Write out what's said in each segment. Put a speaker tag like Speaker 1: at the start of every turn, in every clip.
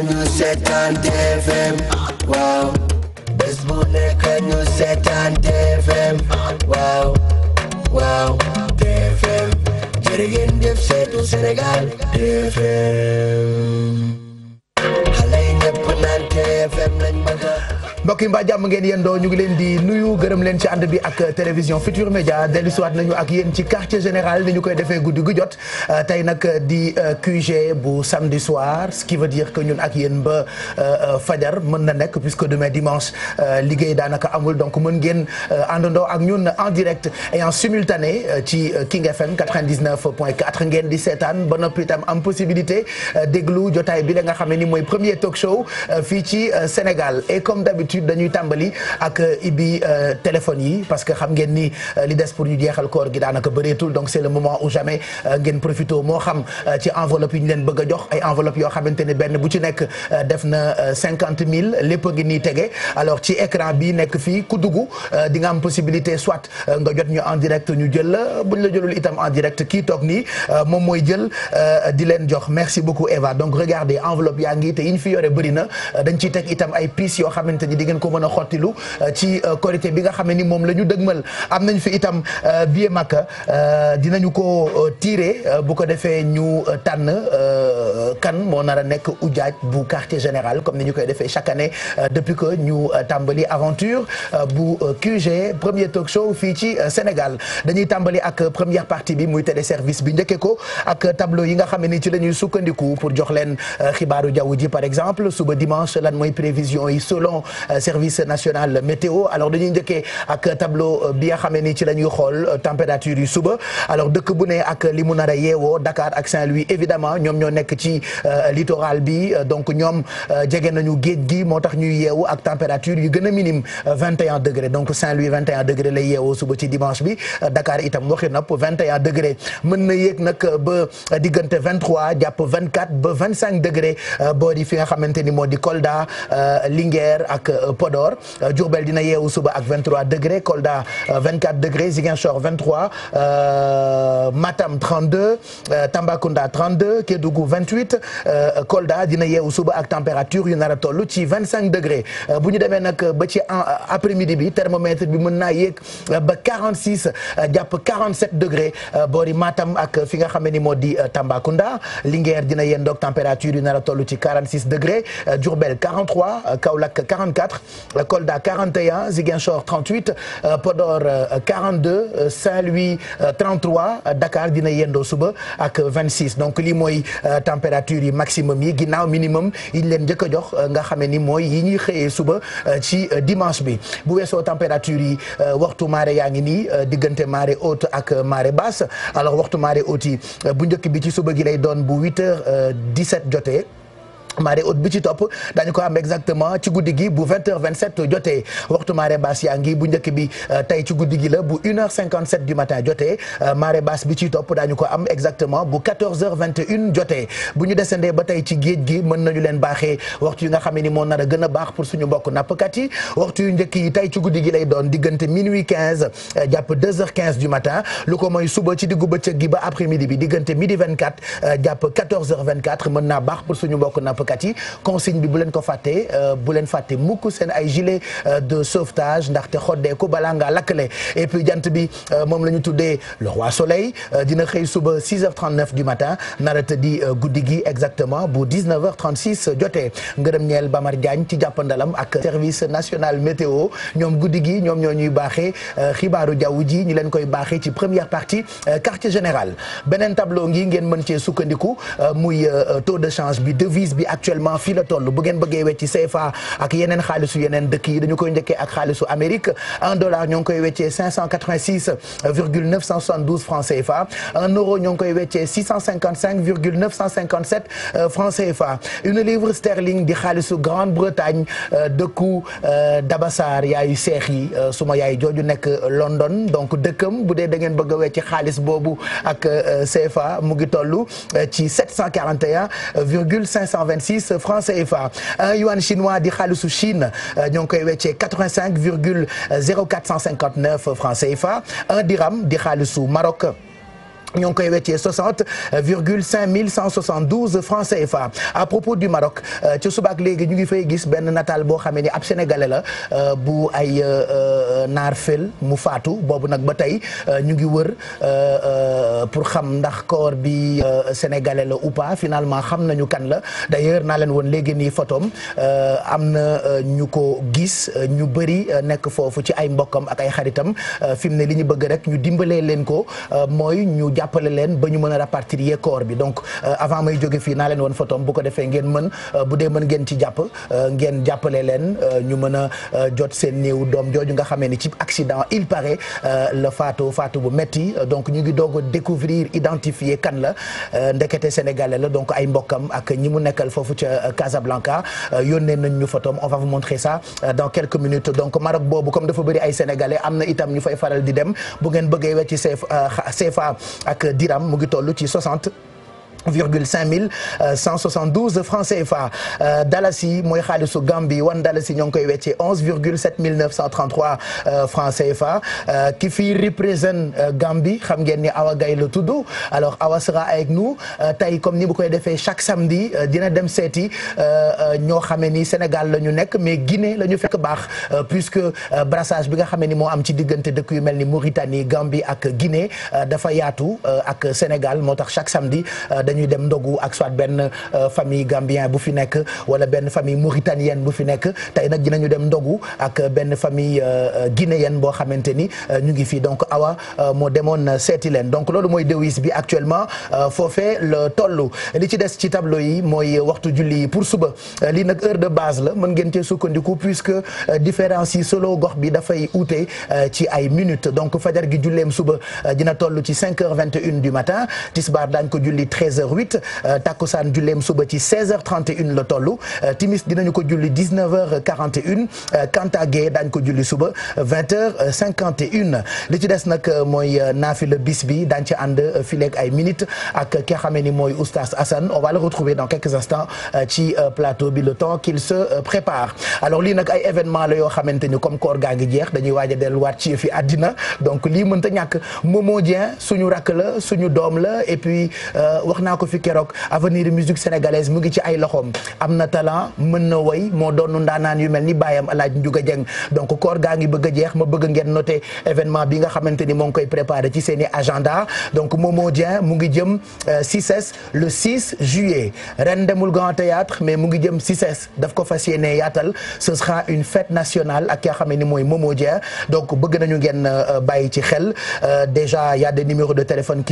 Speaker 1: ñu seetaan TFM waaw bés bu nekk ñu
Speaker 2: seetaan TFM waaw waaw TFM jërë ngeen jëf seetu Sénégal TFM
Speaker 1: xale yi ñëpp naan TFM lañ bëgg
Speaker 3: mbokk yi mbaa jàmm ngeen yendoo ñu ngi leen di nuyu gërëm leen ci ànd bi ak télévision Futur Média dellu siwaat nañu ak yéen ci quartier général ni ñu koy defee guddi gu jot euh, tey nag di euh, QG bu samedi soir ce qui veut dire ñun ak yéen ba euh, fajar mën na nekk puisque demain dimanche liggéey daanaka amul donc mën ngeen àndandoo ak ñun en direct et en simultané ci King FM 99.4 ngeen di seetaan ba noppi itam am possibilité déglu jotaay bi la nga xam ne ni mooy premier talk show fii ci Sénégal et comme d'habitude d'habitude dañuy tàmbali ak euh, ibi euh, téléphone yi parce que xam ngeen ni euh, li des pour ñu jeexal koor gi daanaka bëreetul donc c'est le moment ou jamais ngeen profité moo xam ci enveloppe yi ñu leen bëgg a jox ay xamante ne benn bu ci nekk def na cinquante mille lépp a ngi nii tege alors ci écran bi nekk fii ku dugg dinga am possibilité soit nga jot ñu en direct ñu jël la bu la jëlul itam en direct kii toog nii moom mooy jël di leen jox merci beaucoup Eva donc regardez enveloppe yaa ngi te yiñ fi yore bëri na dañ ciy teg itam ay pièces yoo ngeen ko mën a xottilu euh, ci korité euh, bi nga xam ne ni moom la ñu dëgmal am nañ fi itam euh, billet Makka dinañu ko tiré bu ko defee ñu tànn kan moo nar a nekk ujaaj bu quartier général comme ni ñu koy defee chaque année depuis que ñu tàmbali aventure bu QG premier talk show fii ci Sénégal dañuy tàmbali ak première partie bi muy téléservice bi njëkkee ko ak tableau yi nga xam ne ni ci la ñuy sukkandiku pour jox leen xibaaru jaww ji par exemple suba dimanche lan mooy prévision Euh, service national météo alors dañuy njëkkee ak tableau euh, bi nga xamee ni ci la ñuy xool euh, température yu suba alors dëkk bu ne ak li mu nar a yeewoo dakaar ak Saint-Louis évidemment ñoom ñoo nekk ci littoral bi donc ñoom jege nañu géej gi moo tax ñuy yeew ak température yu gën a minime 21 degré donc Saint-Louis 21 degré lay yeewoo suba ci dimanche bi dakaar itam waxi pour 21 degré mën na yéeg nag ba diggante 23 jàpp 24 ba 25 degré di fi nga xamante ni moo di Kolda Linguère ak Euh, Podor euh, Diourbel dina yeewu suba ak 23 degré Kolda 24 euh, degré Ziguinchor 23 Matam 32 Tambacounda 32 Kédougou 28 Kolda dina yeewu suba ak température yu nar a toll ci 25 degré bu ñu demee nag ba ci après midi bi thermomètre bi mën naa yéeg ba 46 jàpp 47 degré boori Matam ak fi nga xam ne ni moo di Tambacounda Linguère dina yendoog température yu nar a toll ci 46 degré Diourbel 43 Kaolack 34 Kolda 41 Ziguinchor 38 euh, Podor 42 euh, euh, Saint-Louis 33 Dakar dina yendoo suba ak 26 donc lii mooy température yi maximum yi ginnaaw minimum yi ñu leen njëkk a jox nga xam ni mooy yi ñuy xëyee suba ci dimanche bi bu weesoo température yi waxtu maare yaa ngi nii diggante marée haute ak marée basse alors waxtu marée haute yi bu njëkk bi ci suba gi lay doon bu 8 heures 17 jotee. marée haute bi ci topp dañu ko am exactement ci guddi gi bu 20 h jotee waxtu marée basse yaa ngi bu njëkk bi euh, tey ci guddi gi la bu 1h57 du matin jotee euh, marée basse bi ci topp dañu ko am exactement bu 14h21 jotee bu ñu descendee ba tey ci géej gi mën nañu leen baaxee waxtu nga xam ni moo nar a baax pour suñu mbokk nappkat yi waxtu njëkk yi tey ci guddi gi lay doon diggante minuit euh, jàpp 2h15 du matin footballkat yi consigne bi bu leen ko fàttee euh, bu leen fàtte mukk seen ay gilet euh, de sauvetage ndaxte xoddee ko balaa ngaa lakkale et puis jant bi euh, moom la ñu tuddee le roi soleil dina xëy suba 6h39 du matin nara tëddi guddi gi exactement bu 19h36 jotee ngërëm ñeel Bamar Diagne ci jàppandalam ak service national météo ñoom guddi gi ñoom ñoo ñuy baaxee xibaaru jaww ji ñu leen koy baaxee ci première partie quartier général beneen tableau ngi ngeen mën actuellement fii la toll bu ngeen bëggee wecci CFA ak yeneen xaalisu yeneen dëkk yi dañu koy njëkkee ak xaalisu Amérique un dollar ñoo ngi koy weccee 586 virgule 972 francs CFA un euro ñoo ngi koy weccee 655 virgule 957 euh, francs CFA une livre sterling di xaalisu Grande-Bretagne euh, dëkku euh, Dabassar yaayu seex yi suma yaay jooju nekk London donc dëkkam bu dee da ngeen bëgg a wecci xaalis boobu ak CFA mu ngi toll ci 741 virgule 56 francs CFA un euh, yuan chinois di xaalisu Chine euh, ñoo ngi koy weccee 85 virgule 0459 francs CFA un dirham di xaalisu Maroc ñoo ngi koy weccee 60 euh, virgule 5 172 francs CFA à propos du Maroc euh, ci subaak léegi ñu ngi fay gis benn nataal boo xamee ni ab sénégalais la euh, bu ay naar fel mu faatu boobu nag ba tey ñu ngi wër pour xam ndax corps bi sénégalais la ou finalement xam nañu kan la d'ailleurs naa leen woon léegi nii photom am na ñu ko gis ñu bëri nekk foofu ci ay mbokkam ak ay xaritam fi mu ne li ñu bëgg rek ñu dimbalee leen ko mooy ñu jàppale leen ba ñu mën a rapatrier corps bi donc euh, avant may jóge fii naa leen woon photom bu ko defee ngeen mën euh, bu dee mën ngeen ci jàpp euh, ngeen jàppale leen ñu mën a jot seen néew doom jooju nga xamee ni ci accident il paraît la faatu faatu bu metti donc ñu ngi doog a découvrir identifier kan la ndekete sénégalais la donc ay mbokkam ak ñi mu nekkal foofu ca Casablanca yónnee nañ ñu photom on va vous montrer ça dans quelques minutes donc Maroc boobu comme dafa bëri ay sénégalais am na itam di dem bu ak dirham mu ngi toll ci 60 virgule cinq mille euh, cent soixante douze francs CFA euh, dalasi mooy xaalisu Gambie wan dalasi ñoo ngi koy weccee onze virgule sept mille neuf cent trente trois euh, francs CFA ki fi représente Gambie xam ngeen ni Awa Gaye la tudd alors Awa sera avec nous tey comme ni bu koy defee chaque samedi dina dem seeti ñoo xamee ni Sénégal la ñu nekk mais Guinée la ñu fekk baax puisque brassage bi nga xamee ni moo am ci diggante dëkk yu mel ni Mauritanie Gambie ak Guinée dafa yaatu ak Sénégal moo tax chaque samedi. dañuy dem ndogu ak soit benn euh, famille gambien bu fi nekk wala benn famille mauritanienne bu fi nekk tey nag dinañu dem ndogu ak benn famille euh, euh, guinéenne boo xamante ni ñu ngi fii donc awa moo demoon seeti leen donc loolu mooy dewis bi actuellement foofee la toll li ci des ci tableau yi mooy waxtu julli yi pour suba lii nag heure de base la mën ngeentee cee sukkandiku puisque différence yi solo gox bi dafay uute ci ay minutes donc fajar gi julleem suba dina toll ci 5 heures 21 du matin tisbaar 15h08 euh, takkusaan julleem suba ci 16h31 la toll euh, timis dinañu ko julli 19h41 euh, Kanta Gueye ko julli suba 20h51 li ci des nag mooy naafila bis bi daañu ci ak ki nga ni mooy oustaz Assane on va le retrouver dans quelques instants ci plateau bi le temps qu'il se prépare alors lii nag ay événement la yoo xamante ni comme koor gaa ngi jeex dañuy waaj a delluwaat ci fi àddina donc lii mënta ñàkk Momo Dieng suñu rakk la suñu la et puis naa ko fi keroog avenir musique sénégalaise mu ngi ci ay loxoom am na talent mën na woy moo doon ndaanaan yu mel ni baayam alaaj Ndiouga Dieng donc koor gaa ngi bëgg a jeex ma bëgg ngeen noter événement bi nga xamante ni moo ngi koy préparé ci seen i agenda donc Momo Dieng mu ngi jëm 6S euh, le 6 juillet ren demul grand théâtre mais mu ngi jëm 6S daf ko fas yéene yaatal ce sera une fête nationale ak ki xam ni mooy Momo Dieng donc bëgg nañu ngeen euh, bàyyi ci xel euh, déjà y a des numéros de téléphone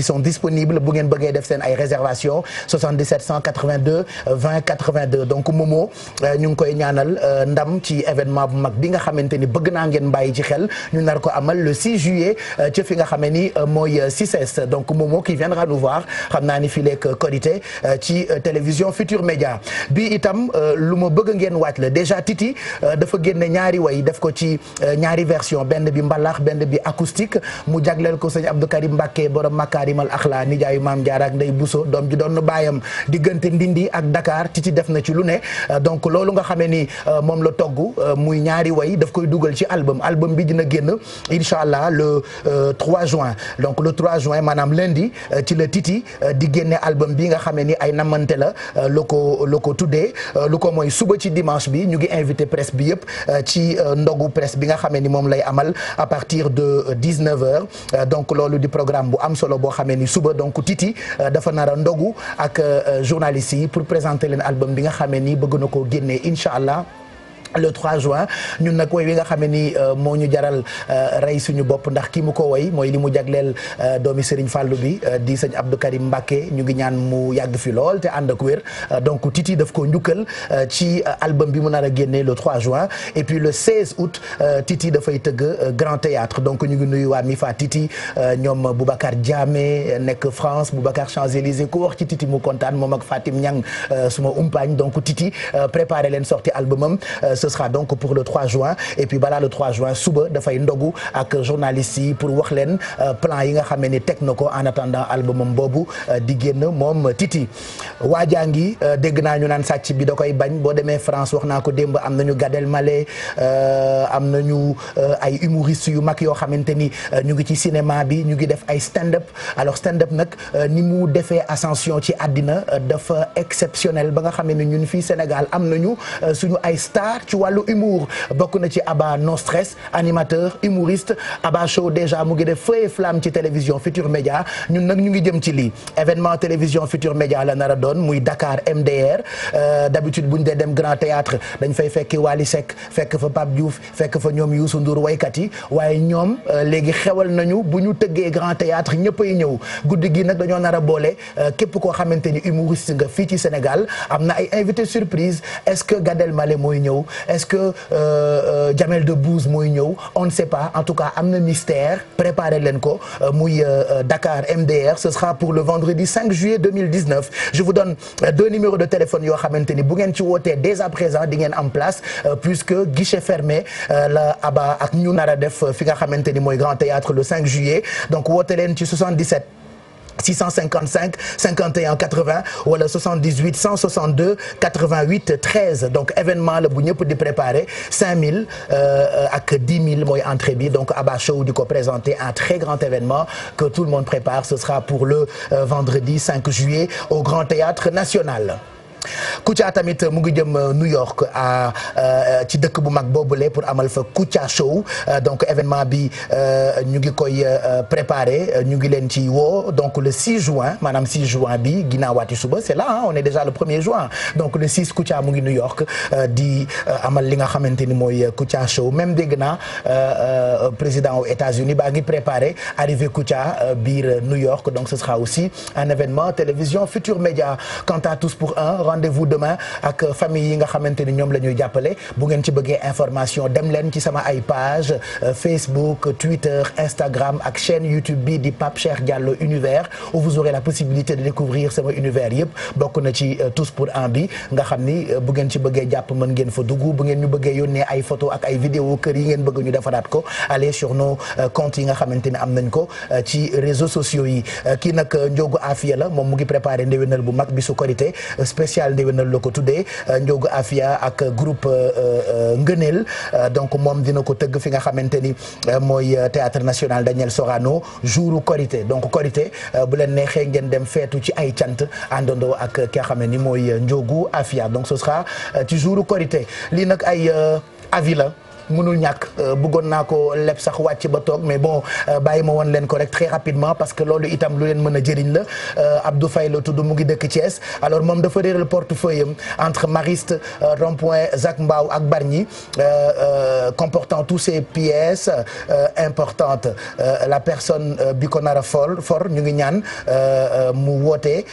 Speaker 3: réservation 77 182 20 82 donc Momo euh, ñu ngi koy ñaanal euh, ndam ci événement bu mag bi nga xamante ni bëgg naa ngeen bàyyi ci xel ñu nar ko amal le 6 juillet euh, ci fi nga xamee ni mooy CICES donc Momo qui viendra nous voir xam naa ni fii leeg Korité ci télévision Futur Média bi itam lu ma bëgg ngeen wàcc la déjà Titi dafa génne ñaari way def ko ci ñaari version benn bi mbalax benn bi acoustique mu jagleel ko sëñ Abdou Karim Mbacké borom Makarimal Akhla nijaayu Maam Jaara ak Ndey doom ji doon bàyyam diggante Ndindi ak Dakar Titi def na ci lu ne euh, donc loolu nga xamee ni euh, moom la togg euh, muy ñaari way daf koy dugal ci album album bi dina génn incha allah le 3 juin donc le 3 juin maanaam lundi ci la Titi di génne album bi nga xamee ni ay namante la lu ko lu ko tuddee lu ko mooy suba ci dimanche bi ñu ngi invité presse bi yëpp ci ndogu presse bi nga xamee ni moom lay amal à partir de 19 heures donc loolu di programme bu am solo boo xamee ni suba donc ndogu ak euh, journalistes yi pour présenter leen album bi nga xamee ni bëgg na koo génnee incha allah le 3 juin ñun nag woy wi nga xam ne ni euh, moo ñu jaral euh, rey suñu bopp ndax kii mu ko woy mooy li mu jagleel euh, doomi Serigne Fallou bi di sañ Abdou Karim Mbacké ñu ngi ñaan mu yàgg fi lool te ànd ak wér donc Titi daf ko njukkal ci album bi mu nar a génnee le 3 juin et puis le 16 août Titi dafay tëgg Grand Théâtre donc ñu ngi nuyu waa Mifa Titi ñoom Boubacar Diamé nekk France Boubacar Champs-Élysées ku wax ci Titi mu kontaan moom ak Fatim Niang suma umpaañ donc Titi préparé leen sorti albumam ce sera donc pour le 3 juin et puis balaa le juin suba dafay ndogu ak journaliste yi pour wax leen euh, plan yi nga xam ne teg na ko en attendant albumam boobu euh, di génn moom Titi. jaa ngi euh, dégg naa ñu naan sàcc bi da koy bañ boo demee France wax naa ko démb am nañu Gad Elmaleh am nañu ay humoristes yu mag yoo xamante ni ñu ngi ci cinéma bi ñu ngi def ay stand up alors stand up nag ni mu defee ascension ci addina dafa exceptionnel ba nga xam ne ñun fii Sénégal am nañu wallu wàllu humour bokk na ci Abba No Stress animateur humoriste Abba Show déjà mu ngi def feu et ci télévision Futur Média ñun nag ñu ngi jëm ci lii événement télévision Futur Média la nar doon muy Dakar MDR euh, d'habitude buñ dee dem Grand Théâtre dañ fay fekki Wally Seck fekk fa Pape Diouf fekk fa ñoom yuusu Ndour waykat yi waaye ñoom euh, léegi xewal nañu bu ñu tëggee Grand Théâtre ñëpp ay ñëw guddi gi nag dañoo nar a boole euh, képp koo xamante ni humoriste nga fii ci Sénégal am na ay invité surprise est-ce que Gad Elmaleh mooy ñëw est-ce que euh, euh, Jamel Debbouze mooy ñëw on ne sait pas tout cas am na mystère préparé leen ko euh, muy Dakar MDR ce sera pour le vendredi 5 juillet 2019 je vous donne deux numéros de téléphone yoo xamante ni bu ngeen ci wootee dès à présent di ngeen am place puisque guichet fermé ak ñu nar a def fi nga xamante ni mooy Grand Théâtre le 5 juillet donc woote leen ci 77 655 51 80 wala 78 162 88 13 donc événement la bu ñëpp di préparer 5000 euh, ak 10 000 mooy entrée bi donc Abba Show di ko présenter un très grand événement que tout le pour le euh, vendredi 5 juillet au Grand Théâtre National Kouthia tamit mu ngi jëm euh, New York à euh, ci dëkk bu mag boobule pour amal fa Kouthia Show euh, donc événement bi ñu ngi koy préparer ñu ngi leen ci woo donc le 6 juin maanaam 6 juin bi ginnaawaati suba c'est là on est déjà le 1er juin donc le 6 Kouthia mu gi New York di amal li nga xamante ni mooy Kouthia Show même dégg naa président aux États-Unis baa ngi préparer arrivée Kouthia biir New York donc ce sera aussi un événement télévision Futur Média quant tous pour un rendez-vous demain ak famille yi nga xamante ni ñoom la ñuy jàppale bu ngeen ci bëggee information dem leen ci sama ay page euh, Facebook Twitter Instagram ak chaîne YouTube bi di Pape Cheikh Diallo univers où vous aurez la possibilité de découvrir sama univers yëpp bokk na ci euh, tous pour un bi nga xam ni euh, bu ngeen ci bëggee jàpp mën ngeen fa dugg bu ngeen ñu bëggee yónnee ay photo ak ay vidéo kër yi ngeen bëgg ñu defaraat ko allez sur nos comptes yi nga xamante ni am nañ ko ci réseaux sociaux yi kii nag Ndiogu Afia la moom mu spécial déwénal la ko tuddee euh, Ndiogu Afia ak groupe euh, euh, Ngëneel donc moom dina ko tëgg fi nga xamante ni mooy théâtre national Daniel Sorano jouru Korité donc Korité bu leen neexee ngeen dem feetu ci ay cant àndandoo ak ki nga xam ni mooy Ndiogu Afia donc ce sera ci jouru Korité lii nag ay avis la mënul ñàkk euh, bëggoon naa ko leb sax wàcc ba toog mais bon euh, bàyyi ma woon leen ko rek très rapidement parce que loolu itam lu leen mën a jëriñ la euh, Abdou Faye la tudd mu ngi dëkk Thiès alors moom dafa réeral portefeuille am entre Mariste rond-point Zac Mbao ak Bargny comportant tous ces pièces importantes la personne bi ko nar a for for ñu ngi ñaan mu woote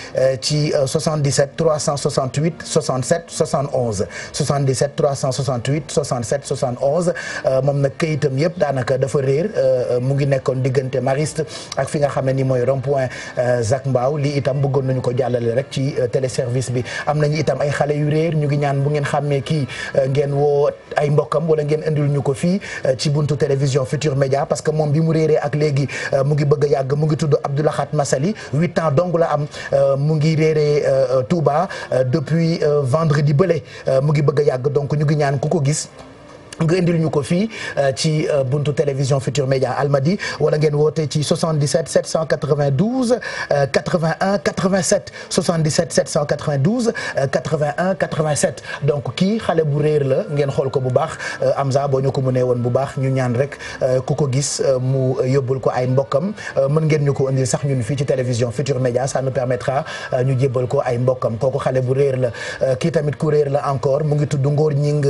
Speaker 3: ci 77 368 67 71 77 368 67 71 14 euh, moom nag këyitam yëpp daanaka dafa réer euh, euh, mu ngi nekkoon diggante Mariste ak fi nga xam ne ni mooy rond-point Zac Mbao lii itam bëggoon nañu ko jàllale rek ci téléservice bi am nañu itam ay xale yu réer ñu ngi ñaan bu ngeen xàmmee kii ngeen woo ay mbokkam wala ngeen indi lu ñu ko fii ci buntu télévision Futur Média parce que moom bi mu réeree ak léegi mu ngi bëgg a yàgg mu ngi tudd Abdoulahat Massaly huit ans donc la am mu ngi réeree Touba depuis vendredi bële mu ngi bëgg a donc ñu ngi ñaan ku ko gis nga indil ñu ko fii euh, ci euh, buntu télévision Futur Média Almadi wala ngeen woote ci 77 792 81 87 77 792 81 87 donc kii xale bu réer la ngeen xool ko bu baax euh, Amza boo ñu ko mënee woon bu baax ñu ñaan rek ku ko gis mu yóbbul ko ay mbokkam mën ngeen ñu ko indil sax ñun fii ci télévision Futur Média ça nous ñu jébbal ko ay mbokkam kooku xale bu réer la kii tamit ku réer la encore mu ngi tudd Ngor Ñing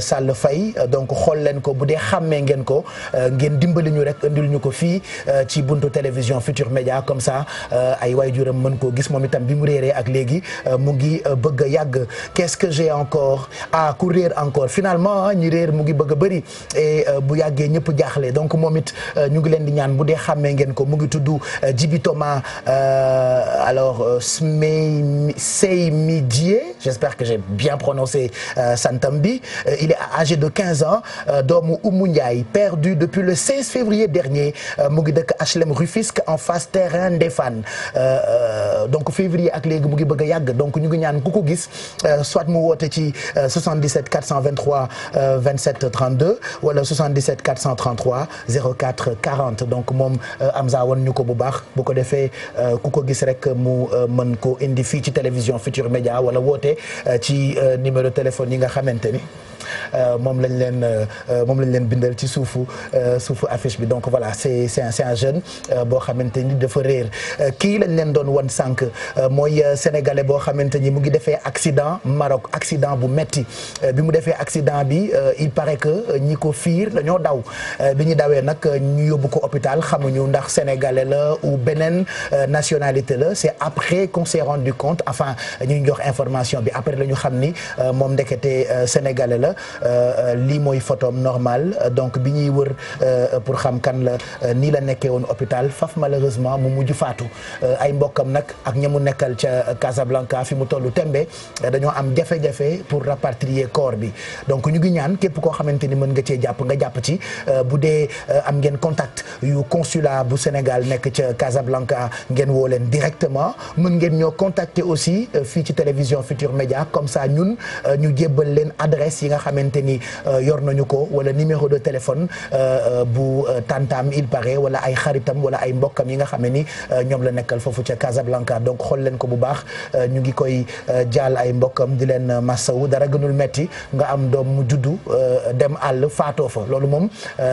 Speaker 3: Sall Faye donc xool leen ko bu dee xàmmee ngeen ko euh, ngeen dimbali ñu rek lu ñu ko fii euh, ci buntu télévision Futur Média comme ça euh, ay waajuram mën koo gis moom itam bi mu réeree ak léegi mu ngi bëgg yàgg qu'est-ce que j'ai encore ah ku encore finalement ñu réer mu ngi bëgg a bëri et bu yàggee ñëpp jaaxle donc moom it ñu ngi leen di ñaan bu dee xàmmee ngeen ko mu ngi tuddu Djibi Thomas alors Seymidié j'espère que j'ai bien prononcé santam il est âgé de quinze ans euh, doomu Oumou Ndiaye perdu depuis le 16 février dernier euh, mu ngi dëkk HLM Rufisque en face terrain Ndefane euh, donc février ak léegi mu ngi bëgg a yàgg donc ñu ngi ñaan ku ko gis soit mu woote ci 77 423 27 32 wala 77 433 04 40 donc moom Amza wan ñu ko bu baax bu ko defee ku ko gis rek mu mën ko indi fii ci télévision Futur Média wala woote ci numéro téléphone yi nga xamante ni Euh, moom lañ leen euh, moom lañ leen bindal ci suufu euh, suufu affiche bi donc voilà c'est c'est un c'est un jeune boo xamante ni dafa réer kii lañ leen doon wan sànq mooy sénégalais boo xamante ni mu ngi defee accident Maroc accident bu metti bi mu defee accident bi il paraît que ñi ko fiir dañoo daw bi ñu dawee nag ñu yóbbu ko hôpital xamuñu ndax sénégalais la ou beneen nationalité la c'est après qu'on s'est rendu compte enfin ñu jox information bi après la ñu xam ni moom ndekete sénégalais la Euh, euh, lii mooy photom normal donc bi ñuy wër euh, pour xam kan la nii la nekkee woon hôpital faf malheureusement mu mujj faatu ay mbokkam nag ak ña mu nekkal ca Casablanca fi mu tollu tembe dañoo am jafe-jafe pour rapatrier corps bi donc ñu ngi ñaan képp koo xamante ni mën nga cee jàpp nga jàpp ci bu dee am ngeen contact yu consula bu Sénégal nekk ca Casablanca ngeen woo leen directement mën ngeen ñoo contacter aussi fii ci télévision Futur Média comme ça ñun ñu xamante ni euh, yor nañu ko wala numéro de téléphone euh, euh, bu tantam il paraît wala ay xaritam wala ay mbokkam yi nga xam ne ni ñoom la nekkal foofu ca Casablanca donc xool leen ko bu baax ñu ngi koy jaal ay mbokkam di leen massawu dara gënul metti nga am doom mu juddu dem àll faatoo fa loolu moom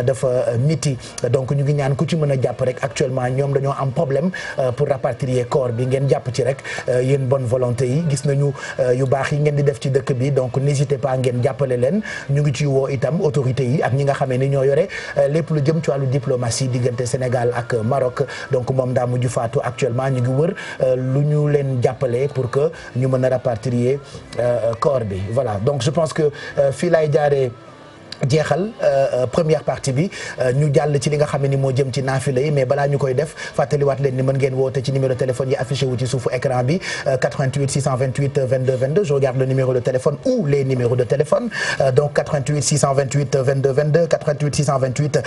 Speaker 3: dafa miti donc ñu ngi ñaan ku ci mën a jàpp rek actuellement ñoom dañoo am problème pour rapatrier corps bi ngeen jàpp ci rek yéen bonne volonté yi gis nañu yu baax yi ngeen di def ci dëkk bi donc n'hésitez pas ngeen jàppale leen leen ñu ngi ciy woo itam autorité yi ak ñi nga xamee ni ñoo yore euh, lépp lu jëm ci wàllu diplomatie diggante Sénégal ak Maroc donc moom daa mujj faatu actuellement ñu ngi wër euh, lu ñu leen jàppale pour que ñu mën a rapatrier euh, corps bi voilà donc je pense que fii laay jaaree jeexal euh, première partie bi euh, ñu jàll ci li nga xam ni moo jëm ci naafila yi mais balaa ñu koy def fàttaliwaat leen ni mën ngeen woote ci numéro téléphone yi affiché wu ci suufu écran bi 88 628 22 22 je de téléphone ou les numéros de téléphone euh, donc 88 628 22 22 88 628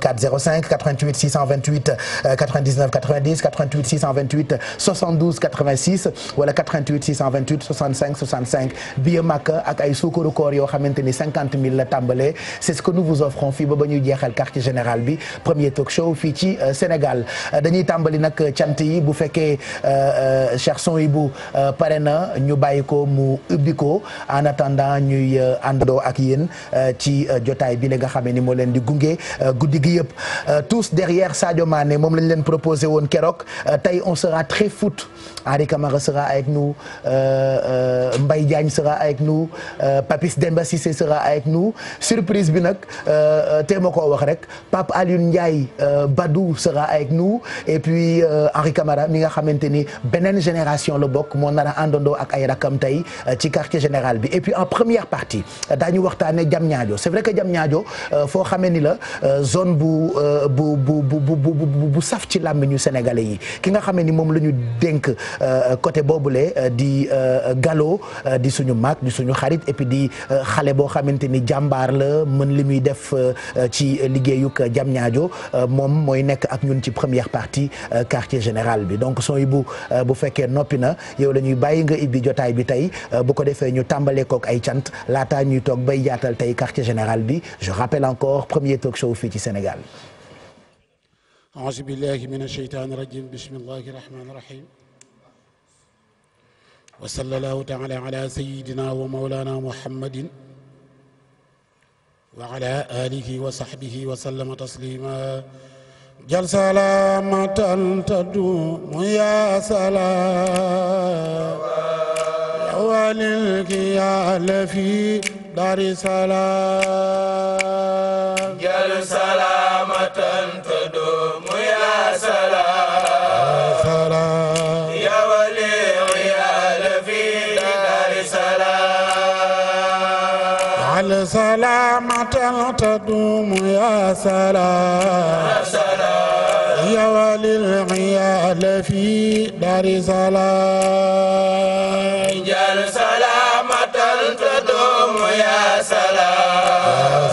Speaker 3: 04 05 88 628 99 90 88 628 72 86 wala 88 628 65 65 biya màkk ak ay suukaru koor yoo xamante ni 50 soirée c'est ce que nous vous offrons fii ba ba ñuy jeexal quartier général bi premier talk show fii ci euh, Sénégal euh, dañuy tàmbali nag euh, cant yi bu fekkee Cheikh son yi bu pare na ñu bàyyi ko mu ubbi ko en attendant ñuy àndandoo ak yéen ci jotaay bi la nga xamee ni moo leen di gunge guddi gi yëpp tous derrière Sadio Mané moom lañ leen proposé woon keroog tey on sera très foot Henri Camara sera avec nous euh, euh, mbay Diagne sera avec nu euh, Papis Demba Cissé sera avec nous surprise bi nag tee ma ko wax rek Pape Alioune Ndiaye Badou sera avec nous et puis Henri Camara mi nga xamante ni beneen génération la bokk moo nar a àndandoo ak ay rakam tey ci quartier général bi et puis en première partie daañu jam ñaajo c'est vrai que jam Diamniadio foo xamee ni la zone bu bu bu bu bu saf ci ñu sénégalais yi ki nga xamee ni moom la ñu Euh, côté boobule euh, di euh, galo di suñu mag di suñu xarit et di xale boo xamante ni jàmbaar la mën li muy def ci liggéeyuk jam ñaajo moom mooy nekk ak ñun ci première partie quartier général bi donc son bu bu fekkee noppi na yow lañuy bàyyi nga ibbi jotaay bi tey bu ko defee ñu tàmbaleekook ay cant laataa ñuy toog bay jaatal tey quartier général bi je rappelle encore premier talk show fii ci Sénégal.
Speaker 4: wa sallallahu taala ala sayidina wa maulana muhammadin wa ala alihi wa sahbihi wa sallama taslima
Speaker 5: jal salamatan tadumu ya salam walilki ya lafi dari salam jal salam أن تدوم يا سلام يا ولي العيال في دار سلام اجعل سلامة تدوم يا سلام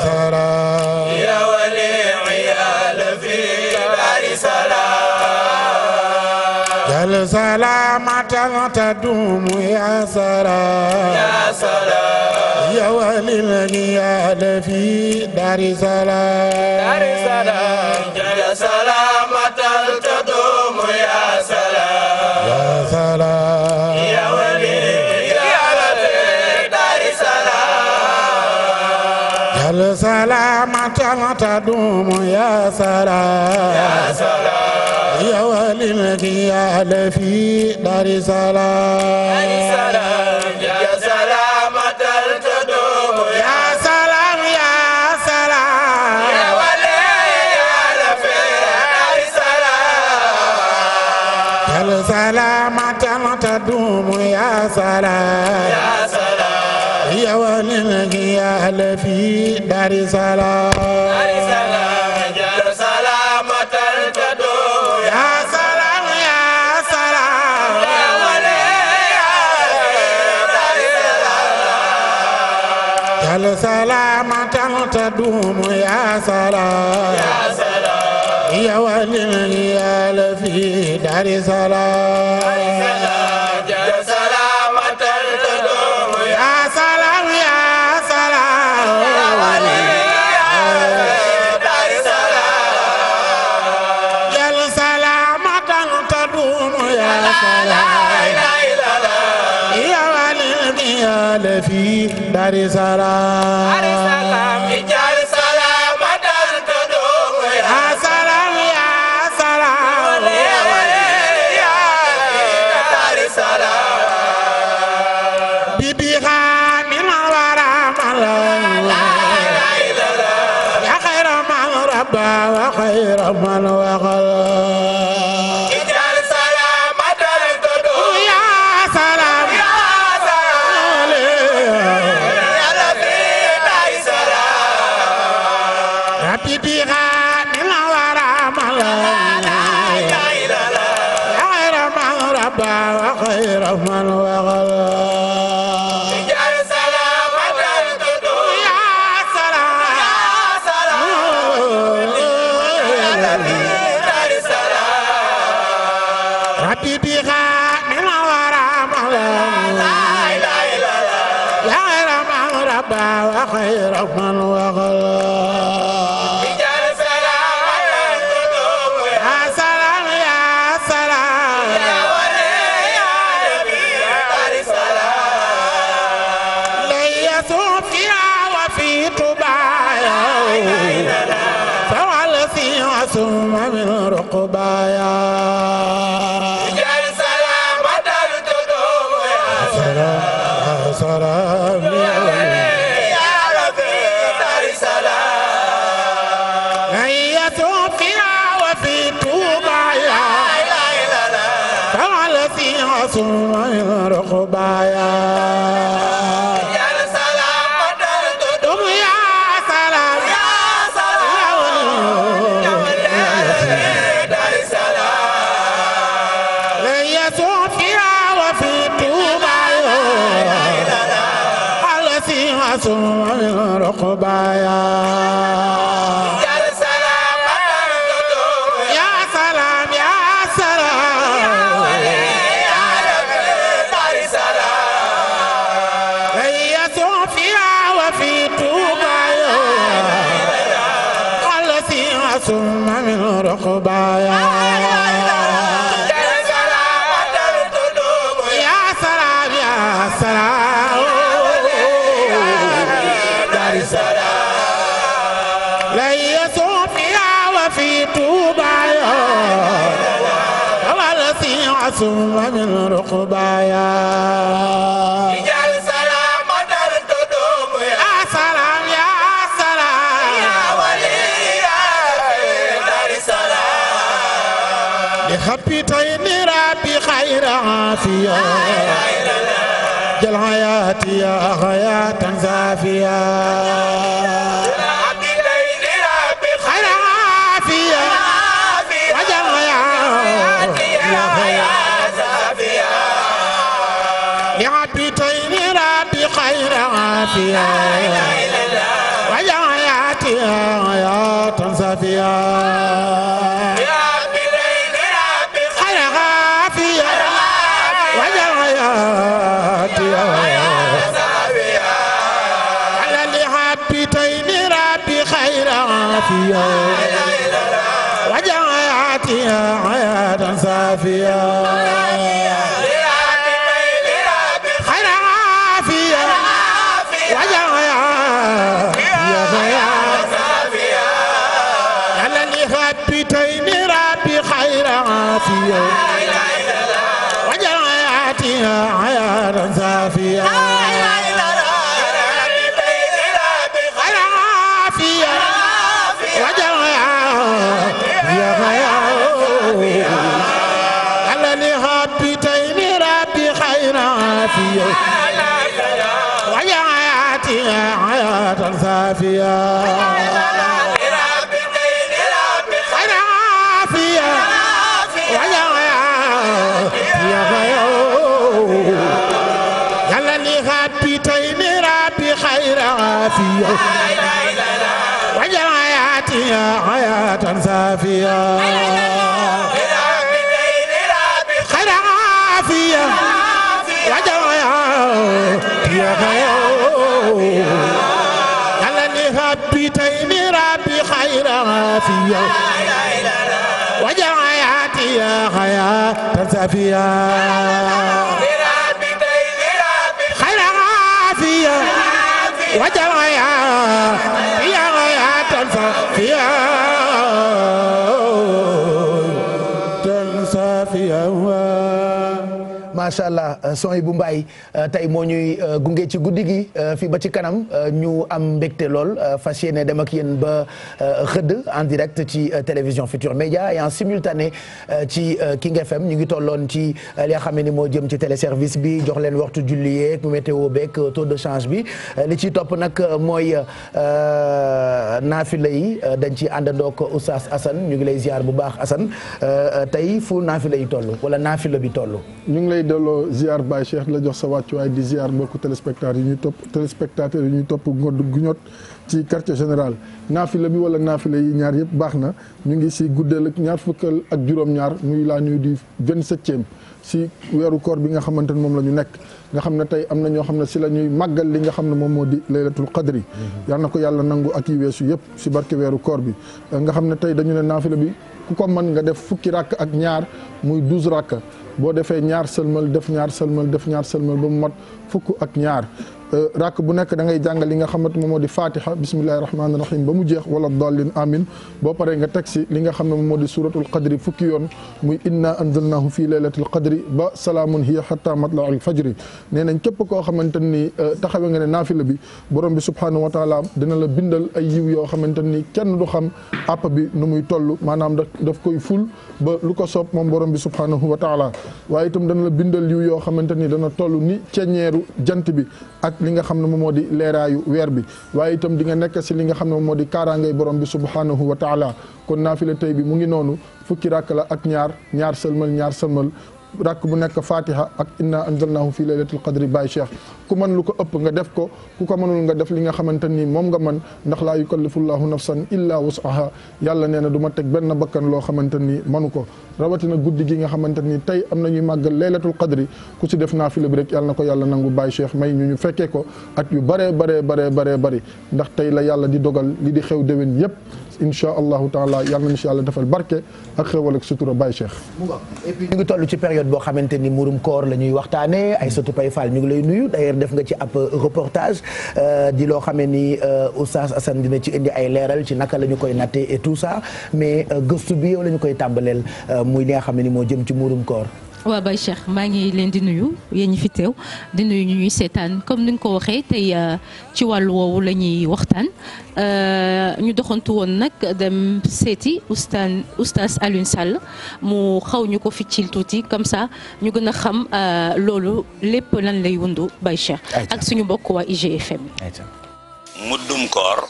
Speaker 5: سلامة تدوم يا سلام يا
Speaker 6: سلام
Speaker 5: يا ولي كان في دار سلام دار سلام جل سلامة تدوم يا سلام يا سلام
Speaker 6: يا ولي
Speaker 5: يا ولي دار سلام جل سلامة تدوم يا سلام يا سلام يا ولي يا في دار سلام دار سلام سلامة تدوم يا سلام يا سلام يا ولنك يا أهل في دار سلام دار سلام جار سلامة تدوم يا سلام يا سلام يا ولنك يا سلامة تدوم يا سلام يا سلام يا ولنك يا أهل في دار سلام sara waa
Speaker 3: macha allah euh, son yi bu mbaay euh, tey moo ñuy euh, gunge ci guddi gi fii ba ci kanam ñu am mbégte lool fas yéene dem ak yéen ba xëdd en direct ci télévision Futur Média et en simultané ci King FM ñu ngi tolloon ci li nga xam ne ni moo jëm ci téléservice bi jox leen waxtu julli météo beeg taux de change bi li ciy topp nag mooy naafila yi dañ ci àndandoo ko Oustaz Assane ñu ngi lay ziar bu baax Assane tey fu naafila yi toll wala naafila bi toll.
Speaker 7: delloo ziar Baye Cheikh la jox sa wàccuwaay di ziar mbokku téléspectateur yi ñuy topp téléspectateur yi ñuy topp ngodd guñot ci quartier général naafila bi wala naafila yi ñaar yëpp baax na ñu ngi si guddeel ak ñaar fukkal ak juróom-ñaar muy laa nuyu di vingt-septième si weeru koor bi nga xamante ne moom la ñu nekk nga xam ne tey am na ñoo xam ne si la ñuy màggal li nga xam ne moom moo di laylatul qadri mhm. yal na ko yàlla nangu ak yi weesu yëpp si barke weeru koor bi nga xam ne tey dañu ne naafila bi ku ko mën nga def fukki rakk ak ñaar muy douze rakk boo defee ñaar sëlmal def ñaar sëlmal def ñaar sëlmal ba mu mat fukk ak ñaar rakk bu nekk da ngay jàngal li nga xamante moom moo di fatiha bismillahi rahmaani rahim ba mu jeex wala dallin amin boo paree nga teg si li nga xam ne moom moo di suratul qadri fukki yoon muy inna anzalnahu fi laylatil qadri ba salaamun hiya hatta matla'il fajri nee nañ képp koo xamante ni euh, taxawe bi borom bi subhanahu wa taala la bindal ay yiw yoo xamante ni kenn du xam app bi nu muy toll maanaam daf koy ful ba lu ko soob borom bi subhanahu wa taala dana la li nga xam ne moom moo di leeraayu weer bi waaye itam di nga nekk si li nga xam ne moom moo di kaaraangay borom bi subhanahu wa taala kon naafila tey bi mu ngi noonu fukki rakk la ak ñaar ñaar sëlmal ñaar sëlmal rakk bu nekk fatiha ak inna anzalnahu fi laylatil qadri baay cheikh ku mën lu ko ëpp nga def ko ku ko mënul nga def li nga xamante ni moom nga mën ndax laa yukallifullahu nafsan illa wusaha yàlla nee na du ma teg benn bakkan loo xamante ni mënu ko rawatina guddi gi nga xamante ni tey am na ñuy màggal laylatul qadri ku si def naafila bi rek yàlla na ko yàlla nangu baay cheikh may ñu ñu fekkee ko at yu baree baree baree baree ndax tey la yàlla di dogal li di xew déwén yépp incha allahu taala yal nañu si yàlla defal barke ak xéwal ak sutura Baye Cheikh.
Speaker 3: ñu ngi toll ci période boo xamante ni murum koor la ñuy waxtaanee ay sotu pay Fall ñu ngi lay nuyu d'ailleurs def nga ci ab euh, reportage euh, di loo xamee ni euh, Oustaz Assane dina ci indi ay leeral ci naka la ñu koy nattee et tout ça mais gëstu bi yow la koy tàmbaleel muy li nga xam ne ni moo jëm ci murum koor.
Speaker 8: waaw Baye Cheikh maa ngi leen di nuyu yéen ñi fi teew di nuyu ñu ñuy seetaan comme ni nga ko waxee tey euh, ci wàllu woowu la ñuy waxtaan euh, ñu doxantu woon nag dem seeti oustaan oustaz Alioune Sall mu xaw ñu ko ficcil tuuti comme ça ñu gën a xam euh, loolu lépp lan lay wundu Baye Cheikh. ak suñu bokk waa IGFM.
Speaker 9: muddum koor.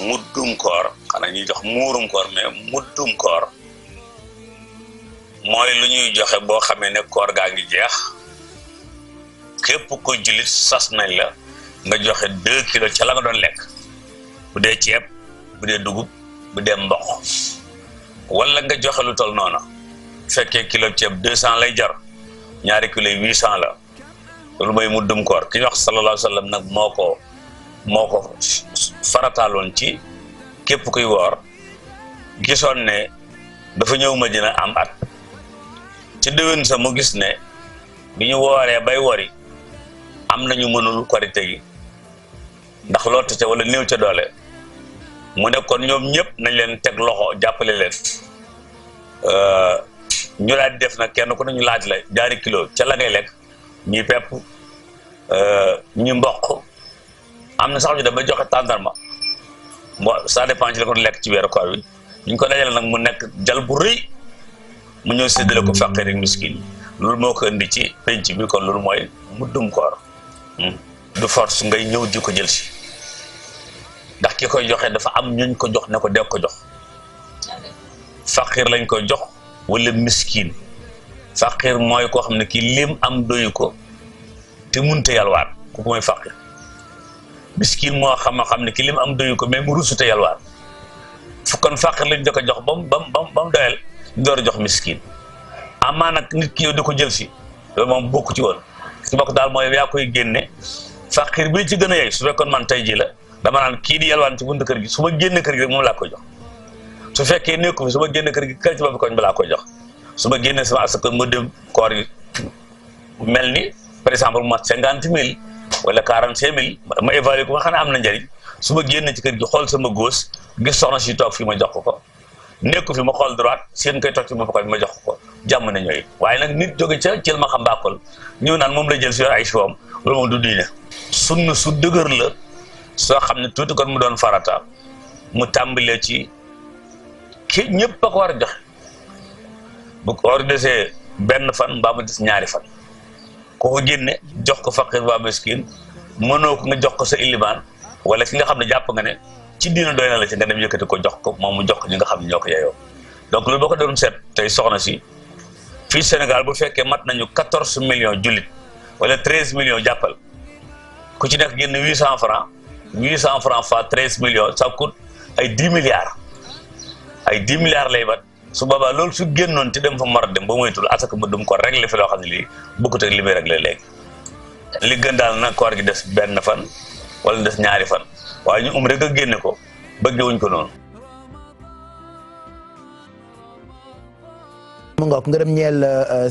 Speaker 9: muddum koor xanaa ñuy jox muurum koor mais muddum koor. mooy lu ñuy joxe boo xamee ne koor gaa ngi jeex képp ko jullit sas nañ la nga joxe deux kilos ca la nga doon lekk bu dee ceeb bu dee dugub bu dee mboq walla nga joxe lu tol noonu fekkee kilo ceeb deux cent lay jar ñaari kilo huit cent la loolu mooy muddum koor ki ñu wax sallallahu alayhi nag moo ko moo ko farataaloon ci képp kuy woor gisoon ne dafa ñëw Madina am at ci déwén sa mu gis ne bi ñu wooree bay wori am nañu mënul korite gi ndax lott ca wala néew ca doole mu ne kon ñoom ñëpp nañ leen teg loxo jàppale leen ñu laaj def nag kenn ku ne ñu laaj la jaari kilo ca la ngay lekk ñuy pepp ñu mboq am na sax ñu dama joxe tàndarma mbo ça dépend ci la ko lekk ci weeru koor bi ñu ko dajale nag mu nekk jal bu rëy mu ñëw séddale ko fàqir rek miskin loolu moo ko indi ci penc bi kon loolu mooy muddum koor hmm. du force ngay ñëw di ko jël si ndax ki koy joxe dafa am ñuñ ko jox ne ko deg ko jox faqir lañ koy jox wala miskin faqir mooy koo xam ne kii lim am doyu ko te munte yalwaar kooku mooy faqir miskin moo xam a xam ne ki lim am doyu ko mais mu rusute yalwaar fu kon faqir lañ da ko jox ba mu doyal door a jox miskin amaa nag nit ki yow di ko jël si moom bokk ci woon ci bokk daal mooy yaa koy génne faqir bi ci gën a yey su fekkoon man tey ji la dama naan kii di yalwaan ci buntu kër gi su ma génne kër gi rek moom laa koy su fekkee nekku fi su ma kër gi kër ci bopp ko ba laa koy jox su ma génne sama asaka ma dem koor yi mel ni par exemple mu mat cinquante mille wala quarante cinq mille ma évalué ko ma xam ne am na njëriñ su ma génne ci kër gi xool sama góos gis soxna si toog fii ma jox ko ko nekku fi ma xool droite seen koy toj ci ma jox ko jàmm na ñooy waaye nag nit jóge ca cël ma xam mbàkkol ñëw naan moom la jël si yor ay siwam loolu moom du diine sunna su dëgër la soo xam ne tuuti kon mu doon farata mu tàmbalee ci ki ñépp a ko war a joxe bu ko benn fan mbaa mu des ñaari fan ko ko génne jox ko faqir waa miskin mënoo ko nga jox ko sa ilimaan wala si nga xam ne jàpp nga ne ci diina doy na la ci nga dem yëkkati ko jox ko moom mu jox ko ñi nga xam ne ñoo ko yeyoo donc loolu boo ko doon seet tey soxna si fii Sénégal bu fekkee mat nañu quatorze millions jullit wala treize millions jàppal ku ci nekk génn huit cent franc huit cent franc fois treize millions ça coûte ay dix milliards ay dix milliards lay bat su boobaa loolu su génnoon ci dem fa mar dem ba moytul asaka mu dum ko réglé fi loo xam ne lii bokkut ak li muy réglé léegi li gën daal na koor gi des benn fan wala des ñaari fan waaye ñu um rek a génne ko bëggewuñ ko noonu
Speaker 3: mu ngoog ngërëm ñeel euh,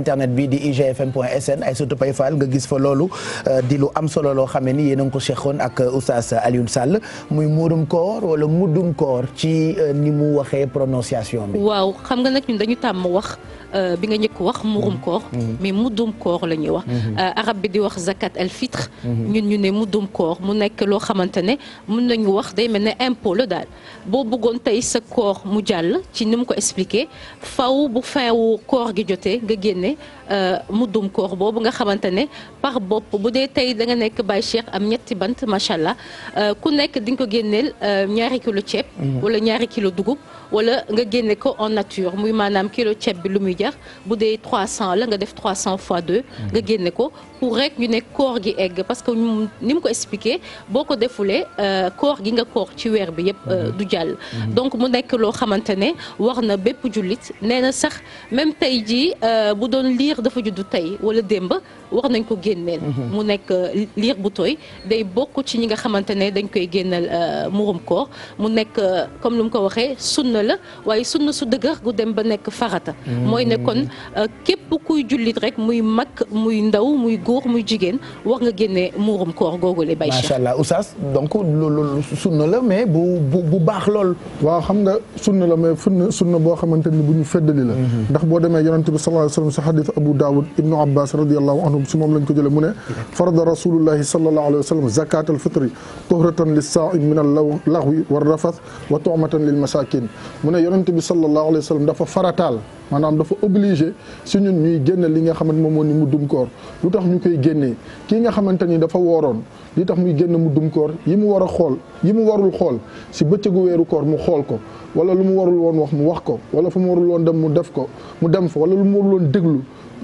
Speaker 3: internet bi di igfm point sn ay surtout pay fall nga gis fa loolu euh, di lu am solo loo xam ne ni yéen a ngi ko seexoon ak euh, oustaz Alioune Sall muy muurum koor wala muddum koor ci ni mu waxee prononciation bi.
Speaker 8: waaw xam nga nag ñun dañu tàmm wax Euh, bi nga njëkk wax murum mm-hmm. koor mm-hmm. mais muddum koor la ñuy wax mm-hmm. euh, arab bi di wax zakat al fitre ñun ñu ne muddum koor mu nekk loo xamante ne mën nañu wax day mel ne impôt la daal boo bëggoon tey sa koor mu jàll ci ni mu ko expliqué faw bu fin koor gi jotee nga génne Euh, muddum koor boobu nga xamante ne par bopp bu dee tey da nga nekk Baye Cheikh am ñetti bant macha allah euh, ku nekk di nga ko génneel euh, ñaari kilo ceeb. Mm-hmm. wala ñaari kilo dugub wala nga génne ko en nature muy maanaam kilo ceeb bi lu muy jar bu dee 300 la nga def 300 fois 2 mm-hmm. nga génne ko. pour rek ñu ne koor gi egg parce que ñu ni mu ko expliqué boo ko defulee euh, koor gi nga koor ci weer bi yëpp euh, du jàll mhm. donc mu nekk loo xamante ne war na bépp jullit nee na sax même tey jii euh, bu doon liir dafa juddu tey wala démb war nañ ko génneel. Mhm. mu nekk euh, liir bu tooy day bokk ci ñi nga xamante ne dañ koy génneel euh, murum koor mu nekk euh, comme lu mu ko waxee sunna la waaye sunna su dëgër gu dem ba nekk farata. Mhm. mooy ne kon képp kuy julit rek muy mag muy ndaw muy góor muy jigéen war nga génne murum koor googu la bay. macha
Speaker 3: allah oustaz
Speaker 7: donc loolu sunna la mais bu bu bu baax lool. waa xam nga sunna la mais sunna sunna boo xamante ni bu ñu feddali la. Mhm. ndax boo demee yonent bi sallallahu alayhi wa sallam Abu Dawud ibnu Abbas radiyallahu anhu anhum si moom lañ ko jëlee mu ne farada rasulullahi sallallahu alayhi wa sallam zakat al fitri tuhratan lis saim min al lahwi war rafath wa tu'matan lil masakin mu ne yonente bi sallallahu alayhi wa sallam dafa farataal maanaam dafa obligé si ñun ñuy génne li nga xamante moom moo ni mu dum koor lu tax ñu koy génnee kii nga xamante ni dafa wooroon li tax muy génn mu dum koor yi mu war a xool yi mu warul xool si bëccëgu weeru koor mu xool ko wala lu mu warul woon wax mu wax ko wala fu mu warul woon dem mu def ko mu dem fa wala lu mu warul woon déglu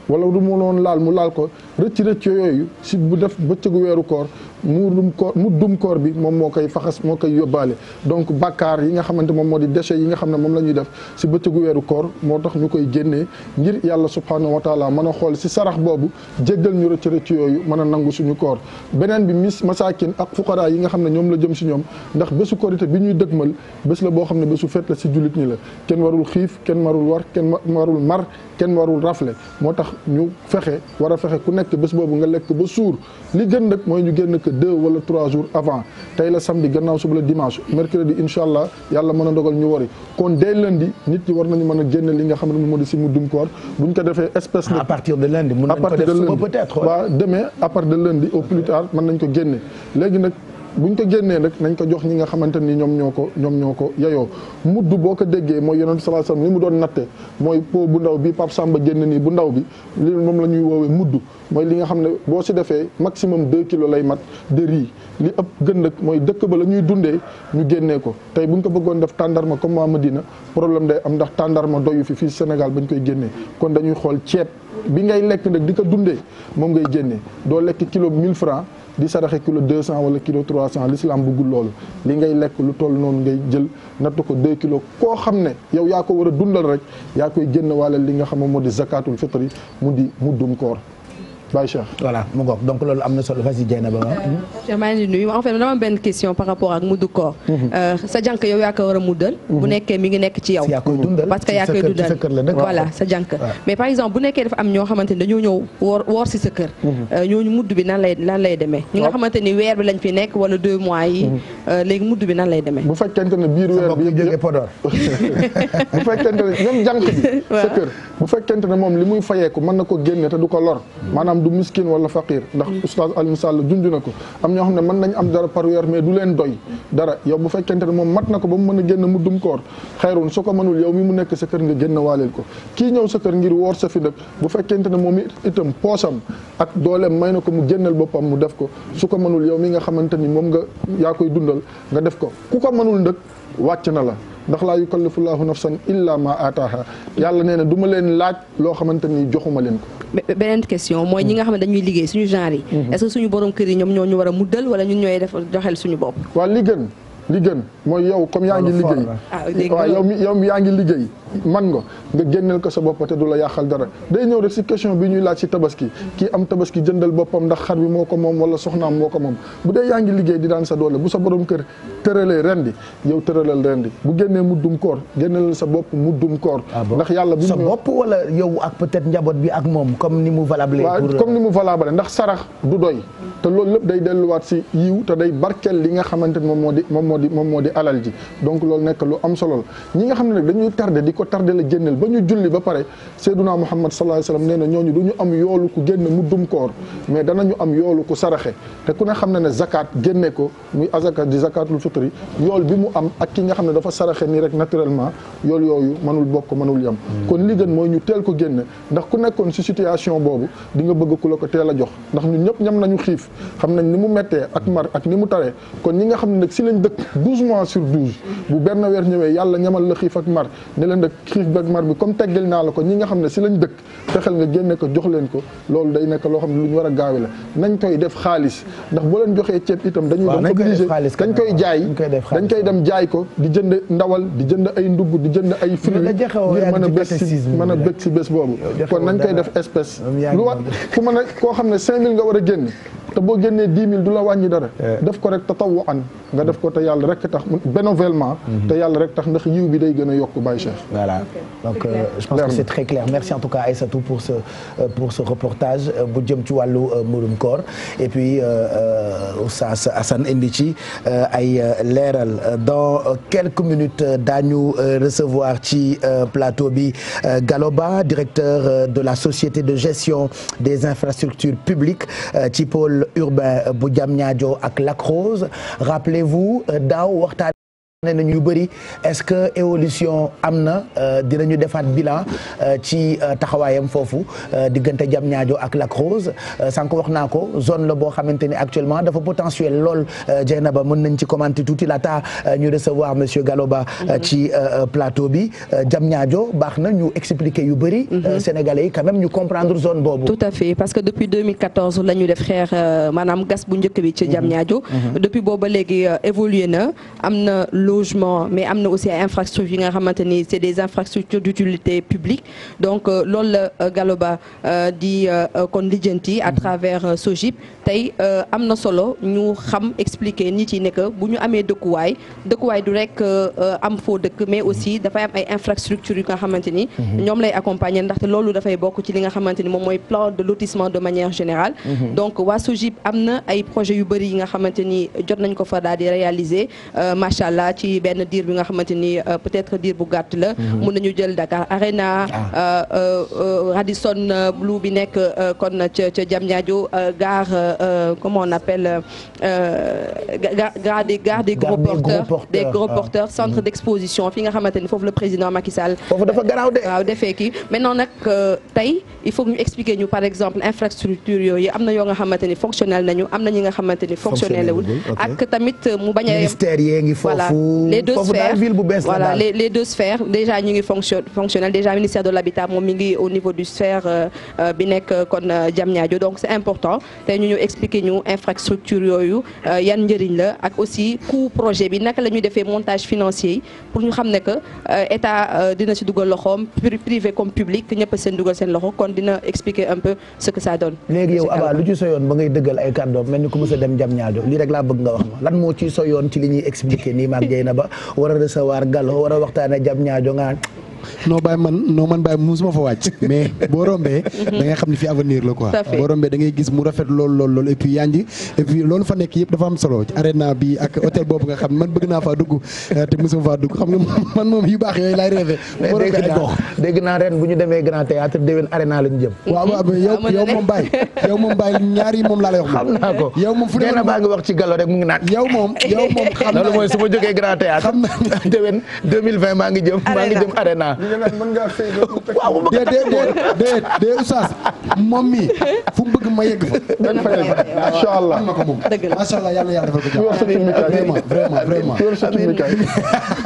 Speaker 7: wala du mu noonu laal mu laal ko rëcc rëcc yooyu si bu def bëccëgu weeru koor mu dum koor mu dum koor bi moom moo koy faxas moo koy yóbbaale donc bàkkaar yi nga xamante moom moo di déchets yi nga xam ne moom la ñuy def si bëccëgu weeru koor moo tax ñu koy génnee ngir yàlla subhanahu wa taala mën a xool si sarax boobu jéggal ñu rëcc rëcc yooyu mën a nangu suñu koor beneen bi mis masaakin ak fuqaraa yi nga xam ne ñoom la jëm si ñoom ndax bésu korité bi ñuy dëgmal bés la boo xam ne bésu feet la si jullit ñi la kenn warul xiif kenn warul war kenn warul mar kenn warul rafle moo tax ñu fexe war a fexe ku nekk bés boobu nga lekk ba suur li gën nag mooy ñu génn que deux wala trois jours avant tey la samedi gannaaw suba la dimanche mercredi incha allah yàlla mën a dogal ñu wari kon dès lundi nit ñi war nañu mën a génn li nga xam ne moom moo di si mu dum koor buñ ko defee espèce à partir de lundi mën nañ ko def suba peut-être waaw demain à partir de lundi au plus tard mën nañ ko génne léegi nag bu ñu ko génnee nag nañ ko jox ñi nga xamante ni ñoom ñoo ko ñoom ñoo ko yayoo mudd boo ko déggee mooy yonent sallallahu alayhi ni mu doon natte mooy po bu ndaw bi Pape Samba génn nii bu ndaw bi li moom la ñuy woowee mudd mooy li nga xam ne boo si defee maximum deux kilos lay mat de riz li ëpp gën mooy dëkk ba la ñuy dundee ñu génnee ko tey buñ ko bëggoon def tàndarma comme waa dina problème day am ndax tàndarma doyu fi fii Sénégal ba ñu koy génnee kon dañuy xool ceeb bi ngay lekk nag di ko dundee moom ngay génnee doo lekk kilo 1000 francs di saraxe kilo 200 wala kilo 300 l'islam bëggul loolu li ngay lekk lu toll noonu ngay jël natt ko 2 kilos koo xam ne yow yaa ko war a dundal rek yaa koy génn wala li nga xam ne moo di zakatul fitri mu di mu muddum koor Baye Cheikh voilà mu ngoog donc loolu am ngi euh, mhm.
Speaker 10: euh, a mhm. mi ngi nekk ci yow parce que yaa koy dundal voilà sa jànk mais par exemple bu nekkee dafa am ñoo xamante ni dañoo ñëw woor woor si sa kër mhm. euh, ñooñu mudd bi nan lay lan lay demee ñi weer bi lañ fi nekk wala deux
Speaker 7: mois yi léegi mudd bi nan lay demee bu fekkente ne biir weer bi jógee Podor bu fekkente ne même jànk bi sa bu fekkente ne moom li muy fayeeku mën na ko génne te du ko lor maanaam du miskin wala faqir ndax mm. oustaz Alioune Sall junj na ko am ñoo xam ne mën nañ am dara par weer mais du leen doy dara yow bu fekkente ne moom mat na ko ba mu mën a génn mu dum koor xayrun su ko mënul yow mi mu nekk sa kër nga génn waaleel ko kii ñëw sa kër ngir woor sa fi nag bu fekkente ne moom itam poosam ak dooleem may na ko mu génnal boppam mu def ko su ko mënul yow mi nga xamante ni moom nga yaa koy dundal nga def ko ku ko mënul nag wàcc na la ndax laa yukallifullahu nafsan illa ma ataaha yàlla nee na du ma leen laaj loo xamante ni joxuma leen ko beneen
Speaker 10: question mooy ñi nga xam ne dañuy liggéey suñu genre yi mm-hmm. est suñu borom kër yi ñoom ñoo ñu war a muddal wala ñun ñooy def joxel
Speaker 7: suñu bopp waa li gën li gën mooy yow comme yaa ngi liggéey ah, waaw yow mi yow yaa liggéey man nga nga génneel ko sa bopp te du la yàqal dara day ñëw rek si question bi ñuy laaj si tabaski kii am tabaski jëndal boppam ndax xar bi moo ko moom wala soxnaam moo ko moom bu dee yaa ngi liggéey di daan sa doole bu sa borom kër tëralee rendi yow tëralal rendi bu génnee muddum koor génneel sa bopp muddum koor ah ndax yàlla bu sa bopp wala yow ak peut njaboot bi ak moom comme ni mu valable waaw comme ni mu euh, valable ndax sarax du doy te loolu lépp day si yiw te day barkeel li moom moo di moo di moom moo di alal ji donc loolu nekk lu am solo ñi nga xam ne nag dañuy tardé di ko tardé la génneel ba ñu julli ba pare Seyduna Muhammad sallallahu alayhi wasallam nee na ñooñu du ñu am yoolu ku génn mu dum koor mais danañu am yoolu ku saraxe te ku ne xam ne ne zakat génne ko muy azaka di zakatul fitri yool bi mu am ak ki nga xam ne dafa saraxe nii rek naturellement yool yooyu mënul bokk mënul yam hmm. kon li gën mooy ñu teel ko génne ndax ku nekkoon si situation boobu di nga bëgg ku la ko teel a jox ndax ñun ñëpp ñam nañu xiif xam nañ ni mu mettee douze mois sur bu benn weer ñëwee yàlla ñamal la xiif ak mar ne leen nag xiif ak mar bi comme teggil naa la ko ñi nga xam ne si lañ dëkk fexeel nga génne ko jox leen ko loolu day nekk loo xam ne lu ñu war a gaawe la nañ koy def xaalis ndax boo leen joxee ceeb itam dañuy dem obligé dañ koy jaay dañ koy dem jaay ko di jënd ndawal di jënd ay ndugg di jënd ay fruit ngir mën a bég si mën a bég si bés boobu kon nañ koy def espèce lu wa ku mën a koo xam ne cinq mille nga war a génn te boo génnee dix mille la wàññi dara eh. def ko rek tatawu an nga def ko te yàlla rek tax bénévolement mhm. te yàlla rek tax ndax yiw bi day gën a yokk Baye Cheikh voilà
Speaker 3: donc euh, je pense que c'est très clair merci en tout cas Aïssatou pour ce euh, pour ce reportage euh, bu jëm ci wàllu euh, mbirum koor et puis Oustaz Assane indi ci ay leeral dans quelques minutes daañu recevoir ci plateau bi Galoba directeur de la société de gestion des infrastructures publiques ci pôle pôle urbain bu Diamniadio ak Lac Rose rappelez euh, ne nañu bëri est-ce que évolution am na euh, ñu defaat bilan euh, ci euh, taxawaayam foofu diggante jam ñaajo ak Lac Rose sànq wax naa ko zone la boo xamante ni actuellement dafa potentiel lool Dieynaba mën nañ ci commenter tuuti laata ñu recevoir monsieur Galoba mm-hmm. ci plateau bi jam ñaajo baax na ñu expliquer yu bari mm-hmm. sénégalais yi quand ñu comprendre zone boobu tout
Speaker 10: à fait parce que depuis 2014 la ñu def xeex maanaam gas bu njëkk bi ci jam mm-hmm. ñaajo depuis booba léegi logement mais am na aussi ay infrastructures yi nga xamante ni c'est des infrastructures d'utilité publique donc euh, loolu la euh, Galoba euh, di mhm. am na solo ñu xam expliquer nit yi ne bu ñu amee dëkkuwaay dëkkuwaay du rek am foo dëkk mais mhm. aussi dafay am ay infrastructures yi nga xamante ni mhm. ñoom lay accompagner ndaxte loolu dafay bokk ci li nga xamante ni moom mooy plan de lotissement de manière générale donc waa SOGIP am na ay projets yu bëri yi nga xamante ni jot nañ ko fa daal di réaliser machallah ci benn diir bi nga xamante ni euh, peut-être diir bu gàtt la. Mhm. mun ñu jël Dakar Arena. Ah. Euh, euh, Radisson Blu bi nekk kon ca ca Diamniadio gare comment on appelle gare des gare des gros porteurs des gros ah. porteurs centre mhm. d'exposition fi nga xamante ni foofu la président Macky Sall. foofu dafa garaaw de. waaw defee kii maintenant nag tey il faut ñu expliquer ñu par exemple infrastructure yooyu am na yoo nga xamante ni fonctionnel nañu am na ñi nga xamante ni fonctionnel wul ak tamit mu bañ a. ministère les deux sphères ville bu bees la voilà les les deux sphères déjà ñu ngi fonctionnel déjà ministère de l'habitat moom mi ngi au niveau du sphère euh, euh, bi nekk euh, kon Diamniadio donc c'est important tey ñu ñu expliquer ñu infrastructure yooyu yan njëriñ la ak aussi coût projet bi naka la ñuy defee montage financier yi pour ñu xam ne que état dina ci dugal loxoom privé comme public ñëpp seen dugal seen loxo kon dina expliquer un peu ce que ça donne.
Speaker 3: léegi yow Aba lu ci soo ba ngay dëggal ay kàddoom Jeynaba war a recevoir Gallo war a waxtaanee jam ñaajo nga
Speaker 1: non bàyyi man non man bàyyi musuma fa wàcc mais boo rombee mhm. da nga xam ne fii avenir la quoi boo rombee da ngay gis mu rafet lool lool lool et puis yaa fa nekk yëpp dafa xam ne man bëgg euh, grand théâtre déwén arena la ñu jëm waaw waaw yow yow moom bàyyi
Speaker 3: yow moom bàyyi ñaar yi moom maa ngi jëm maa ngi jëm arena
Speaker 1: ñu ne nag mën ngaa xëy waaw de de de de oustaz moom mi fu mu bëgg ma yegg fa. dëgg fa yegg macha allah ma ko moom. dëgg la macha allah yàlla yàlla
Speaker 7: defal ko jàpp.
Speaker 3: vraiment vraiment vraiment.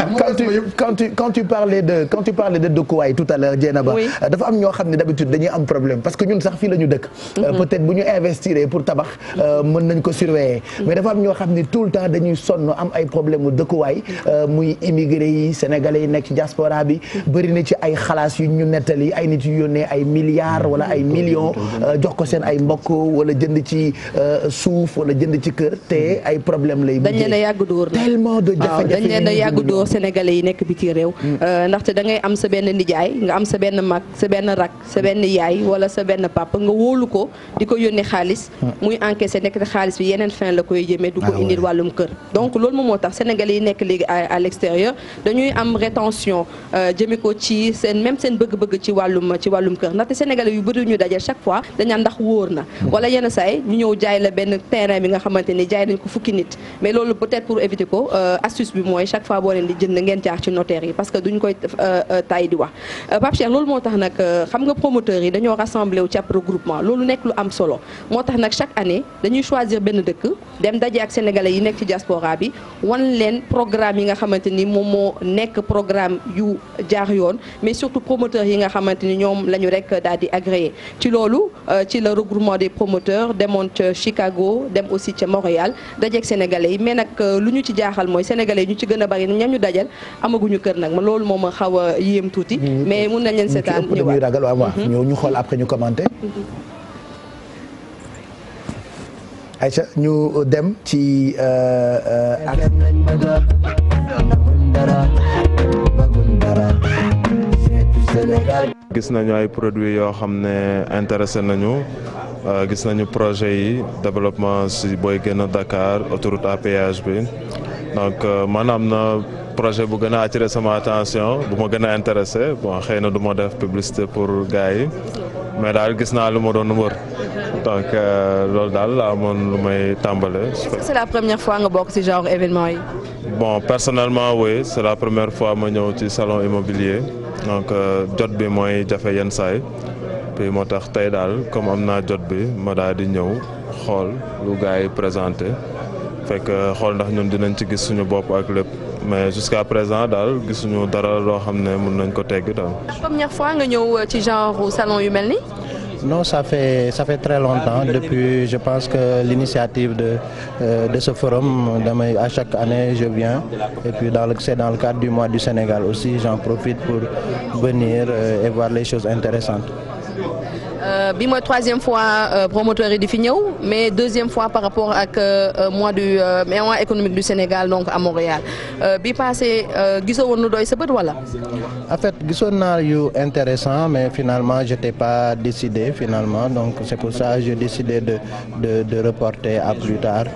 Speaker 3: quand tu quand tu quand tu parlais de quand tu parlais de dëkkuwaay tout à l'heure Dieynaba dafa am ñoo xam ne d'habitude dañuy am problème parce que ñun sax fii la ñu dëkk. Mhm. Euh, peut-être bu ñu investir pour tabax euh, mhm. mën nañ ko surveiller. Mhm. mais dafa am ñoo xam ne tout le temps dañuy sonn am ay problème mu dëkkuwaay euh, muy immigré yi sénégalais yi nekk ci diaspora bi. bëri na ci ay xalaas yu ñu nettali ay nit yu yónnee ay ay millions euh, jox ko seen ay mbokk wala jënd ci euh, suuf wala jënd ci kër te ay problème lay dañ leen a
Speaker 10: yàgg dóor tellement de dañ leen a yàgg yi nekk biti réew mm. euh, ndaxte da am sa benn nijaay nga am sa benn mag sa benn rak sa benn yaay wala sa benn papa nga wóolu ko di ko yónnee xaalis mm. muy encaissé nekk xaalis bi yeneen fin la koy jëmee du ko ah indil wàllum kër donc loolu moo tax sénégalais yi nekk léegi à l'extérieur dañuy am rétention jëmee ko ko ci seen même seen bëgg-bëgg ci wàllum ci wàllum kër ndaxte sénégalais yu bëri daje chaque fois dañaan ndax wóor na wala yenn saay ñu ñëw jaay la benn terrain bi nga xamante ni euh, ci notaire yi parce que duñ koy euh, euh, tay di wax Pape Cheikh loolu moo tax nag xam nga promoteurs yi dañoo rassemblé ci ab regroupement loolu nekk lu am solo moo tax nag chaque année dañuy choisir benn dëkk dem daje ak sénégalais yi nekk ci diaspora bi wan leen programme yi nga xamante yoon mais surtout promoteurs yi nga xamante ni ñoom la ñu rek daal di agréé ci loolu euh, ci le regroupement des promoteurs demoon ca Chicago dem aussi ca Montréal dajeeg sénégalais yi mais nag euh, lu ñu ci jaaxal mooy sénégalais ñu ci gën a bari ñam ñu dajal amaguñu kër nag ma loolu moom a xaw a yéem tuuti. Mm-hmm.
Speaker 6: mais mun nañ leen mm-hmm. seetaan ñëwaat ragal
Speaker 3: waaw waaw mm-hmm. ñu ñu xool après ñu commenté. Aïcha ñu dem ci. Euh,
Speaker 11: gis nañu ay produits yoo xam ne intéressé nañu euh, gis nañu projet yi développement si booy génn Dakar autoroute à péage bi donc euh, man na projet bu gën a attiré sama attention bu ma gën a intéressé bon xëy na du ma def publicité pour gars yi mais daal gis naa lu ma doon wër donc euh, loolu daal la amoon lu may tàmbale. est-ce que
Speaker 10: c'est la première fois nga bokk ci genre événement yi.
Speaker 11: bon personnellement oui c'est la première fois ma ñëw ci salon immobilier donc euh, jot bi mooy jafe yenn saay puis moo tax tey daal comme am na jot bi ma daal di ñëw xool lu gars yi présenté fekk xool ndax ñun dinañ ci gis suñu bopp ak lépp. mais jusqu'à présent daal gisuñu dara loo xam ne mën nañ ko tegg
Speaker 1: daal.
Speaker 10: première fois nga ñëw euh, ci genre salon yu mel ni
Speaker 1: non ça fait ça fait très longtemps depuis je pense que l'initiative de euh, de ce forum damay à chaque année je viens et puis dans le c'est dans le cadre du mois du Sénégal aussi j'en profite pour venir euh, et voir les choses intéressantes.
Speaker 10: Euh, bi mooy troisième fois euh, promoteur yi di fi ñëw mais deuxième fois par rapport ak euh, mois du mois économique du Sénégal donc à Montréal bi passé gisoo woon lu doy sa bët wala.
Speaker 12: en fait gisoon
Speaker 1: naa yu intéressant mais finalement j'étais pas décidé finalement donc c'est pour ça j'ai décidé de de de reporter à plus tard.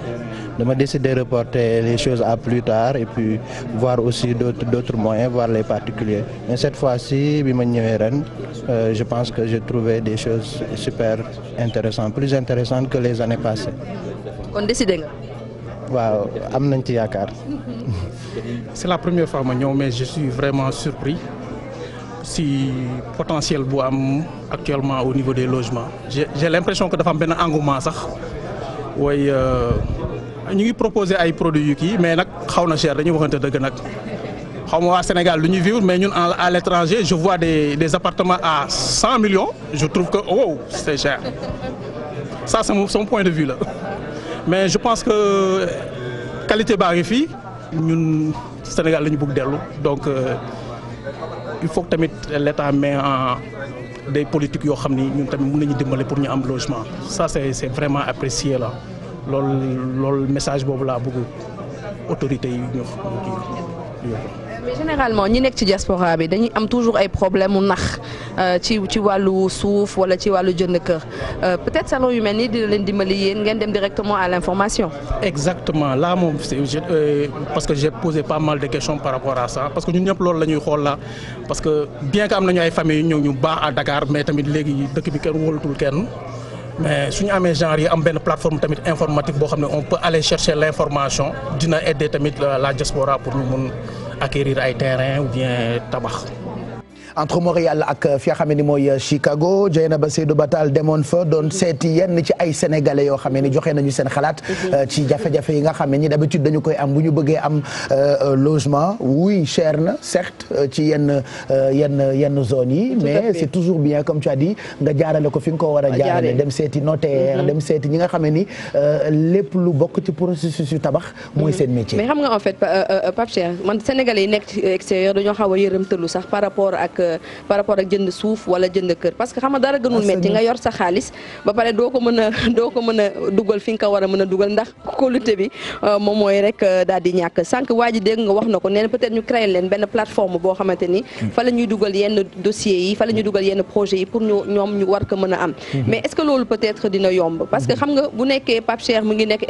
Speaker 1: dama décidé reporter les choses à plus tard et puis voir aussi d'autres d'autres moyens voir les particuliers mais cette fois-ci bi ma ñëwee ren euh, je pense que je trouvé des choses super intéressantes plus intéressantes que les années passées. kon décidé nga. waaw am nañ ci yaakaar.
Speaker 13: c'est la première fois ma ñëw mais je suis vraiment surpris si potentiel bu am actuellement au niveau des logements j'ai l'impression que dafa am benn engouement sax euh, ñu ngi proposé ay produit yu kii mais nag xaw na cher dañuy waxante dëgg nag xaw ma waa Sénégal lu ñu vivre mais ñun à l' étranger je vois des des appartements à cent millions je trouve que oh, wow c' est cher ça c'est mon point de vue là mais je pense que qualité baa ngi fii ñun Sénégal la ñu dellu donc euh, il faut que tamit l' état met en des politiques yoo xam ni ñun tamit mën nañu dimbale pour ñu am logement ça c' est c' est vraiment apprécié là. loolu loolu message boobu laa bëgg autorité yi ñu
Speaker 10: mais généralement ñi nekk ci diaspora bi dañuy am toujours ay problème mu nax euh, ci ci wàllu suuf wala ci wàllu jënd kër euh, peut-être salon yu mel nii dina leen dimbali yéen ngeen dem directement à l'information.
Speaker 13: exactement là moom euh, parce que j'ai posé pas mal de questions par rapport à ça parce que ñun ñëpp loolu la ñuy xool la parce que bien que am nañu ay famille yu ñëw ñu baax à Dakar mais tamit léegi dëkk bi kenn wóolatul kenn. mais suñu amee genre yi am benn plateforme tamit informatique boo xam ne on peut aller chercher l'information dina aider tamit la diaspora pour ñu mun acquérir ay terrain ou bien tabax
Speaker 3: entre Montréal ak fi nga xam ne mooy euh, Chicago Dieynaba Seydou Batal demoon fa doon seeti yenn ci ay sénégale yoo xam ne joxe nañu seen xalaat. Mhm. Euh, ci jafe-jafe yi nga xam ne d'habitude dañu koy am bu ñu bëggee am euh, logement oui cher na certes ci yenn yenn yenn zones yi. mais c'est toujours bien comme ci as nga jaarale ko fi nga ko war a jaarale dem seeti notaire mhm. dem seeti ñi nga xam ne ni lépp lu bokk ci processus yu tabax mooy mhm. seen métier. mais
Speaker 10: xam nga en fait Pape Cheikh man sénégalais yi nekk ci Euh, par rapport ak jënd suuf wala jënd kër parce que xam dara gënul metti nga yor sa xaalis ba pare doo ko mën a doo a dugal fi nga ko war a mën a dugal ndax kóolute bi euh, moom mooy rek euh, daal ñàkk sànq waa ji dégg nga wax na ko nee peut-être ñu créer leen benn plateforme boo xamante ni hmm. fa la dugal yenn dossiers yi fa la dugal yenn projets yi pour ñoom ñu war ko mën a am hmm. mais est loolu peut-être dina yomb parce que hmm. xam nga bu nekkee Pape Cheikh mu ngi nekk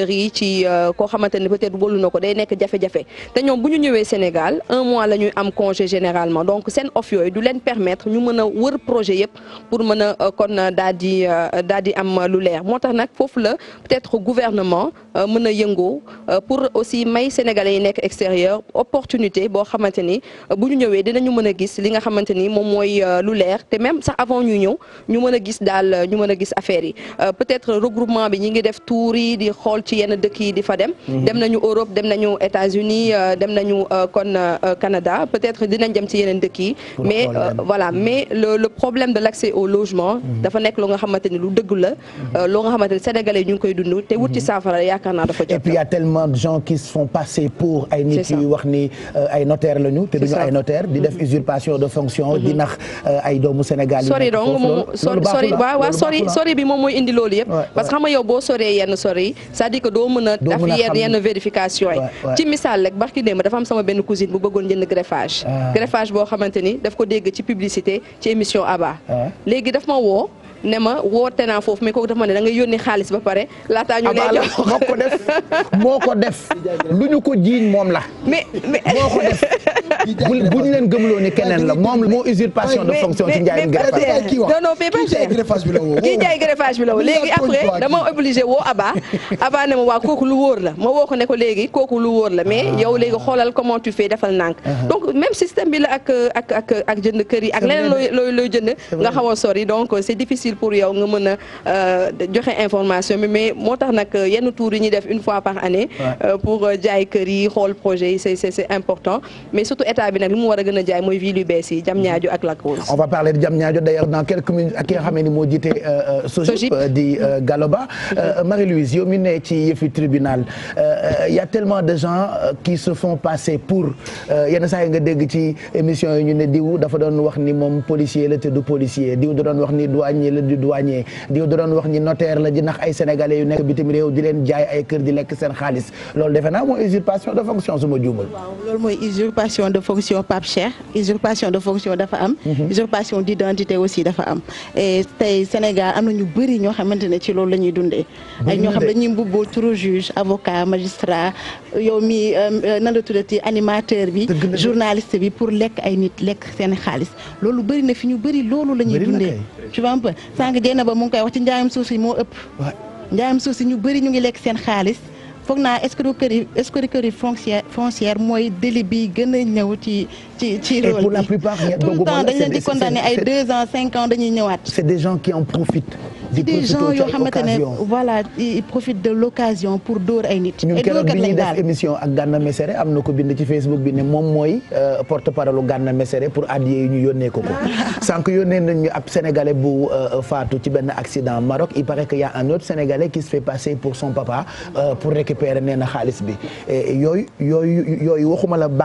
Speaker 10: valeurs yi ci euh, koo xamante ne peut-être wóolu na ko day nekk jafe-jafe te ñoom bu ñu ñëwee Sénégal un mois la ñuy am congé généralement donc seen off yooyu du leen permettre ñu mën a wër projet yëpp pour mën a euh, kon daal di euh, daal di am lu leer moo tax nag foofu la peut-être gouvernement mën a yëngoo pour aussi may sénégalais yi nekk extérieur opportunité boo xamante ni bu ñu ñëwee dinañu mën a gis li nga xamante ni moom mooy lu leer te même sax avant ñuy ñëw ñu mën gis daal ñu mën yi ci yenn dëkk yi di fa dem mhm. dem nañu Europe dem nañu États-Unis euh, dem nañu euh, kon euh, Canada peut-être dinañ dem ci yeneen dëkk mais voilà mhm. mais le le problème de l'accès au logement mhm. dafa nekk loo nga xamante ni lu dëgg la loo nga xamante ni sénégalais ñu ngi koy dund te wuti saafara yaakaar naa dafa jot
Speaker 3: et puis y a tellement de gens qui se font passer pour ay nit wax ni ay notaire lañu te duñu ay notaire di def usurpation de fonction di nax ay doomu Sénégal sori donc moom sori waaw waaw sori
Speaker 10: sori bi moom mooy indi loolu que doo mën a def yenn yenn vérification yi ci misaal rek barki ma dafa am sama benn cousine bu bëggoon jënd greffage ah. greffage boo xamante ni daf ko dégg ci publicité ci émission Aba ah. léegi daf ma woo ne ma woote naa foofu mais kooku dafa ma ne da ngay yónni xaalis ba pare laataa ñu lay jox
Speaker 3: moo ko def lu ñu ko jiiñ moom la
Speaker 10: mais mais moo ko def
Speaker 3: bu ñu leen gëmloo keneen la moom moo usurpation de fonction ci njaayum greffage non non mais bi
Speaker 10: la woo léegi après dama obligé woo Aba Aba ne ma waa kooku lu wóor la ma woo ko ne ko léegi kooku lu wóor la mais yow léegi xoolal comment tu fais defal nànk uh-huh. donc même système bi la ak ak ak ak jënd kër ak leneen looy jënd nga xaw a sori donc c'est difficile pour yow nga mën a euh, joxe information bi mais moo tax nag euh, yenn tour yi ñuy def une fois par année. Euh, pour jaay kër xool projet yi c' important mais surtout état bi nag li mu war a gën a jaay mooy ville yu bees yi Diamniadio ak Lac Rose. on
Speaker 3: va parler de Diamniadio d' ailleurs dans quelques minutes ak ki nga moo jiite. Sojip di Galoba. Marie-Louise yow mi ne ci yëfi tribunal y a tellement de gens qui se font passer pour yenn saa yi nga dégg ci émission yi ñu ne diw dafa doon wax la di douanier diw da doon wax ñi notaire la di nax ay sénégalais yu nekk bitim réew di leen jaay ay kër di lekk seen xaalis loolu defe naa mooy usurpation de fonction su ma juumal.
Speaker 14: mooy usurpation de fonction Pape usurpation de fonction dafa am. Mhm. usurpation d'identité aussi dafa am et Sénégal am na ñu bëri ñoo xamante ne ci loolu la dundee. ay ñoo xam dañuy mbubboo turu juge avocat magistrat. yow mi euh, euh, nan la tuddati animateur bi journaliste bi pour lekk ay nit lekk seen xaalis loolu bëri na fi ñu bëri loolu la ñuy dundee tu vois un peu sànq jëy na ba mu ngi koy wax ci njaayam suuf si moo ëpp njaayam suuf si ñu bëri ñu ngi lekk seen xaalis foog naa escroquerie escroquerie foncière foncière mooy délit bi gën a ñëw ci ci ci rôle bi et pour la plupart tout le temps dañ leen di condamné ay deux ans cinq ans dañuy ñëwaat.
Speaker 3: c'est des gens qui en profitent. di gens yoo xamante
Speaker 14: voilà ils profitent de l'occasion pour dóor ay nit. ñun keroog bi ñuy def
Speaker 3: émission ak Gana Messere am na ko bind ci Facebook bi ne moom mooy euh, porte-parole u Gana Messere pour addiya yi ñu yónnee ko ko. sànq yónnee nañ ñu ab sénégalais bu euh, faatu ci benn accident Maroc i paraît que y a un autre sénégalais qui se fait passer pour son papa euh, pour récupérer nee na xaalis bi yooyu yooyu yooyu waxuma la bi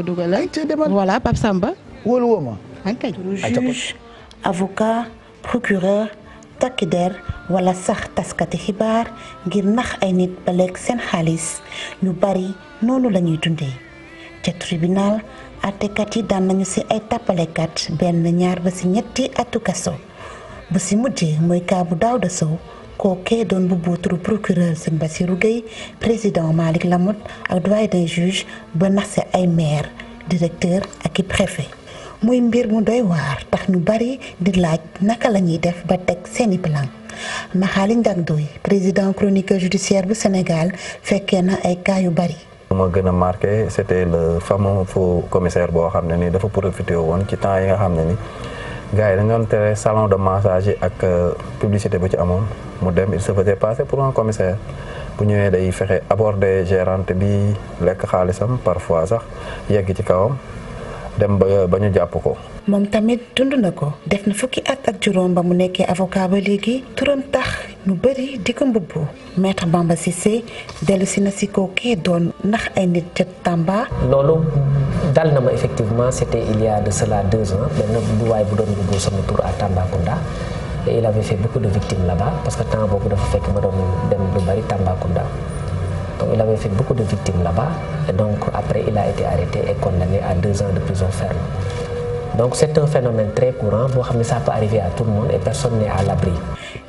Speaker 14: ko dugalal. voilà Pape Samba. wóolu woo ma. avocat procureur takk wala sax taskati xibaar ngir nax ay nit ba lekk seen xaalis ñu bari noonu lañuy ñuy dundee ca tribunal àttekat yi daan nañu ci ay tàppalekat benn ñaar ba ci ñetti atu kaso bu ci mujjee mooy kaabu Daouda Sow kookee doon bu buuturu procureur sëñ Bassirou Gueye président Malick Lamotte ak doyen des juges ba naxse ay maire directeur ak i préfet muy mbir mu doy waar tax ñu bari di laaj naka la ñuy def ba teg seeni plan Maxaali Ndag Doy président chroniqueur judiciaire bu Sénégal fekkee na ay cas yu bari
Speaker 1: ma gën a marqué c'était le fameux faux commissaire boo xam ne ni dafa profité woon ci temps yi nga xam ne ni gars yi dañu doon tere salon de massage yi ak euh, publicité bu ci amoon mu dem il se faisait passer pour un commissaire bu ñëwee day fexe aborder gérante bi lekk xaalisam parfois sax yegg ci kawam dem ba ba ñu jàpp ko.
Speaker 14: moom tamit dund na ko def na fukki at ak juróom ba mu nekkee avocat ba léegi turam tax ñu bëri di ko mbubb maître Bamba Cissé dellu si na si koo kee doon ndax ay nit ca Tamba.
Speaker 15: loolu dal na ma effectivement c'était il y a de cela deux ans benn bu bu doon mbubboo sama tur à Tambacounda. et il avait fait beaucoup parce que temps boobu dafa fekk ma doon dem lu bari Tambacounda donc il avait fait beaucoup de victimes là-bas et donc après il a été arrêté et condamné à deux ans de prison ferme. donc c'est un phénomène très courant boo xam ne ça peut arriver à tout le et personne n'est à l'abri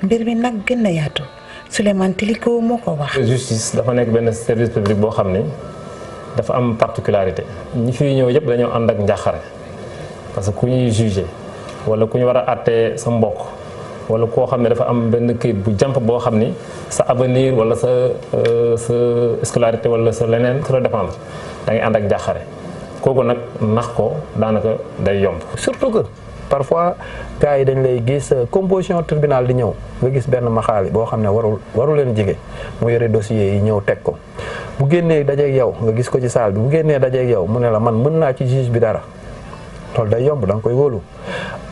Speaker 15: mbir mi nag gën na yaatu Souleymane Téliko moo ko
Speaker 14: wax. justice
Speaker 16: dafa nekk benn service public boo xam ne dafa am particularité ñi fi ñëw yëpp dañoo ànd ak njàqare parce que ku ñuy jugé wala ku ñu war a àttee sa mbokk wala koo xam ne dafa am benn këyit bu jàmp boo xam ni sa avenir wala sa euh, sa scolarité wala sa leneen su la dépendre da ngay ànd ak njàqare. kooku nag nax ko daanaka day yomb. surtout que parfois gars yi dañ lay
Speaker 1: gis euh, composition tribunal di ñëw nga gis benn maxaali boo xam ne warul waru leen jige mu yore dossiers yi ñëw teg ko bu génnee dajeeg yow nga gis ko ci saal bi bu génnee dajeeg yow mu ne la man mën naa ci juge bi dara loolu day yomb da nga koy wóolu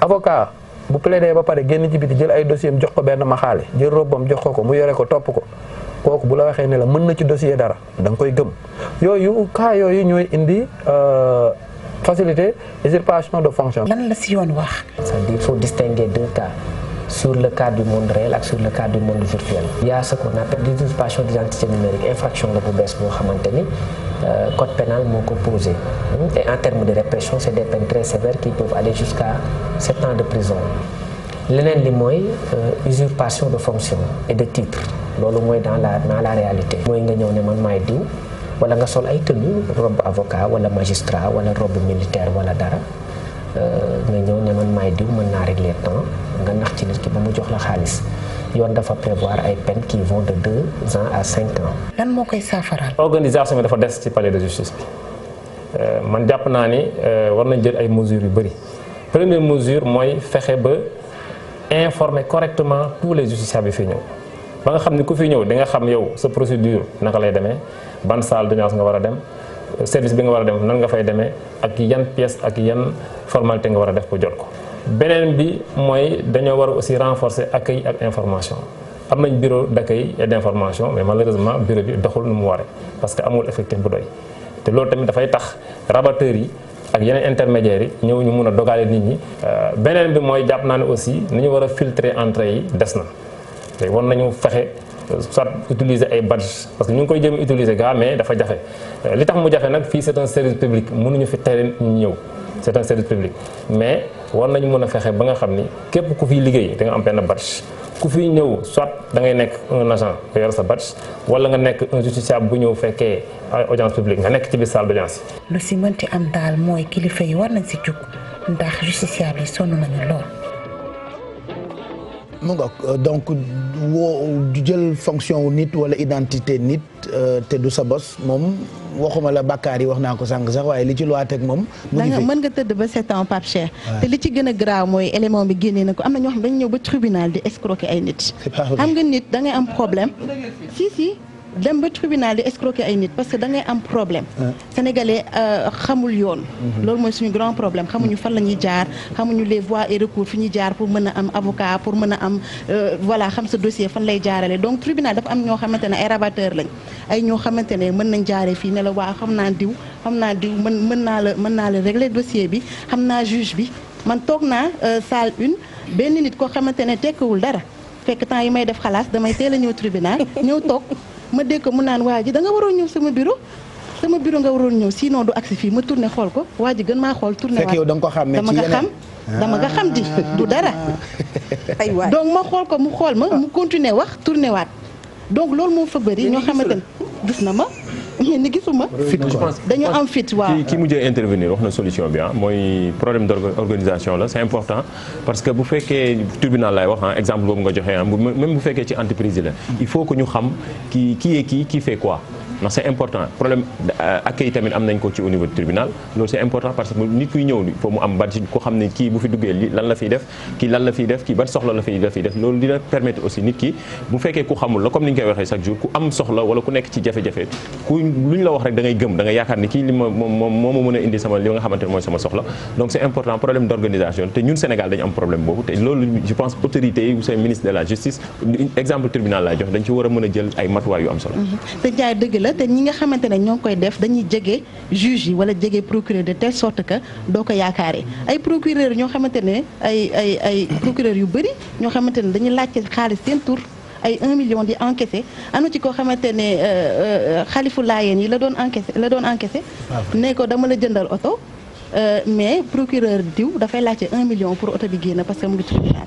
Speaker 1: avocat. bu plaidé ba pare génn ci biti jël ay dossier jox ko benn maxaale jël robam jox ko ko mu yore ko topp ko kooku bu la waxee ne la mën na ci dossier dara danga koy gëm yooyu cas yooyu ñooy indi euh,
Speaker 15: facilité usurpation de fonction. lan la si yoon wax. c'est-à-dire il faut cas. sur le cadre du monde réel ak sur le cadre du monde virtuel. Il y a ce qu'on appelle l'usurpation d'identité numérique infraction la bu bees boo xamante ni euh, code pénal moo ko posé et en termes de répression c'est des peines très sévères qui peuvent aller jusqu'à sept ans de prison. leneen li mooy euh, usurpation de fonction et de titre loolu mooy dans la dans la réalité. mooy nga ñëw ne man maay diw wala nga sol ay tenue robe avocat wala magistrat wala robe militaire wala dara euh, nga ñëw ne man may diw mën naa régler temps nga nax ci nit ki ba mu jox la xaalis. yoon dafa prévoir ay pen qui vont de deux ans à cinq ans. lan moo koy saafaraal.
Speaker 16: organisation bi dafa des ci palais de justice bi euh, man jàpp naa ni war nañ jël ay mesures yu bëri première fexe ba. informer correctement tous les justiciables yi fi ñëw ba nga xam ne ku fi ñëw di nga xam yow sa procédure naka lay demee ban salle d'audience nga war a dem service bi nga war a dem nan nga fay demee ak yan pièce ak yan formalité nga war a def ko jot ko. beneen bi mooy dañoo war a aussi renforcer accueil ak information am nañ bureau d'accueil et d'information mais malheureusement bureau bi doxul nu mu waree parce que amul effectif bu doy te loolu tamit dafay tax rabatteurs yi. ak yeneen intermédiaires yi ñëw ñu mun a dogalee nit ñi euh, beneen bi mooy jàpp naa ne aussi ni ñu war a filtrer entrée yi des na te war nañu fexe euh, soit utiliser ay badge parce que ñu ngi koy jëm utiliser gaa mais dafa jafe euh, li tax mu jafe nag fii c'est un service public mënuñu fi tere ñu ñëw c'est un service public mais war nañu mën a fexe ba nga xam ni képp ku fiy liggéey da nga am benn badge ku fi ñëw soit da ngay nekk un agent nga sa badge wala nga nekk un justiciable bu ñëw fekkee audience publique nga nekk ci biir salle d'audience lu si mënti am
Speaker 14: daal mooy kilifa yi war nañ si jug ndax justiciable yi nañu lool.
Speaker 3: mu ngoog euh, donc woo jël fonction nit wala identité nit euh, te du sa bos moom waxuma la bàkkaar yi wax naa ko sànq sax waaye li ci loi teg moom.
Speaker 6: mu ngi mën
Speaker 14: nga tëdd ba sept ans Pape Cheikh. te li ci gën a mooy élément bi génnee na ko am na ñoo xam dañu ñëw ba tribunal di escroquer ay nit. xam nga nit da ngay am problème si si. dem ba tribunal di escroquer ay nit parce que da ngay am problème ah. sénégalais euh, xamul yoon mhm. loolu mooy suñu grand problème xamuñu fan la ñuy jaar xamuñu les voies et recours fi ñuy jaar pour mën a am avocat pour mën a am euh, voilà xam sa dossier fan lay jaarale donc tribunal dafa am ñoo xamante ne ay rabatteur lañ ay ñoo xamante ne mën nañ jaaree fii ne la waa xam naa diw xam naa diw mën mën naa la mën naa la régler dossier bi xam naa juge bi man toog naa euh, salle une benn nit koo xamante ne tekkiwul dara fekk yi may def xalaas damay teel a ñëw tribunal ma dégg ko mu naan waa ji da nga waroon ñëw sama biro sama biro nga waroon ñëw sinon du agsi fii ma tourné xool ko waa ji gën maa xool tourné waat dama nga xam dama nga xam di ah. du dara donc ma xool ko mu xool ma mu continuer wax tourné waat donc loolu moo fa bëri ñoo xamante ne gis na ma yéen ni gisuma. fit quoi dañoo am fit ki ki
Speaker 11: mujjee intervenir wax na solution bi ah mooy problème d'organisation la c'est important parce que bu fekkee tribunal laay wax ah exemple boobu nga joxe ah même bu fekkee ci entreprise la il faut ko ñu xam ki qui est qui fait quoi. ndax c'est important problème euh, accueil tamit am nañ ko ci au niveau du tribunal loolu c'est important parce que nit kuy ñëw il mu am ba ko xam ne kii bu fi duggee lan la fiy def kii lan la fiy def kii lu ñu la wax rek da gëm da yaakaar ni kii li ma moom moo ma mën a indi sama li nga xamante ne mooy sama soxla donc c'est important problème d'organisation te ñun Sénégal dañu am problème boobu te loolu je pense autorités yi seen ministre de la a mën a jël ay matuwaay yu am solo
Speaker 14: mm-hmm. la te ñi nga xamante ne ñoo ngi koy def dañuy jege juge yi wala jege procureur de telle sorte que doo ko yaakaaree ay procureur ñoo xamante ne ay ay ay procureur yu bëri ñoo xamante ne dañuy laajte xaalis seen tur ay 1 million di encaissé anu ci koo xamante ne xalifu euh, euh, laayeen yi la doon encaissé la doon encaissé ah. ne ko dama la jëndal oto Euh, mais procureur diw dafay laajte un million pour oto bi génn parce que mu ngi tribunal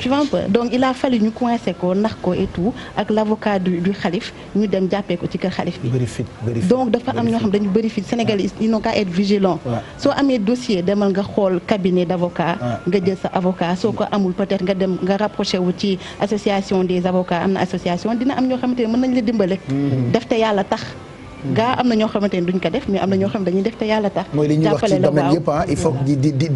Speaker 14: tu vois un peu donc ñu coincé ko ndax ko et ak l' avocat du du xalif ñu dem jàppee ko ci kër xalif
Speaker 3: bi donc
Speaker 14: dafa am ñoo xam dañu bëri fit sénégalais ils n'ont qu'à être vigilant soo amee dossier demal nga xool cabinet d' avocat nga jël sa avocat soo ko amul peut être nga dem nga rapproché wu ci association des avocats am na association dina am ñoo xamante ne mën nañ la dimbale mm-hmm. def te yàlla tax gaa am na ñoo xamante ne duñ ko def mais am na ñoo xam dañuy def te yàlla
Speaker 3: tax mooy li ñuy ah,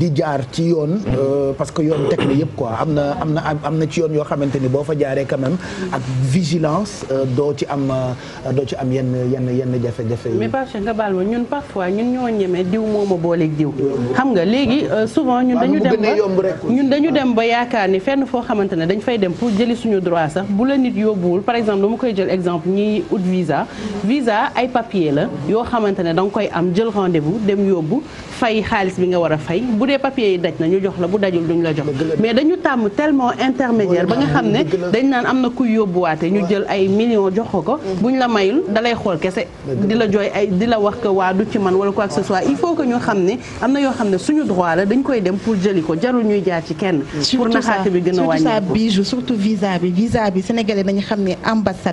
Speaker 3: di jaar ci yoon euh, parce que yoon teg na yëpp quoi am na am na am na ci yoon yoo xamante ni boo fa jaaree quand même ak vigilance euh, doo
Speaker 17: ci am euh, doo ci am yenn yenn yenn jafe mais parce que nga baal ma ñun parfois ñun ñoo ñemee diw moo ma booleeg diw xam nga léegi souvent ñun dañu dem ba ñun dañu dem ba yaakaar ni fenn foo xamante ne dañ fay dem pour jëli suñu droit sax bu la nit yóbbuwul par exemple dama koy jël exemple ñiy ut visa visa papier la yoo xamante ne da koy am jël rendez-vous dem yóbbu fay xaalis bi nga war a bu dee papier yi daj na ñu jox la bu dajul duñ la jox mais dañu tàmm tellement intermédiaire ba nga xam ne dañ naan am na kuy yóbbuwaate ñu jël ay millions jox ko ko buñ la mayul dalay xool kese di la jooy ay di la wax que waa du ci man wala quoi que ce soit il faut que ñu xam ne am na yoo xam ne suñu droit la dañ koy dem pour jëli ko jarul ñuy jaar ci kenn
Speaker 14: pour a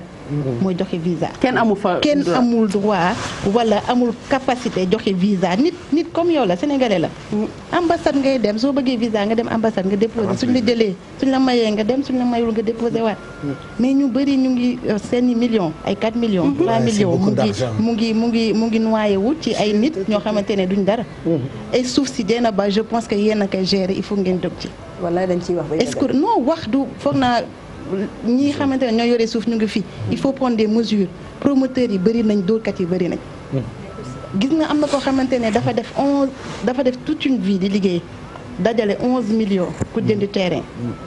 Speaker 14: mooy joxe visa. kenn amul fa kenn amul droit wala amul capacité joxe visa nit nit comme yow la sénégalais la. Mm. ambassade ngay dem soo bëggee visa nga dem ambassade nga déposé suñ la jëlee suñ la mayee nga dem suñ la mayul nga déposé waat. Mm. mais ñu bëri ñu ngi euh, seen million ay 4 millions. 3 mm-hmm. millions mu ngi mu ngi mu ngi mu ngi noyé wu ci ay nit ñoo xamante ne duñ dara. ay mm-hmm. suuf si dee na ba je pense que yéen a koy gérer il faut ngeen jóg ci. wallaay dañ ciy wax wax du foog naa. ñi xamante ne ñoo yore suuf ñu ngi fi. il faut prendre des mesures promoteurs yi bëri nañ dóorkat yi bari nañ. gis nga am na koo xamante ne dafa def onze dafa def toute une vie di liggéey dajale onze million ku jënd terrain.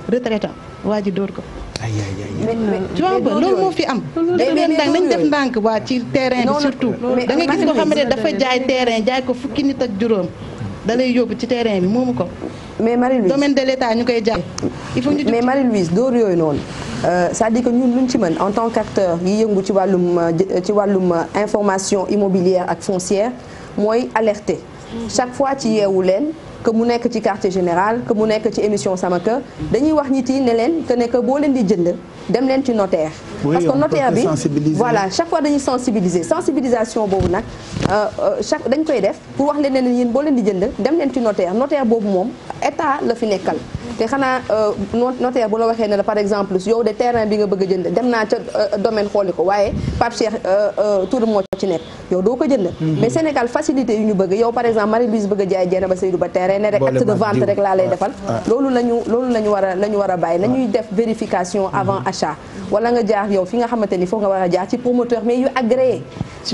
Speaker 14: retraitant waa ji dóor ko.
Speaker 18: tu vois ba loolu moo fi am day
Speaker 14: leen ndànk nañ def ndànk waa ci terrain bi surtout da nga gis koo xamante ne dafa jaay terrain jaay ko fukki
Speaker 10: nit ak juróom dalay lay yóbbu ci terrain bi moomu ko mais Marie-Louise domaine de l'État ñu koy jàpp. mais Marie-Louise dóor yooyu noonu euh, c'est-à-dire que ñun luñ ci mën en tant qu'acteur yi yëngu ci wàllum euh, ci wàllum euh, information immobilière ak foncière mooy alerter. Mm. chaque fois ci yeewu leen. que mu nekk ci quartier général que mu nekk ci émission sama kër dañuy wax nit yi ne leen que ne boo leen di jënd dem leen ci notaire. parce que notaire bi voilà chaque fois dañuy sensibiliser sensibilisation boobu nag euh, euh, chaque dañ koy def pour wax leen ne yéen boo leen di jënd dem leen ci notaire notaire boobu moom état la fi nekkal. te xanaa euh, notaire bu la waxee ne la par exemple yow de terrain bi nga bëgg jënd dem naa ca domaine xooli ko waaye Pape Cheikh Toure ci nekk yow doo ko jënd. Mm-hmm. mais Sénégal facilité yu ñu bëgg yow par exemple a jaay terrain ne rek acte de rek laa lay defal ah, ah. loolu la ñu loolu la ñu war a la ñu war a bàyyi lañuy ah. def vérification mm-hmm. avant achat wala nga jaar yow fi nga xamante ni foofu nga war a jaar ci promoteur mais yu agréé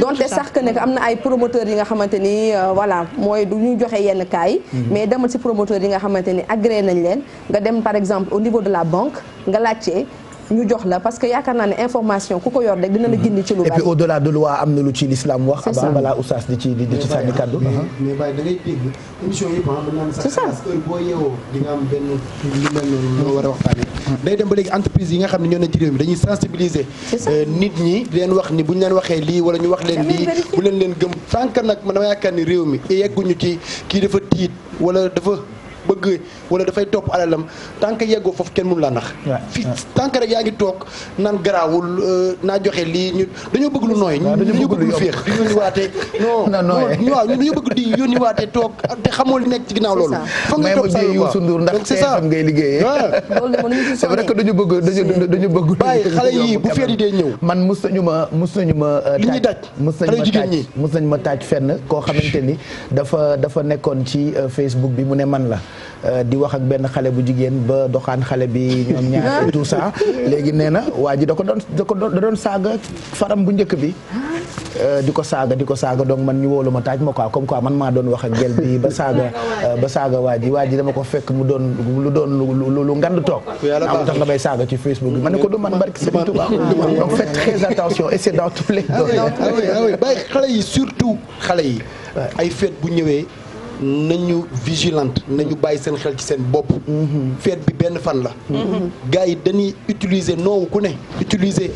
Speaker 10: donte sax que nekk am na ay promoteur yi nga xamante ni wala euh, mooy du ñu joxe yenn cas mm-hmm. mais demal ci promoteur yi nga xamante ni agréé nañ leen nga dem par exemple au niveau de la banque nga laajte ñu jox la parce que yaakaar naa ne information ku ko yor rek dina la mhm. gindi ci lu. et puis au
Speaker 3: delà de loi am na lu ci l'islam wax. c'est ça balaa oustaz di ci sànni kaddu. Mhm.
Speaker 1: mais bàyyi da ngay ah, war a waxtaanee. day dem ba léegi entreprise yi nga xam ne ñoo ne ci réew mi dañuy sensibiliser. Euh, nit ñi leen wax ni bu ñu leen waxee lii wala ñu wax leen lii bu leen leen gëm tànk nag man dama yaakaar ni réew mi yegguñu ci kii dafa tiit wala dafa. bëgg wala dafay topp alalam tant que yeggoo foofu kenn mënu laa nax fii tant que rek yaa ngi toog naan garaawul euh, naa joxe lii ñu dañoo bëgg lu nooy dañoo bëgg lu féex di yónni waate non waaw ñu dañoo bëgg toog te xamoo li nekk ci ginnaaw loolu foog nga topp sa Youssou Ndour ndax ngay liggéeyee c'est vrai que dañu bëgg dañu dañu bëgg bàyyi xale
Speaker 3: ñëw man mus nañu ma mus nañu ma euh, li ñuy daj mus nañu ma tàj mus ma tàj fenn koo xamante ni dafa dafa nekkoon ci euh, Facebook bi mu ne man la Euh, di wax ak benn xale bu jigéen ba doxaan xale bi ñoom ñaar léegi nee na waa ji da ko doon da ko doon saaga faram bu njëkk bi euh, di ko saaga di ko saaga donc man ñu wóolu ma taaj ma quoi comme quoi man maa doon wax ak gel bi ba saaga euh, ba saaga waa ji ji dama ko fekk mu doon lu doon lu ngand toog am tax nga may saaga ci Facebook bi ma ne ko du man barki Sëriñ Tuubaa donc faites très attention et c'est
Speaker 1: dans tous les ah domaines ah ah bàyyi xale yi surtout xale yi ay fête bu ñëwee nañu vigilante nañu bàyyi seen xel ci seen bopp feet bi benn fan la gars yi dañuy utiliser noowu ku ne utiliser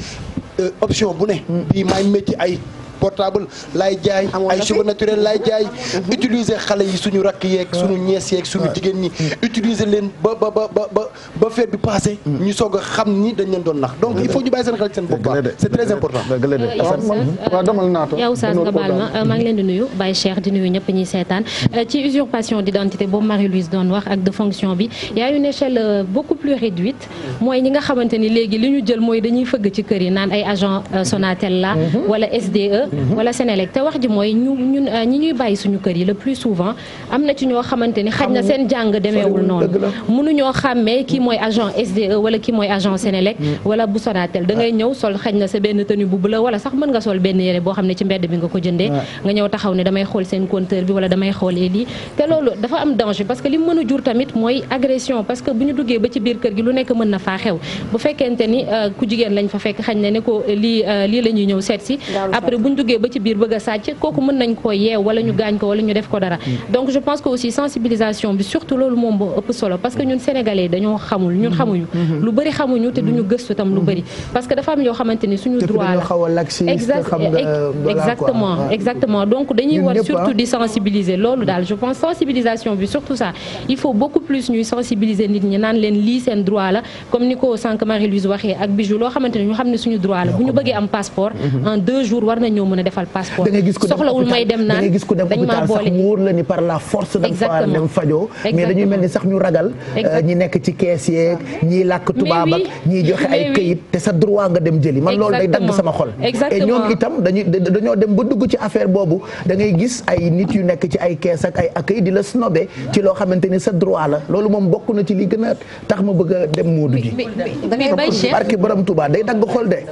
Speaker 1: euh, option bu ne bii maay métti ay portable laay jaay ay cheveux naturels laay jaay uh-huh. utiliser xale yi suñu rakk yeeg uh-huh. suñu ñees yeeg suñu uh-huh. jigéen ñi utiliser leen ba ba ba ba ba fête bi passé ñu soog a xam ni dañ leen doon nax donc il faut ñu bàyyi seen xel seen bopp c'est très important
Speaker 7: euh, euh, nga baal ma euh, maa
Speaker 19: leen di nuyu Baye Cheikh di nuyu ñëpp ñuy seetaan ci usurpation d'identité boobu Marie-Louise doon wax ak de fonction bi y a une échelle beaucoup plus réduite mooy ñi nga xamante ni léegi li ñu jël mooy dañuy fëgg ci kër yi naan ay agent Sonatel la mm-hmm. wala SDE wala mhm. Senelec te wax ji mooy ñu ñun euh, ñi ñuy bàyyi suñu kër yi la plus souvent am na ci ñoo xamante ni xaj na seen jàng demeewul noonu mënuñoo xàmmee kii mooy agent SDE wala kii mooy agent Senelec mm. wala bu Sonatel da ngay ñëw sol xaj na sa benn tenue bu bleu wala sax mën nga sol benn yére boo xam ne ci mbedd bi nga ko jënde nga ñëw taxaw ne damay xool seen compteur bi wala damay xool lii te loolu dafa am danger parce que li mën a jur tamit mooy agression parce que bu ñu duggee ba ci biir gi lu nekk mën na faa xew bu fekkente ni euh, ku jigéen lañ fa fekk xañ na ne ko euh, lii lii ñuy ñëw seet si duggee ba ci biir bëgg a sàcc kooku mën nañ ko yeew wala ñu mm. gaañ ko wala ñu def ko dara mm. donc je pense que aussi sensibilisation bi surtout loolu moom boo ëpp solo parce que ñun sénégalais dañoo xamul naan leen lii seen droit la comme ni ko sànq Marie-Louise waxee ak bijou loo xamante ne ñu xam ne suñu droit la bu ñu bëggee am passeport mm-hmm. en deux jours war nañu mën a defal passeport. soxlawul may dem ku dem sax mu
Speaker 3: wóor la ni par la force. dañ faa dem fajoo mais dañuy mel ni sax ñu ragal. Euh, ñi nekk ci kees yeeg ñii làkk tubaab ak ñii joxe ay këyit te sa droit nga dem jëli man loolu day dagg sama xol. et ñoom itam dañuy dañoo dem ba dugg ci affaire boobu dangay gis ay nit yu nekk ci ay kees ak ay accueil di la snobé ci loo xamante ni sa droit la loolu moom bokk na ci li gën a tax ma bëgg a dem Moodu ji.
Speaker 20: da barki
Speaker 3: borom Touba day dagg xol de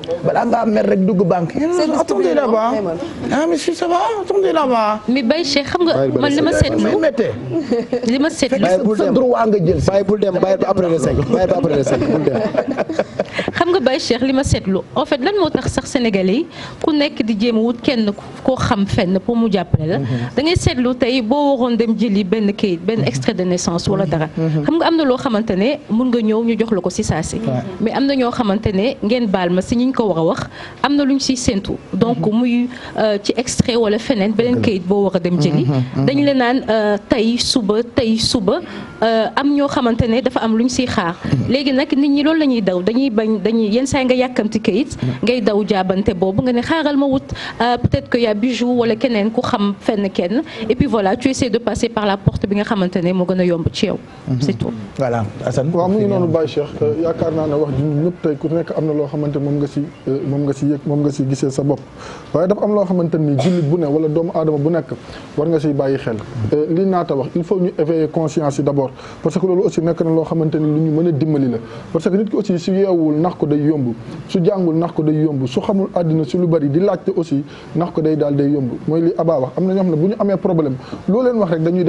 Speaker 1: va. ah monsieur ça va xam nga man li ma seetlu. li ma seetlu Baye bul dem Baye bul dem Baye ba ba après le cinq bul dem.
Speaker 8: xam nga Baye Cheikh li ma seetlu en fait lan moo tax sax sénégalais yi ku nekk di jéema wut kenn koo xam fenn pour mu jàppale la. Mhm. da ngay seetlu tey boo waroon dem jëli benn kayit benn mhm. extrait de naissance wala mhm. dara. xam nga am na loo xamante ne mun nga ñëw ñu jox la ko si saa si. mais am na ñoo xamante ne ngeen baal ma si ñi ñu ko wax a wax am na luñ siy séntu donc muy. ci euh, ci extrait wala feneen beneen kayit boo war a dem jëli mm-hmm, mm-hmm. dañ la naan euh, tey suba tey suba euh, am ñoo xamante ne dafa am lu ñu siy xaar mm-hmm. léegi nag nit ñi loolu la ñuy daw dañuy bañ dañuy yenn saa nga yàkkamti kayit ngay daw jaabante boobu nga ne xaaral ma wut peut-être que y a bijou wala keneen ku xam fenn kenn et puis voilà tu essaies de passer par la porte bi nga xamante ne moo gën a yomb ci yow
Speaker 7: c'est tout voilà Assane waaw mu ngi noonu Baye Cheikh yaakaar naa ne wax ji ñëpp moom nga moom nga si nga si gisee sa bopp Euh, di laajte aussi nax day daal day yomb mooy li abaa am na ñoo xam ne amee problème loo leen wax rek dañuy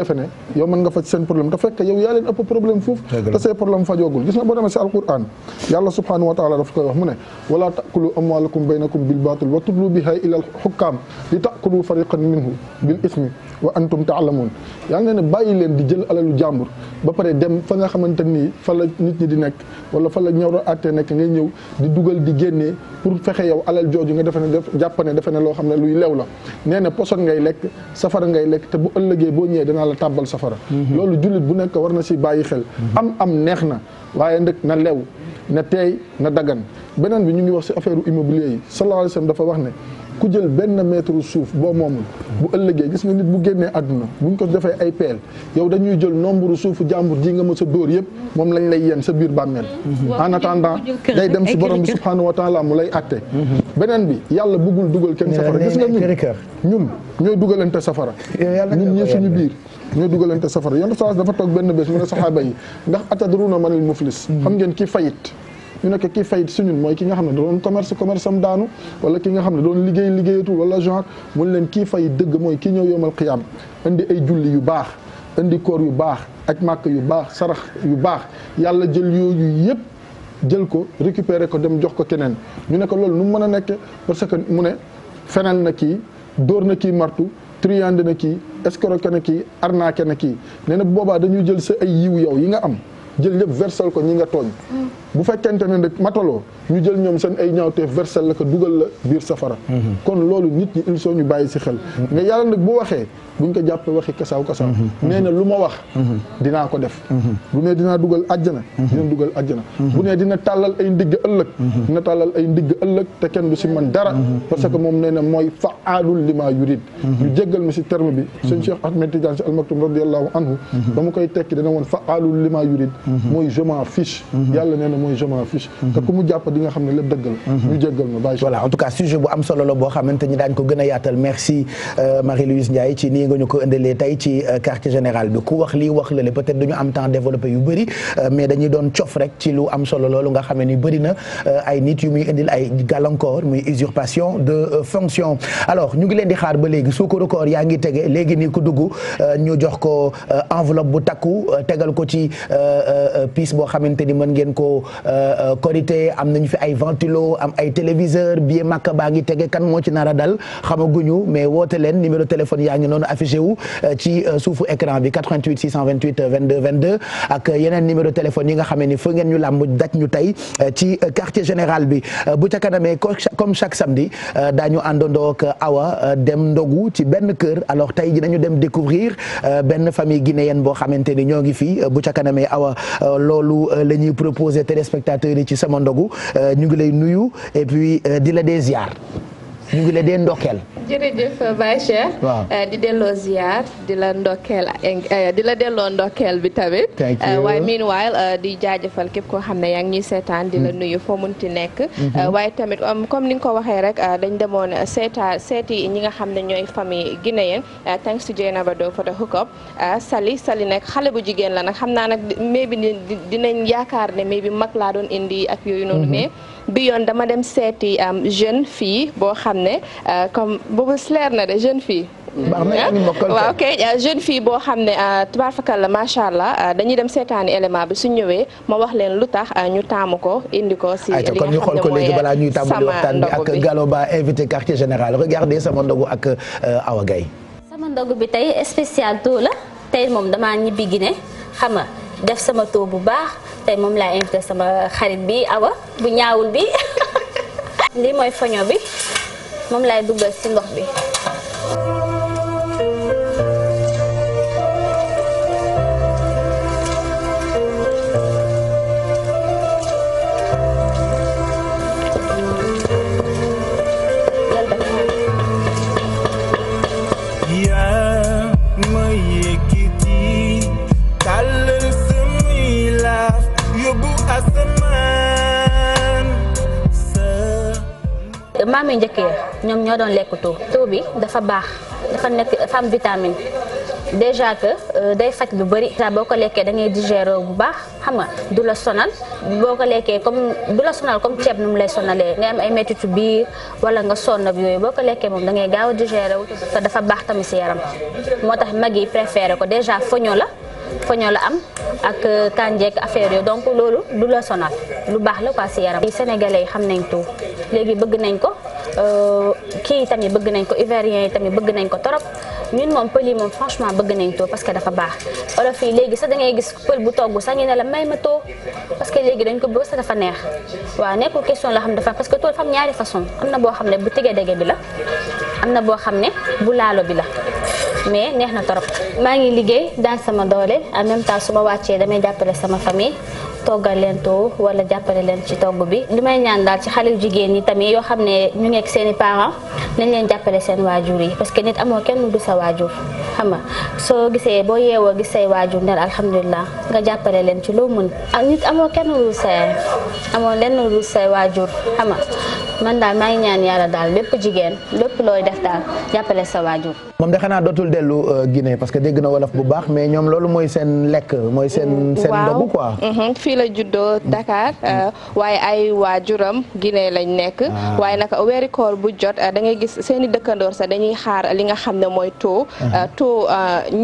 Speaker 7: yow mën nga faj seen problème te fekk yow yaa leen problème foofu te say problème fajoogul gis nga boo demee si alquran yàlla subhanahu wa taala dafa koy wax mu ne wala taqulu amwalakum baynakum bil baatil wa tudlu biha ila alxukkaam li taakulu fariqan minhu bil ismi wa antum taalamuun yàlla na ne bàyyi leen di jël alalu jàmbur ba pare dem fa nga xamante nii fa la nit ñi di nekk wala fa la ñoro àttee nekk ngay ñëw di dugal di génnee pour fexe yow alal nga defe def jàpp ne defe loo xam ne luy lew la nee na poson ngay lekk safara ngay lekk te bu ëllëgee boo ñëwee danaa la tàbbal safara mm-hmm. loolu jullit bu nekk war na si bàyyi xel mm-hmm. am am neex na waaye ndëkk na lew na teey na daggan beneen bi ñu ngi wax si affaire immobilier yi sallallahu alayhi wa sallam dafa wax ne ku jël benn mètre suuf boo moomul bu ëllëgee gis nga nit bu génnee àdduna buñ ko defee ay pel yow dañuy jël nombre suufu jàmbur ji nga mës a dóor yëpp moom lañ lay yéen sa biir bàmmeel en attendant day dem si borom bi subhanahu wa taala mu lay atte beneen bi yàlla bëggul dugal kenn safara gis nga ñun ñun ñooy dugalante safara ñun ñi suñu biir ñooy dugalante safara yonent dafa toog benn bés mu ne saxaaba yi ndax atadruna manil muflis hmm. xam ngeen ki fayit ñu nekk ki fay si ñun mooy ki nga xam ne da doon commerce commerce am daanu wala ki nga xam ne doon liggéey liggéeyatul wala genre mun leen ki fay dëgg mooy ki ñëw yomal xiyaam indi ay julli yu baax indi koor yu baax ak màkk yu baax sarax yu baax yàlla jël yooyu yëpp jël ko récupérer ko dem jox ko keneen ñu ne ko loolu nu mu mën a nekk parce que mu ne fenal na ki dóor na kii martu triande na kii escroqué na ki arnaqué na kii nee na boobaa dañuy jël si ay yiw yow yi nga am jël yëpp versel ko ñi nga tooñ bu fekkente ne rek mataloo ñu jël ñoom seen ay ñaawteef versel la ko dugal la biir safara mhm. kon loolu nit ñi il faut ñu bàyyi si xel nga mhm. yàlla nag bu waxee buñ ko jàppee waxi kasaaw kasaaw mhm. nee na lu ma wax dinaa ko def bu nee dinaa dugal àjjana dina dugal àjjana bu nee dina tàllal ay ndigg ëllëg dina tàllal ay ndigg ëllëg te kenn du si man dara parce que moom nee na mooy fa'aalul lima yurid ñu jéggal ma si terme bi sëñ Cheikh Ahmed Tidiane si almaktum radiallahu anhu ba mu koy tekki dana woon fa'aalul lima yurid Mm-hmm. mooy je m'en fiche mm-hmm. yàlla nee na mooy je m'en fiche mm-hmm. te ku mu jàpp di nga xam ne lépp dëgg la ñu ma bàyyi voilà bu am
Speaker 3: solo la boo xamante ni daañ ko gën a yaatal merci euh, Marie-Louise Ndiaye ci nii nga ñu ko ëndalee tey ci euh, quartier général bi ku wax lii wax lale peut-être duñu am temps développé yu bëri euh, mais dañuy doon cof rek ci lu am solo loolu nga xam ne ni bëri na ay nit yu muy indil ay gàllankoor muy usurpation de fonction alors ñu ngi leen di xaar ba léegi su ko record yaa ngi tege léegi nii ku dugg ñu jox ko enveloppe bu takku tegal ko ci Euh, euh, pièce boo xamante ni man ngeen ko korité euh, am nañu fi ay ventilo am ay téléviseur billet màkk baa ngi tege kan moo ci nara dal a dal ñu mais woote leen numéro téléphone yaa ngi noonu affiché wu ci suufu écran bi 88 628 22 22 ak yeneen numéro téléphone yi nga xam ni fu ngeen ñu làmb daj ñu tey ci quartier général bi bu ca kanamee comme chaque samedi daañu àndandoo ak awa dem ndogu ci benn kër alors tey ji dinañu dem découvrir benn famille guinéenne boo xamante ni ñoo ngi fii bu ca kanamee awa Euh, loolu euh, la ñuy proposer téléspectateurs yi ci sama ndogu euh, ñu ngi lay nuyu et puis di la des ziar ñu ngi la dee ndokkeel.
Speaker 21: jërëjëf Baye eh, di delloo ziar di la ndokkeel eh, di la delloo ndokkeel bi tamit. Eh, waaye meanwhile di jaajëfal képp koo xam ne yaa ngi ñuy seetaan di la mm. nuyu foo munti nekk. Mm-hmm. waaye tamit um, comme ni nga ko waxee rek dañ demoon seeta seeti ñi nga xam ne ñooy famille guinéen thanks to Dieynaba Doe for the hookup Sali Sali nag xale bu jigéen la nag xam naa nag maybe dinañ yaakaar ne maybe mag laa doon indi ak yooyu noonu mais. Mm-hmm. bi yoon dama dem seeti jeune fille boo xam ne euh, comme boobu leer na de jeune fille.
Speaker 4: waaw
Speaker 21: ko euh, jeune fille boo xam ne euh, tubaarfakalla macha allah dañu dem seetaani élément bi su ñëwee ma wax leen lu tax ñu taamu ko indi ko si. ko ñu xam ne mooy sama ndogu léegi balaa ñuy bi ak
Speaker 3: Gallo Ba invité quartier général regardez sama ndogu ak Awa Gaye
Speaker 22: sama ndogu bi tey spécial tout la tey moom damaa ñibbi Guinée xam nga def sama tour bu baax tey moom laa invité sama xarit bi awa bu ñaawul bi lii mooy foño bi moom laay dugal ci ndox bi maam yi njëkk ñoom ñoo doon lekk tuur tuur bi dafa baax dafa nekk dafa am vitamine déjà que euh, day faj lu bari bëri. boo ko lekkee da ngay digérer bu baax xam nga du la sonal boo ko lekkee comme du la sonal comme ceeb nu mu lay sonalee nga am ay méttitu biir wala nga sonn ak yooyu boo ko lekkee moom da ngay gaaw a digérer wu te dafa baax tamit si yaram moo tax mag yi préféré ko déjà foño la foño la am. ak kànjeek euh, affaire yooyu donc loolu du la sonal lu baax la quoi si yaram. sénégalais yi xam nañ tout léegi bëgg nañ ko euh, kii yi tamit bëgg nañ ko ivoirien yi tamit bëgg nañ ko torop ñun moom pël yi moom franchement bëgg nañ too parce que dafa baax olof yi léegi sax da gis pël bu togg sax ñu ne la may ma too parce que léegi dañ ko bëgg sax dafa neex waaw nekkul question la xam dafa parce que tool fam ñaari façon am na boo xam ne bu tege dege bi la am na boo xam ne bu laalo bi la mais neex na torop maa ngi liggéey daal sama doole en même su ma wàccee damay jàppale sama famille toggal leen too wala jàppale leen ci togg bi li may ñaan daal ci xale yu jigéen ñi tamit yoo xam ne ñu nekk seen i parents nañ leen jàppale seen waajur yi parce que nit amoo kenn du sa waajur xam nga soo gisee boo yeewoo gis say waajur ndel alhamdulilah nga jàppale leen ci loo mën ak nit amoo kenn du say amoon lenn du say waajur xam man daal maa ngi ñaan yàlla daal lépp jigéen lépp looy def daal jàppale sa waajur.
Speaker 3: moom de xanaa dootul dellu euh, Guinée parce que dégg na wolof bu baax mais ñoom loolu mooy seen lekk mooy seen. seen ndogu quoi.
Speaker 22: Mhm, fii la juddoo
Speaker 21: Dakar mm. euh, waaye ay waajuram Guinée lañ nekk. Ah. waaye nag weeri koor bu jot euh, da ngay gis seen i dëkkandoor sax dañuy xaar li nga xam ne mooy too. Ah. too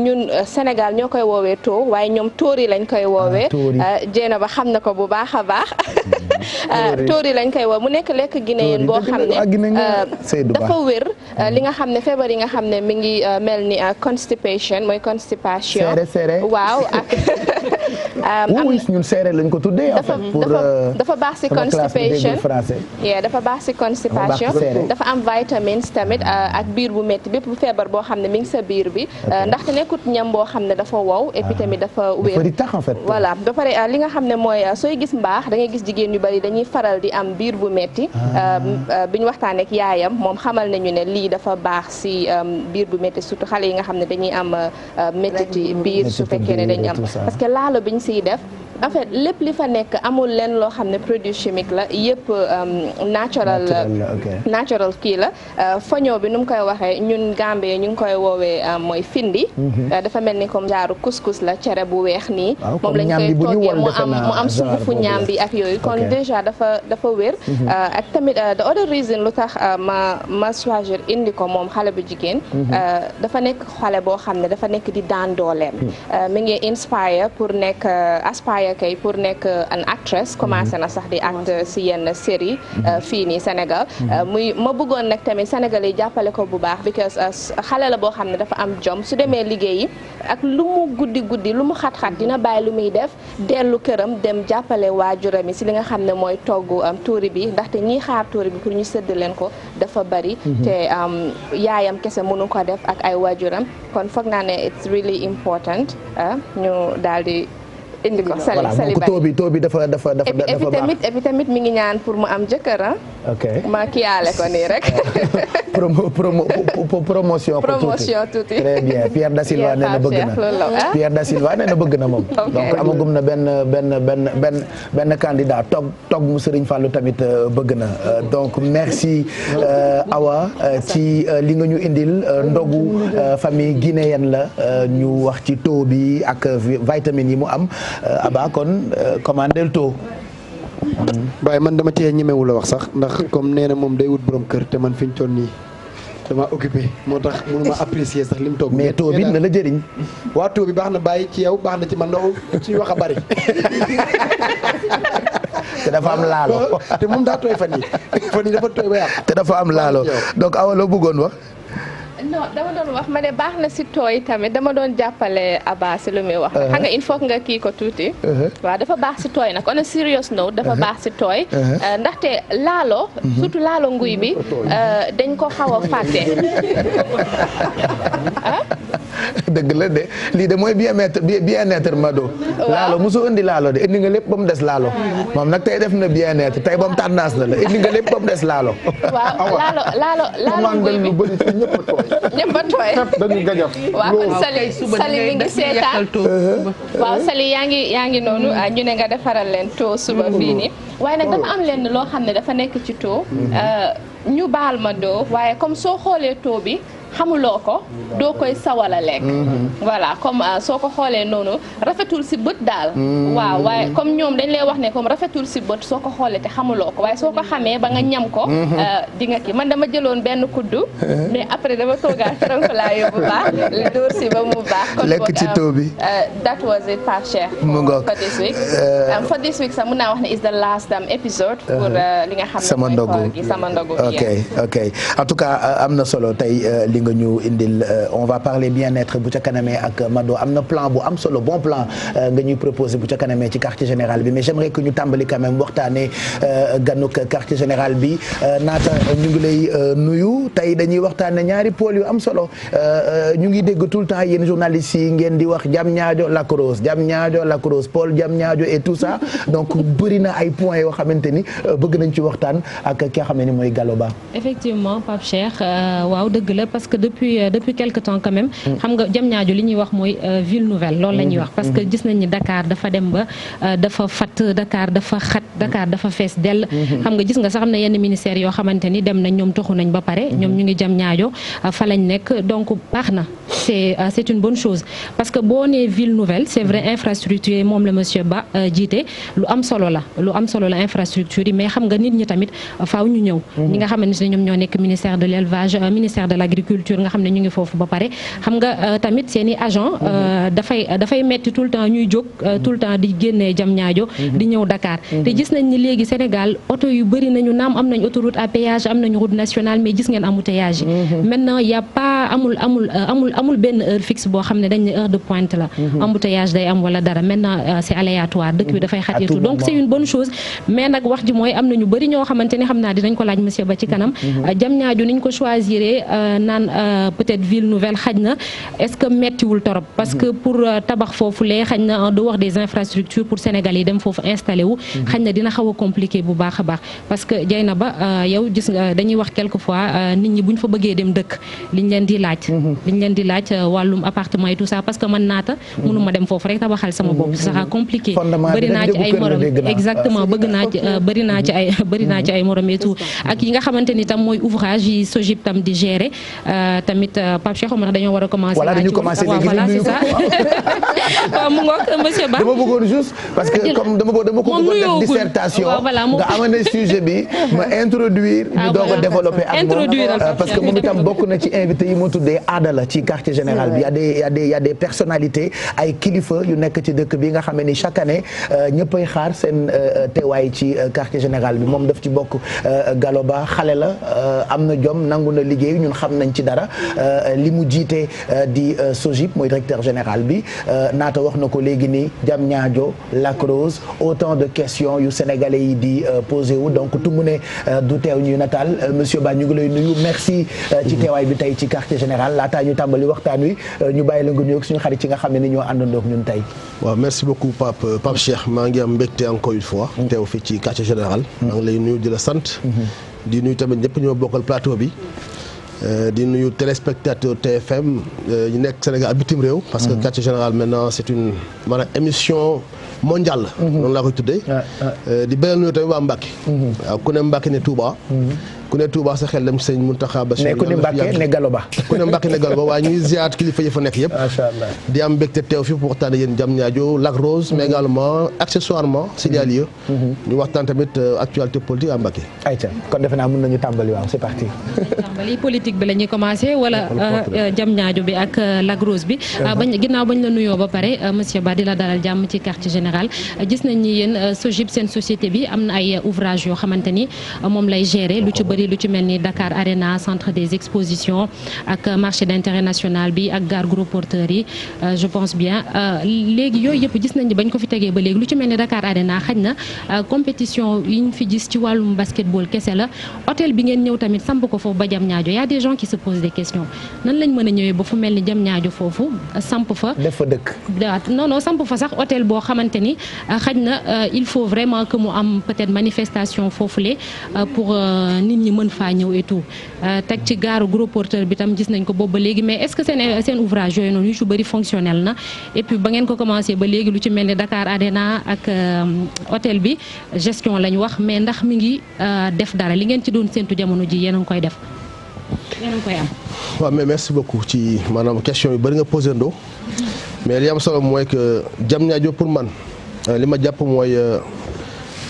Speaker 21: ñun Sénégal ñoo koy woowee too waaye ñoom tóori lañ koy woowee. jéena ah, ba xam na ko bu baax a baax. Mm. tóori lañ koy woowee domaine boo xam ne euh, dafa wér euh, mm-hmm. li nga xam ne feebar yi nga xam ne mi ngi euh, mel ni constipation mooy constipation waaw ak
Speaker 3: oui ñun seere lañ ko tuddee
Speaker 6: dafa baax si constipation
Speaker 21: yeah dafa baax si constipation dafa am vitamines tamit ak biir bu métti bépp feebar boo xam ne mi ngi sa biir bi ndaxte nekkut ñam boo xam ne dafa wow et ah. dafa wér voilà ba li nga xam ne mooy sooy gis mbaax da gis jigéen yu bari dañuy faral di am biir bu métti ah. Euh, euh, bi ñu waxtaanee ak yaayam moom xamal nañu ne lii dafa baax si euh, biir bu métti surtout xale yi nga xam ne dañuy am métti ci biir su fekkee ne dañ am parce laalo biñ siy def en fait lépp li fa nekk amul lenn loo xam ne produit chimique la yëpp euh, euh, natural kii la euh, fañoo bi nu koy waxee ñun Gambie ñu ngi koy woowe mooy findi mhm. dafa mel ni comme jaaru couscous la cere bu weex nii ah, moom lañ koy toggee mu am mu am suufu ñaam bi ak yooyu kon déjà dafa dafa wér mhm. ak tamit the other reason lu tax ma ma indi ko moom xale bu jigéen mhm. dafa nekk xale boo xam ne dafa nekk di daan dooleem mi ngi inspire pour nekk aspire après kay pour nekk euh, an actress commencé na sax di mhm. act euh, si yenn série euh, mhm. fii nii Sénégal mhm. muy ma bëggoon nag tamit Sénégal yi jàppale ko bu baax because xale la boo xam ne dafa am jom su demee liggéeyi ak lu mu guddi guddi lu mu xat-xat dina bàyyi lu muy def dellu këram dem jàppale waajuram yi si li nga xam ne mooy togg tuuri bi ndaxte ñiy xaar tuuri bi pour ñu sëdd leen ko dafa bari te yaayam kese mënu ko def ak ay waajuram kon foog naa ne it's really important ñu daal indi ko sali
Speaker 3: bi dafa dafa dafa baax
Speaker 21: et puis tamit mu ngi ñaan pour mu am jëkkër ah. ok ma ko nii rek.
Speaker 3: promotion. promotion tuuti ah. Pierre da Silva nee bëgg na Pierre bëgg na moom. donc amagum na benn benn benn benn benn candidat toog toog mu Serigne Fallou tamit euh, bëgg na euh, donc merci euh, Awa ci li nga ñu indil ndogu famille guinéenne la ñu wax
Speaker 1: ci taux bi ak vitamines yi mu am. Euh, Abba kon euh, commandel tôt. waaye man dama cee ñemewu la wax sax ndax comme nee na moom day wut borom kër te man fiñ ñu toll nii dama occuper moo tax mënuma apprécier sax li mu toog. mais taux bi na la jëriñ. waa taux baax na bàyyi ci yow baax na ci man ndax suñu wax a bari. te dafa am laalo te moom daa tooy fan yi fan yi dafa te
Speaker 3: dafa am laalo donc awalo loo wax.
Speaker 21: non dama doon wax ma baax na si tooy tamit dama doon jàppale a si lu muy wax. Uh-huh. xam il faut nga kii ko uh-huh. dafa baax si tooy nag on a serious note dafa uh-huh. baax si tooy. Uh, ndaxte laalo. surtout laalo nguy bi uh, dañ ko xaw a
Speaker 3: ah? dëgg la de lii de mooy bien être bien être Mado. laalo musu indi laalo de indi nga lépp ba mu des laalo. moom nag tey def na bien être tey ba mu tendance na la indi lépp ba mu des laalo. waaw
Speaker 21: laalo laalo laalo nguy bi lu
Speaker 7: bëri ñëpp tooy. a tooy dañu gajaf waaw kon sali
Speaker 23: sali mi ngi seetaan
Speaker 6: waaw
Speaker 21: sali yaa ngi yaa ngi noonu ah, ñu ne nga defaral leen too suba fii nii waaye nag dafa am leen loo xam ne dafa nekk ci too mhm. ah, ñu baal ma doo waaye comme soo xoolee too bi xamuloo ko mm-hmm. doo koy sawal a lekk mm-hmm. voilà comme euh, soo ko xoolee noonu rafetul si bët daal mm-hmm. waaw waaye comme ñoom dañ lay wax ne comme rafetul si bët soo ko xoolee te xamuloo ko waaye soo ko xamee ba nga ñam ko euh, di nga man dama jëloon benn kuddu mais après dama toogaa ferankolaayo bu baax li dóor si ba mu baax kon lekk ci taw bi euh, that was it Pape Cheikh mu ngoog for this week um, for this week sax mun naa wax ne is um, sama ndogu
Speaker 3: bi nga ñu indil euh, on va parler bien-être bu ca kanamee ak Mado am na plan bu am solo bon plan euh, nga ñuy proposé bu ca kanamee ci quartier général bi mais j'aimerais que ñu tàmbali quand même waxtaanee euh, ganuk quartier général ñu ngi ñaari pôle yu am solo ñu ngi dégg tout le temps yéen journalistes yi ngeen di wax jam ñaajo Lac Rose jam ñaajo Lac Rose pôle jam ñaajo et tout ça donc bëri na ay points yoo xamante ni bëgg nañ ci waxtaan ak ki xam ne ni mooy Gallo Ba
Speaker 19: effectivement Pape waaw dëgg la que depuis euh, depuis quelque temps quand même. Mm. xam nga jam ñaajo li ñuy wax mooy euh, ville nouvelle. loolu la mm. wax parce mm. que gis nañ ni Dakar dafa dem ba euh, dafa fat Dakar dafa xat Dakar dafa fees dell. Mm-hmm. xam nga gis nga sax am ne yenn ministères yoo xamante ni dem nañ ñoom toxu nañ ba pare. Mm-hmm. ñoom ñu ngi jam ñaajo fa lañ nekk donc baax na c'est c'est une bonne chose parce que boo nee ville nouvelle c'est vrai mm-hmm. la monsieur Ba jiite lu am solo la lu am solo la ñi tamit faaw ñu ñëw. ñi nga xamante ne ñoom ñoo nekk ministère de l'élevage ministère de l'agriculture culture nga xam ne ñu ngi foofu ba pare xam nga euh, tamit seen i agent euh, mhm. dafay dafay metti tout le temps ñuy jóg euh, mhm. tout le temps di génnee jam ñaajo mhm. di ñëw Dakar te gis nañ ni léegi Sénégal oto yu bari nañu naam am nañ autoroute à péage am nañu route nationale mais gis ngeen embouteillage yi maintenant y a pas amul amul amul amul benn heure fixe boo xam ne dañ ne heure de pointe la embouteillage day am wala dara maintenant c'est aléatoire dëkk bi dafay xatiitu donc c'est une bonne chose mais wax ji mooy am nañu bëri ñoo xamante ni xam naa dinañ ko laaj monsieur ba ci kanam jam ñaajo Euh, peut-être ville nouvelle xaj na est-ce que mettiwul torop parce que pour euh, tabax foofu le xaj na en dehors des infrastructures pour Sénégal yi dem foofu installé wu mhm. xaj na dina xaw a compliqué bu baax a baax parce que Dieynaba euh, yow gis nga dañuy wax quelquefois nit ñi buñ fa bëggee dem dëkk liñ leen di laaj mhm. liñ leen di laaj wàllum appartement et tout ça parce que man naata mhm. mënuma dem foofu rek tabaxal sama bopp ça sera compliqué bëri naa ci ay morom exactement bëgg naa ci bëri naa ci ay bëri ay morom et ak yi nga xamante ni tam mooy ouvrage yi tam di gérer Euh, tamit euh, Pape Cheikh Omar dañoo war a commencer. voilà dañu commencer ah, léegi nuyu ko
Speaker 3: waaw mu ngoog monsieur Ba. dama bëggoon juste parce que comme dama ko dama ko bëggoon def dissertation. nga amane sujet bi ma introduire. ñu ah, doog a développer ak euh, parce que moom itam bokk na ci invité yi ma tuddee aada ci quartier général bi y a des y des y ay kilifa yu nekk ci dëkk bi nga xam ni chaque année ñëppay xaar seen teewaay ci quartier général bi moom def ci bokk Galoba xale la am na jom nangu na liggéey ñun xam nañ ci dara euh, li mu jiite euh, di euh, SOGIP mooy directeur général bi naata wax na ko léegi ni jam ñaajo Lac Rose autant de questions yu sénégalais yi di posé donc tu mu ne du teew ñuy nataal monsieur Ba ñu ngi lay nuyu merci ci teewaay bi tey ci quartier général laataa ñu tàmbali waxtaan wi ñu bàyyi la nga nuyoog suñu xarit ci nga xam ne
Speaker 12: ni ñoo àndandoog ñun tey waaw merci beaucoup Pape Pape Cheikh maa ngi am mbégte encore une fois mm-hmm. teew fi ci quartier général mm-hmm. maa ngi lay sant mm-hmm. di nuyu bi Euh, di nuyu téléspectateur TFM euh, ñu nekk Sénégal a bitim réew. parce que mhm. quartier général maintenant c'est une maanaam émission mondiale. Mhm. noonu laa koy tuddee. Euh, di beneen nuyu tamit waa Mbacke. Mhm. waaw ku ne Mbacke ne Touba. ku ne Touba sa xel dem sëñ Mountakha Bachir. ne ku ne Mbacke ne Galo Ba. ku ne Mbacke ne Galo Ba waaye ñuy ziar kilifa yi fa nekk yëpp. macha allah di am mbégte teew fi pour waxtaanee yéen jam ñaajo Lac Rose. mais mhm. également accessoirement. Sidy Aliou. Mhm. ñu waxtaan tamit euh, actualité politique
Speaker 19: bi la ñuy commencé wala euh, euh, jam ñaajo bi ak Lac Rose bi. Mhm. ginnaaw bañ la nuyoo ba pare monsieur Ba di la dalal jàmm ci quartier général gis nañ ni yéen SOGIP seen société bi am na ay ouvrage yoo bëri lu ci mel ni Dakar Arena centre des expositions ak marché d'intérêt national bi ak gare porteur yi euh, je pense bien euh, léegi yooyu yëpp gis nañu bañ ko fi tegee ba léegi lu ci mel ni Dakar Arena xaj na euh, compétition yi ñu fi gis ci wàllum basketball kese la hôtel bi ngeen ñëw tamit samp ko foofu ba jam ñaajo y a des gens qui se posent des questions nan lañ mën a ñëwee ba fu mel ni jam ñaajo foofu samp fa
Speaker 3: dafa
Speaker 4: dëkk
Speaker 19: non non samp fa sax hôtel boo xamante ni mën faa ñëw et euh, teg ci gaaru gros porteur bi tam gis nañ ko boobu ba léegi mais est-ce que seen seen ouvrage yooyu noonu yu ci bëri fonctionnel na et ba ngeen ko commencé ba léegi lu ci mel ni Dakar Arena ak euh, hôtel bi gestion lañ wax mais ndax mi ngi euh, def dara li ngeen ci doon séntu jamono ji yéen a ngi koy def
Speaker 24: yéen koy am.
Speaker 12: waaw mais merci beaucoup ci maanaam question yu bëri nga posé ndo mais li am solo mooy que Diamniadio pour man li ma jàpp mooy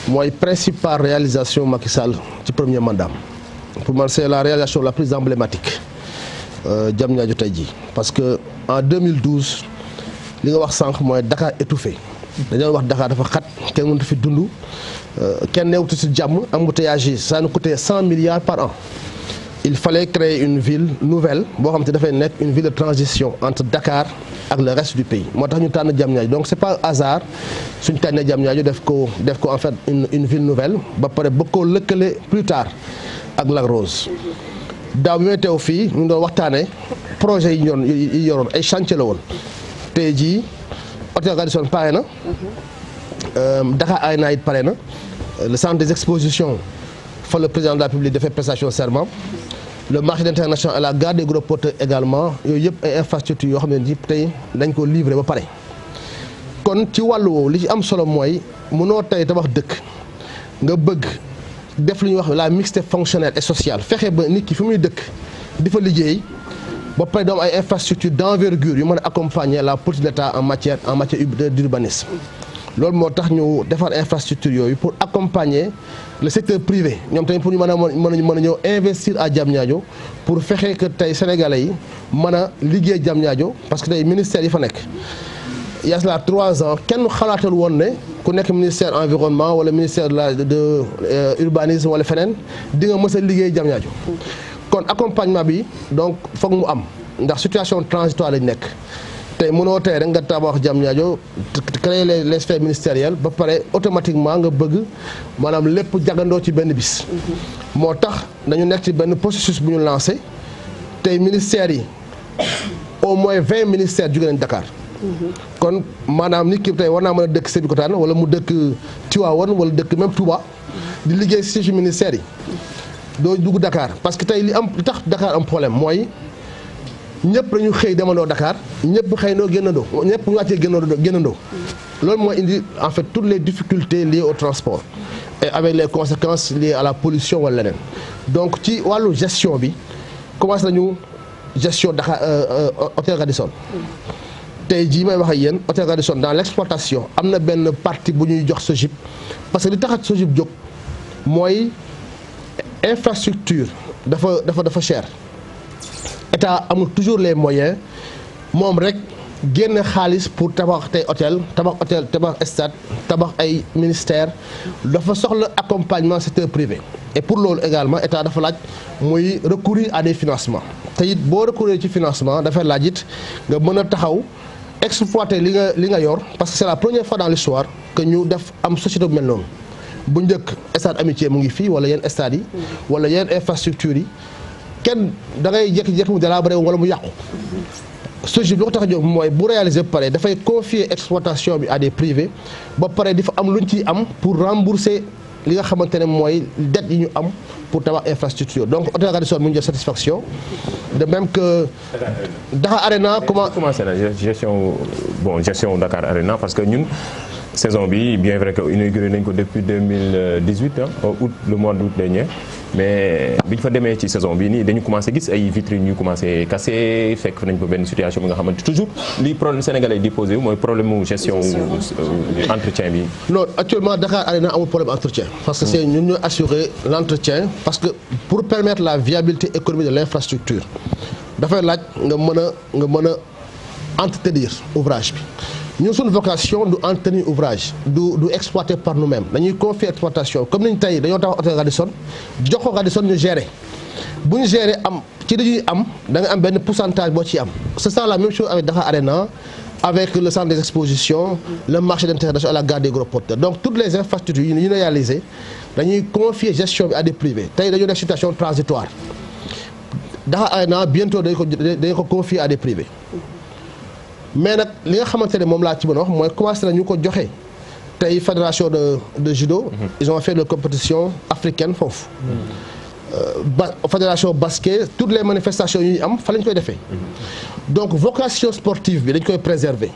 Speaker 12: mooy principale réalisation Macky Sall ci premier pour man c'est la réalisation la plus emblématique euh, Diamniadio tey jii parce que en 2012 li nga wax sànq mooy Dakar étouffé dañoo wax Dakar dafa xat kenn mënut fi dund euh, kenn newtu si jàmm embouteillage yi ça nous coûtait cent milliards par an il fallait créer une ville nouvelle boo xam te dafay nekk une ville de transition entre Dakar ak le reste du pays moo tax ñu tànn jam Diamniadio donc c'est pas hasard suñ tànnee Diamniadio def ko def ko en fait une une ville nouvelle ba pare bëgg koo lëkkale plus tard ak Lac Rose daaw bi may teew fii ñu doon waxtaanee projet yi ñu yi yoroon ay chantier la woon tey jii hôtel Radisson pare na euh, Dakar Arena it pare na le centre des expositions fa le président de la République dafay prestation serment le marché international à la gare des gros porteurs également yooyu yëpp ay infrastructure yoo xam ne ni tey dañ ko livré ba pare kon ci wàll woowu li ci am solo mooy mënoo tey tabax dëkk nga bëgg def lu ñuy wax la mixité fonctionnelle et sociale fexe ba nit ki fi muy dëkk di fa liggéey ba pare doom ay infrastructure d' envergure yu mën a accompagner la politique de l' état en matière en matière d'urbanisme loolu moo tax ñu defar infrastructure yooyu pour accompagner le secteur privé ñoom tamit pour ñu mën a mën a mën a ñëw investir à Diamniadio pour fexe que tey sénégalais yi mën a liggéey Diamniadio parce que tey ministère yi fa nekk y a trois ans kenn xalaatal woon ne ku nekk ministère environnement wala ministère de la de euh, urbanisme wala feneen di nga mës a liggéey Diamniadio kon accompagnement bi donc foog mu am ndax situation transitoire lañ nekk tey mënoo tey rek nga tabax Diamniadio créer les les sphères ministérielles ba pare automatiquement nga bëgg maanaam lépp jagandoo ci benn bis. moo tax dañu nekk ci benn processus bu ñu lancé tey ministères yi au moins vingt ministère jóge nañ Dakar. kon maanaam nit ki tey war naa mën a dëkk Sébikotane wala mu dëkk Tivaouane wala dëkk même Touba. di liggéey si ministère yi. doo dugg dakaar parce que tey li am li tax Dakar am problème mooy ñëpp dañu xëy demandoo dakaar ñëpp xëy noo génnandoo ñëpp ñu wàccee génnandoo génnandoo. loolu mooy indi en fait toutes les difficultés liées au transport. et avec les conséquences liées à la pollution wala leneen. donc ci wàllu gestion bi commencé nañu gestion Dakar euh, euh, hôtel Radisson. tey jii may wax ak yéen hôtel Radisson dans l' exploitation am na benn parti bu ñuy jox SOGIP parce que li tax ak SOGIP jóg mooy infrastructure dafa dafa dafa cher état amul toujours les moyens moom rek génn xaalis pour tabax tey hôtel tabax hôtel tabax estate tabax ay ministère dafa soxla accompagnement secteur privé et pour loolu également état dafa laaj muy recourir à financement financements te it boo recourir ci financement dafay laaj it nga mën a taxaw exploiter li nga li nga yor parce que c'est la première fois dans l'histoire que ñu def am société bu mel noonu bu njëkk stade amitié mu ngi fii wala yenn stades yi. wala yenn infrastructures yi kenn da ngay jékki-jékki mu délabré wala mu yàqu. SOGIP loo ko tax a mooy bu réaliser ba pare dafay confier exploitation bi à des privés ba pare di fa am lu ñu ci am pour rembourser. li nga xamante ne mooy dette yi ñu am pour tabax infrastructure donc hôtel Radisson mu ngi jël satisfaction de même que. Dakar Arena comment commencé na gestion
Speaker 11: bon gestion Dakar Arena parce que ñun saison bi bien vrai que inauguré nañ ko depuis 2018 ah août le mois d' août dernier. mais bi ñu fa demee ci saison bi nii dañu commencé gis ay vitrines yu commencé cassé fekk nañ fa benn situation bi nga xamante toujours li problème sénégalais di posé mooy problème mu gestion euh, entretien bi.
Speaker 12: non actuellement Dakar Arena amul problème entretien. parce que c'est ñun ñoo assurer l'entretien parce que pour permettre la viabilité économique de l'infrastructure dafay laaj nga mën a nga mën a entretenir ouvrage bi. ñun suñu vocation du entretenir ouvrage du du exploiter par nous-mêmes dañuy confier exploitation comme niñ tey dañoo taxaw hôtel Radisson jox ko Radisson ñu gérer bu ñu gérer am ci dañuy am da nga am benn pourcentage boo ciy am c'est ça la même chose avec Dakar Arena avec le centre des expositions le marché d'intérêt à la gare des gros porteurs donc toutes les infrastructures yu ñu réalisé dañuy confier gestion bi à des privés tey dañoo nekk situation transitoire Dakar Arena bientôt dañ ko dañ ko confier à des privés mais nag li nga xamante ne moom laa ci mën a wax mooy commencé nañu ko joxe tey fédération de de judo. Mhm. ils ont fait la compétition africaine foofu. Euh, ba fédération basket toutes les manifestations yu am fa lañ koy defee.
Speaker 6: Mhm.
Speaker 12: donc vocation sportive bi dañ koy préserver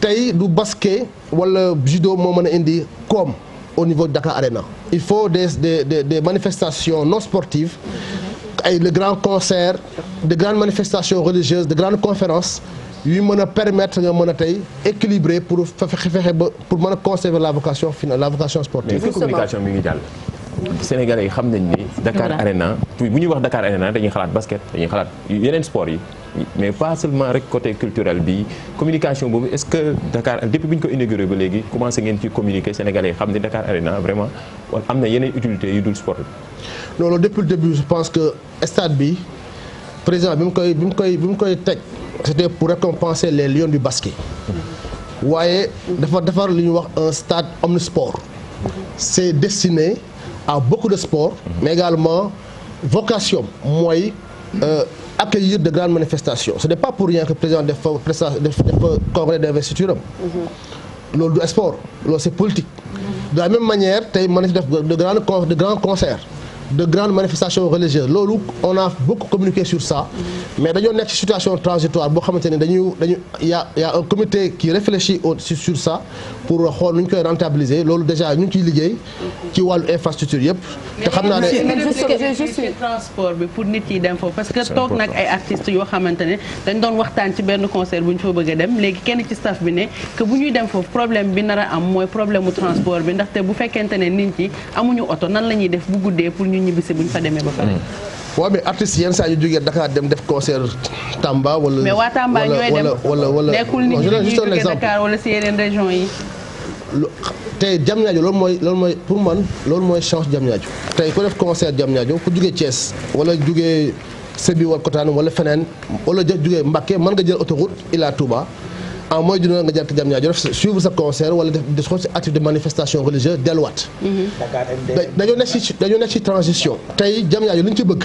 Speaker 12: tey du basket wala judo moo mën a indi koom au niveau de Dakar Arena. il faut des des des, des manifestations non sportives mhm. ay le grand concert de grandes manifestations religieuses de grandes conférences. yuy mën a permettre nga mën a tey équilibrer pour fexe fexe pour mën a conserver la vocation finale la vocation communication
Speaker 11: bi ngi jàll. Sénégalais yi xam nañ ni. Dakar Arena bu ñuy wax Dakar Arena dañuy xalaat basket dañuy xalaat yeneen sport yi. mais pas rek côté culturel bi communication boobu est depuis bi ñu ko inauguré ba léegi commencé ngeen ci communiquer Sénégalais yi xam ne Dakar Arena vraiment
Speaker 12: am na yeneen utilité yu dul sport bi. président bi mu koy bi mu koy bi mu koy teg c'était pour récompenser les lions du basket. waaye dafa defar lu ñuy wax un stade omnisport. c'est destiné à beaucoup de sports. mais également vocation mooy. Euh, accueillir de grandes manifestations ce n'est pas pour rien que président dafa dafa congrès d'investiture loolu du sport loolu c'est politique. de la même manière tey mën na def de grandes de grands concerts. de grande manifestations religieuses loolu on a beaucoup communiqué sur ça mais dañoo nekk ci situation transitoire boo xamante ne dañu dañu yaa a y a un comité qui réfléchit au sur ça pour xool nu ñu koy rentabiliser loolu déjà ñu ngi ciy liggéey ci wàllu infrastructure yëpp te xam naa ne
Speaker 17: transport bi pour nit yi dem foofu parce que toog nag ay artistes yoo xamante ne dañ doon waxtaan ci benn concert bu ñu fa bëgg dem léegi kenn ci staff bi ne que bu ñuy dem foofu problème bi nar a am mooy problème mu transport bi ndaxte bu fekkente ne nit ñi amuñu oto nan la ñuy def bu guddee pour ñu ñibbisi bu ñu fa demee ba pare waaw hmm. mais artistes
Speaker 12: def concert Tamba wala. mais région yi. tey Diamniadio loolu mooy loolu mooy pour man loolu mooy change Diamniadio tey ku def concert Diamniadio ku jugee Thiès wala jugee Sébi wala Kotaan wala feneen wala jugee Mbacké man nga jël autoroute Ila Touba en moins d'une heure nga jàpp Diamniadio def suivre sa concert wala def di xool si activité de manifestation religieuse delluwaat.
Speaker 3: Mm-hmm.
Speaker 12: dañoo nekk dañoo nekk si transition. tey Diamniadio li ñu ci bëgg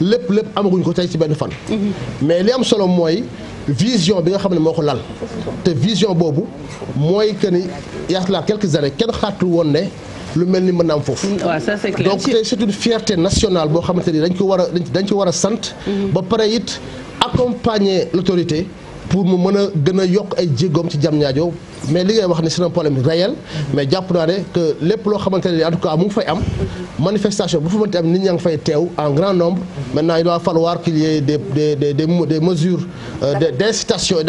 Speaker 12: lépp lépp amaguñ ko tey ci benn fan. Mm-hmm. mais li am solo mooy. vision bi nga xam ne moo ko lal te vision boobu mooy que ni yaatlaa quelques années kenn xaatul woon ne lu mel ni mën na am foofu mm, donc tey c'est une nationale boo xamante ni dañ ko war a dañ ci war a sant mm-hmm. ba pare it accompagner l'autorité pour mu mën a gën a yokk ay jéegoom ci jam Diamniadio mais li ngay wax ni c'est un problème réel mais jàpp naa ne que lépp loo xamante ne en tout cas mu fay am manifestation bu fa mënti am nit ñaa ngi fay teew en grand nombre maintenant il va falloir de de ait des des des des mesures euh, d'incitation et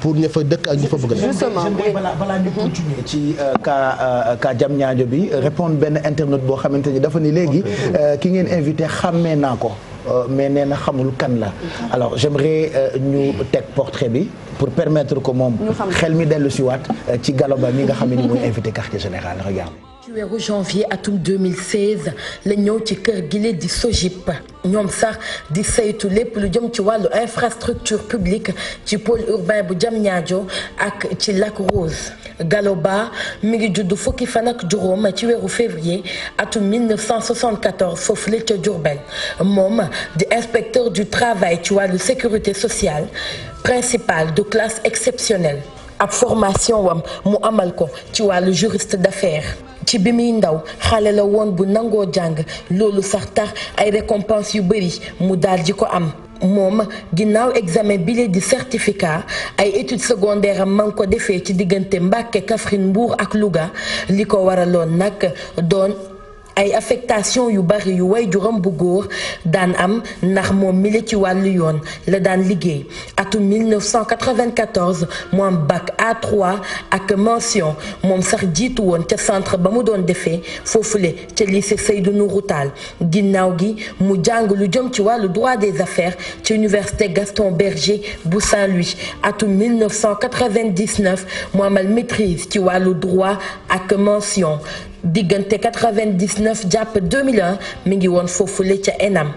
Speaker 12: pour ñu fa dëkk ak ñu fa bëgg
Speaker 3: a justement balaa balaa ñu continuer ci euh, cas euh, bi répondre benn internet boo xamante ni dafa ni léegi ki ngeen invité xàmmee naa ko Euh, mais nee na xamul kan la alors j'aimerais euh, ñu teg portrait bi pour permettre ko moom xel mi dellu si euh, ci Galoba mi nga xam ne ni mooy invité quartier général regarde
Speaker 23: ci weeru janvier atum 2016 la ñëw ci kër gile di SOGIP ñoom sax di saytu lépp lu jëm ci wàllu infrastructure publique ci pôle urbain bu jo ak ci Lac Rose Gallo Ba mi ngi judd fukki fan ak juróom ci weeru février atum 1974 foofu la ca Diourbel moom di inspecteur du travail ci wàllu sécurité sociale principal de classe exceptionnelle ab formation wam mu amal ko ci wàllu juriste d'affaires ci bi muy ndaw xale la woon bu nangoo jàng loolu sax tax ay récompense yu bari mu daal di ko am moom ginnaaw examen bile di certificat ay études secondaires am ma ngi ko defee ci diggante Mbàkke Kaffrine Mbuur ak Louga li ko waraloon nag doon ay affectation yu bari yu way juram bu góor daan am ndax moom mi la ci wàllu yoon la daan liggéey atum 1994 mu am bac A3 ak mention moom sax jiitu woon ca centre ba mu doon defee foofule ca lycée Seydou Nourou Tall ginnaaw gi mu jàng lu jëm ci wàllu droit des affaires ci université Gaston Berger bu Saint-Louis atum 1999 mu amal maîtrise ci wàllu droit ak mention diggante 99 jàpp 2001 mi ngi woon foofule ca ENAM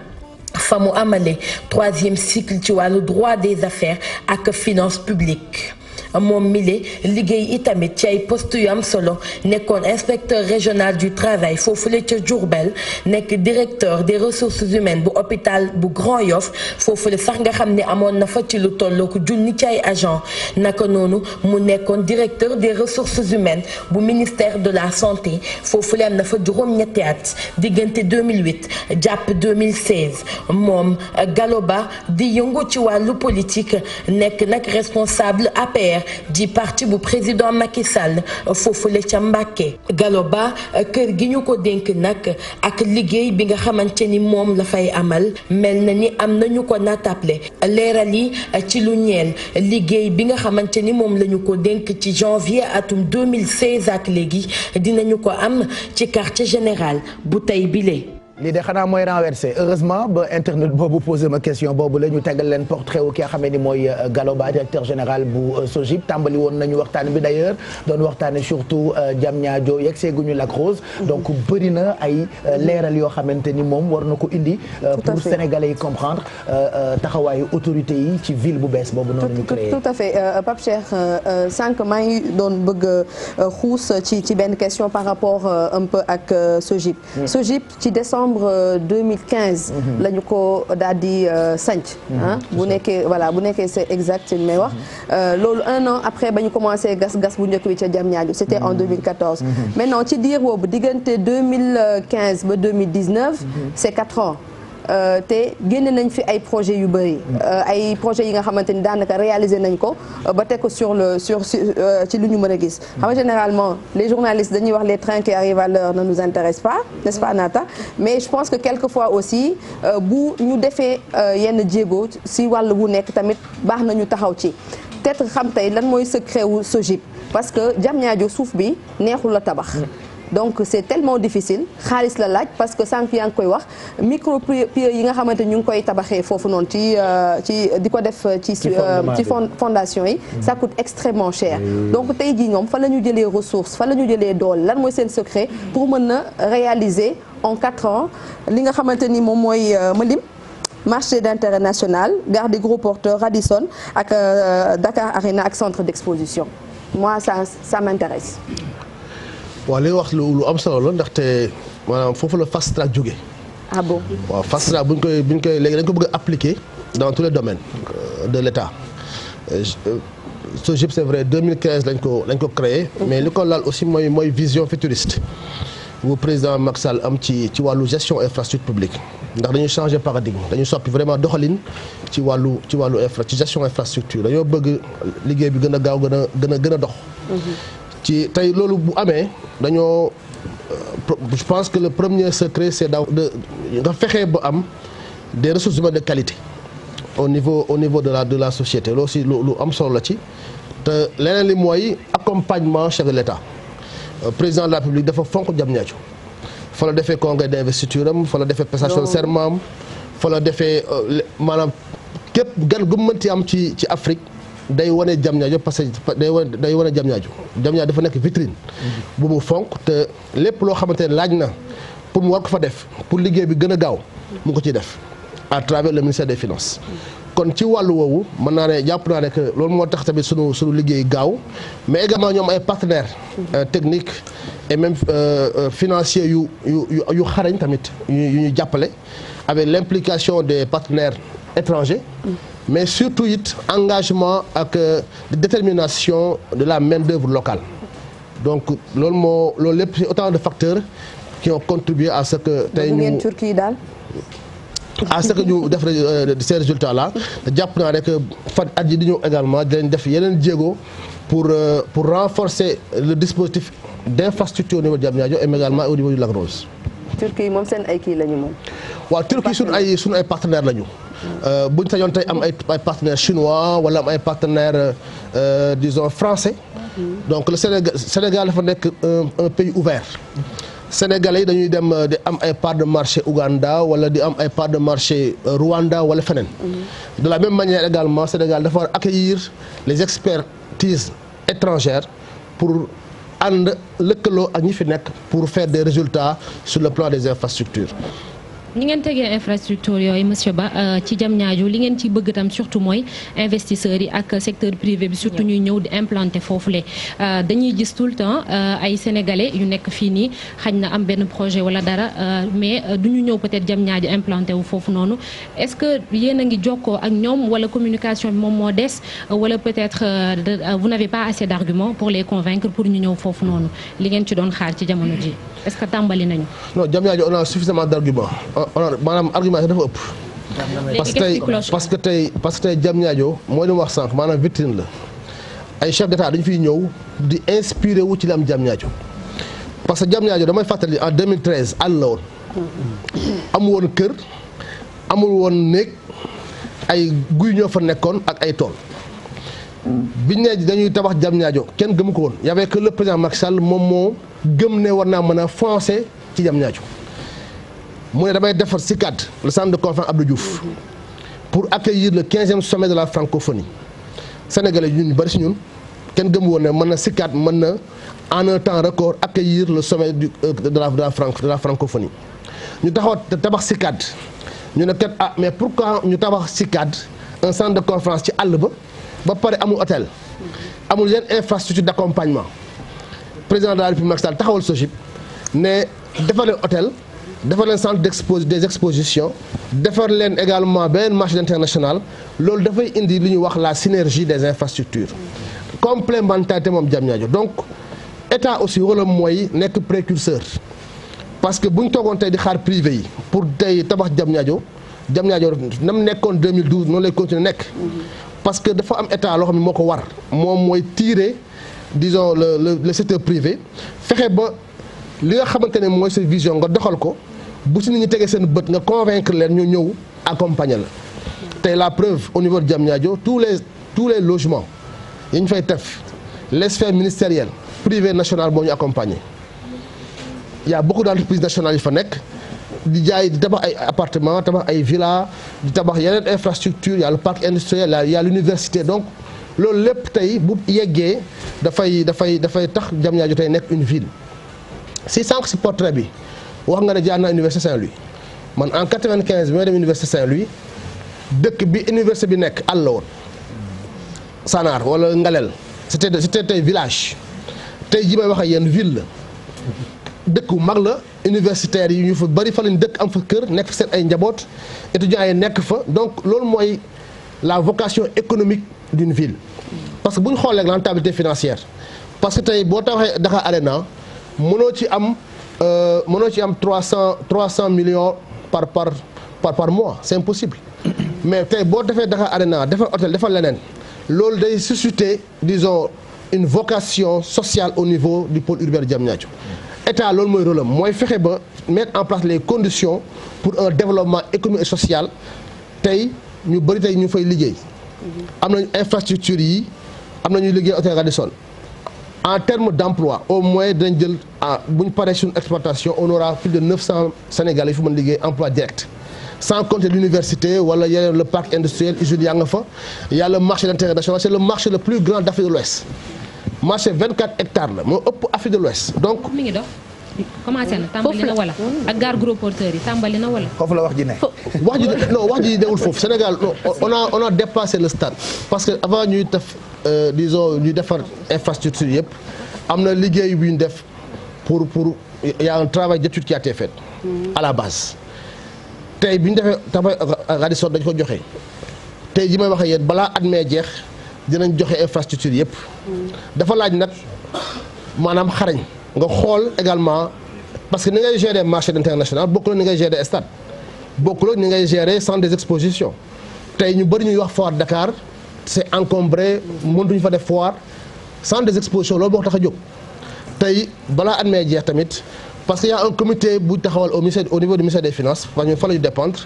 Speaker 23: fa mu amale troisième cycle ci wàllu droit des affaires ak finance publique moom mile liggéey itamit ci ay poste yu am solo nekkoon inspecteur régional du travail foofule ca Diourbel nekk directeur des ressources humaines bu hôpital bu Grand Yoff foofule sax nga xam ne amoon na fa ci lu tollooku junni ci ay agent naka noonu mu nekkoon directeur des ressources humaines bu ministère de la santé foofule am na fa juróom-ñetti at diggante 2008 jàpp 2016 moom Galoba di yëngu ci wàllu politique nekk nag responsable APR di partie bu président Macky Sall foofule ca Mbàkke galo Ba kër gi ñu ko dénk nag ak liggéey bi nga xamante ni moom la fay amal mel na ni am nañu ko natable leeral yi ci lu ñeen liggéey bi nga xamante ni moom lañu ko dénk ci janvier atum 2016 ak léegi dinañu ko am ci quartier général bu tey bile lii de xanaa mooy renversé heureusement ba internet boobu
Speaker 3: posé ma question boobu la ñu tegal leen portrait wu ki nga xam ne ni mooy euh, Gallo Ba directeur général bu euh, SOGIP tàmbali woon nañu waxtaan bi d'ailleurs doon waxtaane surtout euh, Diamniadio yegg seeguñu Lac Rose mhm. donc bëri na ay mhm. leeral yoo xamante ni moom war na ko indi pour sénégalais yi comprendre taxawaayu autorité yi ci ville bu bees boobu noonu ñu créé tout
Speaker 10: à fait Pape Cheikh sànq maa ngi doon bëgg xuus ci ci benn question par rapport un peu ak SOGIP mhm. SOGIP ci décembre novembre 2015. la ñu ko daal di euh, sanc mhm. bu nekkee voilà bu nekkee c'est exact may wax mhm. euh, loolu un an après ba ñu commencé gas gas bu njëkk bi ca jam ñaaju c'était en 2014 mhm. maintenant ci diir boobu diggante 2015 ba 2019 c'est quatre ans Euh, te génne nañ fi ay projets yu bëri. Euh, ay projets yi nga xamante ni daanaka réaliser nañ ko euh, ba teg ko sur le sur ci lu ñu mën a gis. Mm. xam généralement les journalistes dañuy wax les trains qui arrivent à l'heure ne nous intéressent pas n'est-ce pas Nata mais je pense que quelquefois aussi bu ñu defee yenn jéego si wàll wu nekk tamit baax nañu taxaw ci. peut xam tey lan mooy secret wu SOGIP parce que Diamniadio suuf bi neexul la tabax. Mm. donc c'est tellement difficile xaalis la laaj parce que sànq yaa ngi koy wax micro pieux yi nga xamante ñu ngi koy tabaxee foofu noonu ci euh, ci di ko def euh, ci ci euh, fondation yi mm-hmm. ça coûte extrêmement cher donc tey jii ñoom fa la ñu jëlee ressources fa la ñu jëlee doole lan mooy seen secret pour mën a réaliser en quatre ans li nga xamante ni moom mooy ma lim marché d'intérêt national gare des gros porteurs Radisson ak Dakar Arena ak centre d'exposition moi ça ça m'intéresse
Speaker 12: waaw li wax lu am solo la ndaxte maanaam foofu la fast jóge ah bon waaw fast track koy bu ñu koy léegi dañu ko bëgg a appliquer dans tous les domaines euh, de l' état SOGIP euh, euh, c' est vrai 2015 lañ ko lañ ko créé. mais li ko laal aussi mooy mooy vision futuriste bu président Macky Sall am ci ci wàllu gestion infrastructure publique ndax dañu changer paradigme dañu soppi vraiment doxalin ci wàllu ci wàllu infra ci gestion infrastructure dañoo bëgg liggéey bi gën a gaaw gën a gën a gën a dox. Mm-hmm. ci tey loolu bu amee dañoo euh, je pense que le premier secret c'est daaw de nga fexe ba am des ressources humaines de qualité au niveau au niveau de la de la société loolu aussi lu am solo la ci te leneen li mooy accompagnement chef de l'État euh, président de la République dafa fonk Diamniadio fa la defee congrès d'investiture am fa la defee prestation serment am fa la defee euh, maanaam képp gan gu am ci ci Afrique day wane Diamniadio parce que day wane day wane Diamniadio Diamniadio dafa nekk vitrine. bu mu fonk te lépp loo xamante ne laaj na pour mu war ko fa def pour liggéey bi gën a gaaw mu ngi ko ci def à travers le ministère des finance kon ci wàllu woowu mën naa ne jàpp naa ne que loolu moo tax tamit sunu sunu liggéey gaaw mais également ñoom ay partenaires euh, technique et même euh, euh, financier yu yu yu xarañ tamit yu ñu jàppale avec l'implication des partenaires étrangers. mais surtout it engagement ak euh, détermination de la main d'œuvre locale donc loolu moo loolu lépp c'est autant de facteur qui ont contribué à ce que tey ñu Turquie daal à ce que ñu def euh, ces résultats la jàpp naa rek fan at yi di ñëw également dinañ def yeneen jéego pour euh, pour renforcer le dispositif d'infrastructure au niveau de Diamniadio et également au niveau du Lac Rose
Speaker 10: seen ay kii la ñu moom
Speaker 12: waaw Turquie suñu ay suñu ay partenaires lañu Euh, buñ sañoon tey am ay ay partenaires chinois wala am ay partenaires euh, dison français donc le Sénégal Sénégal dafa nekk un pays ouvert Sénégalais yi dañuy dem euh, di am ay part de marché Ouganda wala di am ay part de marché Rwanda wala feneen mm-hmm. de la même manière également Sénégal dafa war accueillir les expertises étrangères pour ànd lëkkaloo ak ñi fi nekk pour faire des résultats sur le plan des infrastructures
Speaker 19: ñi ngeen tegee infrastructure yooyu monsieur Ba euh, ci Diamniadio li ngeen ci bëgg tam surtout mooy investisseur yi ak secteur privé bi surtout ñuy ñëw di implanter foofule euh, dañuy jis tout le temps euh, ay sénégalais yu nekk fii nii xañ na am benn projet wala dara mais du ñu ñëw peut-être Diamniadio implanté wu foofu noonu est-ce que yéen a ngi jokkoo ak ñoom wala communication bi moom moo des wala peut-être vous n'avez pas assez d'arguments pour les convaincre pour ñu ñëw foofu noonu li ngeen doon xaar ci jamono ji est que tàmbali
Speaker 12: nañu. non Diamniadio on a suffisamment d'arguments honoré maanaam argument dafa ëpp. parce que tey parce que tey parce que jam ñaajo mooy li mu wax sànq maanaam vitrine la ay chef d'état dañu fiy ñëw di inspiré wu ci li am jam ñaajo parce que jam ñaajo damay fàttali en 2013 àll la woon. amul woon kër amul woon néeg ay guy ñoo fa nekkoon ak ay tool. biñ ne dañuy tabax jam ñaajo kenn gëmu ko woon y avait que le président Macky moom moo gëm ne war naa mën a foncer ci jam ñaajo mu ne damay defar CICAD le centre de conférence Abdou Diouf pour accueillir le quinzième sommet de la francophonie sénégalais ñu bari si ñun kenn gëm woon ne mën na CICAD mën na en un temps record accueillir le sommet du euh, de la de la francophonie ñu taxaw tabax CICAD ñu ne kat ah mais pourquoi ñu tabax CICAD un centre de conférence ci àll ba ba pare amul hôtel amul yenn infrastructure d' accompagnement président de la république Macky taxawal SOGIP ne defaree hôtel. defar leen centre d'expo des expositions defar leen également beneen marché international loolu dafay indi li ñuy wax la synergie des infrastructures complémentarité moom Diamniadio donc état aussi wala mooy nekk précurseur parce que bu ñu toogoon tey di xaar privé yi pour tey tabax jam Diamniadio Diamniadio nam nekkoon 2012 noonu lay continuer nekk parce que dafa am état loo xam ne moo ko war moom mooy tirer dison le le secteur privé fexe ba li nga xamante ne mooy sa nga doxal ko bu si nit ñi tegee seen bët nga convaincre leen ñu ñëw accompagner la tey la preuve au niveau de Diamniadio tous les tous les logements yi ñu fay tef les sphères ministérielles privées nationales boo ñu accompagner y a beaucoup d'entreprises nationales yi fa nekk di jaay di tabax ay appartement tabax ay villa di tabax yeneen infrastructure y a le parc industriel y a l'université donc loolu lépp tey bu yeggee dafay dafay dafay tax Diamniadio tey nekk une ville si sànq si bi wax nga ne jaar naa université Saint-Louis man en 95 bi may dem université Saint-Louis dëkk bi université bi nekk àll la woon Sanaar wala Ngalel c'était c'était tey village tey ji may waxee ak yéen ville la dëkk bu mag la universitaires yi ñu fa bari fa lañ dëkk am fa kër nekk fa seen ay njaboot étudiants yi nekk fa donc loolu mooy la vocation économique d'une ville parce que bu ñu xoolee rentabilité financière parce que tey boo taxee Dakar Arena mënoo ci am Euh, mënoo ci am trois cent trois cent millions par par par par mois simpossible mais tey boo defee Dakar Arena defal hôtel defal leneen loolu day susciter disons une vocation sociale au niveau du pôle urbain de Diamniadio état loolu mooy rôle mooy fexe ba mettre en place les conditions pour un développement économique sociale tey ñu bëri tey ñu fay liggéey am nañu infrastructure yi am nañu liggéey hôtel Radisson en termes d'emploi au moins dinañ jël ah, bu ñu paree suñu exploitation on aura plus de 900 Sénégalais yu fi mën liggéey emploi direct sans compter l'université wala yeneen le parc industriel usine yaa nga fa yàlla a le marché d'intérêt national le marché le plus grand d'Afrique de l'Ouest marché 24 hectares la moo ëpp Afrique de l'Ouest donc mi ngi
Speaker 19: commencé na tàmbali na wala ak tàmbali na wala
Speaker 12: foofu la wax ji ne wax ji non wax ji dewul foofu Sénégal on a on a le stade parce que avant ñuy def euh, dison ñuy defar infrastructure yëpp am na liggéey bu ñu def pour pour y a un travail d'étude qui a été fait mm-hmm. à la base tey bi ñu defee tabax Radisson dañ ko joxe tey ji may waxee ak balaa at mee jeex dinañ joxe infrastructure yëpp mm-hmm. dafa laaj nag maanaam xarañ nga xool également parce que ni ngay gérer marché international bokkul ni ngay gérer stade bokkul ni ngay gérer centre des expositions tey ñu bëri ñuy wax foire Dakar c'est encombré mëntuñu fa def foire centre des expositions loolu moo tax a jóg tey balaa at na jeex tamit parce que y a un comité bu taxawal au ministère au niveau du ministère des finances parce que fa la ñu dépendre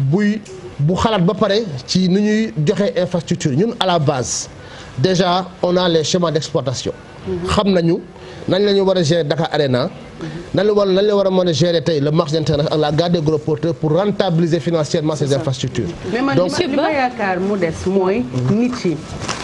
Speaker 12: buy bu xalaat ba pare ci ni ñuy joxe infrastructure ñun à la base déjà on a les schémas d'exploitation mm-hmm. xam nañu nañ la ñu war a gérer Dakar Arena nan la war la war a mën tey le marché international ak la garde des gros porteurs pour rentabiliser financièrement ces infrastructures. donc
Speaker 17: mais man li ma yaakaar mu des mooy. nit yi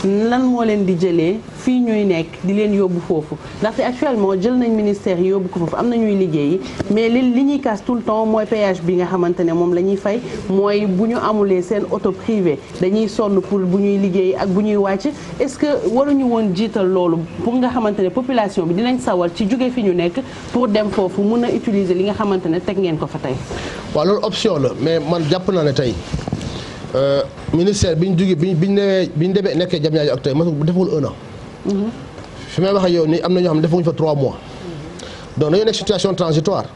Speaker 17: lan moo leen di jëlee fii ñuy nekk di leen yóbbu foofu ndaxte actuellement jël nañ ministère yóbbu ko foofu am na ñuy liggéeyi mais li li ñuy casse tout le temps mooy péage bi nga xamante ne moom lañuy ñuy fay mooy bu ñu amulee seen auto privé dañuy sonn pour bu ñuy liggéey ak bu ñuy wàcc est-ce que waruñu woon jiital loolu pour nga xamante ne population bi dinañ sawar ci jóge fi ñu nekk. pour dem foofu mun a utiliser li nga xamante ne teg ngeen ko fa tey.
Speaker 12: waaw loolu option la mais man jàpp naa ne tey euh, ministère bi ñu jugee bi ñu bi ñu bi ñu demee nekkee Diamniadio ak tey mosul deful un an. Mhm. fi may wax ak yow nii am na ñoo xam ne defuñu fa trois mois. donc dañoo nekk situation transitoire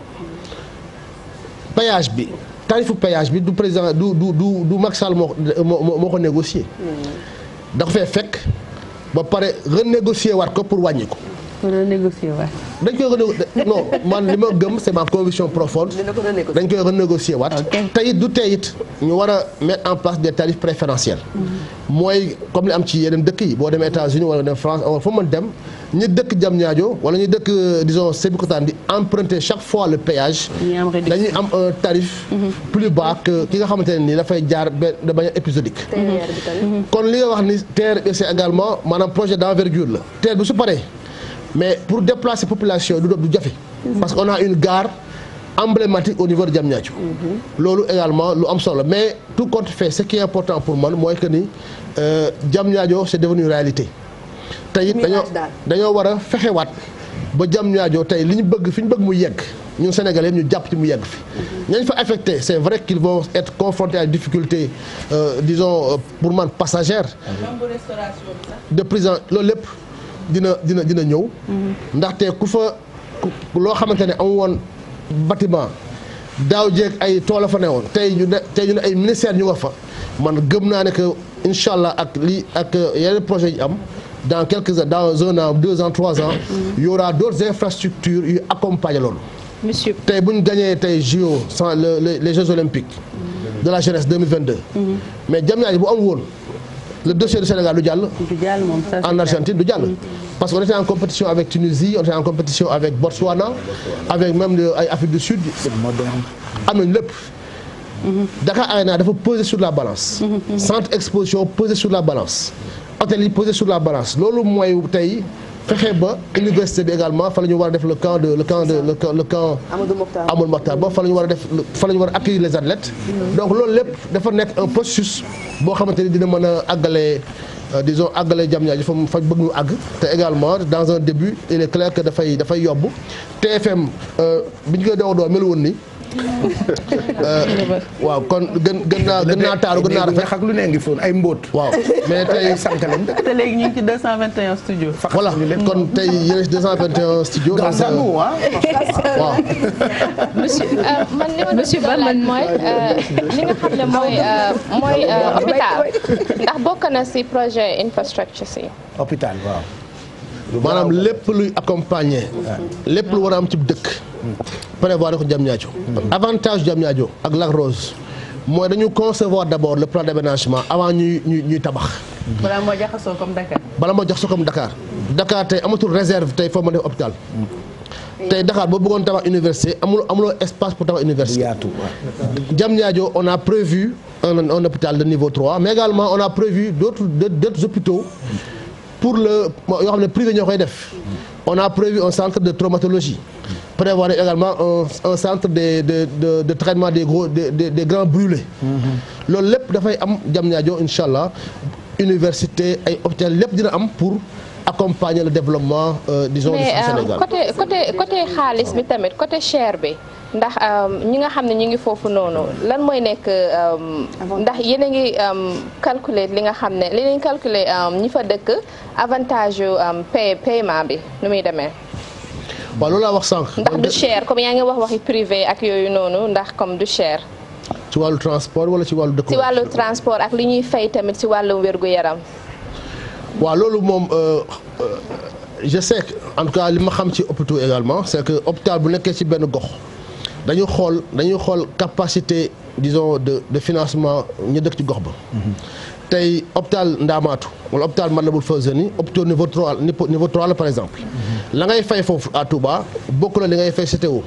Speaker 12: péage bi tarifu péage bi du président du du du du Macky Sall moo moo ko négocié. Mhm. da ko fee fekk ba pare renégocier waat ko pour wàññi ko.
Speaker 17: dina négocier waat.
Speaker 12: dañ koy renégocier non man li ma dañ koy renégocier waat. tey du tey it ñu war a en place des tarifs préférentiels.
Speaker 18: Mm-hmm.
Speaker 12: mooy comme li am ci yeneen dëkk yi boo demee États-Unis wala dem France wala fa dem ñu dëkk Diamniadio wala ñu dëkk euh, disons Sébikotane di emprunter chaque fois le péage. dañuy am un tarif. Mm-hmm. plus bas ki nga xamante ne nii dafay jaar de manière épisodique.
Speaker 6: Mm-hmm.
Speaker 12: kon li nga wax ni TER bi maanaam projet d'envergure la. TER bi su paree. mais pour déplacer population du du jafe. parce qu'on a une gare emblématique au niveau de Diamniadio. Mhm. loolu également lu am solo mais tout compte fait ce qui important pour man mooy que ni euh, Diamniadio c'est devenu réalité. tey it dañoo dañoo war a fexewaat ba Diamniadio tey li ñu bëgg fi ñu bëgg mu yegg ñun Sénégalais ñu jàpp ci mu yegg fi. ñañ mhm. fa affecté c'est vrai qu'ils vont être confrontés à des difficultés euh, disons euh, pour man passagères. de prison loolu lépp. dina dina dina ñëw. Mhm. ndaxte ku fa loo xamante ne amu woon bâtiment daaw jeeg ay tool fa ne woon tey ñu ne tey ñu ne ay ministère ñu nga fa man gëm naa ne que incha allah ak lii ak yeneen projet yi am dans quelques dans un an deux ans trois ans. Mhm. y aura d'autres infrastructures yu accompagner loolu. monsieur tey bu ñu gagné tey JO sans les Jeux olympiques. Mhm. de la jeunesse 2022. mais Diamniadio bu am woon. le dossier du Sénégal du jàll. du jàll en Argentine du jàll. parce que on était en compétition avec Tunisie on était en compétition avec Botswana. avec même Afrique du Sud. am nañ lépp. Dakar Arena dafa poser sur la balance. Mm-hmm, mm-hmm. centre exposition poser sur la balance. hôtel yi poser sur la balance loolu mooy tey. fexe ba université bi également fa la ñu war a def le camp le camp de le camp
Speaker 10: Amadou
Speaker 12: Mokhtar ba fa la ñu war a def fa la war a accueillir les athlètes mm-hmm. donc loolu lépp dafa nekk un processus boo xamante ni dina mën a àggale euh, disons àggale Diamniadio fa mu fa bëgg ñu àgg te également dans un début il est clair que dafay dafay yobbu TFM euh, bi ñu koy dox doo mel woon ni waaw kon gën gën gën naa taaru gën naa rafet lu ne ngi ay mboot waaw mais tey sànq lañ.
Speaker 17: te léegi ñu ngi ci 221 studio.
Speaker 12: voilà kon tey yéen ci 221 studio. grâce à nous waaw.
Speaker 6: mooy li mooy mooy
Speaker 21: hôpital si projet infrastructure si.
Speaker 12: waaw. maanaam lépp luy accompagner. lépp lu war a am ci dëkk. Hmm. prévoir ko Diamniadio. Hmm. avantage Diamniadio ak Lac Rose mooy dañu concevoir d' abord le plan d' aménagement avant ñuy ñuy ñuy tabax. Hmm.
Speaker 17: balaa moo jaxasoo comme Dakar.
Speaker 12: balaa moo jaxasoo comme Dakar. Dakar tey amatul réserve tey foo ma def hôpital. tey Dakar boo bëggoon tabax université amul amuloo espace pour tabax université. yaatu Diamniadio on a prévu un un hôpital de niveau 3 mais également on a prévu d' d' autres hôpitaux. pour le yoo xam ne privé ñoo koy def on a prévu un centre de traumatologie prévoir également un, un centre de de de de traitement des gros des des, des grands brûlés. loolu lépp dafay am jam Diamniadio incha allah université ay hôpital lépp dina am pour. accompagner le développement euh, disons. du euh, Sénégal
Speaker 21: mais côté xaalis bi tamit côté cher bi. ndax um, ñi nga xam ne ñu ngi foofu noonu lan mooy nekk um, ndax yéen a ngi um, calculer li nga xam ne li leen calculer ñi fa dëkk avantage yu pay paiement bi nu muy demee.
Speaker 12: waaw loolu laa wax sànq. ndax du chair
Speaker 21: comme yaa ngi wax waxi privé ak yooyu noonu ndax comme du cher.
Speaker 12: ci wàllu transport wala ci wàllu dëkk. ci wàllu
Speaker 21: transport ak li ñuy fay tamit ci wàllu wérgu yaram.
Speaker 12: waaw loolu moom euh, euh, je sais que en tout cas li ma xam ci hôpitaux également c'est que hôpital bu nekkee ci benn gox. dañu xool dañuy xool capacité dison de de financement ñu dëkk ci gox ba. tey hôpital Ndaamaatu wala hôpital Matlaboul Fawzeyni hôpitaux niveau 3 niveau 3 la par exemple. la ngay fay foofu à Touba bokk la li ngay fay CTO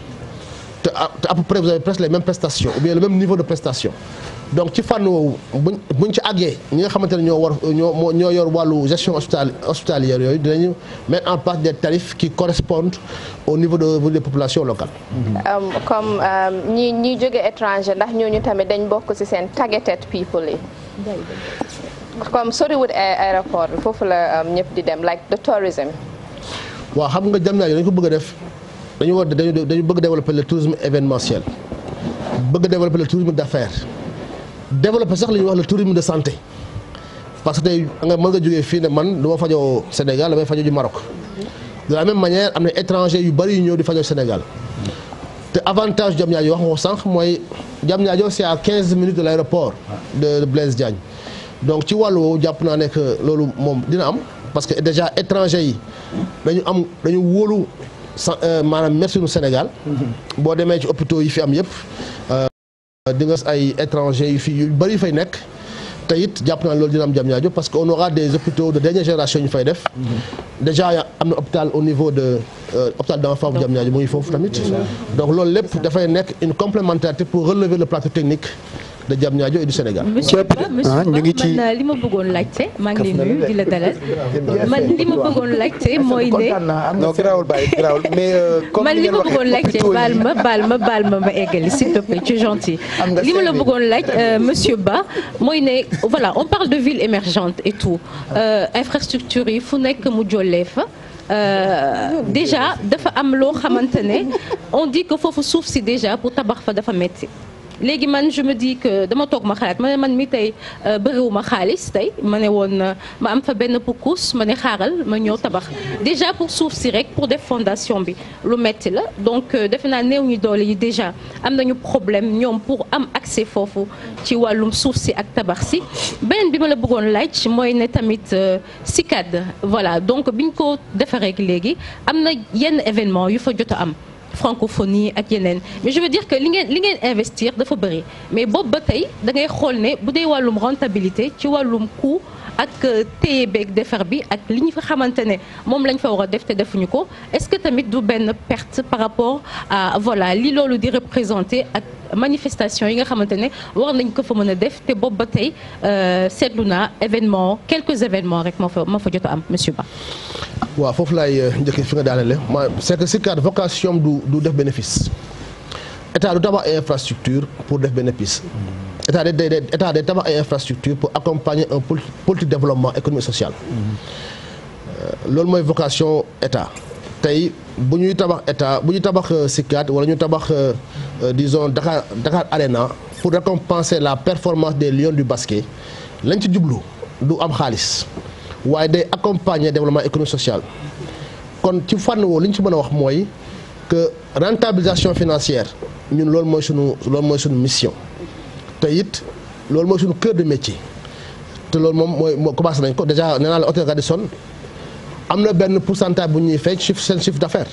Speaker 12: te à peu près vous avez presque les mêmes prestations ou bien le même niveau de prestation. donc ci fànn woowu buñ buñ ci àggee ñi nga xamante ne ñoo war ñoo ñoo yor wàllu gestion hospitali hospitalière yooyu dinañu mettre en place des tarifs qui correspondent au niveau de des populations locales.
Speaker 21: Euh, comme euh, ñi ñi jóge étranger ndax ñooñu tamit dañ bokk ci seen targeted people yi. comme Soriwut aéroport foofu la euh, ñëpp di dem like the tourism.
Speaker 12: waa xam nga jamono yi dañu ko bëgg def dañu war dañu dañu bëgg développer le tourisme événementiel bëgg développer le tourisme d'affaires. développer sax li ñuy wax le tourisme de santé parce que tey nga mën nga jógee fii ne man du fajoo Sénégal damay fajoo ju Maroc de la même manière am na étranger yu bari yu ñëw di fajoo Sénégal te avantage Diamniadio wax nga ko sànq mooy Diamniadio c'est à quinze minutes de l'aéroport de Blaise Diagne donc ci wàllu woowu jàpp naa ne que loolu moom dina am parce que déjà étranger yi dañu am dañu wóolu euh, maanaam médecine Sénégal mm-hmm. boo demee ci hôpitaux yi fi am yëpp. Euh, Euh, di nga ay étrangers yu fi yu bëri fay nekk te it jàpp naa loolu dina am jam ñaajo parce que on aura des hôpitaux de dernière génération ñu fay def
Speaker 18: mm-hmm.
Speaker 12: déjà am na hôpital au niveau de euh, hôpital d'enfants bu jam ñaajo mu foofu tamit donc loolu lépp dafay nekk une complémentarité pour relever le plateau technique de Diamniadio et du Sénégal. monsieur Ba ah,
Speaker 8: ñu ngi ci man li ma bëggoon laajte maa ngi lay nuyu di la dalal man li ma bëggoon laajte mooy ne. Euh, ma baal ma ma baal ma ma eggali s'il gentil. li ma la bëggoon laaj euh, monsieur Ba mooy ne voilà on parle de ville émergente et tout euh, infrastructure yi fu nekk mu jollee fa. Euh, déjà dafa am loo xamante ne on dit que foofu suuf si déjà pour tabax fa dafa metti léegi man je me dis que dama toog ma xalaat ma ne man mi tey euh, bëriwu ma xaalis tey ma ne woon euh, ma am fa benn poukus ma ne xaaral ma ñëw tabax déjà pour suuf si rek pour def fondation bi lu metti la donc euh, defe naa néew ñu doole yi déjà am na ñu problème ñoom pour am accès foofu ci wàllum suuf si ak tabax si beneen bi ma la bëggoon laaj mooy ne tamit CICAD voilà donc biñ ko defaree léegi am na yenn événement yu fa jot a am francophonie ak yeneen mais je veux dire que li ngeen li ngeen investir dafa bëri mais boobu ba tey da ngay xool ne bu dee wàllum rentabilité ci wàllum coût ak euh, téye beeg defar bi ak li ñu fa xamante ne moom lañ fa war a def te defuñu ko est-ce que tamit du benn perte par rapport à voilà li loolu di représenter ak. manifestation yi nga xamante ne war nañ ko fa mën a def te boobu ba tey euh, seetlu naa événement quelques événements rek ma fa moo jot am monsieur Ba.
Speaker 12: waaw foofu laay euh, njëkkee fi nga daanele ma c'est que SICAD vocation du du def bénéfice état du tabax ay infrastructure pour def bénéfice. état day day état day tabax ay infrastructure pour accompagner un politique développement économique et social.
Speaker 6: Euh,
Speaker 12: loolu mooy vocation état. tey bu ñuy tabax état bu ñuy tabax euh, SICAD wala ñu tabax euh, euh, disons Dakar Dakar Arena pour récompenser la performance des lions du basket lañ ci jublu du am xaalis waaye day accompagner développement économique sociale kon ci fànn woowu li ñu ci mën a wax mooy que rentabilisation financière ñun loolu mooy sunu loolu mooy sunu mission te it loolu mooy sunu kër de métier te loolu moom mooy commencé nañ ko déjà nee naa la hôtel Radisson am na benn pour pourcentage bu ñuy fay ci seen chiffre d'affaires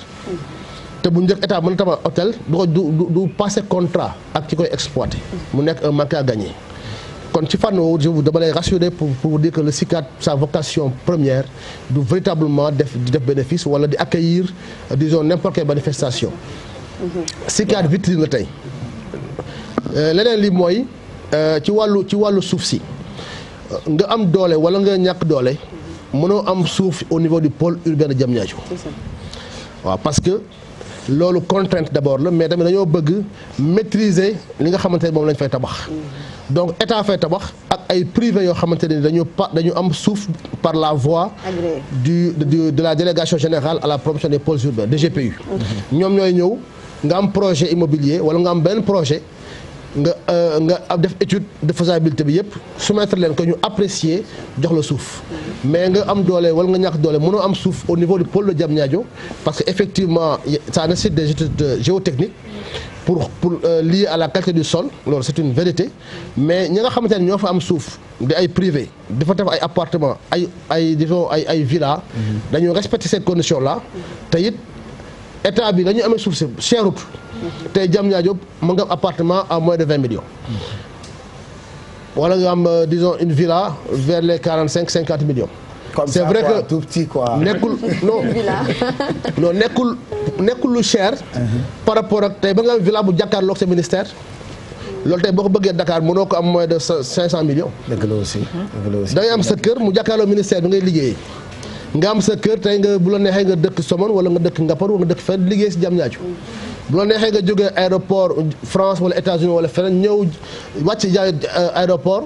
Speaker 12: te bu njëkk état mën na tabax hôtel du du du passé contrat ak ci koy exploité. mu nekk un manque kon ci fànno woowu je dama lay rassurer pour pour dire que le CICAD sa vocation première du véritablement def di def bénéfice wala di accueillir disons n'importe quelle manifestation. CICAD mm-hmm. vitrine la tey euh, leneen li mooy euh, ci wàllu ci wàllu suuf si nga am doole wala nga ñàkk doole. mënoo am suuf au niveau du pôle urbain de Diamniadio waaw parce que loolu contrainte d'abord la mais tamit dañoo bëgg maitriser li nga xamante ne moom lañ fay tabax mm-hmm. donc état fay tabax ak ay privé yoo xamante ne dañu par dañu am suuf par la voie du de, de la délégation générale à la promotion des pôles urbains DGPU mm-hmm. ñoom ñooy ñëw nga am projet immobilier wala nga am benn projet nga euh, nga def étude de faisabilité bi yëpp soumettre leen ko ñu apprécier jox la suuf mais nga am doole wala nga ñaax doole mënoo am suuf au niveau du pôle de Diamniadio parce que effectivement ça nécessite des études géotechniques pour pour euh, lie à la qualité du sol loolu c'est une vérité mais ñi nga xamante ne ñoo fa am suuf di ay privé dafa def ay appartement ay ay disons ay ay villa mhm. dañu respecter cette condition là te it état bi la amee suuf si cherut tey Diamniadio mën nga am appartement à moins de vingt millions. wala nga am euh, disons une villa vers les quarante cinq cinquante millions. comme ça vrai quoi, que quoi. nekkul non non nekkul nekkul lu cher. par rapport ak tey ba nga am villa bu jàkkaarloog sa ministère. lool tey boo ko bëggee Dakar mënoo ko am moins de cinq cent millions. dëgg la aussi
Speaker 18: dëgg la aussi.
Speaker 12: da am sa kër mu jàkkaarloo ministère bi ngay liggéeyee. nga am sa kër tey nga bu la neexee nga dëkk Somone wala nga dëkk Ngapar wala nga dëkk fenn liggéey si Diamniadio bu la neexee nga jógee aéroport France wala États-Unis wala feneen ñëw wàcc jaay euh, aéroport.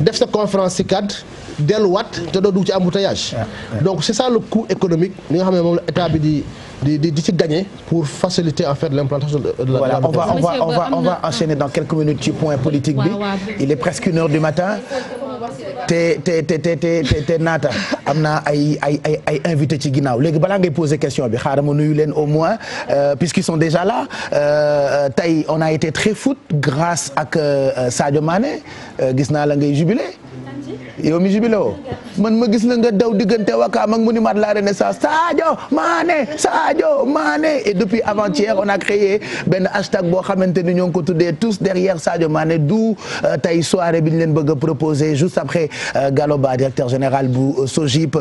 Speaker 12: def sa conférence ci cadre delluwaat te doo dugg ci embouteillage. donc c'est ça le coût économique li nga xam ne moom la état bi di. di di di ci gagner pour faciliter en fait l'implantation de, de voilà, la on va on va on va on va
Speaker 3: enchaîner dans quelques minutes ci point politique bi il est presque une heure du matin te te te te te te naata am na ay ay ay ay invité ci ginnaaw léegi balaa ngay poser question bi xaaral ma nuyu leen au moins euh, puisqu'ils sont déjà là euh, tey on a été très foot grâce ak euh, Sadio Mané gis naa la ngay jubilé yow mi jubile woo man ma gis la nga daw diggante Wakaam ak monument de la renaissance Sadio Mané Sadio Mané et depuis avant-hier on a créé benn hashtag boo xamante ni ñoo ngi ko tuddee tous derrière Sadio Mané du euh, tey soirée bi ñu leen bëgg a proposé juste après euh, Gallo Ba directeur général bu euh, SOGIP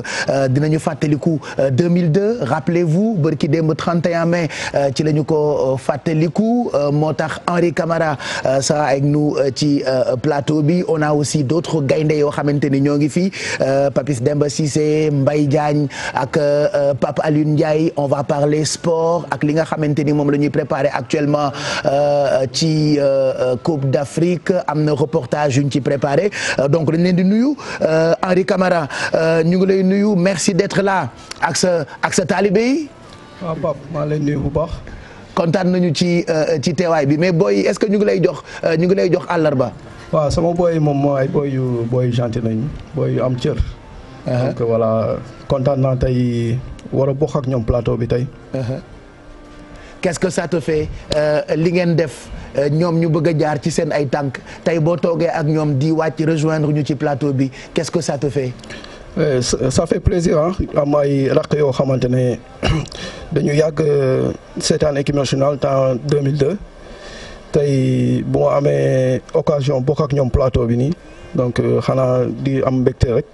Speaker 3: dinañu fàttaliku 2002 rappelez-vous bërki démb 31 mai ci la ñu ko fàttaliku moo tax Henri Camara sera avec nous ci plateau bi on a aussi d'autres gaynde yoo xamante ni ñoo ngi fii euh, Papis Demba Cissé Mbaye Diagne ak euh, Pape Alioune Ndiaye on va parler sport ak li nga xamante ni moom la ñuy préparer actuellement euh, ci Coupe d'Afrique am na reportage yuñ ci préparé donc dañ leen di nuyu Henri Camara ñu ngi lay nuyu merci d'être là ak sa ak sa taalibe yi. waaw Pape bu baax. kontaan nañu ci ci teewaay bi mais booy est-ce que ñu ngi lay jox ñu ngi lay jox àllarba. waaw sama booy moom mooy ay booy yu booy
Speaker 25: gentil nañ booy yu am cër. Uh-huh. donc voilà kontaan tey war a ak ñoom plateau bi tey. Uh-huh.
Speaker 3: qu'est-ce que ça te fait euh, li ngeen def euh, ñoom ñu bëgg a jaar ci seen ay tànk tey boo toogee ak ñoom di wàcc rejoindre ñu ci plateau bi quest que ça te fait. Eh, ça fait plaisir am ay raq yoo xamante
Speaker 25: ne dañu yàgg euh, seetaan équipe nationale temps 2002. tey bu amee occasion bokk ak ñoom plateau bi nii donc euh, xanaa
Speaker 3: di am mbégte rek.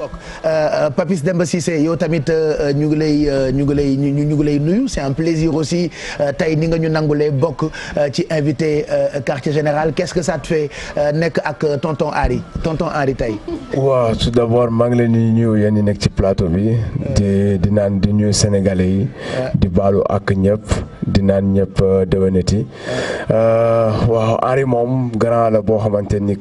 Speaker 3: Euh, euh, Papis Demba Cissé yow tamit euh, ñu ngi lay ñu ngi lay ñu ngi lay nuyu c'est un plaisir aussi tey ni nga ñu nangule bokk ci invité quartier général qu'est-ce que ça te fait nekk ak tonton Henri tonton Henri tey.
Speaker 26: waaw tout d'abord maa ngi leen di nuyu yéen ñi nekk ci plateau bi. di di naan di nuyu sénégalais yi. di baalu ak ñëpp di naan ñëpp déwéniti waaw Henri moom grand la boo xamante ni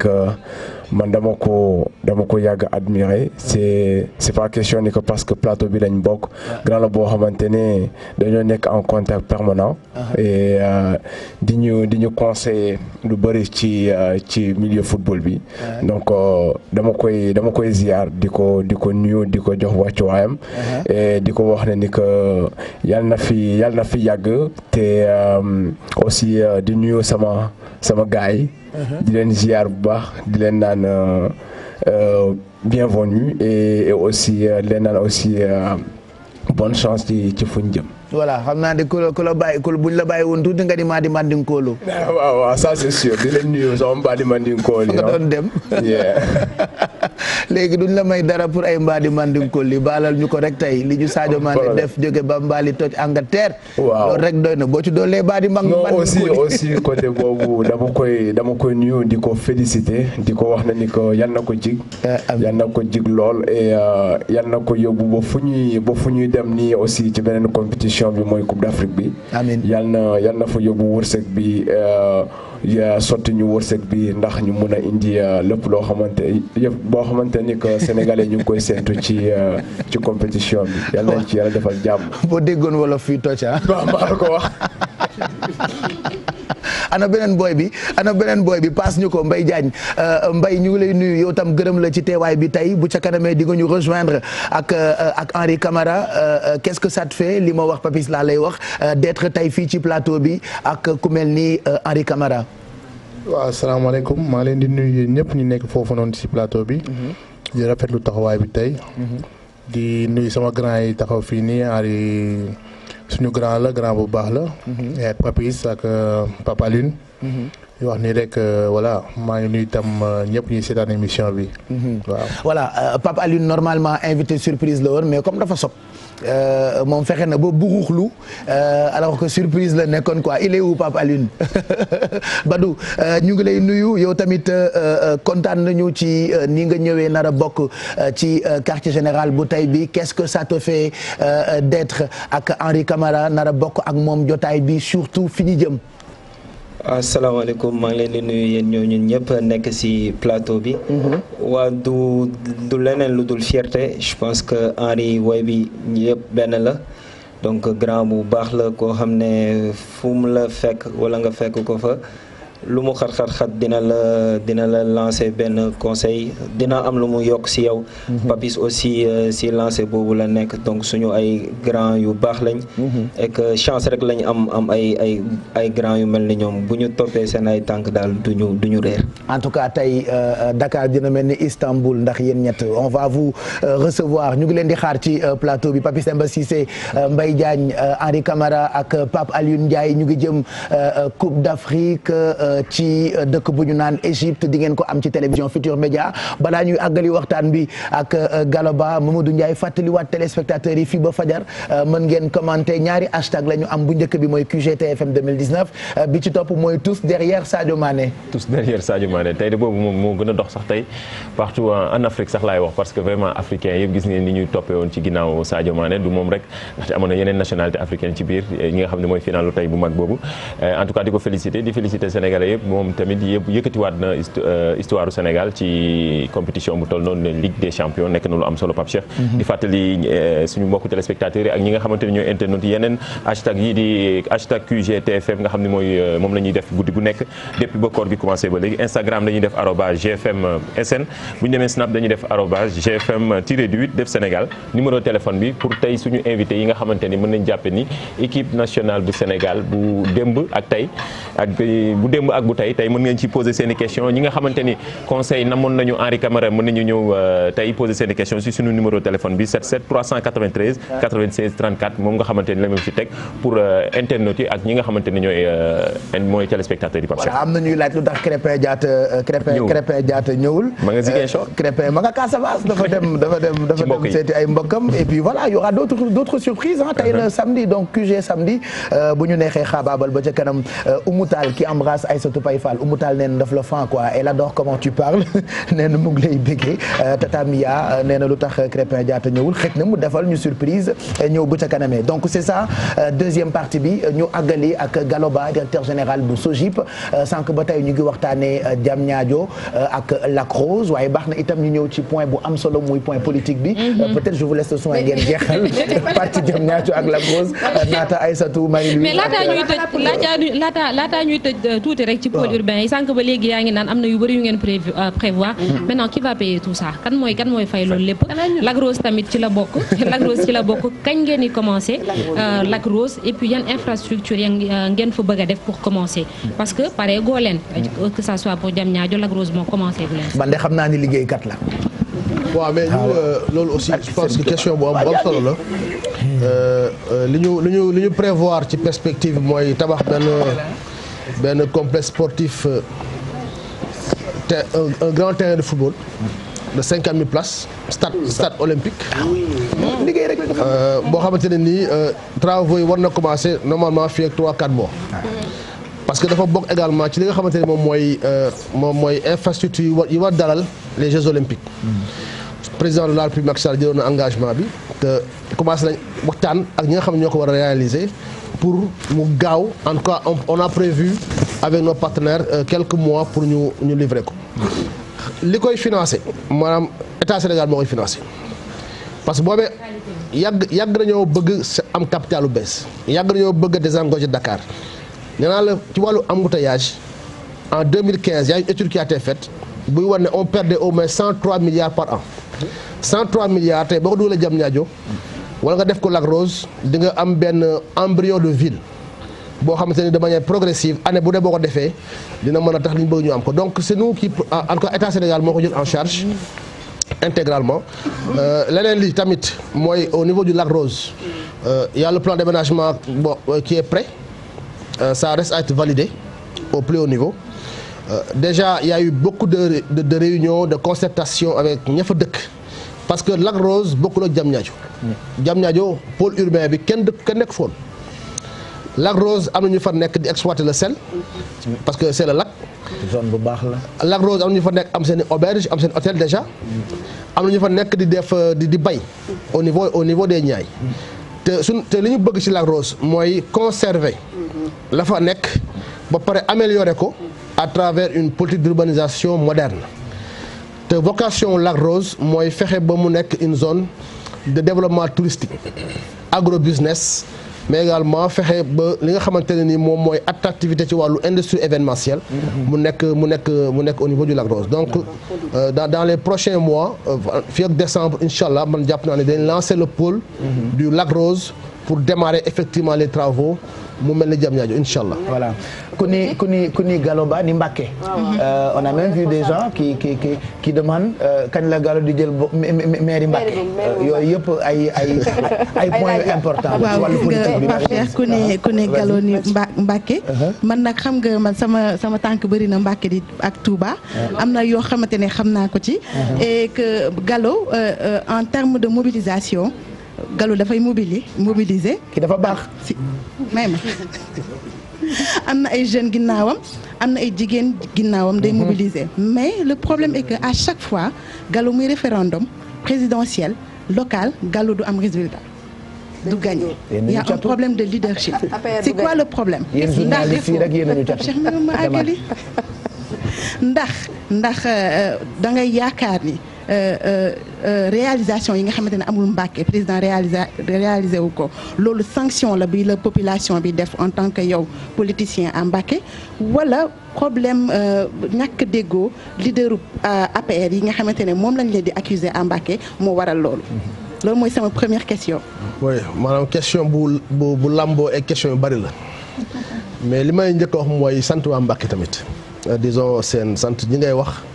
Speaker 26: man dama ko dama ko yàgg admirer c'est c'est pas question ni parce que plateau bi lañ bokk grand la boo xamante ne dañoo nekk en contact permanent uh-huh. et euh, di ñu di ñu conseiller lu bëri ci euh, ci milieu football bi donc euh, dama koy dama koy ziar di ko di ko nuyu di ko jox wàccuwaayam uh-huh. et di ko wax ne ni que na fi yàlla na fi yàgg te aussi di nuyu sama sama gars yi. di leen ziar bu baax di leen naan euh, euh, bienvenue et et aussi euh, di leen naan aussi bonne chance ci ci fuñ jëm.
Speaker 3: voilà xam naa ne ku la ku la buñ la bàyyi woon tuuti nga di Madi Mandinkoolu. Ah,
Speaker 26: waaw waaw ça c'est sûr di leen nuyu sama Madi Mandinkoolu. nga ah. doon dem.
Speaker 3: léegi duñ la may dara pour ay mbaadi mandinkool li baalal ñu ko rek tey li ñu Sadio Mané def jege ba mbaali toj Angleterre waaw loolu rek boo ci doon lee mbaadi mang non aussi aussi
Speaker 26: côté boobu dama koy dama koy nuyu di ko féliciter di ko wax na ni ko yal na ko jig eh, yal na ko lool et euh, yal na ko yobu ba fu ñuy ba fu ñuy dem nii aussi ci beneen compétition bi mooy Coupe d'Afrique bi amiin yal na yal na fa wërsëg bi euh, ya sotti ñu wërsëg bi ndax ñu mën a indi euh, lépp loo xamante yëpp boo xamante ni que sénégalais ñu ngi koy séntu ci euh, ci compétition bi yal nañ ci yàlla defal jàmm.
Speaker 3: boo déggoon wolof fii tocca. Ah. waaw maa ko wax. ana beneen booy bi ana beneen booy bi paas ñu ko Mbaye Diagne euh, mbay ñu ngi lay nuyu yow tam gërëm la ci teewaay bi tey bu ca kanamee di nga ñu rejoindre ak euh, ak Henri Camara euh, qu'est-ce que ça te fait li ma wax Papis laa lay wax d'être tey fii ci plateau bi ak ku mel ni Henri Camara.
Speaker 27: waaw asalaamaaleykum maa leen di nuyu ñëpp ñu nekk foofu noonu ci plateau bi. Mhm. di rafetlu taxawaay bi tey. Mhm. di nuyu sama grand yi taxaw fii nii Henri. suñu grand la grand bu baax la. ak mhm. Papis ak euh, Papa Lune.
Speaker 6: ñu mhm.
Speaker 27: wax nii rek euh, voilà maa ngi nuyu itam euh, ñëpp ñuy seetaan émission bi. Mhm. waaw
Speaker 3: voilà Papa Lune normalement invité surprise la woon mais comme dafa sob Euh, moom fexe na ba buruxlu euh, alors que surprise la nekkoon quoi il est où Pape Badou euh, ñu ngi lay nuyu yow tamit kontaan nañu ci ni nga ñëwee nar a bokk ci quartier général bu tey bi qu'est-ce que ça te fait d'être ak Henri Camara nar bokk ak moom jotaay bi surtout fi ñu jëm.
Speaker 28: asalaamaaleykum maa ngi leen di nuyu yéen ñoo ñun ñëpp nekk ci plateau bi. Mhm. waa du du leneen lu dul fierté je pense que Henry woy bi yëpp benn la donc grand bu baax la koo xam ne fu mu la fekk walla nga fekk ko fa. lu mu xat-xat-xat dina la dina la lancer benn conseil dina am lu mu yokk si yow mhm. Papis aussi si euh, lancer boobu la nekk donc suñu ay grand yu baax lañ mhm. et chance rek lañ am am ay ay ay grand yu mel ni ñoom bu ñu toppee seen ay tànk daal duñu duñu réer
Speaker 3: en tout cas tey euh, euh, Dakar dina mel ni Istanbul ndax yéen ñett on va vous recevoir ñu ngi leen di xaar ci plateau bi Papis Demba Cissé Mbaye Diagne Henri Camara ak Pape Alioune Ndiaye ñu ngi jëm Coupe d'Afrique ci euh, dëkk bu naan Égypte di ko am ci télévision Futur Média balaa ñuy àggali waxtaan bi ak euh, Galaba Mamadou Ndiaye fàttaliwaat téléspectateurs yi fii ba fajar euh, mën ngeen commenter ñaari hashtag la am bu njëkk bi mooy QGTFM 2019 bi ci topp mooy tous derrière Sadio Mané.
Speaker 11: tey de boobu moom moo gën dox sax tey partout en Afrique sax laay wax parce que vraiment africain yëpp gis ni ñuy toppee ci ginnaaw Sadio Mané du moom rek ndaxte amoon yeneen nationalité Soumaré yëpp moom tamit yëpp yëkkatiwaat na euh, histoire du Sénégal ci compétition bu toll noonu Ligue des champions nekk na lu am solo Pape Cheikh. Mhm. di fàttali euh, suñu mbokku téléspectateurs yi ak ñi nga xamante ne internet yeneen hashtag yi di nga xam ne mooy euh, moom la ñuy def guddi gu nekk depuis ba koor gi commencé ba léegi Instagram dañuy def arobase GFM SN bu ñu demee Snap dañuy def arobase GFM tiré du 8 def Sénégal numéro téléphone bi pour tey suñu invité yi nga xamante ni mën nañ jàppe ni équipe nationale bu Sénégal bu démb ak tey ak bu ak bu tey tey mën ngeen ci poser seen nga xamante ni conseil namoon nañu Henri Camara mën nañu ñëw euh, tey poser seen question si suñu numéro téléphone bi 77 moom nga xamante ni la ci teg pour euh, internautes yi ak ñi nga xamante ni ñooy euh, mooy téléspectateurs yi
Speaker 3: Pape Cheikh mbokkam et voilà y aura d'autres surprises ah samedi donc QG samedi bu ñu neexee xaabaabal ba ca kanam Oumou Tall qui embrasse Aïssatou Paye Fall Oumou Tall nee na daf la fan quoi elle adore comment tu parles nee na mu ngi lay béggee euh, Tata Mia euh, nee na lu tax euh, Crépin Diatta ñëwul xëj na mu defal ñu surprise ñëw bu ca kanamee donc c'est ça deuxième partie bi ñu àggali ak Galoba directeur général bu SOGIP sànq ba tey ñu ngi waxtaanee Diamniadio ak Lac Rose waaye baax na itam ñu ñëw ci point bu am solo muy point politique bi mm-hmm. peut-être je vous laisse le soin ngeen jeexal partie Diamniadio ak Lac Rose naata Aïssatou Marie-Louise mais laataa ñuy
Speaker 19: tëj laataa ñuy tëj tuuti rek rek ci pôle urbain yi sànq ba léegi yaa ngi naan am na yu bëri yu ngeen euh, prévoir mm-hmm. maintenant qui va payer tout ça kan mooy kan mooy fay loolu lépp Lac Rose tamit ci la bokk la bokk kañ ngeen di commencer Lac Rose euh, et puis yan infrastructure euh, ngeen fa bëgg a def pour commencer mm-hmm. parce que pare goo leen mm-hmm. que ça soit pour Diamniadio Lac Rose moo commencé bu leen
Speaker 3: man de xam naa
Speaker 12: ni liggéeykat la waaw mais ñu ah, loolu aussi ah, je pense que question bu am am solo la li benn complexe sportif euh, te un grand terrain de football de cinquante mille places stade stade olympique liggéey euh, boo xamante ne nii euh, travaux yi war na commencer normalement fii ak trois quatre mois parce que dafa bokk également ci li nga xamante ni moom mooy moom mooy infrastructure yi war yi dalal les Jeux olympiques président de la République Macky Sall jëloon na engagement bi te commencé nañ waxtaan ak ñi nga xam ne ñoo ko war a réaliser pour mu gaaw en tout cas on a prévu avec nos partenaires euh, quelques mois pour ñu ñu livrer ko. li koy financé maanaam état Sénégal moo koy financé parce que boobee yàgg yàgg nañoo bëgg am capital lu bees yàgg nañoo bëgg a désengorger dakaar nee naa la ci wàllu embouteillage en 2015 y a une étude qui a été faite buy war ne on perdait au moins 103 milliards par an 103 milliards tey boo ko dugalee Diamniadio wala nga def ko Lac Rose di nga am benn embryon de ville boo xamante ni de manière progressive année bu def boo ko defee dina mën a tax li ñu bëgg ñu am ko donc c'est nous qui en tout cas Sénégal moo ko jël en charge intégralement euh, leneen li tamit mooy au niveau du Lac Rose euh, y a le plan d'aménagement bon euh, qui est prêt ça reste à être validé au plus haut niveau déjà y beaucoup de de réunions de concertations avec ña fa dëkk. parce que Lac Rose bokkul ak Diamniadio. Diamniadio pôle urbain bi kenn dëkk kenn nekk foon. Lac Rose am na ñu fa nekk di exploiter le sel. parce que c'est le lac. zone bu baax la. Lac Rose am na ñu fa nekk am seen oberge am seen hôtel déjà. am na ñu fa nekk di def euh, di di bay. au niveau au niveau des Niayes. te su te li ñu bëgg ci Lac Rose mooy conserver. la fa nekk ba pare améliorer ko. à travers une politique d'urbanisation moderne. te vocation Lac Rose mooy fexe ba mu nekk une zone de développement touristique agro business mais également fexe ba li nga xamante ne ni moom mooy attractivité ci wàllu industrie événementielle. mu nekk mu nekk mu nekk au niveau du Lac donc euh, dans les prochains mois euh, fii ak décembre incha allah man jàpp naa ne dañ lancer le pôle. du Lac pour démarrer effectivement les travaux mu mel ni Diamniadio incha allah. voilà ku ni ku ni ku ni Galoba ni Mbacké. Ah euh, a même vu des gens qui euh,
Speaker 3: kañ la Galo di jël bo mairie euh, yooyu yëpp ay ay ay
Speaker 14: points importants. waaw gis ku ni ku ni Galo ni Mbacké. Uh-huh. man nag xam nga man sama sama tànk bëri na Mbacké di ak Touba. Uh-huh. am na yoo xamante ne xam naa ko ci. Uh-huh. et que en terme de mobilisation. Gallo dafay mobiliser mobiliser. ki dafa baax si may ma am na ay jeunes ginnaawam am na ay jigéen ginnaawam day mhm. mobiliser. mais le problème est que à chaque fois Gallo muy référendum présidentiel local Gallo du am résultat. du gagné il y a un problème de leadership. c'est quoi le problème. ndax ndax ndax euh, da ngay yaakaar ni. Euh, euh, euh, réalisation yi nga xamante ne amul Mbàkke président réalisa réalisé wu ko loolu sanction la bi la population bi def en tant que yow politicien à Mbàkke wala problème ñàkk déggoo leaderu APR yi nga xamante ne moom lañ leen di accuser à Mbàkke moo waral loolu
Speaker 12: loolu mooy sama première question oui maanaam question bu bu bu làmboo ay question yu bari la mais li may njëkk a wax mooy sant waa Mbàkke tamit disons seen sant ñi ngay wax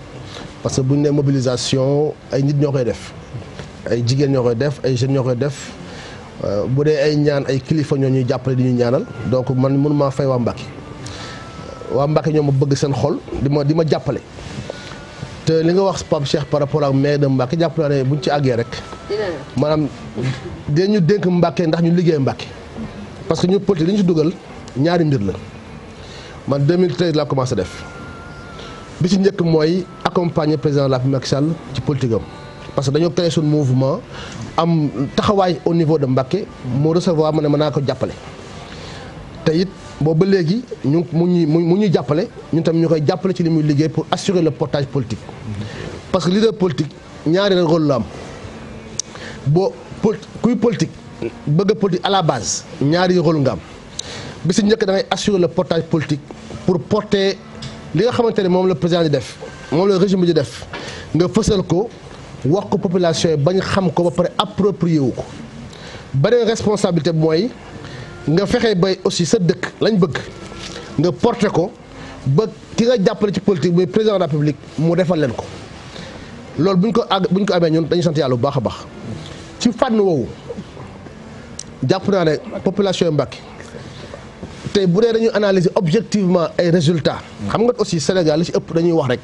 Speaker 12: parce que bu ñu nee mobilisation ay nit ñoo koy def ay jigéen ñoo koy def ay jeunes ñoo koy def euh, bu dee ay ñaan ay kilifa ñoo ñuy jàppale di ñu ñaanal donc man mënu maa fay waa Mbacke waa Mbacke ñoo ma bëgg seen xol di ma di ma jàppale. te li nga wax Pape Cheikh par rapport ak mais de Mbacke jàpp naa ne buñ ci àggee rek. maanaam dañu dénk Mbacke ndax ñu liggéey Mbacke. parce que ñu politique li ñu ci dugal ñaari mbir la man 2013 laa commencé def. bi ci njëkk mooy accompagner président de la République Macky Sall ci politique parce que dañoo créé suñu mouvement am taxawaay au niveau de Mbacké moo recevoir ma ne mën naa ko jàppale te boo ba léegi ñu mu ñuy mu ñuy jàppale ñun tamit ñu koy jàppale ci li muy liggéey pour assurer le portage politique parce que leader politique ñaari rôle la am boo kuy politique bëgg politique à la base ñaari rôle nga am bi si njëkk da ngay assurer le portage politique pour porter li nga xamante ne moom la président di def moom la régime bi di def nga fësal ko wax ko population yi bañ xam ko ba pare approprié wu ko beneen responsabilité bi mooy nga fexe bay aussi sa dëkk lañ bëgg nga porté ko ba ki nga jàppale ci politique muy président de mu defal leen ko loolu bu ñu ko àgg bu ko amee ñun dañu sant yàlla bu baax a baax ci fànn woowu jàpp naa ne population Mbacké tey bu dee dañu analyser objectivement ay résultat xam nga aussi Sénégal li si ëpp dañuy wax rek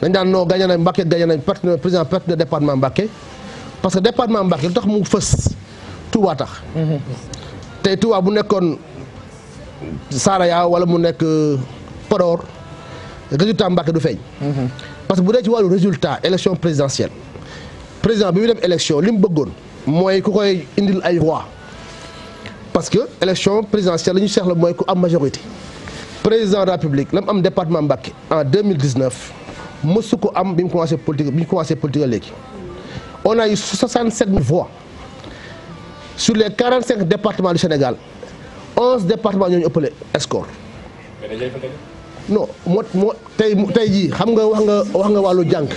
Speaker 12: dañ daan noo gagné nañ Mbacké gagné nañ partenaire président partenaire département Mbacké parce que département Mbacké lu tax mu fës Touba tax. tey Touba bu nekkoon Saraya wala mu nekk euh, Podor résultat Mbacké du feeñ. parce que bu dee ci wàllu résultat élection présidentielle président bi mu dem élection li mu bëggoon mooy ku koy indil ay voix. parce que élection présidentielle li ñu seexla mooy ku am majorité président de la République la mu am département Mbacké en 2019 mësu ko am bi mu commencé politique bi ñu commencé politique léegi on a eu 67 voix sur les 45 départements du Sénégal 11 départements ñoo ñu ëppale score. non moo moo tey tey jii xam nga wax nga wax nga wàllu jànk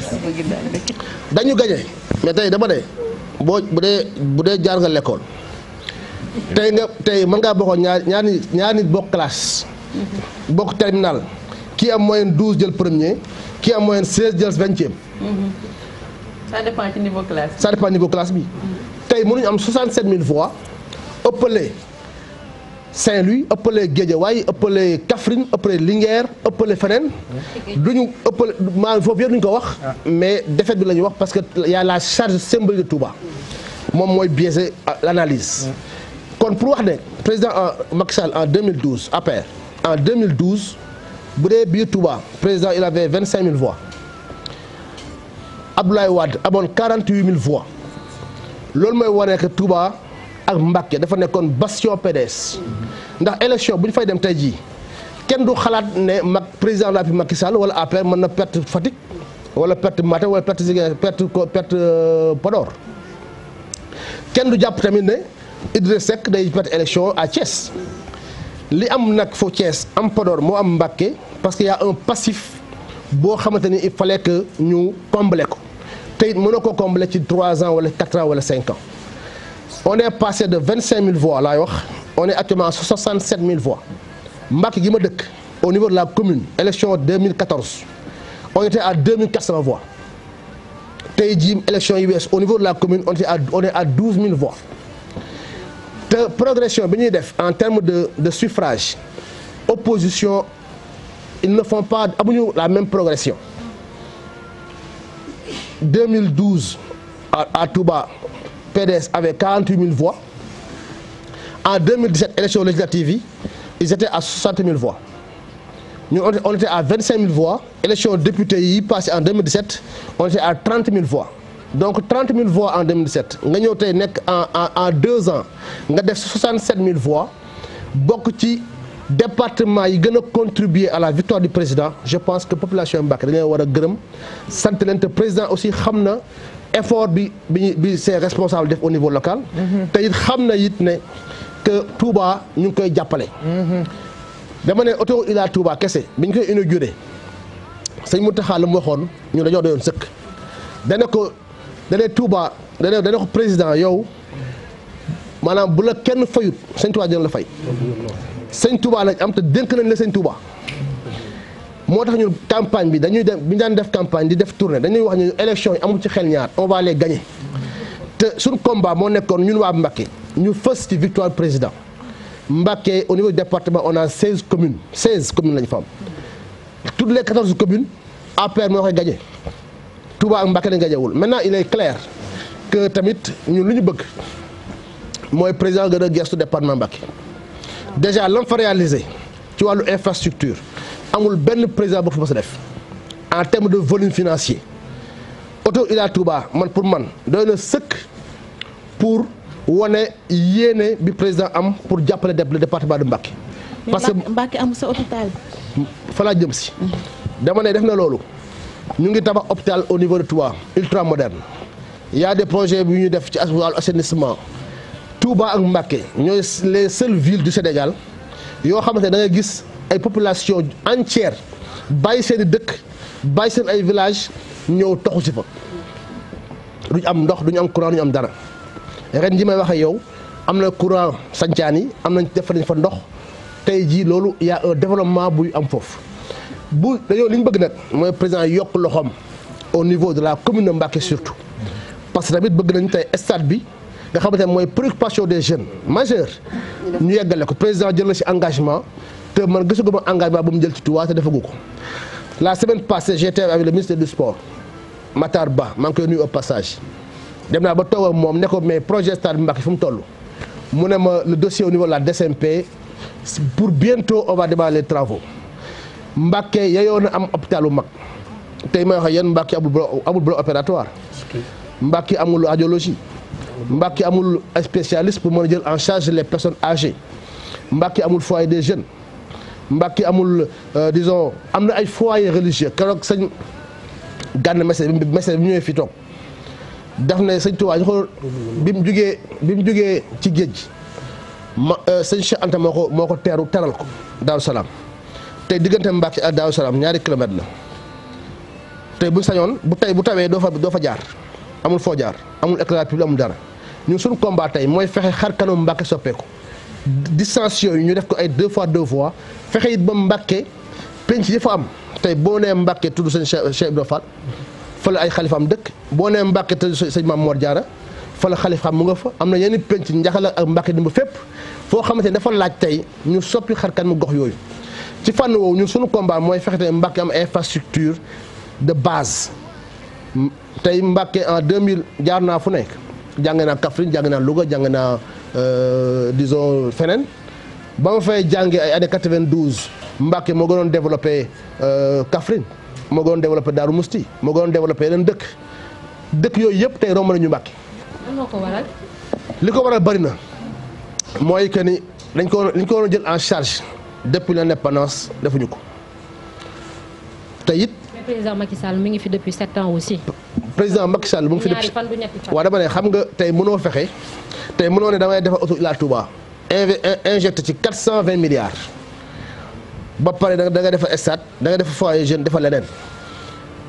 Speaker 12: dañu gañe mais tey dama ne boo bu dee bu dee jaar nga lekkool tey nga tey mën ngaa bokkoon ñaar ñaar ñaar nit bokk classe. bokk terminal kii am moyenne douze jël premier kii am moyen seize jël vingtième.
Speaker 17: ça dépend ci niveau classe. ça
Speaker 12: dépend niveau classe bi. tey mënuñu am 67000 voix ëppale Saint-Louis ëppale Guédiawaye ëppale Kaffrine ëppale Linguère ëppale feneen. ñu ëppale maanaam foofu yëpp duñu ko wax. mais défaite bi la ñuy wax parce que y a la charge symbolique de Touba. moom mooy biaisé l'analyse. kon pour wax ne président euh, Macky Sall en 2012 APR en 2012 bu dee biir Touba président il avait lay voix Abdoulaye quarante amoon mille voix loolu mooy wane que Touba ak Mbacké dafa nekkoon bastion PDS ndax élection bu ñu fay dem tey jii kenn du xalaat ne mag président de la République wala APR mën na perte Fatick wala perte Matam wala perte Ziguinchor perte perte euh, Podor kenn du jàpp tamit ne. Idriss Seck day perte élection à Thiès li am nag foo Thiès am Podor moo am Mbacké parce que y a un passif boo xamante ni il fallait ñu combler ko tey it ko combler ci 3 ans wala 4 ans wala cinq ans on est passé de mille voix laay wax on est actuellement à 67000 voix Mbacké gi ma dëkk au niveau de la commune élection 2014 on était à 2400 voix tey jii élection yi wees au niveau de la commune on est à on est à te progression bi ñuy def en termes de de suffrage opposition ils ne font pas la même progression 2012 à, à Touba PDS avait 48 000 voix en 2017 élection législative yi ils étaient à 60 000 voix ñu on était à 25 000 voix élection députés yi passé en 2017 on était à 30 000 voix donc 30 000 voix en 2007 nga ñëw tey nekk en en en deux ans nga def 67 mille voix bokk ci département yi gën a contribuer à la victoire du président je pense que population Mbacké dañoo war a gërëm sant leen te président aussi xam na effort bi bi bi ses responsables def au niveau local. Mm-hmm. te it xam na it ne que Touba ñu ngi koy jàppale. Mm-hmm. dama ne autoroute Ila Touba kese bi ñu koy inauguré sëñ Mountakha la mu waxoon ñu dañoo doyoon sëkk dana da dee Touba da dee ko président yow maanaam bu la kenn fayut sëñ Touba dina la fay. sëñ Touba lañ am te dënk nañ la sëñ Touba. moo tax ñun campagne bi dañuy dem bi ñu daan def campagne di def tournée dañuy wax ñu élection yi amul ci xel ñaar on va te suñ combat moo nekkoon ñun waa Mbacké ñu fës ci victoire président Mbacké au niveau du département on a 16 commune 16 communes la ñu tout am toutes les 14 communes APR moo koy gagner. Touba ak Mbacké dañ dajewul maintenant il est clair que tamit ñun lu ñu bëgg mooy président gën a gestu département Mbacké déjà lam fa réalisé ci wàllu infrastructure amul benn président bu fa def en terme de volume financier auto ila Touba man pour man doy na sëkk pour wane yéene bi président am pour jàppale le département de Mbacké parce que
Speaker 14: Mbacké amul sa hôpital
Speaker 12: fa jëm si dama ne def na loolu ñu ngi tabax hôpital au niveau de trois ultra moderne y a des projets yu ñu def ci wàllu assainissement Touba ak Mbacké ñooy les seules villes du Sénégal yoo xamante ne dangay gis ay population entière bàyyi seen i dëkk bàyyi seen ay village ñëw toxu si fa duñu am ndox duñu am courant duñu am dara ren ji may waxe yow am na courant sancaan yi am nañ def nañ fa ndox tey jii loolu y a développement buy am foofu bu dañoo li ñu bëgg nag mooy président yokk loxoom au niveau de la commune de Mbacké surtout parce que tamit bëgg nañu tey stade bi nga xamante ne mooy préoccupation des jeunes majeurs ñu yeggale ko président jël na ci engagement te man gisaguma engagement bu mu jël ci Touba te defagu ko la semaine passée j'étais avec le ministre du sport Matar Ba maa ngi koy nuyu au dem naa ba toog ak moom ne ko mais projet stade bi Mbacké fu mu toll mu ne ma le dossier au niveau de la DCMP pour bientôt on va démarrer Mbàkke yeyoo na am hôpitalu mag tey may wax yéen Mbàkke amul amul bloc opératoire Mbàkke amul radiologie Mbàkke amul spécialiste pour mën a jël en charge les personnes âgées Mbàkke amul foyer des jeunes Mbàkke amul euh, dison am na ay foyer religieux keroog sëñ gànn message message bi ñëwee fi toog daf ne sëñ Tuubaa ko bi mu jugee bi mu jugee ci géej gi ma euh, sëñ Cheikh Anta moo ko moo ko teeru teral ko daal Salaam tey diggante Mbacke ak Daaru Salaam ñaari kilomètre la tey bu sañoon bu tey bu tawee doo fa doo fa jaar amul foo jaar amul éclairage public amul dara ñun suñu combat tey mooy fexe xar kanam Mbacke soppeeku distance yu ñu def ko ay deux fois deux fois fexe it ba Mbacke penc yi fa am tey boo nee Mbacke tudd sëñ Cheikh Ibrahima Fall fa la ay xalifaam dëkk boo nee Mbacke tudd sëñ Mame Mor Diarra fa la xalifaam mu nga fa am na yenn penc njaxala ak Mbacke dimba fépp foo xamante ne dafa laaj tey ñu soppi xar kanam gox yooyu ci fànn woowu ñu sunu combat mooy fexe tey Mbacké am infrastructure de base tey Mbacké en 2000 jaar naa fu nekk jàng naa Kaffrine jàng naa Louga jàng naa euh, disons feneen ba ma fay jàngee ay année 92 Mbacké moo gënoon développé euh, Kaffrine moo gënoon développé daal Mousti moo gënoon développé yeneen dëkk dëkk yooyu yëpp tey romb nañu Mbacké. lan ko waral. li ko waral bari na mooy que ni dañ ko dañ ko waroon jël en charge. depuis l'indépendance defuñu ko te it.
Speaker 19: président Macky Sall mi ngi fi depuis sept ans aussi.
Speaker 12: président Macky Sall mu ngi fi depuis waaw dama ne xam nga tey mënoo fexe tey mënoo ne damay defar auto Ila Touba. injecté ci quatre cent vingt milliards ba pare da nga defar stade da nga defar foyer jeune defar leneen.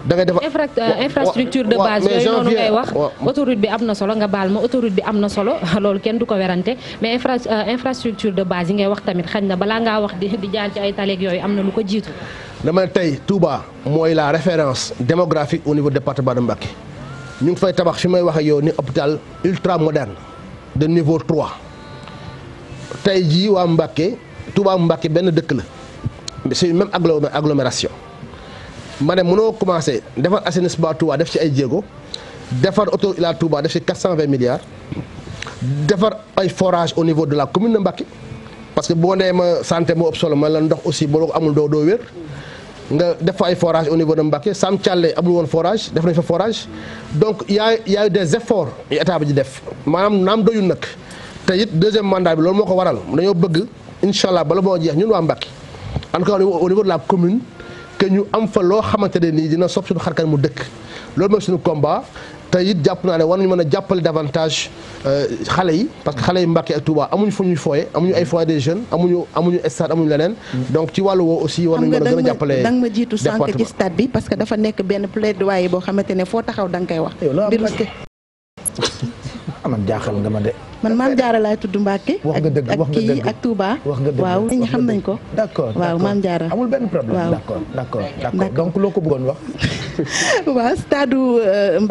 Speaker 12: da ngay defar euh, infrastructure de
Speaker 19: base yooyu noonu ngay wax autoroute bi am na solo nga baal ma autoroute bi am na solo loolu kenn du ko werante mais euh, infrastructure de base yi ngay wax tamit xañ na balaa ngaa wax di di jaar ci ay taleeg yooyu am na
Speaker 12: lu ko jiitu damay ne tey Touba mooy la référence démographique au niveau département de Mbacké ñu ngi fay tabax fi may wax ak yow ni hôpital ultra moderne de niveau 3 tey jii waa Mbacké Touba Mbacké benn dëkk la c'est une même ma ne mënoo commencé defar assainissement Touba def ci ay jéego defar autoroute Ila Touba def ci 420 milliards defar ay forage au niveau de la commune de Mbacké parce que boo nee ma santé moo ëpp ma la ndox aussi boo ko amul doo doo wér nga def fa ay forage au niveau de Mbacké Sam Thialé amul woon forage def nañ fa forage donc y a y a eu des yu état bi di def maanaam naam doyul nag te it deuxième mandat bi loolu moo ko waral dañoo bëgg incha allah bala moo jeex ñun waa Mbacké en tout cas la commune que ñu am fa loo xamante ne nii dina sopp suñu xarkan mu dëkk loolu mooy suñu combat te it jàpp naa ne war nañu mën a jàppale davantage euh, xale yi parce que xale yi Mbàkke ak Touba amuñu fu ñuy fooye amuñu ay foyer des jeunes amuñu amuñu stade amuñu leneen mm. donc ci wàllu woo aussi war nañu mën a gën a jàppale da nga ma jiitu sànq ci
Speaker 14: stade bi parce que dafa nekk benn plaidoyer boo xamante ne foo taxaw da nga koy wax
Speaker 3: Ah, man jaaxal nga ma de.
Speaker 14: man maam jaara laay tudd Mbacke. wax nga dëgg wax nga dëgg ak kii ak Touba. wax waaw nit ñi ko. d' accord waaw maam jaara amul
Speaker 3: benn problème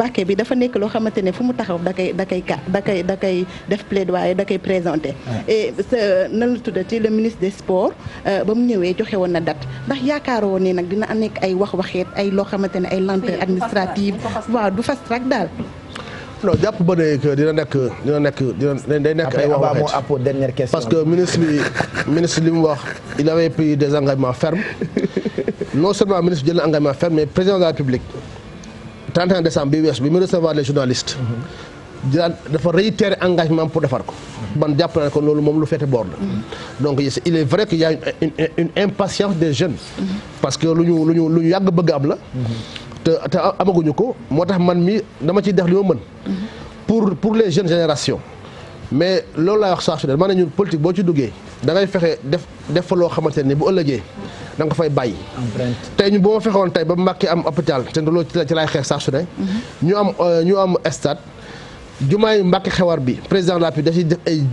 Speaker 14: euh, bi dafa nekk loo xamante ne fu mu taxaw da kay da kay ka da kay da kay def plaidoyer da kay présenté. et sa nan la tuddati le ministre de sports euh, ba mu ñëwee joxe woon na date ndax yaakaaroon ne nag dina nekk ay wax waxeet ay loo xamante ne ay lenteur administrative waaw du
Speaker 12: fast track daal. non jàpp ba ne que dina nekk dina nekk dina day nekk ay wax waxeet parce que ministre bi ministre li mu wax il avait pris des engagements fermes non seulement ministre jël na engagement ferme mais président de la République 31 décembre bi wees bi mu recevoir les journalistes jëlaat mhm. dafa réitérer engagement pour defar ko ban mhm. jàpp naa ko loolu moom lu féete boor la mhm. donc il est vrai qu'il y a une, impatience des jeunes parce que lu ñu lu ñu lu ñu yàgg bëgg am la te te amaguñu ko moo tax man mi dama ciy def li ma mën. pour pour les jeunes génération mais loolu laay wax saa su ne ma ne ñun politique boo ci duggee da fexe def def fa loo xamante ne bu ëllëgee da nga ko fay bàyyi. tey ñun bu ma fexewoon tey ba Macky am hôpital te loolu ci laay xeex saa su ne. Mm-hmm. ñu am euh, ñu am stade. jumaay Mbàkke xewar bi président de la République daf ci def ay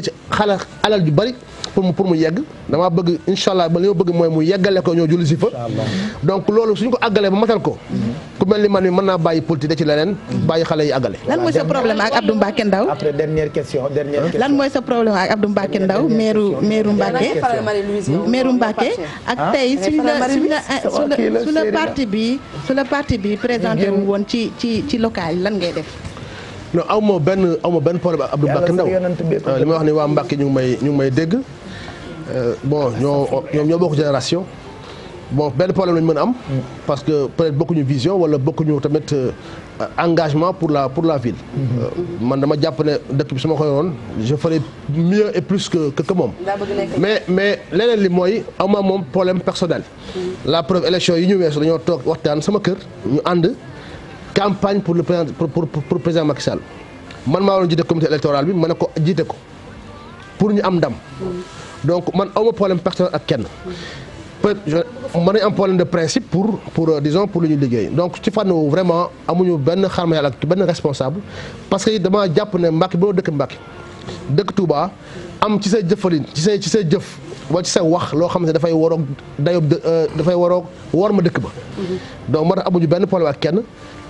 Speaker 12: def xala alal ju bari pour mu pour mu yegg damaa bëgg incha allah ba li ma bëgg mooy mu yeggale ko ñoo julli si fa donc loolu suñ ko àggalee ba matal ko ku mel ni man mi mën naa bàyyi politique da ci leneen bàyyi xale yi àggale lan mooy sa problème ak Abdou Mbacke Ndaw après
Speaker 14: mooy sa problème ak Abdou Mbacke Ndaw meeru meeru Mbacke meeru Mbacke ak tey suñ la suñ la su la su la parti bi su la parti bi présenté wu woon ci ci ci local yi lan ngay def
Speaker 12: non aw ma benn aw ma benn problème ak Abdou Mbacké Ndaw euh, li may wax ni waa Mbacké ñu ngi may ñu ngi may dégg euh, bon ñoo ñoo bokk génération bon benn problème lañu mën a am parce que peut-être bokkuñu vision wala bokkuñu tamit euh, engagement pour la pour la ville man dama jàpp ne dëkk bi su ma ko yoroon je ferai mieux et plus que que moom mais mais leneen li mooy ama moom problème personnel mm-hmm. la preuve élection yi ñu weesu dañoo toog waxtaan sama kër ñu ànd campagne pour le président pour pour, pour, pour président Macky Sall man maa waroon jiite comité électoral bi ma ne ko jiite ko pour ñu am ndam. donc man awma problème personnel ak kenn. peut mën nañu am problème de principe pour pour euh, disons pour lu ñu liggéey donc ci fànn vraiment amuñu benn xarma yàlla ak benn responsable parce que damaa jàpp ne Mbacke boo dëkk Mbacke dëkk Touba am ci say jëfalin ci say ci say jëf wala ci say wax loo xam ne dafay waroog dayob euh, dafay waroog wor ma dëkk ba. Mm-hmm. donc ma tax amuñu benn problème ak kenn.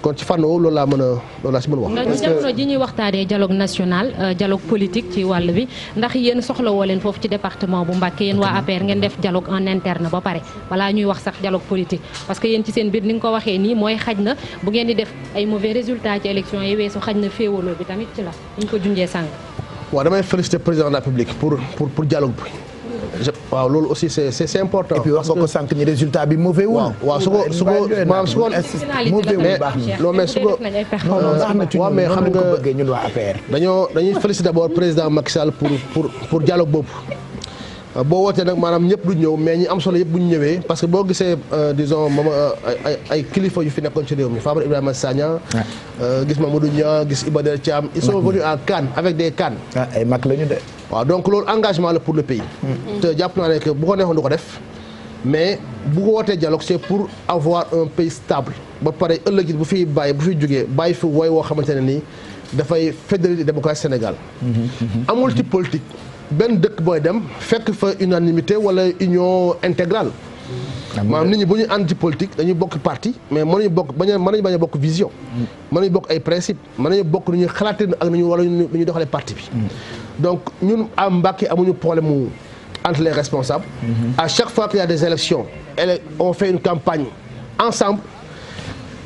Speaker 12: kon ci fànn woowu loolu laa mën a loolu laa si mën a wax. parce que jamono
Speaker 19: ji ñuy waxtaanee dialogue national euh, dialogue politique ci wàll bi ndax yéen soxla woo leen foofu ci département bu Mbacké yéen waa APR ngeen def dialogue en interne ba pare balaa ñuy wax sax dialogue politique. parce que yéen ci seen biir ni nga ko waxee nii mooy xaj na bu ngeen di def ay mauvais résultats ci élection yi weesu xaj na féewaloo bi tamit ci la ñu ko junjee sànq.
Speaker 12: waaw damay féliciter président de la République waaw loolu aussi c' est important. et puis wax nga ko sànq ni résultat bi mauvais wul. waaw waaw su ko su ko maanaam su ko. mauvais wul baax na non mais su ko. non
Speaker 29: non waaw mais xam nga
Speaker 12: ñun waa APR. dañoo dañuy féliciter d' abord président Macky Sall pour pour pour boobu. Euh, boo wootee nag maanaam ñëpp du ñëw mais ñu am solo yëpp bu ñu ñëwee parce que boo gisee euh, disons moom euh, ay kilifa yu fi nekkoon ci réew mi Fabre Ibrahima Sagna. gis ma Mamadou Niang gis Iba Der Thiam. ils sont venus en kaan avec des CAN. Ah, ay mag lañu de. waaw donc loolu engagement la pour le pays. te jàpp naa ne que bu ko neexoon du ko def mais bu ko wootee dialogue c'est pour avoir un pays stable ba pare ëllëg bu fi bàyyi bu fiy jógee bàyyi fi woy woo xamante ne nii dafay fédérer démocratie Sénégal. amul ci politique benn dëkk booy dem fekk fa unanimité wala union intégrale. maanaam nit ñi bu ñu anti politique dañuy bokk parti mais mënuñu bokk bañ a mën nañu bañ a bokk vision mm. mën nañu bokk ay principe mën nañu bokk nu ñuy xalaatee ak nu ñu wala nu ñuy doxalee parti bi mm. donc ñun am Mbàkke amuñu problème mu entre les responsables mm-hmm. à chaque fois qu'il y des élections on fait une campagne ensemble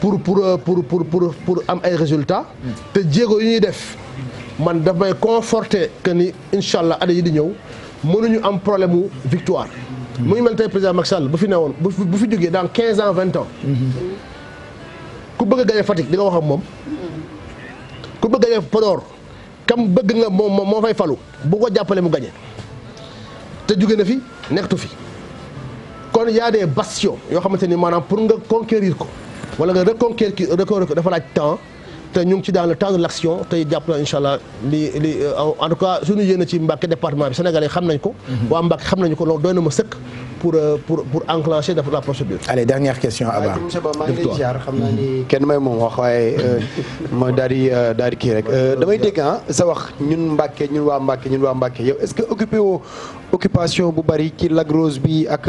Speaker 12: pour pour pour pour pour pour am ay résultats mm. te jéego yu ñuy def man daf may conforter que ni incha allah année yi di ñëw mënuñu am problème mu victoire mu ngi mel tey président Macky Sall bu fi newoon bu fi jógee dans quinze ans vingt ans ku bëgg a gañe Fatick di nga wax ak moom ku bëgg a gañe Podor kam bëgg nga moom moo fay falu bu ko jàppale mu gañe te jóge na fi nekkatu fi kon y a bastion yoo xamante ni maanaam pour nga conquérir ko wala nga reconquérir ko dafa laaj temps te ñu ngi ci dans le temps l'action tey jàpp na incha allah li li euh, en tout cas suñu yéene ci Mbàkke departement bi sénégalais xam nañ ko. Mhm. waa Mbàkke xam nañu ko loolu doy na ma sëkk pour euh, pour pour enclencher dafa la procédure. allez dernière question Abba. maa
Speaker 1: ngi xam naa ni mhm. kenn may moom wax waaye euh, ma daal di daal di kii rek damay dégg ah, sa wax ñun Mbàkke ñun waa Mbàkke ñun waa Mbàkke yow est-ce que occupé woo occupation bu bari ci Lac Rose bi ak.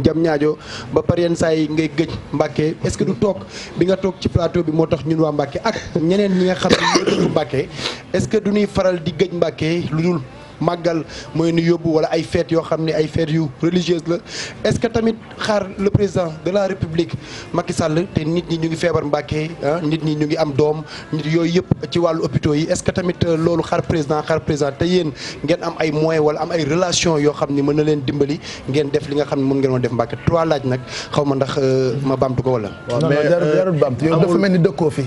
Speaker 1: jam ñaajo ba pare saa yi ngay gëj Mbàkke est que du toog bi nga toog ci plateau bi moo tax ñun waa Mbàkke ak ñeneen ñi nga xam ne ñoo dëkk Mbàkke est-ce que du ñuy faral di gëj Mbàkke lu dul maggal mooy nu yóbbu wala ay fête yoo xam ne ay fête yu religieuse la est-ce que tamit xaar le président de la république Macky Sall te nit ñi ñu ngi feebar Mbàkke ah nit ñi ñu ngi am doom nit yooyu yëpp ci wàllu hôpitaux yi est-ce que tamit euh, loolu xaar président xaar président te yéen ngeen am ay moyens wala am ay relation yoo xam ni mën na leen dimbali ngeen def li nga xam ne mën ngeen woon def Mbàkke trois laaj nag xaw ma ndax euh, ma baamtu ko wala. Euh, jarul baamtu yow dafa mel ni
Speaker 12: dëkkoo fi.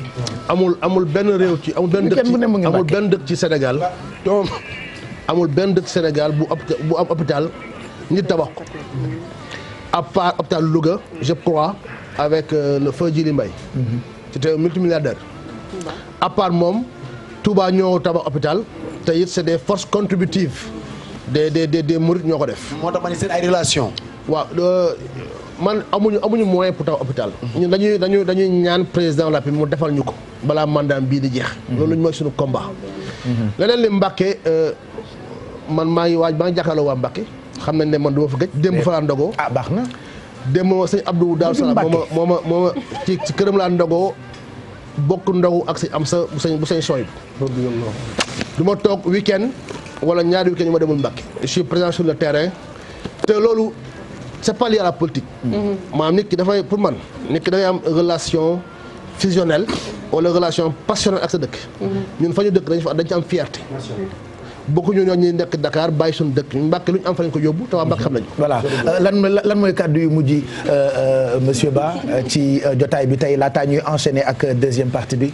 Speaker 12: amul amul benn réew ci amul benn dëkk ci amul benn dëkk ci Sénégal. amul benn dëkk Sénégal bu bu am hôpital nit tabax ko à part hôpital Louga je crois avec euh, le feu Djili Mbaye c'était un multimilliardaire à part moom Touba ñoo tabax hôpital te it c'est des forces contributives des des de des murit ñoo ko def. moo tax ma ne seen ay relation waaw euh, man amuñu amuñu moyen pour taw hôpital. dañuy dañuy ñaan président la mu defal ñu ko balaa mandaam bii di jeex. loolu mooy suñu combat. Mhm. leneen li Mbàkke man maa ngi waaj maa ngi jàkkaarloo waa Mbacke xam nañ ne man du ma fa démb fa laa ndogoo ah baax na démb sëñ Abdou Daaru Salaam mooma mooma mooma ci ci këram laa ndogoo bokk ndogu ak si am sa bu sañ bu sañ sooy bi du toog week-end wala ñaari week yu ma demul Mbacke je suis présent le terrain te loolu c'est pas lié la politique mhm. maa nit ki dafay pour man nit ki am relation fusionnelle wala relation passionnelle ak sa dëkk mhm. ñun fa ñu dëkk dañ fa dañ ci am fierté bokkuñu ñoo ñuy nekk Dakar bàyyi suñu dëkk ñu Mbàkke lu ñu am fa lañ ko yóbbu te waa Mbàkke xam nañu. voilà euh, lan lan mooy kàddu yu
Speaker 3: mujj euh, euh, monsieur Ba ci jotaay bi tey laataa ñuy enchaîner ak deuxième partie
Speaker 12: bi.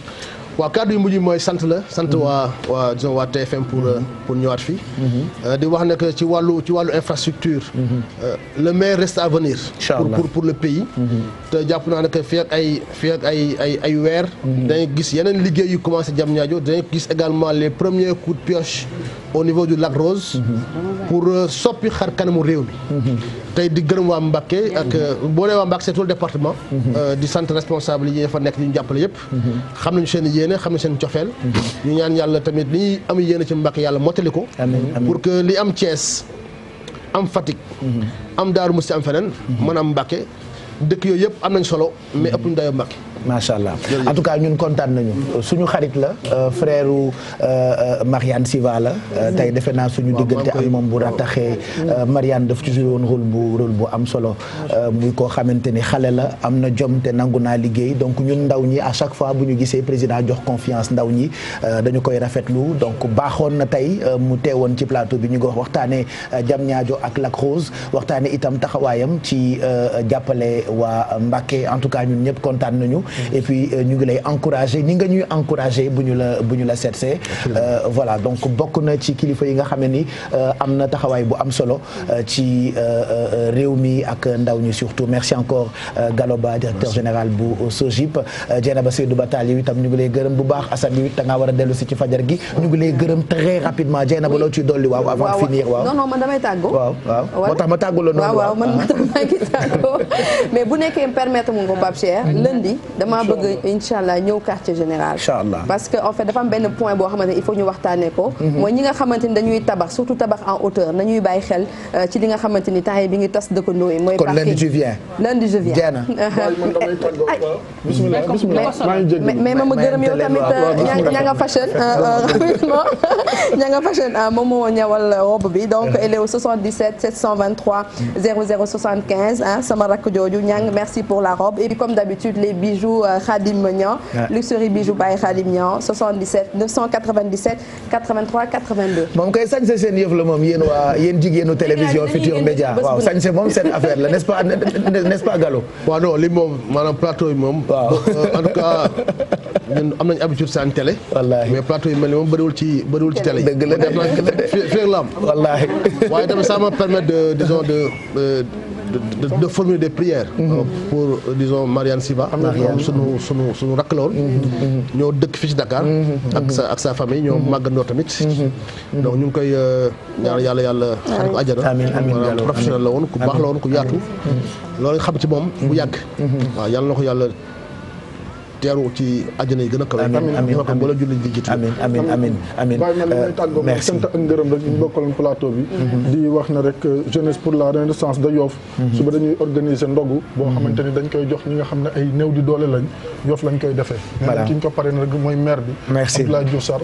Speaker 12: waaw kàddu yu mujj mooy sant la sant mhm. waa waa disons waa TFM pour mhm. euh, pour ñëwaat fii mhm. euh, di wax ne que ci wàllu ci wàllu infrastructure
Speaker 6: euh,
Speaker 12: le meilleur reste à venir pour pour le pays te jàpp naa ne que fii ak ay fii ak ay ay ay weer dañuy gis yeneen liggéeyu yu commencé jam ñaajo dañuy gis également les premiers coups de au niveau du lac Rose pour soppi xar kanamu réew mi tey di gërëm waa Mbacké ak boo nee waa Mbacké c'est tout le département di sant responsable yi fa nekk ñu jàppale yëpp xam nañu seen yéene xam ne seen cofeel mhm. ñu ñaan yàlla tamit li ñuy am yéene ci Mbàkke yàlla mottali ko pour que li am Thiès am Fatick mhm. am Daaru Musti am feneen mhm. mën am Mbàkke dëkk yooyu yëpp am nañ solo mais ëpp ñu dayoo Mbàkke macha allah en tout cas ñun kontaan
Speaker 3: nañu suñu xarit la euh, frère euh, euh, Marianne Siva la tey defe naa suñu diggante am moom bu rattaxee Marianne def ci joué woon bu bu am solo muy koo xamante ni xale la am na jom te nangu naa liggéey donc ñun ndaw ñi à chaque fois bu ñu gisee président jox confiance ndaw ñi dañu koy rafetlu donc baaxoon na tey mu teewoon ci plateau bi ñu ko waxtaanee jam ñaajo ak Lac Rose waxtaanee itam taxawaayam ci jàppale waa Mbacké en tout cas ñun ñëpp kontaan nañu et euh, ñu ngi lay encouragé ni nga ñuy encouragé bu ñu la bu ñu la seetsee euh, voilà donc bokk na ci kilifa yi nga xam ne ni euh, am na taxawaay bu am solo ci réew mi ak ndaw ñi surtout merci encore Galoba directeur général bu SOGIP Dieynaba Seydou taal yi itam ñu ngi lay gërëm bu baax Assane yi da ngaa war a dellu si ci fajar gi ñu ngi lay gërëm très rapidement Dieynaba loo ci dolli waaw avant finir waaw
Speaker 10: man damay tàggu waaw
Speaker 3: waaw moo ma tàggu la noonu waaw
Speaker 10: waaw bu nekkee permettre mu ko Pape Cheikh mm-hmm. lundi damaa bëgg incha allah ñëw quartier général parce que en fait dafa am benn point boo xamante ne il faut ñu waxtaanee ko mhm. mooy ñi nga xamante ni dañuy tabax surtout tabax en hauteur nañuy bàyyi xel euh, ci li nga xamante ni temps yi bi ngi tas dëkkandoo yi mooy kon lundi je viens lundi je viens jeena mais ma ma gërëm yow tamit euh, ña nga fashion rapidement euh, ña nga fashion moom moo ñawal robe bi donc elle est au 77 723 00 75 sama rakk jooju ñang merci pour la robe et puis comme d'habitude les bijoux bijoux euh, Khadim Niang luxury bijoux Baye Khadim Niang 77 997 83 sañse
Speaker 3: seen yëf la moom yéen waa télévision Futur Média waaw sañse
Speaker 12: moom seen affaire la n'est-ce pas n'est-ce pas Gallo waaw non li moom maanaam plateau yi moom waaw euh, en tout cas ñun am nañu habitude saan télé wallaahi mais plateau yi mel ni moom bëriwul ci bëriwul ci télé yi dëgg la dëgg la feeg la am wallaahi waaye tamit ça m'a permettre de disons de euh, de, de, de formuler des prières. Mhm. Euh, pour euh, disons Marianne Siva. ndax moom sunu sunu sunu rakk la woon mhm. Mhm. ñoo dëkk fii ci Dakar. ak sa ak sa famille ñoo tamit. donc ñu koy euh, yàlla yàlla xarit ko àjjana. amiin amiin professionnel la woon ku baax la woon ku yaatu. loolu xam ci moom bu yàgg. waaw yàlla na ko yàlla. teeru ci àjjana yi gën
Speaker 7: a kawe. amiin amiin amiin wala jullit di euh, bi. Mhm. di wax ne rek euh, jeunesse pour la renaissance de Yoff. Mhm. suba dañuy organiser ndogu. boo mhm. xamante dañ koy jox ñi nga xam ne ay néew di doole lañ Yoff lañ koy defee. voilà ki ñu ko paree rek mooy maire bi. merci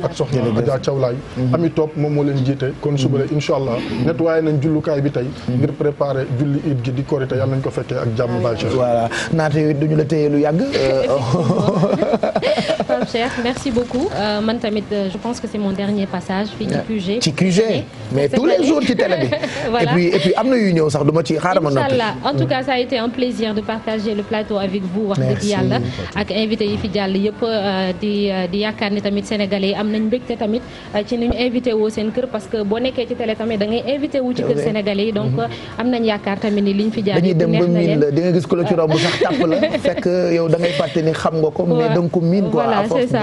Speaker 7: ak Soxna Adja Thiawlaay. Ami Top moom moo leen jiite kon suba de incha allah. nettoyé nañ jullukaay bi tey. ngir préparer julli iid gi di korite yàlla nañ ko fekkee ak jàmm bàyyi voilà naata duñu
Speaker 19: Pape Cheikh merci beaucoup euh, man tamit euh, je pense que c'est mon dernier passage fii ci
Speaker 3: mais tous les jours ci télé bi. voilà am na yu ñëw sax duma ci xaaral mm.
Speaker 19: a été un plaisir de partager le plateau avec vous. wax dëgg yàlla ak invité euh, ni tamit yi am nañ mbégte tamit ci ni ñu invité woo seen kër parce que boo nekkee ci télé tamit da ngay wu ci kër sénégalais donc mm-hmm. am nañ yaakaar tamit ni liñ fi jàll. dañuy dem ba miin
Speaker 3: la gis ku ci romb sax tàpp la fekk yow da ngay ni xam nga ko mais da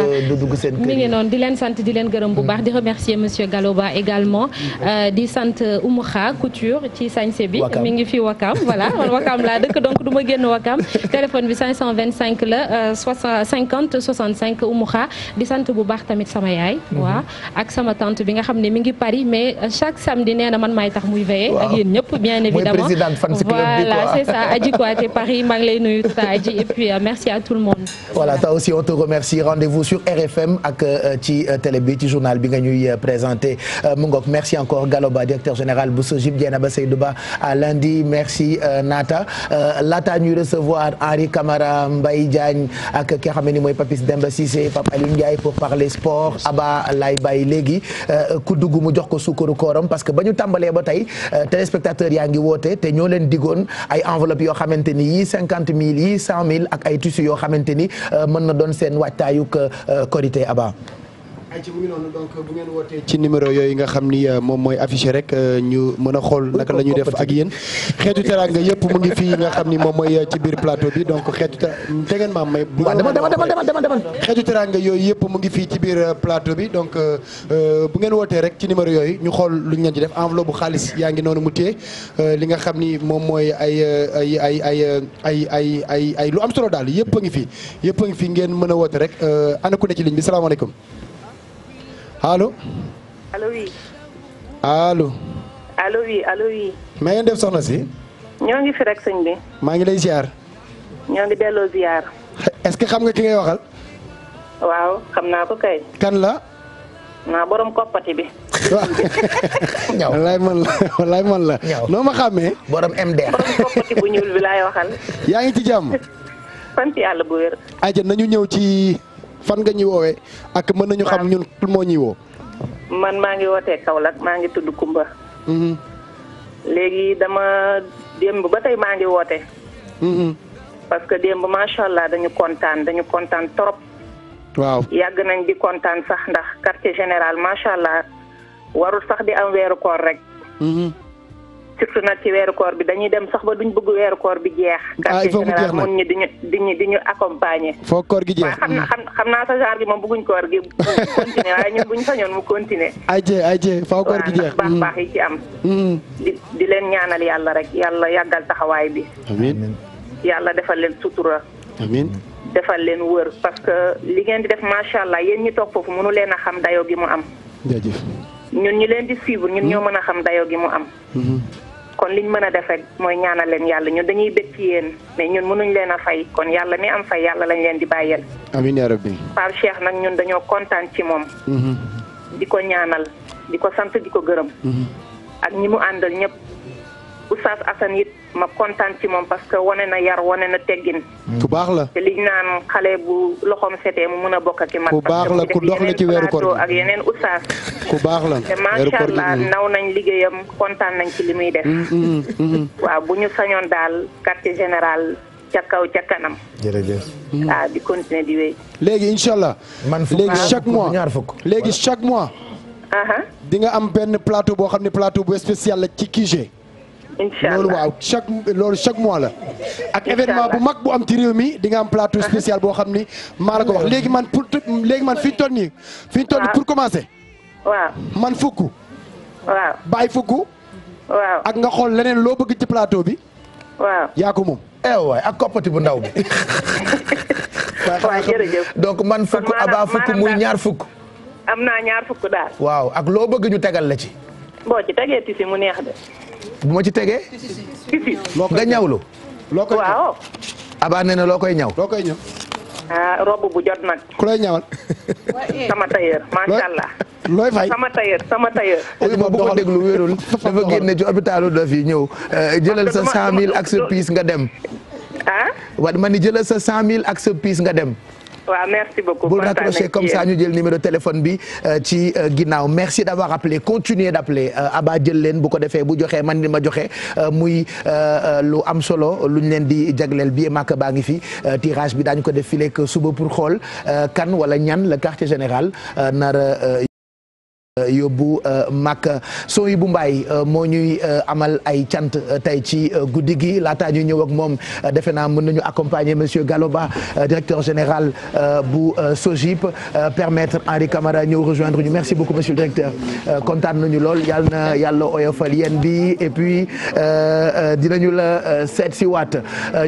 Speaker 19: mi ngi noonu di leen sant di leen gërëm bu mm-hmm. baax di remercier monsieur Gallo Ba également mm-hmm. euh, di sant euh, Oumouha Couture ci sañse bi mi ngi fi Wakam voilà man Wakam laa dëkk donc du ma génn Wakam téléphone bi 525 la 50 euh, 65 Oumouha di sant bu baax tamit sama yaay mm-hmm. waa ak sama tante bi nga xam ne mi ngi Paris mais chaque samedi nee na man maay tax muy veillé ak yéen ñëpp bien évidemment voilà c'est ça Adji Kouaté Paris maa ngi lay nuyu Adji et puis merci à tout le monde
Speaker 3: voilà ta aussi on te remercie rendez-vous sur RFM ak euh, ci euh, télé bi ci journal bi nga ñuy euh, présenté mu ngoog merci encore Gallo Ba directeur général bu SOGIP Dieynaba Seydou Ba à lundi merci Nata laata ñuy recevoir Henri Camara mbay Diagne ak ki nga xam ne ni mooy Papis Demba Cissé Pape Alioune Ndiaye pour parler sport Aba lay bàyyi léegi ku dugg mu jox ko sukkaru kooram parce que ba ñu tàmbalee ba tey téléspectateurs yaa ngi woote te ñoo leen digoon ay enveloppe yoo xamante ni yi cinquante yi cent mille ak ay tissus yoo xamante mën na doon seen waajtaayug
Speaker 1: euh, korité Aba ay ci mu donc bu ngeen wootee ci numéro yooyu nga xam ni euh, moom mooy affiché rek euh, ñu mën a xool naka la ñuy def ak yéen xeetu teraanga yëpp mu ngi fii nga xam ni moom mooy euh, ci biir plateau bi donc xeetu te te ngeen maam may xeetu teraanga yooyu yëpp mu ngi fii ci biir plateau bi donc bu ngeen wootee rek ci numéro yooyu ñu xool lu ñu ci def enveloppe xaalis yaa ngi noonu mu téye li nga xam ni moom mooy ay ay ay ay ay ay ay lu am solo daal yëpp a ngi fi yëpp a ngi fi ngeen mën a woote rek ana ku ne ci liñ bi salaamaaleykum allo. allo oui. allo.
Speaker 30: allo oui allo oui.
Speaker 1: ma ngeen def soxna si.
Speaker 30: ñoo ngi fi rek sëñ bi.
Speaker 1: maa ngi lay ziar.
Speaker 30: ñoo ngi delloo ziar.
Speaker 1: est-ce que xam nga ki ngay waxal.
Speaker 30: waaw xam naa ko kay. kan la. naa borom koppati bi.
Speaker 1: waaw ñaw wallaay man la wallaay man la. ñaw ma xàmmee. borom MDR.
Speaker 30: borom koppati bu ñuul bi laay
Speaker 3: waxal.
Speaker 1: yaa ngi ci jàmm.
Speaker 30: sant yàlla bu wér.
Speaker 1: aja nañu ñëw ci. fan nga ñuy woowee ak mën nañu xam ñun moo ñuy
Speaker 30: man maa ngi wootee Kaolack maa ngi tudd Kumba. Mm-hmm. léegi dama démb ba tey maa ngi woote. Mm-hmm. parce que démb macha allah dañu kontaan dañu kontaan trop.
Speaker 1: waaw
Speaker 6: yàgg
Speaker 30: nañ di kontaan sax ndax quartier général macha allah warul sax di am weeru koor rek. Mm-hmm. surtout nag ci weeru koor bi dañuy dem sax ba duñ bëgg weeru koor bi jeex. ah il faut mu jeex nag di di ñu di ñu accompagner. foo koor gi jeex xam naa xam naa sa genre bi moom bëgguñ koor gi. continuer waaye ñun buñ sañoon mu continuer.
Speaker 1: ay jé ay jé foo koor gi jeex
Speaker 30: baax hmm. baax yi ci am. Hmm. di leen ñaanal yàlla rek yàlla yàggal taxawaay bi. amiin yàlla defal leen sutura. amiin defal leen wër parce que li ngeen di def macha allah yéen ñi toog foofu mënu leen a xam dayo gi mu am. jaajëf ñun ñu leen di suivre ñun ñoo mën a xam dayoo gi mu am. Hmm. kon liñ mën a def rek mooy ñaanal leen yàlla ñun dañuy bëgg ci yéen mais ñun mënuñ leen a fay kon yàlla mi am fay yàlla lañ leen di bàyyeel. amiin yaa rabbi. Pape Cheikh nag ñun dañoo kontaan ci moom. Mhm. di ko ñaanal di ko sant di ko gërëm. Mhm. ak ñi mu àndal ñëpp. Oustaz asan it ma kontaan ci moom parce que wane na yar wane na teggin.
Speaker 1: Mm. ku baax la te
Speaker 30: liñ naan xale bu loxoom setee mu mën a bokk ak i mag. ku baax la ku dox la ci weeru koor ak yeneen Oustaz.
Speaker 1: ku baax la te macha allah naw
Speaker 30: nañ liggéeyam kontaan nañ ci li muy def. Mm, mm, waaw bu ñu sañoon daal quartier général. ca kaw ca kanam. jërëjëf. ah di continuer di wéy.
Speaker 1: léegi incha allah. man fukk léegi chaque mois léegi chaque mois. di nga am benn plateau boo xam ne plateau bu spécial la ci QG. incha allah loolu waaw chaque loolu chaque mois la. ak événement bu mag bu am ci réew mi dinga am plateau uh-huh. spécial boo xam ni. maa la ko wax léegi man pour léegi man fi ñu toll nii. fi toll pour commencer. waaw man fukk. waaw bàyyi fukk. ak nga xool leneen loo bëgg ci plateau bi. waaw yaa ko moom.
Speaker 3: eh ak koppati bu ndaw bi. donc man fukk abaa fukk muy ñaar fukk.
Speaker 30: am naa ñaar fukk daal.
Speaker 3: waaw ak loo bëgg ñu tegal la ci.
Speaker 30: boo ci tegee ci si mu neex de.
Speaker 3: bu ma ci tegee. loo koy nga ñawlu. loo koy waaw.
Speaker 1: nee na loo koy ñaw. loo koy ñaw.
Speaker 30: ah robe bu jot ku lay ñawal. sama tailleur macha allah.
Speaker 3: looy fay sama tailleur
Speaker 30: sama tailleur. ma bu ko déglu
Speaker 3: wérul dafa génne ci hôpitalu dof yi ñëw. Eh, jëlal sa 100000 ak sa nga dem. ah. wa dama ni jëlal sa 100000 ak sa piis nga dem. waaw merci beaucoup bul raccroché comme ça ñu jël numéro téléphone bi euh, ci euh, ginnaaw merci d'avoir appelé continuer d'appeler euh, Abba jël leen bu ko defee bu joxee man ni ma joxe muy lu am solo lu ñu leen di jagleel bi màkk baa ngi fi tirage bi daañ ko def fi fileek suba pour xool kan wala ñan le quartier général nara yóbbu euh, màkk son yi bu mbaay euh, moo ñuy euh, amal ay cant tey ci guddi gi laataa ñuy ñëw ak moom defe naa mën nañu accompagner monsieur Galoba directeur général bu SOGIP permettre Henri Camara ñëw rejoindre ñu merci beaucoup monsieur le kontaan nañu lool yàlla na yàlla oyofal yéen bi et puis dinañu la seet si waat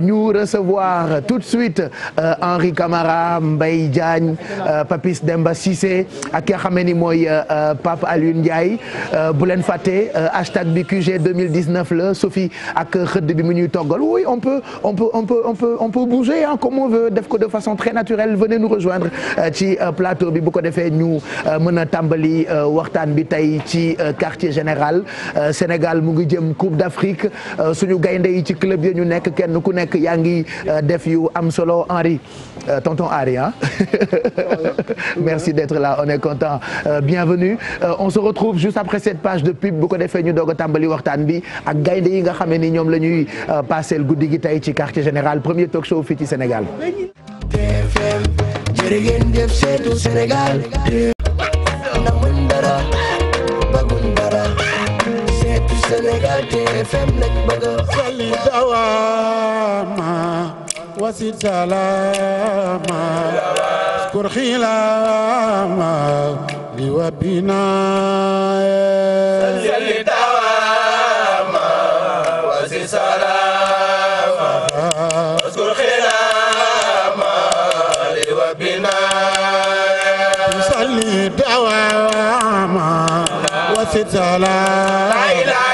Speaker 3: ñu recevoir tout de suite Henri Camara Mbaye Diagne Papis Demba Cissé ak ki nga xam ni mooy Pape Alioune Ndiaye euh, bu leen fàtte euh, hashtag bi QG 2019 la Sophie ak xëdd bi mu ñuy toggal oui on peut on peut on peut on peut on peut bouger comme on veut def ko de façon très naturelle venez nous rejoindre euh, ci plateau bi bu ko defee ñu mën a tàmbali waxtaan bi tey ci quartier général Sénégal mu ngi jëm Coupe d'Afrique suñu gaynde yi ci club yi ñu nekk kenn ku nekk yaa ngi def yu am solo Henri tonton Henri merci d'être là on est content bienvenue Euh, on se retrouve juste après cette page de pub bu ko defee ñu doog a tàmbali waxtaan bi ak gaynde yi nga xamee ni ñoom la ñuy euh, passeel guddi gi tey ci quartier général premier talk show fii ci Sénégal.
Speaker 5: Sénégal TFM lek bëgg salli dawama wasit وبناي دواما وزي سلاما اذكر خلاما وبناي صلي دواما وزي سلاما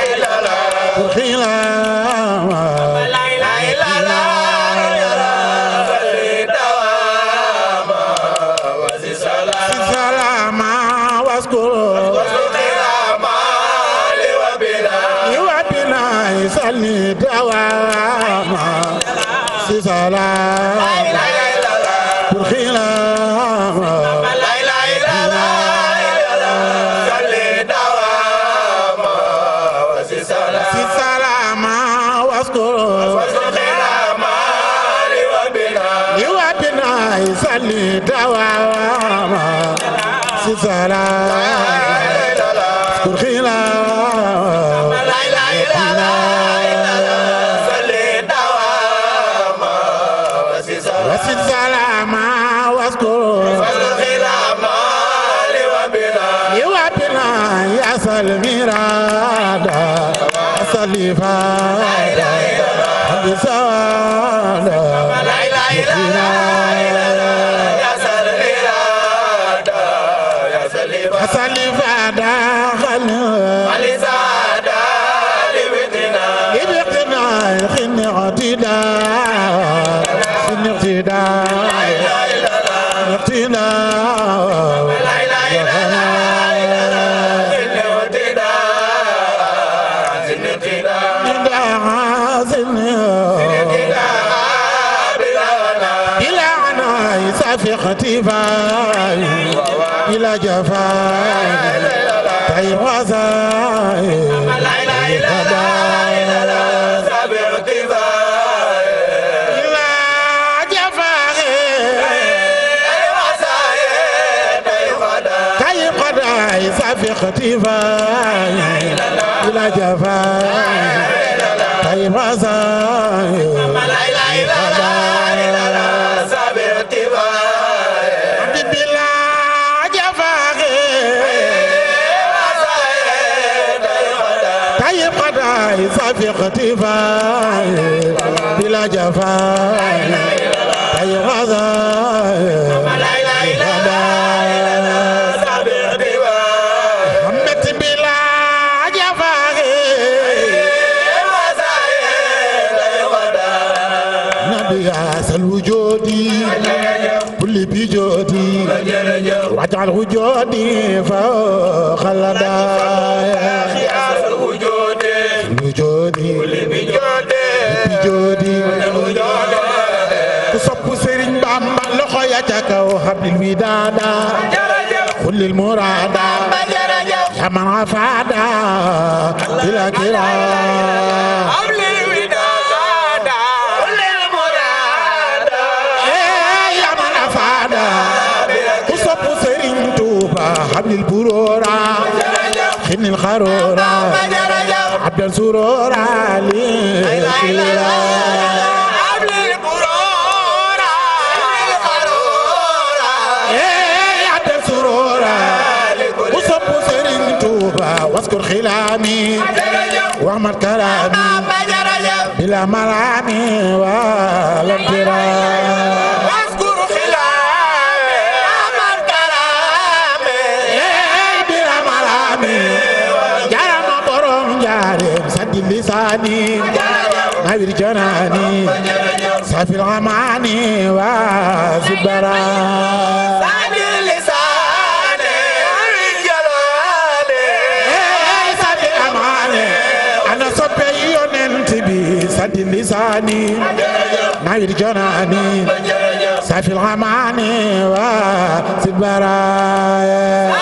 Speaker 5: Ivan وهب الودادا خل المرادا يا من عفادا إلى كرام حبل البرورة خن الخرورة عبد السرورة ليلة خلامي واعمل كلامي بلا ملامي ولا انترام واذكر خلامي واعمل كلامي بلا ملامي جرم برم جارم سد لساني نوير جناني سافي الغماني وزبران الجاني ناير جناني سافي الغماني وسيد برايا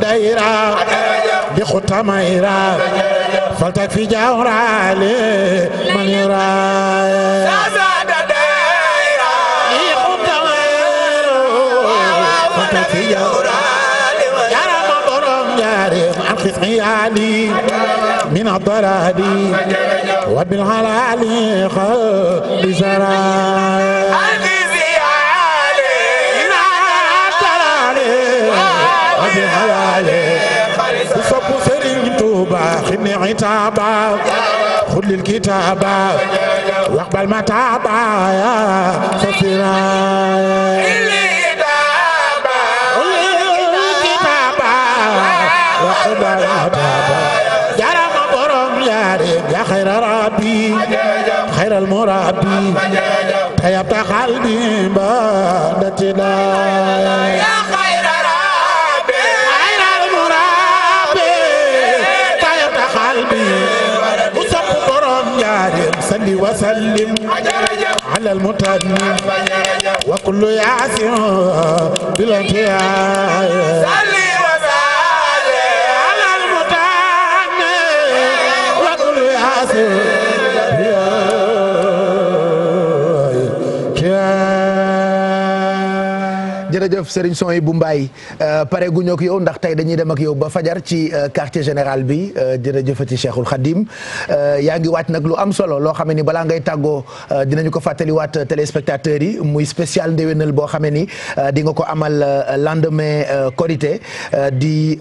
Speaker 5: دايرة بخطة مايرة فلتك في جاورة لمن يرى fi yow yarama borom ñaareem an xisxiyaali min addalaali wa bil xalaali xalbi saraay خذني عتابا خذ الكتابا واقبل متابا يا سفيرا wax ba taaba jarama borom yaare ya xayra rabbi xayral murabbi tayabta qalbi ba datida ya xayra rabbi xayral murabbi tayabta qalbi musab borom yaare salli wa sallim على المتابعين وكل ياسين بلا انتهاء رسول
Speaker 3: jërëjëf Serigne son yi bu mbaay euh, pare gu ñoo ak ndax tey dañuy dem ak yow ba fajar ci euh, quartier général bi euh, jërëjëfati Cheikhul Khadim yaa ngi waat nag lu am solo loo xam ni balaa ngay tàggoo dinañu ko fàttaliwaat téléspectateurs yi muy spécial ndéwénal boo xam ni di nga ko amal lendemain Korité di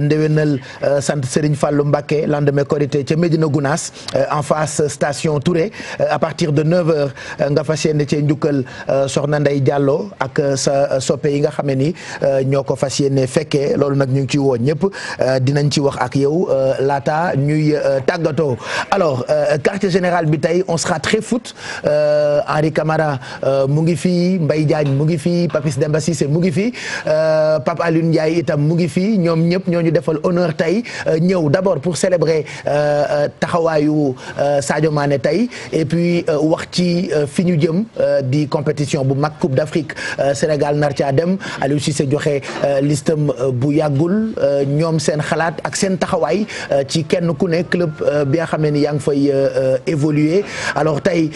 Speaker 3: ndéwénal sant Serigne fàllu Mbacké lendemain Korité ca Médina Gounass en face station Touré à partir de 9h nga fas yéene cee njukkal Soxna nday Diallo soppe yi nga xam ne ni euh, ñoo ko fas yéene fekkee loolu nag ñu ngi ciy woo ñëpp euh, dinañ ci wax ak yow euh, laata ñuy tàggatoo alors quartier général bi tey on sera très foot Henri Camara mu ngi fii Mbaye Diagne mu ngi fi Papis Demba Cissé mu ngi fii Pape Alioune Ndiaye itam mu ngi fii ñoom ñëpp ñoo ñu defal honneur tey ñëw d'abord pour célébrer taxawaayu Sadio maane tey et puis wax ci fi ñu jëm di compétition bu mag Coupe d'Afrique Sénégal narca daa dem Aliou Cissé joxe euh, listam euh, bu yàggul euh, ñoom seen xalaat ak seen taxawaay ci kenn ku ne club bi nga xam ne ni yaa ngi fay évoluer alors tey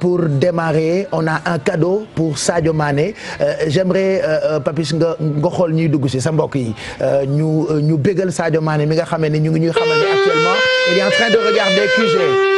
Speaker 3: pour démarrer on a un cadeau pour Sadio Mané j'aimerais Papis nga nga xool ñuy dugg si sa mbokk yi ñu ñu bégal Sadio Mané mi nga xam ñu ngi ñu xamal actuellement il est en train de regarder QG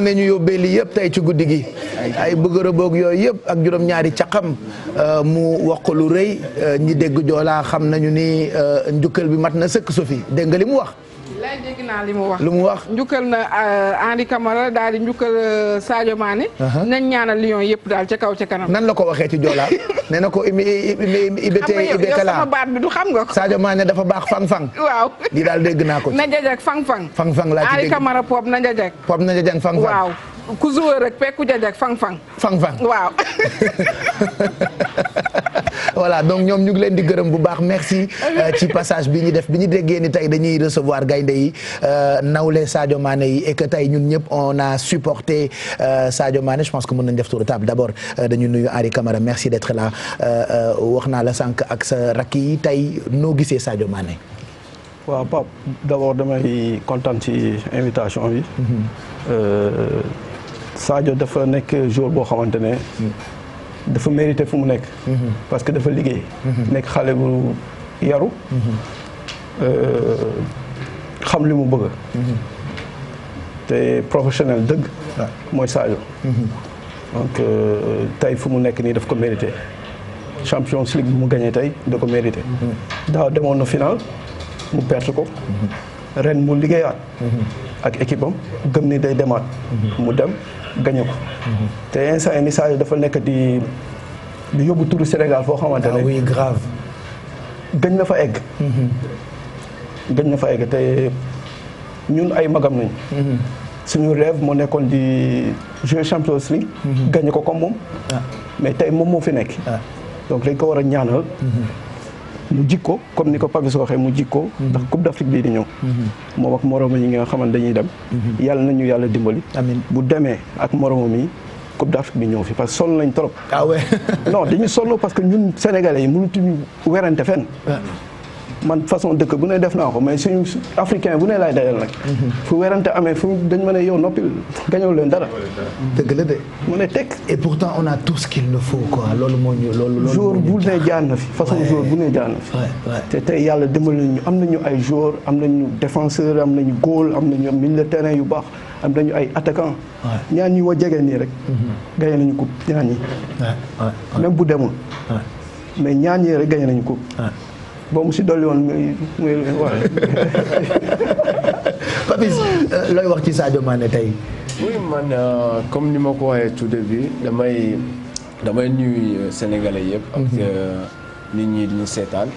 Speaker 3: ne ñu yóbbee lii yëpp tey ci guddi gi ay bëggër boog yooyu yëpp ak juróom-ñaari caqam euh, mu wax lu rëy euh, ñi dégg joolaa xam nañu ni euh, njukkal bi mat na sëkk Sophie dégg nga li mu wax
Speaker 29: lay li mu wax lu mu wax njukkal na Henri Camara daal di njukkal Sadio ne nañ ñaanal Lions yëpp daal ca kaw ca kanam nan
Speaker 3: la ko waxee ci joolaa nee na ko imi imi ibete ibekala sama baat bi du xam nga saajo Sadio Mané dafa baax fang-fang waaw lii daal dégg naa ko na
Speaker 29: jajak fang-fang fang-fang laa ci dégg Ari a pop na jajak
Speaker 3: pop na jajak fang-fang waaw
Speaker 29: ku joueur rek pekku jajak fang-fang fang-fang waaw
Speaker 3: voilà donc ñoom ñu ngi leen di gërëm bu baax merci euh, ci passage bi ñu def bi ñu déggee ni tey dañuy recevoir gaynde yi euh, nawle saajo Mané yi et que tey ñun ñëpp on a supporté euh, Sadio Mané je pense que mën nañ def tour de table dañu nuyu Henri merci d' être wax naa la sànq ak sa rakk yi tey noo gisee Sadio Mané.
Speaker 25: waaw Pape d' abord damay kontaan ci invitation bi. Mhm. Sadio dafa nekk jour boo xamante ne. Mm. dafa mérité fu mu nekk. Mhm. parce que dafa liggéey. Mhm. nekk xale bu yaru. Mhm. Euh, xam li mu bëgg. te professionnel dëgg. mooy Sadio. donc euh, tey fu mu nekk nii daf ko mérité. Champions League bi mu gagné tey da ko mérité. daaw demoon na final mu perte ko. ren mu liggéeyaat. Mm-hmm. ak équipe gëm ni day demaat. Mm-hmm. mu dem gañe ko. Mm-hmm. te instant yi ni Sadio dafa nekk di di yóbbu turu Sénégal foo xamante ne. ah oui grave. gëñ na fa egg. gëñ na fa egg te ñun ay magam nañ suñu rêve moo nekkoon di jouer Champions League. gañe ko comme moom. Ah. mais tey moom moo fi nekk. Ah. donc lañ ko war a ñaanal. mu jikko comme ni ko Papis waxee mu jikko ndax Coupe d'Afrique bii di ñëw mhm. moom ak moromam yi nga xamante dañuy dem mhm. yàlla nañu yàlla dimbali amiin bu demee ak moromam yi Coupe d'Afrique bi ñëw fi parce que sonn nañ trop ah ouais non dañu solo parce que ñun sénégalais yi mënutuñu werante fenn ah. man façon dëkk bu ne def naa ko mais suñu africain bu ne lay dajal nag. fu werante amee fu dañ ma ne yow noppil gañoo leen dara. dëgg la de. mu ne tekk. et pourtant on a tout ce qu'il nous faut
Speaker 3: loolu moo ñu loolu.
Speaker 18: jour
Speaker 25: bu ne jaar na fi façon jour bu ne te tey yàlla dimbali nañu am nañu ay joueurs am nañu défenseur am nañu góol am nañu milieu de terrain yu baax am nañu ay attaquant ñaan ñi wa jege nii rek. Mhm. gañe nañu coupe ñaan ñi. même bu demul. mais ñaan ñi rek gañe nañu coupe. boo mu si dolli woon muy muy waaw. Euh, looy wax ci saajo Sadio Mané tey. oui man euh,
Speaker 26: comme ni ma ko waxee tout début damay damay nuyu euh, sénégalais yëpp. ak mhm. nit ñi di ñu seetaan.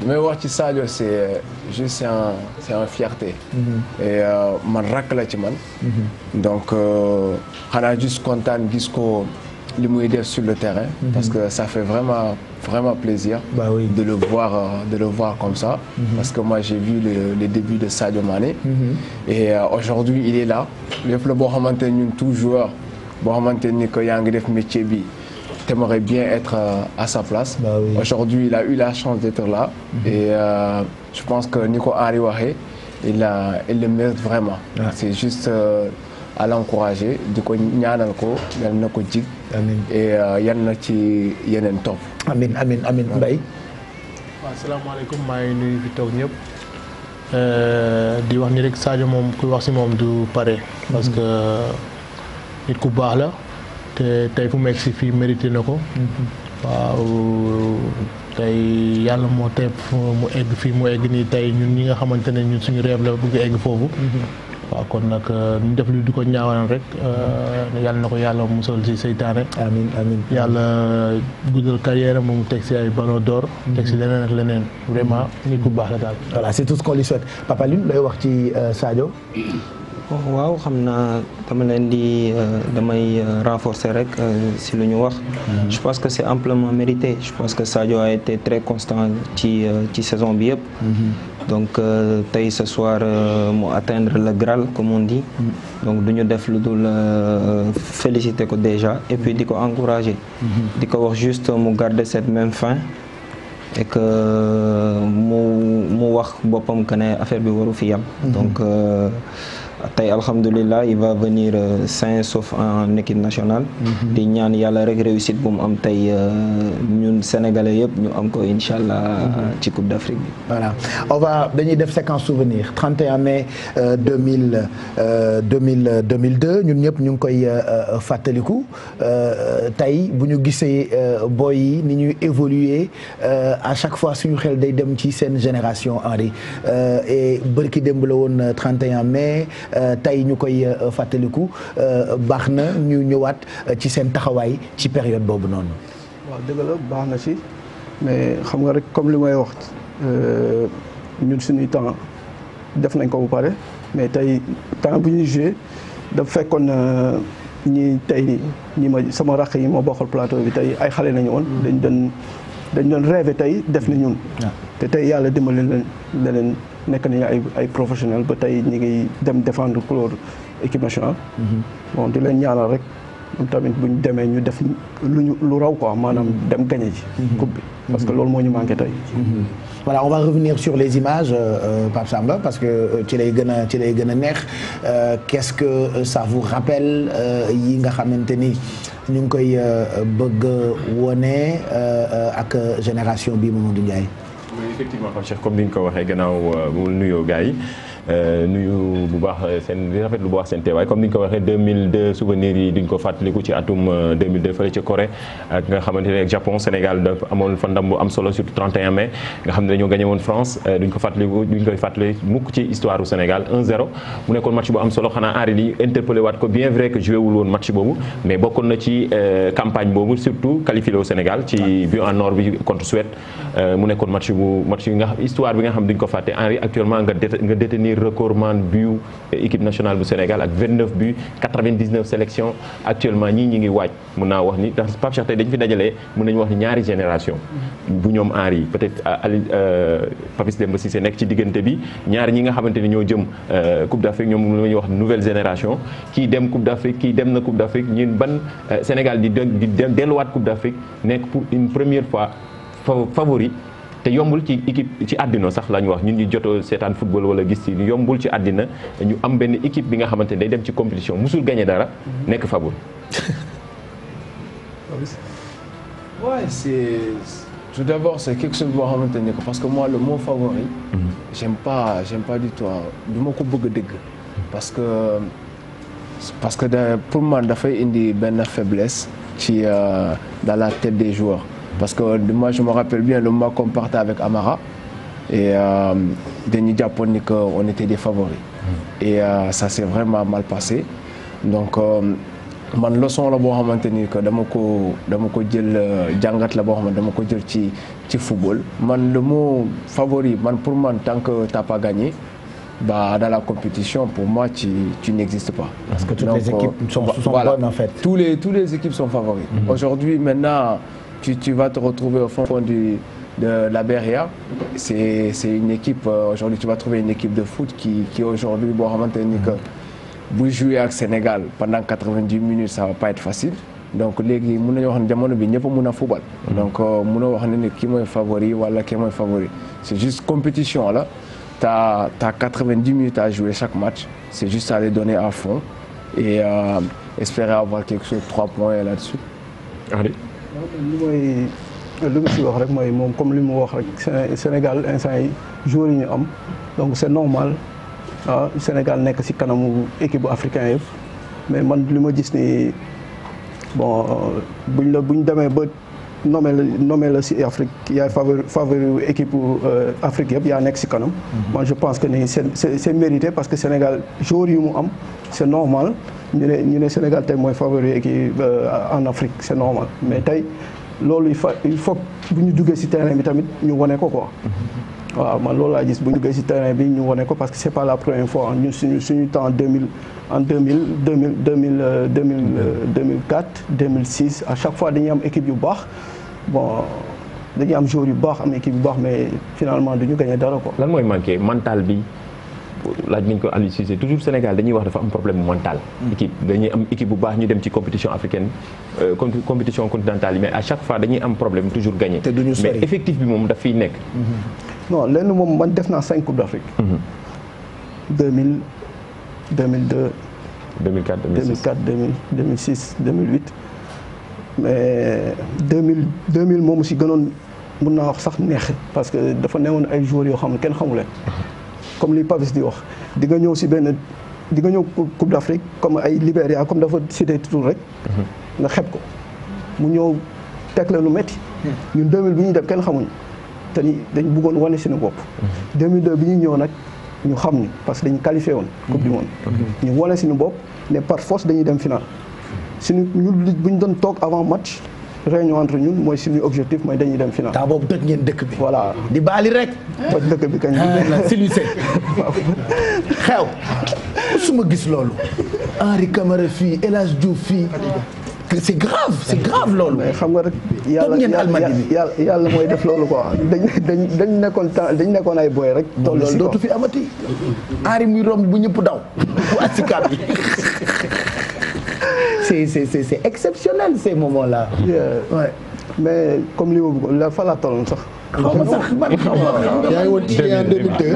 Speaker 26: damay wax ci saajo c'est juste c'est un c'est un fierté. Mhm. man rakk la ci man.
Speaker 6: Mhm.
Speaker 26: donc xanaa juste kontaan gis ko li muy def sur le terrain. parce que ça fait vraiment. vraiment plaisir bah oui. de, le voir, euh, de le voir comme ça. Mm -hmm. Parce que moi, j'ai vu le, le, début de Sadio Mané. Mm -hmm. Et euh, aujourd'hui, il est là. lépp la boo xamante ni tout joueur boo xamante ni que yaa ngi def métier bi t'aimerais bien être euh, à sa place. Bah oui. Aujourd'hui, il a eu la chance d'être là. Mm -hmm. Et euh, je pense que Nico Henry waxee il, a, il le mérite vraiment. Ouais. Ah. C'est juste. Euh, à l'encourager di ko ñaanal ko yal na ko jig et euh, yal na ci yeneen topp
Speaker 27: amin
Speaker 3: amin amin Mbaye
Speaker 27: waaw salaamaaleykum maa ngi nuyu fi toog ñëpp euh, di wax ni rek Sadio moom kuy wax si moom du pare parce que nit ku baax la te tey fu mu egg si fii mérité na ko waaw tey yàlla moo tepp mu egg fii mu egg nii tey ñun ñi nga xamante ne ñun suñu rêve la bugg egg foofu waaw kon nag euh, ñu def lu di ko ñaawaan rek euh, yàlla na ko yàlla musal si seytaane amiin amiin yàlla guddal carrière moom teg si ay ballon d'or teg leneen ak leneen vraiment nit ku baax la daal
Speaker 3: voilà c'est tout ce qu'on lui wax ci euh, Sadio
Speaker 28: oh, waaw xam naa dama leen di damay renforcer rek si lu ñu wax mhm. je pense que c'est amplement mérité je pense que Sadio a été très constant ci ci saison bi yëpp mhm. donc euh, tey ce soir euh, mu atteindre la Graal comme on dit mm. donc du ñu def lu dul euh, féliciter ko déjà et puis di ko encourager mm-hmm. di ko wax juste mu garder cette même fin et que mu mu wax boppam que ne affaire bi waru fi yam mm-hmm. donc tey alhamdulilah il va venir euh, sain sauf en nekkin national mhm. di ñaan yàlla rek réussit bu mu am tey euh, ñun sénégalais yëpp ñu am ko incha allah. Mhm. ci coupe d'Afrique bi.
Speaker 3: voilà on va dañuy def séquence souvenir 31 mai 2000 2000 2002 ñun ñëpp ñu ngi koy euh, fàttaliku tey bu ñu gisee boy yi ni ñuy évoluer à chaque fois suñu xel day dem ci seen génération Henri e bërki démb la woon 31 mai. Euh, tey ñu koy euh, fàttaliku euh, baax na ñu ñëwaat ci seen taxawaay ci période boobu noonu.
Speaker 25: waaw dëgg baax na si mais xam nga rek comme li may wax ñun suñuy temps def nañ ko bu pare mais tey temps bu ñuy joué daf fekkoon ñi tey ñi ma sama rakk yi ma bokkal plateau bi tey ay xale nañu woon. dañ doon dañ doon rêvé tey def na ñun. te tey yàlla dimbali leneen nekk nañu ay ay professionnel ba tey ñu ngi dem défendre couleur équipe nationale. Mhm. bon di leen ñaanal rek ñoom tamit bu ñu demee ñu def luñu lu raw quoi maanaam mhm. dem gagné ji. Mhm. coupe
Speaker 3: bi parce que loolu moo ñu manqué tey. voilà on va revenir sur les images euh, euh Pape Samba parce que euh, ci lay gën a ci lay gën a neex euh, qu'est-ce que ça vous rappelle yi nga xamante ni ñu ngi koy bëgg wone ak génération bii bi Mamadou Ndiaye.
Speaker 11: effectivement Pape Cheikh comme ni ñu ko waxee gannaaw euh, bu mu nuyoo gars yi Euh, nuyu bu baax euh, seen di rafetlu bu baax seen teewaay comme ni ñu ko waxee 2002 yi duñ ko fàttaliku ci atum euh, fa duñ ko fàttaliku duñ mukk ci histoire Sénégal mu nekkoon match bu am solo xanaa Henry Ly interpellé waat ko bien vrai que joué wul woon match boobu mais bokkoon na ci campagne boobu surtout qualifié au Sénégal ci but en or bi contre Suède mu nekkoon match bu histoire bi nga xam duñ ko fàtte Henry actuellement nga nga mooy recordman bu équipe nationale bu Sénégal ak 29 buts 99 sélections actuellement ñii ñi ngi waaj mun naa wax ni ndax Pape Cheikh tey dañu fi dajalee mun nañu wax ni ñaari génération bu ñoom Henry yi peut-être euh, Ali euh, Papis Demba Cissé nekk ci diggante bi ñaari ñi nga xamante ni ñoo jëm euh, Coupe d'Afrique ñoom la ñuy wax nouvelle génération kii dem Coupe d'Afrique kii dem na Coupe d'Afrique ñun ban Sénégal di delluwaat Coupe d'Afrique nekk pour une première fois favori te yombul ci équipe ci àddina sax la ñu wax ñun ñu joto seetaan football wala gis ci yombul ci àddina ñu am benn équipe bi nga xamante ne day dem ci compétition musul gagné dara nekk favori
Speaker 26: ouais c'est tout d'abord c'est boo xamante ne parce que moi le mot favori mm-hmm. j'aime pas j'aime pas du tout duma ko bëgg a dégg parce que parce que pour man dafay indi benn faiblesse ci euh, dans la tête des joueurs parce que moi je me rappelle bien le moment qu'on partait avec Amara et euh, dañu jàppoon ni que on était des favoris hmm. et euh, ça s'est vraiment mal passé donc euh, man leçon la boo xamante ni que dama ko dama ko jël jàngat la boo xamante dama ko jël ci ci football man le mot favori man pour man tant que t'as pas gagné dans la compétition pour moi tu tu n'existes pas. parce que toutes Donc, les équipes sont, sont voilà, bonnes en fait. tous les tous les équipes sont favoris. Hmm. aujourd'hui maintenant. tu, tu, vas te retrouver au fond du, de la Beria. C'est une équipe, euh, aujourd'hui, tu vas trouver une équipe de foot qui, qui aujourd'hui, bon, mhm. bu jouer ak Sénégal pendant 90 minutes ça va pas être facile donc léegi mun nañu wax ne jamono bi ñëpp mun a fubal. Mhm. donc euh, munoo wax ne ne kii mooy favori wala kii mooy favori c'est juste la t'as t'as 90 minutes à jouer chaque match c'est juste à les donner à fond et euh, espérer avoir quelque chose trois points
Speaker 25: li mooy li ma si wax rek mooy moom comme li mu wax rek Sénégal instant yi joueurs yi ñu am donc c'est normal ah Sénégal nekk si kanamu équipe bu africain yëpp mais man li ma gis ni bon buñ la buñ demee ba nommé la nommé la si Afrique yaay favori favori équipe euh, Afrique yëpp yaa nekk si kanam. Mhm. man je pense que ni c'est c'est mérité parce que Sénégal joueurs yu mu am c'est normal. ñu ne ñu ne Sénégal tey mooy favori équipe euh, en Afrique c'est normal mais tey loolu il fa il faut bu ñu jugee ci terrain bi tamit ñu wone ko ko waaw man loolu laa gis bu ñu duggee ci terrain bi ñu wane ko parce que c'est pas la première fois ñun suñu suñu temps 2000 en 2000 2000 2000 2000 2004 2006 à chaque fois dañuy am équipe yu baax bon. dañuy am joueur yu baax am équipe yu baax mais finalement duñu gagné dara ko lan mooy manqué mental bi
Speaker 11: laaj nañ ko Aliou toujours Sénégal dañuy wax dafa am problème mental. Mm. équipe dañuy am équipe bu baax ñu dem ci compétition africaine euh, compétition continentale yi mais à chaque fois dañuy am problème toujours gagné. te duñu sori mais effectif bi moom daf fiy nekk.
Speaker 25: Mm-hmm. non lenn moom man def naa cinq coupes d' Afrique. 2000 2002.
Speaker 11: 2004 2004
Speaker 25: 2006 2008. mais 2000 2000 moomu si gënoon mun naa wax sax neex parce que dafa newoon ay joueurs yoo xam ne kenn xamu leen mm-hmm. comme li Pavis di wax di nga ñëw si benn dinga nga ñëw Coupe d'Afrique comme ay Libéria comme dafa cité tur rek. Mhm. nga xeeb ko mu ñëw teg la lu metti mhm. ñun 2000 bi ñuy dem kenn xamuñu te ni dañ buggoon wane suñu bopp. 2002 mhm. bi ñu ñëw nag ñu xam ni parce que dañu qualifié woon. Coupe du monde ñu wane suñu bopp ne par force dañuy dem final. suñu ñun bu ñu doon toog avant match. réunion entre ñun mooy suñu objectif mooy dañuy dem final.
Speaker 3: temps boobu toj ngeen dëkk bi. voilà di baali rek. toj dëkk bi kañ. Ah, xew su ma gis loolu. Henri Camara fii El juuf Diouf fii. c'est grave c'est grave loolu. mais xam nga rek yàlla yàlla yàlla
Speaker 25: mooy def loolu ko dañ dañ dañ nekkoon temps dañ nekkoon ay booy rek. toll loolu dootu fi
Speaker 12: amati.
Speaker 3: Henri muy romb bu ñëpp daw. waa Sicap bi. c'est c'est exceptionnel ces moments-là. oui mais comme li ma la fa la
Speaker 1: tolloon sax.
Speaker 25: xaw ma sax man xaw ma yaa ngi woon ci 2002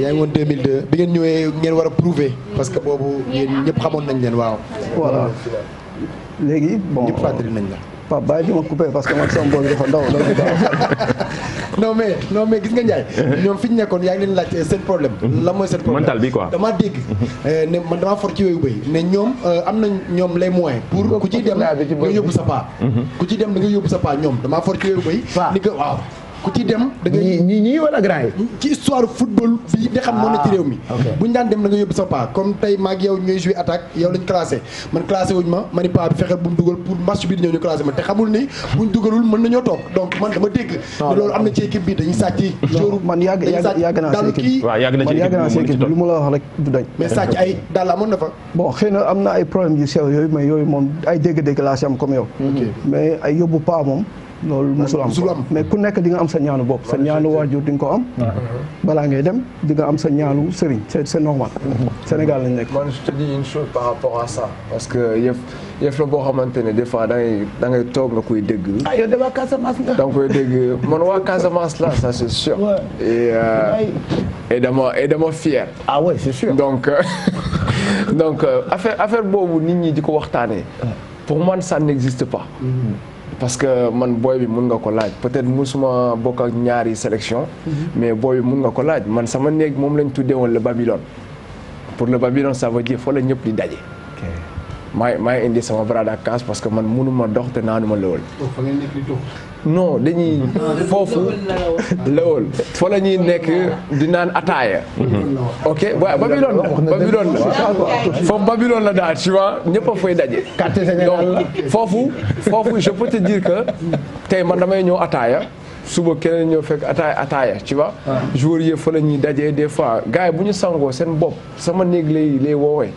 Speaker 1: yaa ngi woon 2002 bi ngeen ñëwee ngeen war a prouver parce que boobu yéen ñëpp xamoon nañ leen waaw. voilà léegi bon ñëpp fàttali nañ la. bàyyi bi ma coupé parce que man sama boobu dafa ndaw dama mais non mais gis nga Ndiaye ñoom fi ñu nekkoon yaa leen laaj seen problème mhm. la mooy seen problème mental bi quoi damaa dégg mhm. eh, ne man damaa for ci yooyu bëy ne ñoom euh, am nañ ñoom les moyens pour ku ciy dem mhm. nga yóbbu sa paa ku ciy dem nga yóbbu sa paa ñoom damaa for ci yooyu bëy waaw ku ci dem. da ngay ñii ñii wala grand yi. Hmm? ci histoire football bi nga xam moo ne ci réew mi. Ah, bu ñu daan dem da nga yóbbu sa paa comme tey maag yow ñooy joué attaque yow lañ classé man classé wuñ ma ma ni paa bi fexeel bu dugal pour match bi di ñëw te xamul ni buñ dugalul mën nañoo toog donc man dama dégg. loolu am na ci équipe bi dañuy sàcc. man yàgg yàgg yàgg naa ci équipe
Speaker 25: na ci équipe man yàgg naa ci équipe lu ma la wax rek du dañ. mais sàcc ay daal amoon na fa. bon xëy am na ay problème yu sew yooyu mais yooyu moom ay dégg-dégg laa si am comme yow mais ay yóbbu paa moom loolu musul am mais ku nekk di nga am sa ñaanu bopp sa ñaanu waajur di nga ko am balaa ngay dem di nga am sa ñaanu sëriñ c'est c'est normal Sénégal lañ
Speaker 26: nekk man je te dis parce que yëf yëf la xamante ne des fois da ngay da ngay toog nga koy dégg
Speaker 25: ah
Speaker 3: yow de waa Casamance
Speaker 26: dégg man waa Casamance la ça c'est sûr et euh, et dama et dama fier ah donc euh, euh, affaire affaire boobu nit ñi di ko waxtaanee pour man ça n'existe pas mm-hmm. parce que man booy bi mun nga ko laaj peut-être suma bokk ak ñaari sélection mhm. mais booy bi mun nga ko laaj man sama néeg moom lañ tuddee woon la Babylone pour le Babylone ça veut dire foo la ñëpp di daje. maa maa indi sama bras de casse parce que man mënuma dox te naanuma lëwal. fa ngeen non dañuy foofu lawol fa la ñuy nekk di naan ataaya mm-hmm. ok waaw Babylone la Babylone la foofu Babylone la daal tu vois ñëpp a fay daje donc foofu foofu je peux te dire que tey man damay ñëw ataaya suba keneen ñëw fekk ataaya ataaya tu vois ah. jour fa la ñuy dajee des fois gars yi bu ñu sangoo seen bopp sama néeg lay lay woowee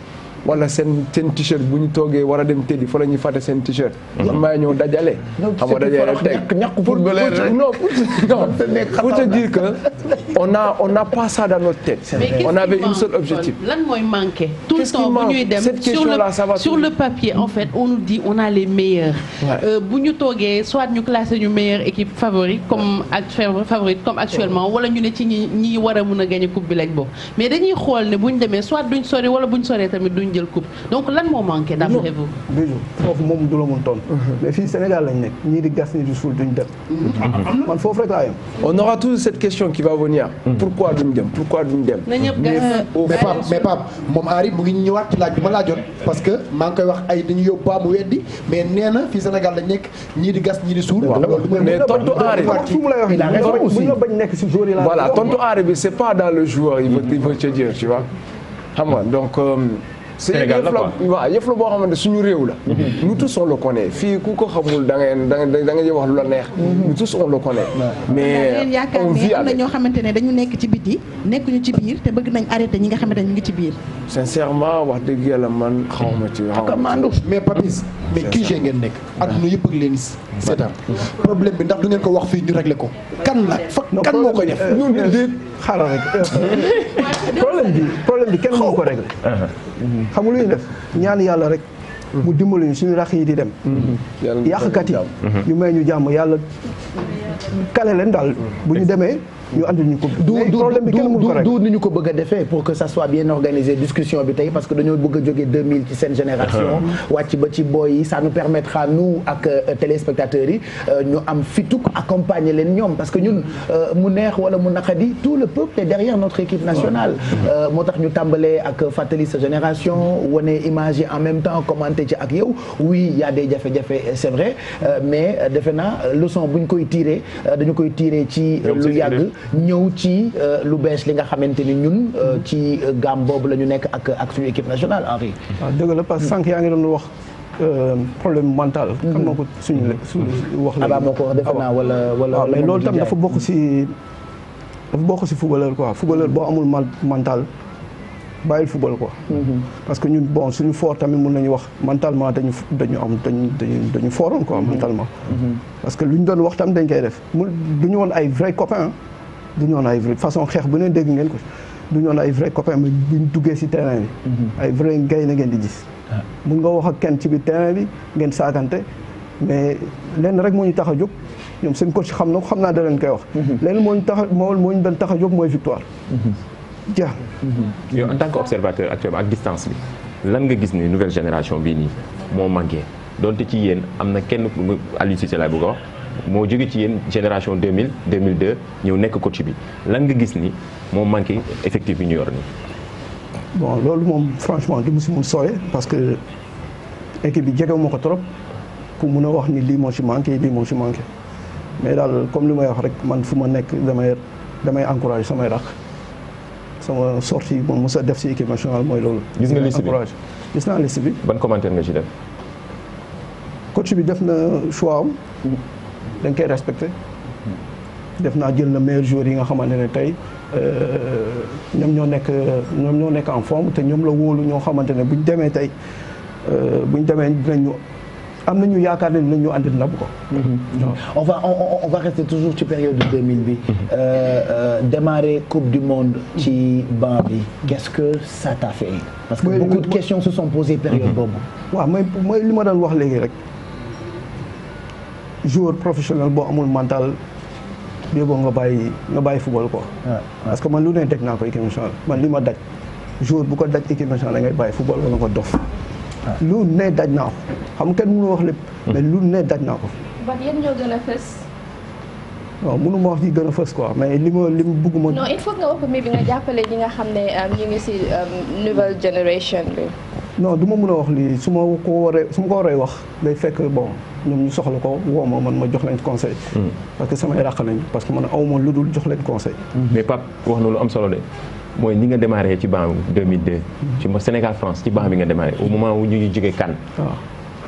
Speaker 26: wala seen seen t-shirt bu ñu toogee war a dem tëddi fa la ñuy fàtte seen t-shirt. Mhm. maa ñëw dajale. xam nga dajale teg
Speaker 7: ñàkk pour non
Speaker 26: pour te dire que a
Speaker 17: mooy manqué. tout le temps bu ñuy dem sur le papier en fait on nous dit on a les meilleurs. Euh, bu ñu toogee soit ñu classé ñu meilleure équipe favorite comme actuellement wala ñu ne ci ñi ñi war a a gagner coupe bi lañ bokk mais dañuy xool ne bu ñu demee soit duñ sori wala buñ soree tamit jël coupe donc lan moo manqué d'après
Speaker 25: vous moom du la mun tontu mm-hmm. mais fii Sénégal lañ nekk ñii gas ñi di suul duñ dem
Speaker 17: mm-hmm.
Speaker 25: man foofu rek laa yem on aura toujours cette question qui va venir mm-hmm. pourquoi duñ dem pourquoi
Speaker 26: duñ
Speaker 1: dem mais Pape mais Pape moom Henri mu ngi ñëwaat ci laaj bi ma laajoon parce que maa ngi koy wax ay dañu yóbbu ba mu weddi mais nee na Sénégal lañ nekk ñii di gas ñii di suul mais tontu Henri fu mu na
Speaker 26: bañ nekk c'est pas dans le joueur il veut te dire tu vois xam nga euh, Sénégal la quoi waaw yëf la boo xamante suñu réew la. mu mhm. tous on le connaît fii ku ko xamul da ngay da ngay da ngay wax lu la neex. Mhm. nous tous on le connaît. mais on vit am na ñoo
Speaker 14: xamante ne dañu nekk ci biti nekkuñu ci biir te bëgg nañ arrêté ñi nga xamante ne ñu ngi ci biir.
Speaker 26: sincèrement wax dëgg yàlla man xaw ma ci xaw
Speaker 1: ma ci. mais Papis mais QG ngeen nekk. adduna yëpp ak leen seetaan problème bi ndax du ngeen ko wax fii ñu réglé ko. kan la fa kan moo koy def. Euh, ñun de xaaral rek
Speaker 25: problème bi problème ko réglé. Uh-huh. xam nga lu ñuy def ñaan yàlla rek. mu dimbali ñu suñu rax yi di dem. Mm-hmm. yàqkat yi ñu may ñu jàmm yàlla
Speaker 3: kale leen daal mm-hmm. bu ñu demee. ñu andil ñu ko. du problème bi kenn mënu ko ko bëgg a defee pour que ça soit bien organisé discussion bi tey parce que dañoo bëgg a jógee 2000 ci seen génération. Ah. wàcc ba ci booy yi ça nous permettra nous ak euh, téléspectateurs yi euh, ñu am fituk accompagner leen ñoom parce que ñun euh, mu neex wala mu naqadi tout le peuple est derrière notre équipe nationale. Ah. moo tax ñu tàmbalee ak fàttali sa génération wane image en même temps commenté ci ak yow oui y a des jafe-jafe c'est vrai mais defe naa leçon bu ñu koy tiré dañu koy tiré ci lu yàgg. ñëw ci euh, lu bees li nga xamante ni ñun euh, ci euh, gaam boobu la ñu nekk ak ak suñu équipe nationale Henri. waaw ah, dëgg la parce que sànq yaa ngi
Speaker 25: doon wax. problème mental. xam mm-hmm. nga ko suñu wax la. moo ko wax defe naa
Speaker 4: wala wala. Ah, mais loolu tam dafa
Speaker 25: bokk si dafa bokk si footballeur quoi footballeur boo amul mental bàyyil football quoi. Mm-hmm. parce que ñun bon suñu fort tamit mun nañu wax mentalement dañu dañu am dañu dañu dañu foroon mm-hmm. mentalement. parce que lu ñu doon wax tam dañ koy def mu du ñu woon ay vrai copain du ñu woon ay vrai façon xeex bu ne dégg ngeen ko du ñu woon ay vrai copain mais ñu duggee si terrain bi. Mhm. ay vrai gay na ngeen di gis. Ah. mun nga wax ak kenn ci biir terrain bi ngeen saagante mais lenn rek moo ñu tax a jóg ñoom seen coach xam na ko xam naa da leen koy wax. Mhm. lenn moo tax a moo moo ñu tax a jóg mooy victoire. Mhm. jeex
Speaker 11: na. en tant que observateur actuellement ak distance bi lan nga gis ni nouvelle génération bii nii moo manqué donte ci yéen am na kenn Aliou Cissé laay bëgg a wax. moo jógee ci yéen génération 2000 2002 ñëw nekk coach bi lan nga gis ni moom manqué effectif bi ñu yor nii.
Speaker 25: bon loolu moom franchement du mu si mun sore parce que équipe bi jege ma ko trop pour mun a wax ni lii moo si manqué lii moo si manqué mais daal comme li may wax rek man fu ma nekk damay damay encouragé samay rakk sama sortie moom mos a def si équipe nationale mooy loolu. gis nga liste bi
Speaker 11: gis naa liste bi. ban commentaire nga si def.
Speaker 25: coach bi def na soi am da nga koy respecté def naa jël na meilleur joueur yi nga xamante ne tey euh, ñoom ñoo nekk ñoom ñoo nekk en forme te ñoom la wóolu ñoo xamante ne bu ñu demee tey euh,
Speaker 3: bu ñu demee dinañ ñu am nañu yaakaar ne dinañ ñu andil ndam ko. Mhm. on va on, on toujours ci période de 2000 bi. Mhm. Euh, euh, démarrer coupe du monde. ci banc bi qu'est-ce que ça t'a que beaucoup de questions se sont posées période mhm. boobu. waaw mooy li ma daan wax léegi rek. joueur professionnel boo amul
Speaker 25: mental bi boo nga bàyyi nga bàyyi football ko parce que man lu ne teg naa ko man li ma daj joueur bu ko daj équipe nationale ngay bàyyi football wala nga dof. lu ne daj naa ko xam kenn mënu wax lépp. Hmm. mais lu ne daj naa ko.
Speaker 21: ban gën a fës.
Speaker 25: waaw mënu ma wax ci gën a fës quoi mais li ma li ma bëgg ma.
Speaker 21: il faut nga wax ko mais bi nga jàppale ñi nga xam ne euh, ñu ngi si euh, nouvelle génération bi.
Speaker 25: non du ma mën a wax lii su ma ko waree su ma ko waree wax day fekk bon ñoom ñu soxla ko woo ma man ma jox leen conseil. Hmm. parce que samay ràq nañ parce que man aw ma lu dul jox leen conseil.
Speaker 11: Hmm. mais Pape wax na lu am solo de mooy ni nga démarré ci ban 2002. Hmm. ci Sénégal France ci ban bi nga démarré au moment wu ñu jógee kan.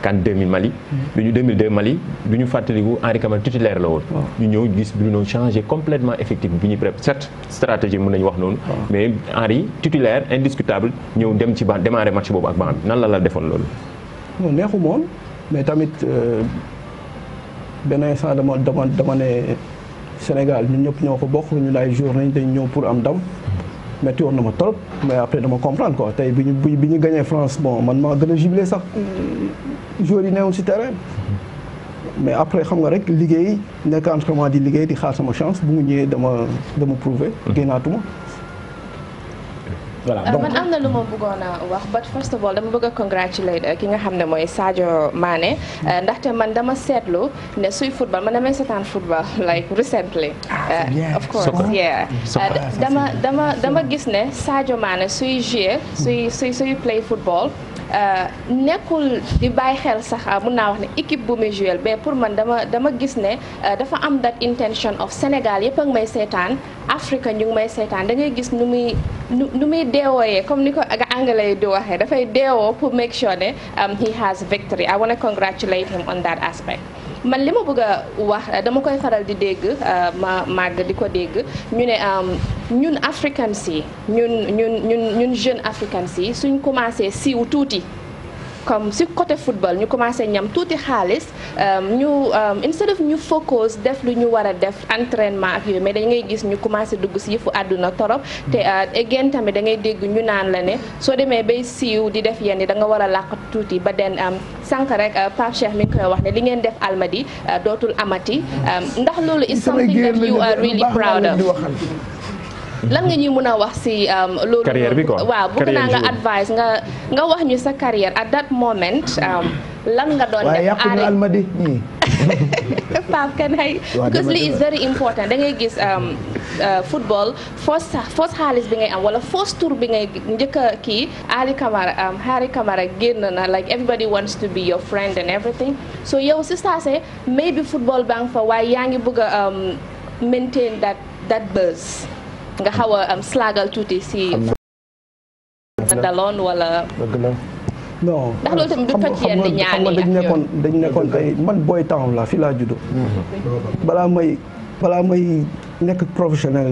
Speaker 11: CAN 2000 Mali. Mm-hmm. ñu 2002 Mali du ñu fàttaliku Henri Camara titulaire la woon. ñu ñëw gis Bruno changé complètement effectif bi ñu prep cette stratégie mën nañu wax noonu. mais Henri titulaire indiscutable ñëw dem ci ban démarrer match boobu ak ban bi nan la la defoon loolu.
Speaker 25: non neexu moom mais tamit euh, benn instant dama dama ne Sénégal ñu ñëpp ñoo ko bokk ñu lay jour nañ dañ ñëw pour am ndam. metti woon na ma trop mais après dama comprendre quoi tey bi ñu bi ñu gagné France bon man a jubilé sax. joueurs yi newoon si terrain mais après xam nga rek liggéey nekk entraînement di liggéey di xaar sama chance bu mu ñëwee dama dama prouver hmm. génnaatuma
Speaker 4: voilà
Speaker 21: euh, donc man am na lu ma bëggoon a wax but first of all dama bëgg a congratulate euh, ki nga xam ne mooy Sadio Mané euh, hmm. ndaxte man dama seetlu ne suy football man damay seetaan football like recently. Ah, of course yeah hmm. dama dama dama gis ne Sadio Mané suy jouer suy suy suy play football. Euh, nekkul di bàyyi xel sax ah, mun naa wax ne équipe bu muy joué mais pour man dama dama gis ne euh, dafa am that intention of Sénégal yëpp a ngi may seetaan Afrique ñu ngi may seetaan da ngay gis nu muy nu muy deewooyee comme ni ko anglais yi di waxee dafay deewoo pour make sure ne um, he has victory I want to congratulate him on that aspect. man li ma bëgg wax euh, dama koy faral di dégg euh, ma màgg di ko dégg ñu ne euh, ñun africains yi ñun ñun ñun ñun jeunes africains yi suñ commencé siiw tuuti comme si côté football ñu commencé ñam tuuti xaalis euh, ñu euh, instead of ñu focus def lu ñu war a def entrainement ak yooyu mais dañ ngay gis ñu commencé dugg si yëfu àdduna torop te euh, again tamit da ngay dégg ñu naan la ne soo demee bay siiw di def yenn da nga war a làq tuuti ba den am sànq rek Pape Cheikh mi koy wax ne li ngeen def almadi dootul amati ndax loolu is something that you are really proud lan nga ñuy mën a wax si um, loolu. carrière bi quoi waaw bëgg naa nga advice nga nga wax ñu sa carrière at that moment um, lan nga doon def. waaye yàqu na
Speaker 3: almadi ñii.
Speaker 21: Pape kan ay because li is very important da ngay gis um, uh, football first first bi ngay am wala first tour bi ngay njëkk a kii Ali Kamara Harry Kamara génn na like everybody wants to be your friend and everything so yow si maybe football baa nga fa waaye yaa ngi bëgg a maintain that that nga xaw a am um, slaagal tuuti si. daloon wala. non du toj yenn dañ
Speaker 25: nekkoon dañ nekkoon man booy temps la fi laa juddoo. balaa may balaa may nekk professionnel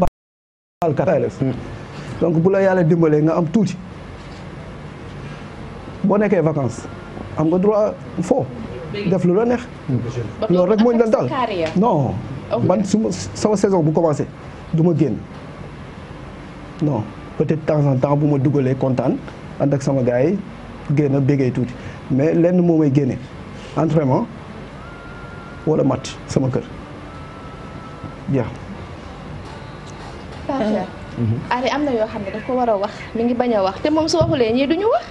Speaker 25: baalkat ay donc bu la yàlla dimbalee nga am tuuti boo nekkee vacances am nga droit foo def lu la neex
Speaker 6: loolu rek moo ñu dal daal
Speaker 25: non man suma sama saison bu commencé du ma génn non peut-être temps en temps bu ma dugalee kontaan ànd ak sama gars yi génn bégee tuuti mais lenn moo may génne entraînement wala match sama kër jeex
Speaker 21: Mm-hmm. Ari am na yoo xam ne daf ko war a wax mi ngi bañ a wax te moom su waxulee ñii duñu wax.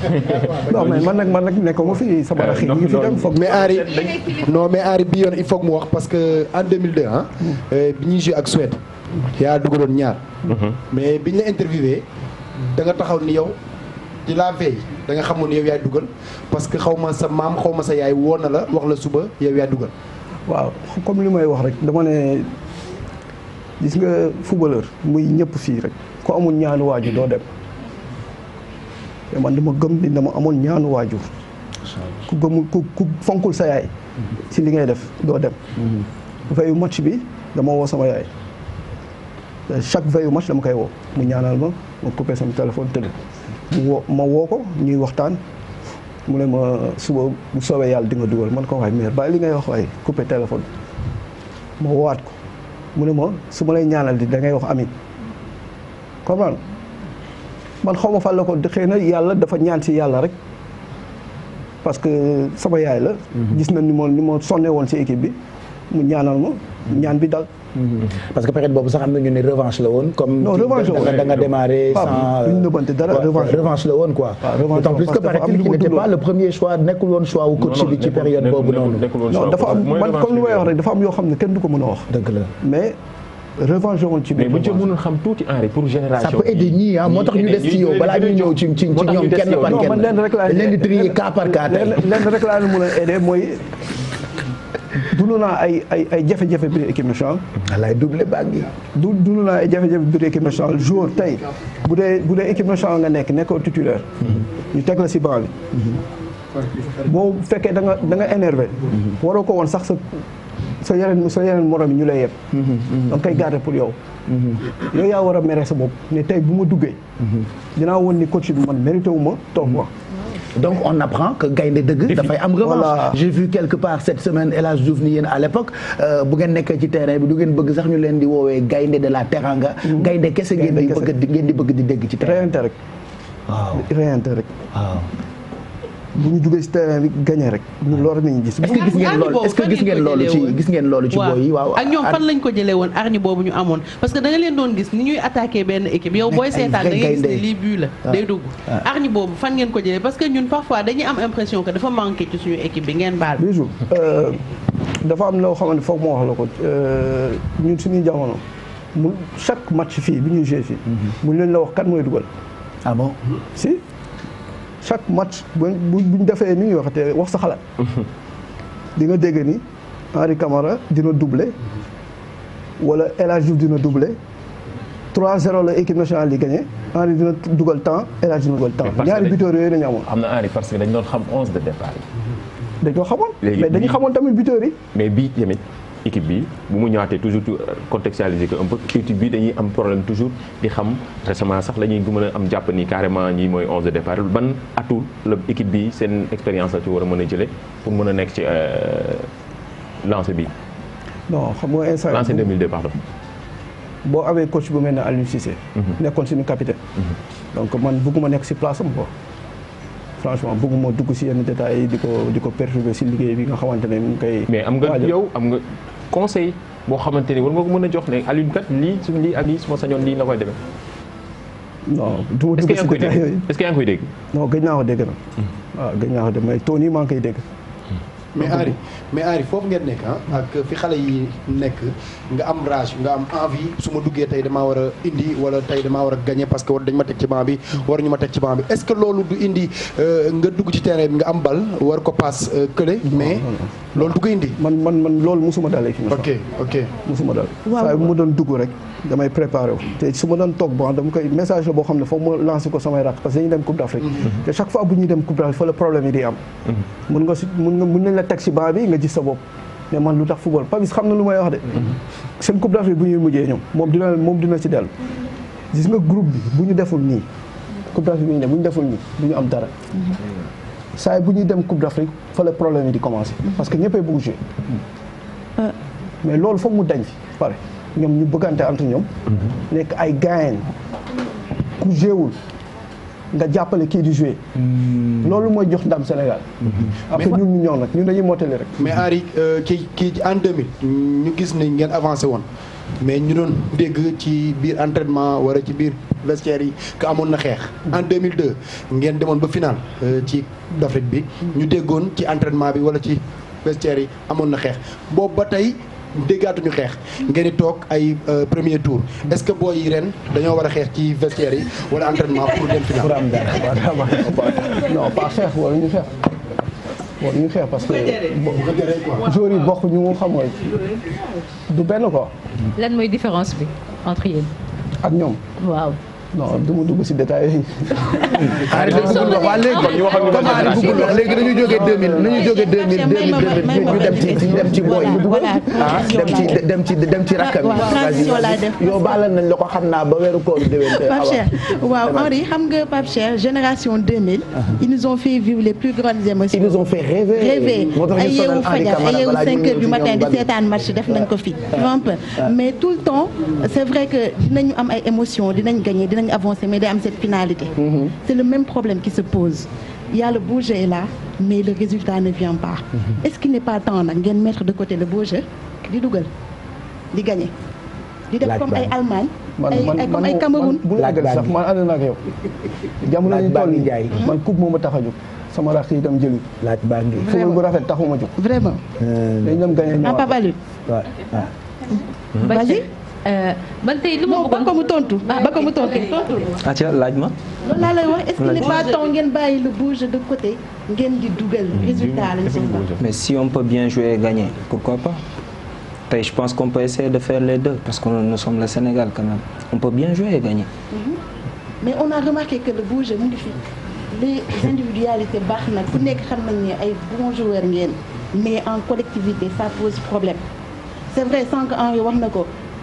Speaker 1: non mais man nag man nag nekkuma fi sama raxi ñu fi mais Ari non mais Ari bi yoon il faut mu wax parce que en 2002 ah. Mm-hmm. Euh, bi ñuy joué ak Suède. yaa dugaloon ñaar. Mm-hmm. mais biñ la interviewé da nga taxaw ni yow. di la veille da nga xamoon yow yaay dugal parce que xaw ma sa maam xaw ma sa yaay woon na la wax la suba yow yaay dugal. waaw comme li may wax rek dama ne gis nga footballeur muy ñëpp
Speaker 25: fii rek ku amul ñaanu waajur doo dem man dama gëm ni dama amoon ñaanu waajur ku gëmul ku ku fonkul sa yaay si li ngay def doo dem yu mm-hmm. match bi dama woo sama yaay chaque veillu match dama koy woo mu ñaanal ma ma coupé sama téléphone tëdd mu woo ma woo ko ñuy waxtaan mu ne ma suba bu soowee yàlla di nga dugal man ko waaye maire bàyyi li ngay wax waaye coupé téléphone ma woowaat ko mu ne ma su ma lay ñaanal di da ngay wax ami comprendre man xaw ma fan la ko xëy na yàlla dafa ñaan si yàlla rek parce que sama yaay la. Mhm. gis na ni ma ni ma sonne woon si équipe bi mu ñaanal ma ñaan bi dal. Mm-hmm. parce que période boobu sax am na ñu ne revanche la woon. comme da nga démarré sans
Speaker 3: revanche la woon quoi. d'autant plus que paraît-il qu'il n'était pas le premier choix nekkul woon choix wu coach bi ci période boobu noonu. non dafa am man comme li
Speaker 25: may wax rek dafa am yoo xam ne kenn du ko mën a wax. dëgg la mais. revanche woon ci biir mais bu ñu mënul xam tuuti Henri
Speaker 3: pour génération. ça peut aider ñii ah moo tax ñu des ci yow balaa ñuy ñëw ci ci ñoom kenn par kenn. non man lenn rek
Speaker 25: laa leen di trier cas par cas. lenn rek laa leen
Speaker 3: mën a aider mooy
Speaker 25: dund naa ay ay ay jafe-jafe biir équipe nationale. alaay doublé baag du dund naa ay jafe-jafe biir jour tey bu dee bu dee équipe nationale nga nekk nekkoo titulaire. Mhm. ñu teg la si banc bi. Mhm. boo fekkee da nga da nga énervé. Mhm. waroo ko woon sax sa sa yeneen sa yeneen morom yi ñu lay yeb. da nga koy garder pour yow. yow yaa war a mere
Speaker 3: sa bopp ne tey bu ma duggee. dinaa woon ni coach bi man mérité wu ma toog ma. donc on apprend que gaynde dëgg dafay am revanche j'ai vu quelque part cette semaine El Hadj Diouf yéen à l'époque euh, bu ngeen nekkee ci terrain bi du ngeen bëgg sax ñu leen di woowee gaynde de la teranga mm-hmm. gaynde kese ngeen di bëgg di ngeen di bëgg di dégg ci terrain reyante rek waaw reyante rek
Speaker 17: bu
Speaker 25: ñu duggee si terrain bi rek ñun loolu nañu gis. gis ngeen loolu est-ce que gis ngeen loolu ci gis ngeen loolu ci booy yi waaw. ak ñoom
Speaker 17: fan lañ ko jëlee woon arñi boobu ñu amoon parce que da leen doon gis ni ñuy attaqué benn équipe yow booy seetaan da gis ni lii
Speaker 3: but
Speaker 25: la day dugg
Speaker 17: arñi boobu fan ngeen ko jëlee parce que ñun parfois dañuy am impression que dafa manqué ci suñu équipe bi ngeen baal toujours
Speaker 25: euh, dafa am loo xamante foog moo wax la ko euh, ñun suñuy jamono mu chaque match fii bi ñuy joué fii mhm. mu leen la wax kan mooy dugal ah chaque match bu ñu defee ni ñuy waxatee wax sa xalaat. di nga dégg ni Henri Camara dina doublé wala El Hadj dina doublé 3-0 la équipe nationale di gagné Henri dina dugal temps El Hadj dina dugal temps ñaari buteurs yooyu dañu amoon.
Speaker 11: am na Henri parce que dañu doon xam 11 de départ.
Speaker 25: dañoo xamoon mais dañu xamoon tamit buteurs yi.
Speaker 11: mais bii équipe bi bu mu ñëwaatee toujours euh, contextualiser ko un peu équipe bi dañuy am problème toujours di xam récemment sax la ñuy mën am jàpp nii carrément ñi mooy 11 de départ ban atu la équipe bi seen expérience la ci war a mën a jële pour mën a nekk ci euh, lancé bi.
Speaker 25: non xam nga instant lancé 2002 pardon. boo awee coach bu mel ne Aliou Cissé. Mhm. nekkoon suñu capitaine. Mhm. donc man bëgguma nekk si place am quoi. franchement moo dugg si yenn détails yi di ko di ko perturber si liggéey bi nga xamante ne mu koy. mais am nga yow
Speaker 11: am nga conseil boo xamante ne war nga ko mën a jox ne Alioune kat lii su lii ak lii su ma sañoon lii la koy demee.
Speaker 25: non du ma dugg si détails yooyu que yaa ngi koy dégg. non gëj naa ko dégg na. waaw hmm. ah, gëj naa ko dégg mais toon maa ngi koy dégg. mais Henri
Speaker 1: mais Henri foofu ngeen nekk ah, ak fi xale yi nekk nga am rage nga am envie su ma duggee tey damaa war a indi wala tey damaa war a gagné parce que war dañ ma teg ci banc bi hmm. war ñu ma teg ci banc bi est-ce que loolu du indi euh, nga dugg ci terrain bi nga am bal war ko paas euh, kële mais loolu du ko indi man man man loolu
Speaker 25: mosuma dalee fi ok ok mosuma dal saa bu ma doon dugg rek damay préparé wu te su ma doon toog bon dama koy message la boo xam ne foofu ma lancé ko samay rakk que dañuy dem Coupe d'Afrique hmm. te chaque fois bu ñuy la problème yi di am hmm. la teg ci banc bi nga gis sa bopp mais man lu tax football Papis xam na lu may wax de seen coupe d'Afrique bu ñuy mujjee ñoom moom dina moom dina si dellu gis nga groupe bi bu ñu deful nii coupe d'Afrique bi ñu dem bu ñu deful nii du ñu am dara saa yi bu ñuy dem coup d'Afrique fa la problème yi di commencer parce que ñëppee bëgg jouer mais loolu foog mu dañ fi pare ñoom ñu bëggante entre ñoom nekk ay gayen ku jéewul nga jàppale kii di jouer. Hmm. loolu mooy
Speaker 1: jox ndam Sénégal. Hmm. après ñun ñu ñëw nag ñun dañuy mottali rek. mais Henry ci euh, kii en 2000 ñu gis ne ngeen avancé woon mais ñu doon dégg ci biir entraînement wara ci biir vestiaire yi que amoon na xeex. en 2002 ngeen demoon ba final euh, ci d'Afrique bi. Hmm. ñu déggoon ci entraînement bi wala ci vestiaire yi amoon na xeex boobu ba tey. déggaatuñu xeex ngeen di toog ay euh, premier tour est-ce que booy yi ren dañoo war a xeex ci vestiaire yi wala entraînement pour dem final. pour am dara non pas xeex wala ñu xeex. bon ñu xeex parce que jour
Speaker 25: yi bokk ñu mu xamoon du benn ko
Speaker 8: lan mooy différence bi entre yéen. ak ñoom
Speaker 25: non du ma dugg si détail yooyu.
Speaker 6: xaaral ñu wax ak léegi dañu jógee 2000 nañu dem ci
Speaker 3: ñu dem ci booy. ah dem ci dem ci la ko xam naa ba weeru koor
Speaker 6: déwén. Pape Cheikh
Speaker 14: waaw Henri xam nga Pape Cheikh génération 2000. Ah. ils nous ont fait vivre les plus grandes émotions. ils nous ont fait rêver. rêver ay yeewu fajar heures du matin di seetaan match def nañ ko fi. Ah. Ah. mais tout le temps c'est vrai que dinañu am ay émotions dinañ gagner nañu avancé mais day am cette finalité. Mhm. c'est le même problème qui se pose. Il y a le beau jeu est là mais le résultat ne vient pas. Mhm. est-ce qu'il n'est pas temps nag ngeen mettre de côté le beau di dugal di gagner. di def comme ay Allemagne. man ay Cameroun. laaj baa sax man ànd
Speaker 25: na ak yow. jamono ñu toll nii man coupe moom a tax a sama rax yi dem jëli. laaj baa ngi football bu rafet taxuma jóg. vraiment. dañu dem gagner ñëwaat ah Pape
Speaker 8: Alioune. Euh, man tey li ma ba ko mu tontu ah, ba
Speaker 14: ko mu tontu.
Speaker 28: atia ah, laaj ma.
Speaker 14: loolu laa lay wax est-ce qu'il n'est pas temps ngeen bàyyi le bouge de côté ngeen di dugal résultat lañ
Speaker 28: soxla. mais si on peut bien jouer et gagner pourquoi pas tey je pense qu'on peut essayer de faire les deux parce que nous sommes le Sénégal quand même on peut bien jouer et gagner.
Speaker 14: Mm-hmm. mais on a remarqué que le bouge mu ngi fi les individualités baax na ku nekk xam nañ ni ay bons joueurs ngeen mais en collectivité ça pose problème c'est vrai sànq Henri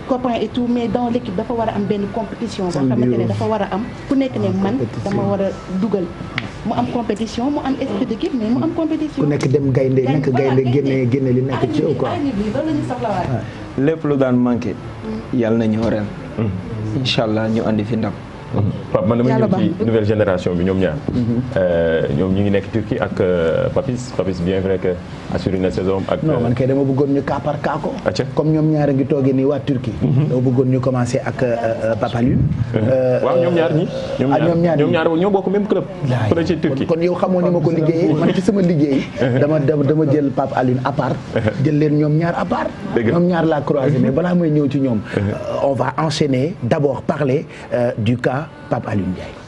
Speaker 14: copain et mais dans l'équipe dafa war a am benn compétition boo xamante ne dafa war a am ku nekk ne man dama war a dugal mu am compétition mu am
Speaker 3: esprit d'équipe mais mu am compétition ku nekk dem gaynde nekk gaynde génne génne li nekk ci yow quoi
Speaker 28: lépp lu daan manqué mm. yàlla na ñëw ren incha allah ñu andi fi ndam Mhm. Pape man dama ñëw ci nouvelle génération bi ñoom ñaar. Mhm. Euh, ñoom ñu ngi nekk
Speaker 11: Turquie ak euh, Papis Papis bien vrai que assuré na saison ak. non euh, man
Speaker 3: kay dama bëggoon ñu cas par cas ko. comme ñoom ñaar a ngi toogee nii waa Turquie. Mhm. dama bëggoon ñu commencé ak Papaline. waaw ñoom ñaar ñi. ah ñoom ñaar ñoo bokk même club. fële ci Turquie kon yow xamoo ni ma ko laa croisé balaa may ñëw ci ñoom. on va enchaîner d'abord parler du cas Pape Alioune Ndiaye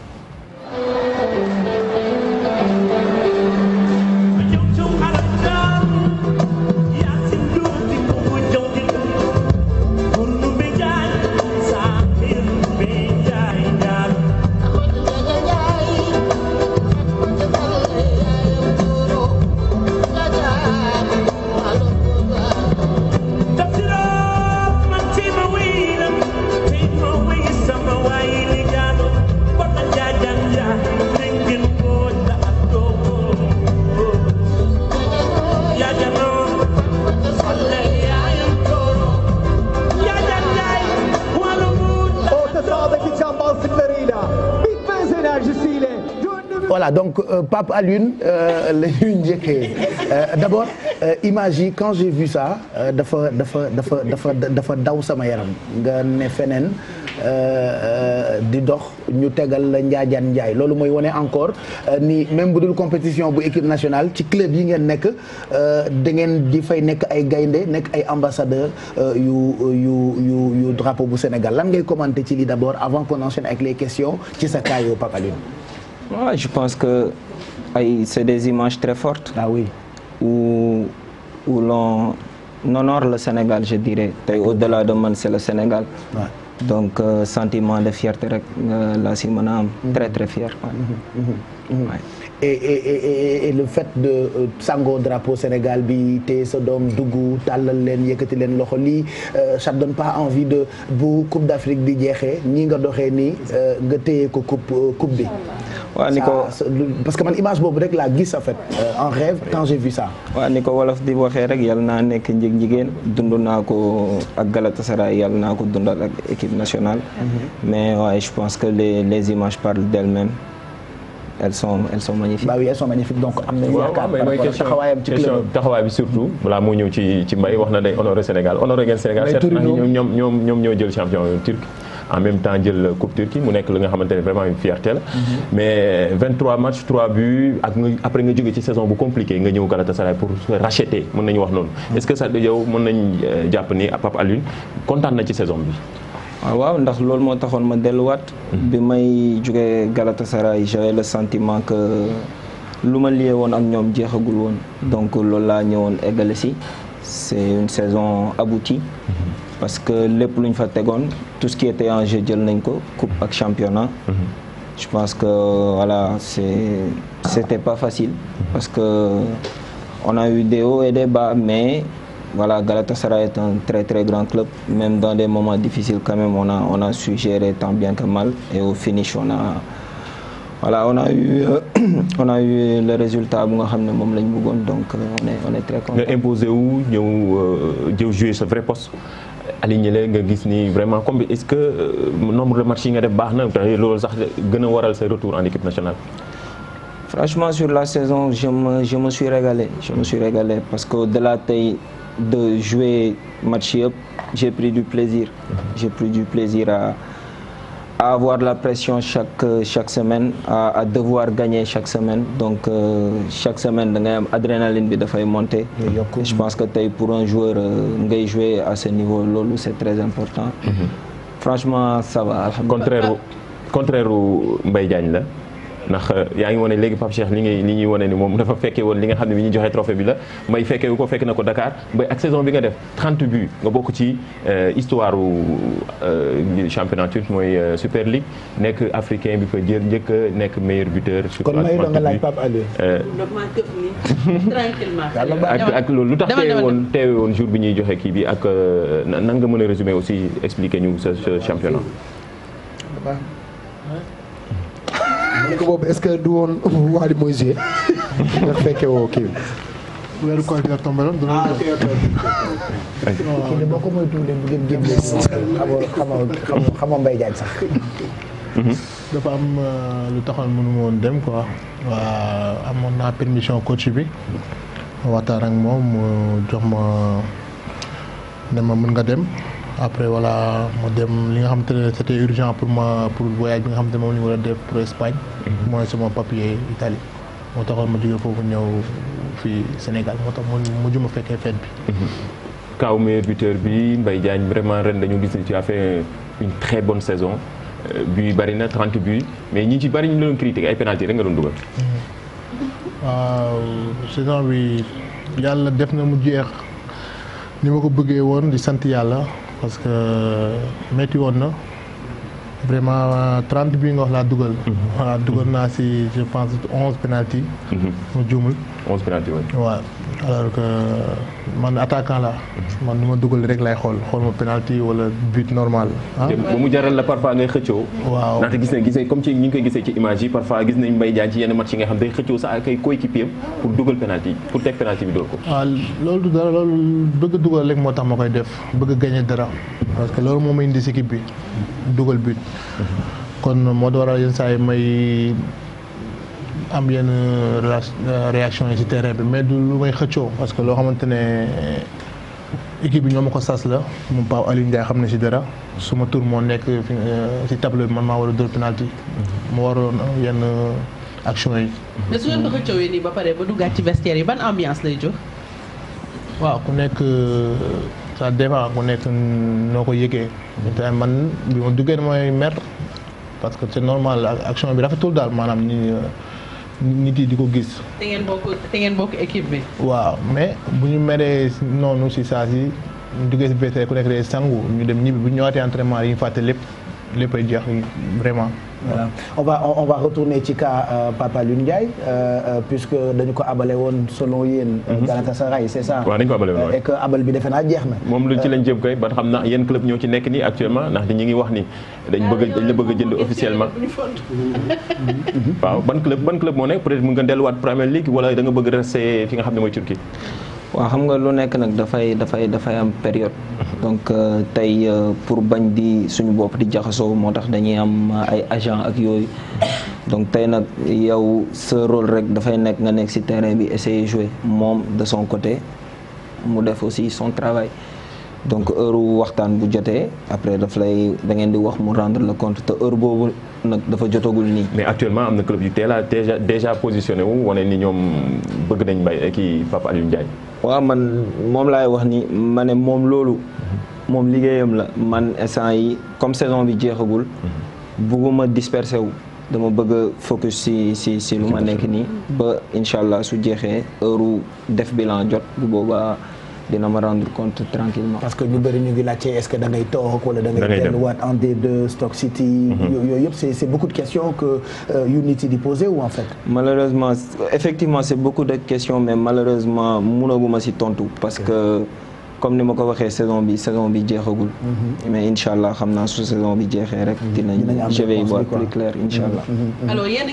Speaker 3: donc euh, Pape Alioune euh, la njëkkee euh, d'abord euh, image yi quand j'ai vu ça euh, dafa dafa dafa dafa dafa daw sama yaram nga ne feneen di dox ñu tegal la njaajaan njaay loolu mooy wane encore ni même bu dul compétition bu équipe nationale ci club yi ngeen nekk da ngeen di fay nekk ay gaynde nekk ay ambassadeur yu yu yu yu drapeau bu Sénégal lan ngay commenter ci li d'abord avant qu'on enchaîne avec les questions ci sa cas yow Pape
Speaker 28: ouais, Je pense que c'est des images très fortes. Ah oui. Où, où l'on honore le Sénégal, je dirais. Au-delà de man, c'est le Sénégal. Ouais. donc euh, sentiment de fierté rek uh, laa si mën a am. Mhm. très très fier ouais. Mhm, mm mhm, -hmm. mm -hmm. ouais.
Speaker 3: et, et et et e, e, le fait de euh, sango drapeau Sénégal bi téye sa doom dugg tàllal leen yëkkati leen loxo lii euh, ça donne pas envie de bu Coupe d'Afrique di jeexee nii nga doxee nii euh, nga téye ko coupe euh, coupe bi. waaw ni ko parce que man image boobu rek laa gis
Speaker 28: en euh, en rêve quand j'ai ni ko wolof di waxee rek yal naa nekk njëg jigéen dund naa ko ak Galatasaray yal naa ko dundal ak équipe nationale. Mhm. mais waa je pense que les les images parlent d'elles-mêmes. elles sont elles magnifiques. donc am nañu yaakaar taxawaayam ci club
Speaker 11: taxawaay bi surtout balaa moo ñëw ci ci mbay wax na day honoré Sénégal honoré ngeen Sénégal. mais ñoom ñoom ñoo jël champion turc. en même temps jël Coupe Turquie mu nekk li nga xamante ne vraiment une fierté la. Mm-hmm. mais 23 matchs 3 buts ak nga après nga jóge ci saison bu compliqué nga ñëw Galatasaray pour racheter mën nañu wax noonu. Mm-hmm. est-ce que ça yow mën nañ euh, jàpp ni Pape Alioune kontaan na ci saison bi.
Speaker 28: Ah, waaw ndax loolu moo taxoon ma delluwaat. Mm-hmm. bi may jógee Galatasaray j'avais le sentiment que lu ma lié woon ak ñoom jeexagul woon. donc loolu laa ñëwoon eggale si. c'est une saison aboutie. parce que lépp lu ñu fa tegoon tout ce qui était en jeu jël nañ ko coupe ak championnat. Mhm. je pense que voilà c'est c'était pas facile. parce que on a eu des hauts et des bas mais voilà Galatasaray est un très très grand club même dans des moments difficiles quand même on a on a su gérer tant bien que mal et au finish on a. voilà on a eu euh, on a eu le résultat bu nga xam ne moom lañ bëggoon donc euh, on est on est très content. nga
Speaker 11: imposé wu ñëw jëw euh, jouer sa vrai poste. aligné la nga gis ni vraiment comme est-ce que euh, nombre de matchs yi nga def baax
Speaker 28: na loolu sax gën a waral sa retour en équipe nationale. franchement sur la saison je me je me suis régalé je me suis régalé parce que au-delà tey de jouer match yëpp j'ai pris du plaisir. j'ai pris du plaisir à. à avoir la pression chaque euh, chaque semaine à, à devoir gagner chaque semaine donc euh, chaque semaine da ngay am adrénaline bi dafay monter je pense que tey pour un joueur euh, ngay jouer à ce niveau loolu c'est très important mm -hmm. franchement ça va contraire
Speaker 11: contraire Mbaye Diagne la ndax euh, yaa ngi wane léegi Pape Cheikh li ngi li ñuy wane ni moom dafa fekkee woon li nga xam ne bi ñuy joxe trophée bi la may fekkee wu ko fekk na ko Dakar ba ak saison bi nga def 30 buts nga bokk ci euh, histoire u euh, championnat turc mooy Super League nekk africain bi fa jël njëkk a nekk meilleur buteur kon may doon nga laaj
Speaker 17: ak ak
Speaker 11: loolu lu tax teewe woon teewe jour bi ñuy joxe kii bi ak nan nga mën a résumer aussi expliquer ñu sa championnat
Speaker 1: man ko ce que du nga fekke woo kii bi weeru kii ah, ko
Speaker 3: mooy tuulee bu gën
Speaker 27: mhm. am euh, lu taxoon mënu dem quoi waa amoon naa permission coach bi waxtaan ak moom mu jox ma ne ma mën nga dem après voilà ma dem li nga xamante ne c'était urgent pour ma pour voyage bi nga xamante ne moom la ñu war a def pour Espagne. Mhm. mooy sama papier Italie. moo taxoon ma jógee foofu ñëw fii Sénégal moo tax mu mujj ma fekkee fête bi.
Speaker 11: Mhm. Kaaw meilleur buteur bi Mbaye Diagne vraiment ren dañu gis ne tu as fait une saison euh, buts yi na 30 buts mais ñu ci bari ñu doon critiquer ay pénalti rek nga doon dugal.
Speaker 27: Mhm. waaw saison bi yàlla def na mu jeex ni ma ko bëggee woon di sant yàlla. parce que métti woon na vraiment trente bii nga wax laa dugal. Mhm. voilà dugal naa si je pense onze penalty mhm. mu juumul. 11 penalty alors que man attaquant la mhm. man nu ma dugal rek lay xool xool ma penalty wala but normal. Ah. ba mu
Speaker 11: jaral la parfois ngay xëccoo. waaw ndaxte gis nañ gis comme ci ñu ngi koy gisee ci image yi parfois gis nañ Mbaye Diagne ci yenn match yi nga xam day xëccoo sax ak ay coéquipier pour dugal penalty pour teg penalty bi door ko.
Speaker 27: Ah, loolu dara loolu bëgg dugal rek moo tax ma koy def bëgg a gagné dara parce que loolu moo ma indi si bi dugal but mhm. kon moo waral am yenn euh, euh, réaction yi ci terrain bi mais du lu may xëccoo parce que loo xamante ne euh, équipe bi ñoo ma ko sas la mu Pao Aliou xam ne ci dara suma tur moo nekk fi ci tableau bi man maa war a dóor penalty mu mhm. waroon yenn action yi. Mhm.
Speaker 17: mais su ngeen ko xëccoowee nii ba pare ba duggaat ci vestiaire yi ban ambiance lay jox.
Speaker 27: waaw ku nekk ça dépend ku nekk noo ko yëgee. Mhm. man bi ma duggee mooy mer parce que c'est normal action bi rafetul daal maanaam ñi nit yi di ko gis.
Speaker 17: te ngeen bokk équipe bi.
Speaker 27: waaw mais bu ñu meree noonu si saa si duggee si BCED ku nekk day sangu ñu dem ñibbi bu ñu ñëwaatee entraînement yi ñu fàtte lépp lépp léppay jeex
Speaker 3: vraiment. voilà on va on, retourner ci cas euh, Papa Lune Ndiaye euh, puisque dañu ko abale woon selon yéen. sa c' est ça. waaw dañu ko abale woon que abal bi defe naa jeex na.
Speaker 23: moom
Speaker 11: lu ci lañ jëm kay ba xam na yéen club ñoo ci nekk nii actuellement ndax ñu ngi wax ni dañ bëgg dañ la bëgg a jënd officiellement. waaw ban club ban club moo nekk delluwaat Premier League wala
Speaker 28: da bëgg rester fi nga xam ne mooy Turquie. waa xam nga lu nekk nag dafay dafay dafay am période. donc euh, tey euh, pour bañ di suñu bopp di jaxasoo moo tax dañuy am euh, ay agent ak yooyu. donc tey nag yow sa rôle rek dafay nekk nga nekk ci terrain bi essayer jouer moom de son côté mu def aussi son travail. donc heure waxtaan bu jotee après daf lay da ngeen di wax mu rendre le compte te heure boobu. nag dafa jotagul nii.
Speaker 11: mais actuellement am na club yu teel a déjà déjà positionné wu wane ni ñoom bëgg nañ mbay kii Pape Aliou Ndiaye.
Speaker 28: waaw man moom laay wax ni mane moom loolu moom liggéeyam la man instant yi comme saison bi jeexagul. Mhm. bugguma dispersé wu dama bëgg a focus si si si lu ma nekk nii. ba incha allah su jeexee heure def bilan jot bu boobaa. dina ma rendre compte tranquillement parce
Speaker 3: que ñu bëri ñu ngi laajte est-ce que da ngay toog wala da ngay delluwaat en d Stock City mhm. yooyu yëpp c'est beaucoup de questions que euh, yu nit yi di poser ou en fait
Speaker 28: malheureusement effectivement c'est beaucoup de questions mais malheureusement mënaguma ci tontu parce que comme ni ma ko waxee saison bi saison bi jeexagul. Mhm. mais incha allah xam naa su saison bi jeexee rek. Mhm. dinañ je vais y voir plus clair incha allah. Mhm. alors
Speaker 17: yéen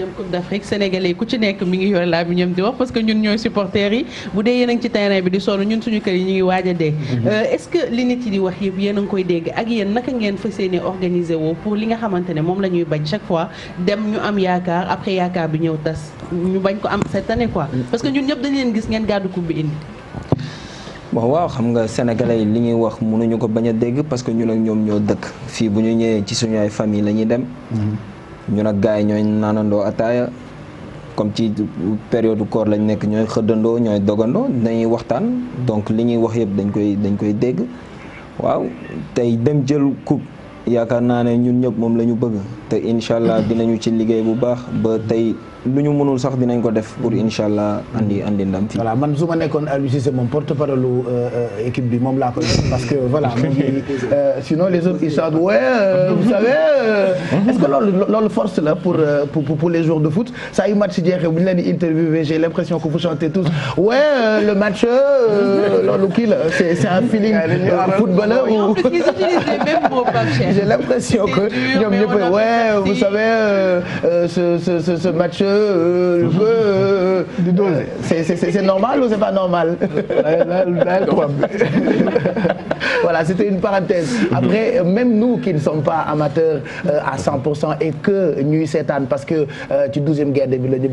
Speaker 17: dem Coupe d' Afrique ku ci nekk mi ngi yooy laa bi ñoom di wax parce que ñun ñooy supporters yi bu dee yéen a ngi ci terrain bi di sonn ñun suñu kër yi ñu ngi waaj a dee. Euh, est li nit yi di wax yëpp yéen a ngi koy dégg ak yéen naka ngeen fas yéene organiser woo pour li nga xamante ne moom la ñuy bañ chaque fois dem ñu yaakaar après yaakaar bi ñëw tas ñu bañ ko am cette année mm. que ñun ñëpp dañ leen gis ngeen gàddu coupe bi
Speaker 28: bon waaw xam nga sénégalais yi li ñuy wax nañu ko bañ a dégg parce que ñun ak ñoom ñoo dëkk fii bu ñu ñëwee ci suñu ay famille lañuy ñuy dem
Speaker 6: mm-hmm.
Speaker 28: ñun ak gars yi ñooy naanandoo ataaya comme ci période koor lañ nekk ñooy xëddandoo ñooy dogandoo nañuy waxtaan donc li ñuy wax yëpp dañ koy dañ koy dégg waaw tey dem jël coupe yaakaar naa ne ñun ñëpp moom la ñu bëgg te incha allah dinañu ci liggéey bu baax ba tey lu ñu mënul sax ko def pour incha allah andi andi ndam fii.
Speaker 3: voilà man su ma nekkoon moom porte parole lu euh, équipe bi moom laa koy parce que voilà euh, sinon les autres ils sont euh, vous savez est-ce que loolu loolu force la pour pour pour les joueurs de foot saa yu bu leen di interviewé j'ai l'impression que vous chantez tous ouais le match loolu kii la c'est c'est un feeling footballeur ou j'ai l'impression que ñoom ñëpp ouais vous savez ce match. di dóor euh, c'est c'est normal ou c'est pas normal. voilà c'était une parenthèse. après même nous qui ne sommes pas amateurs euh, à 100% et que ñuy seetaan parce que euh, ci douzième guerre bi la ñu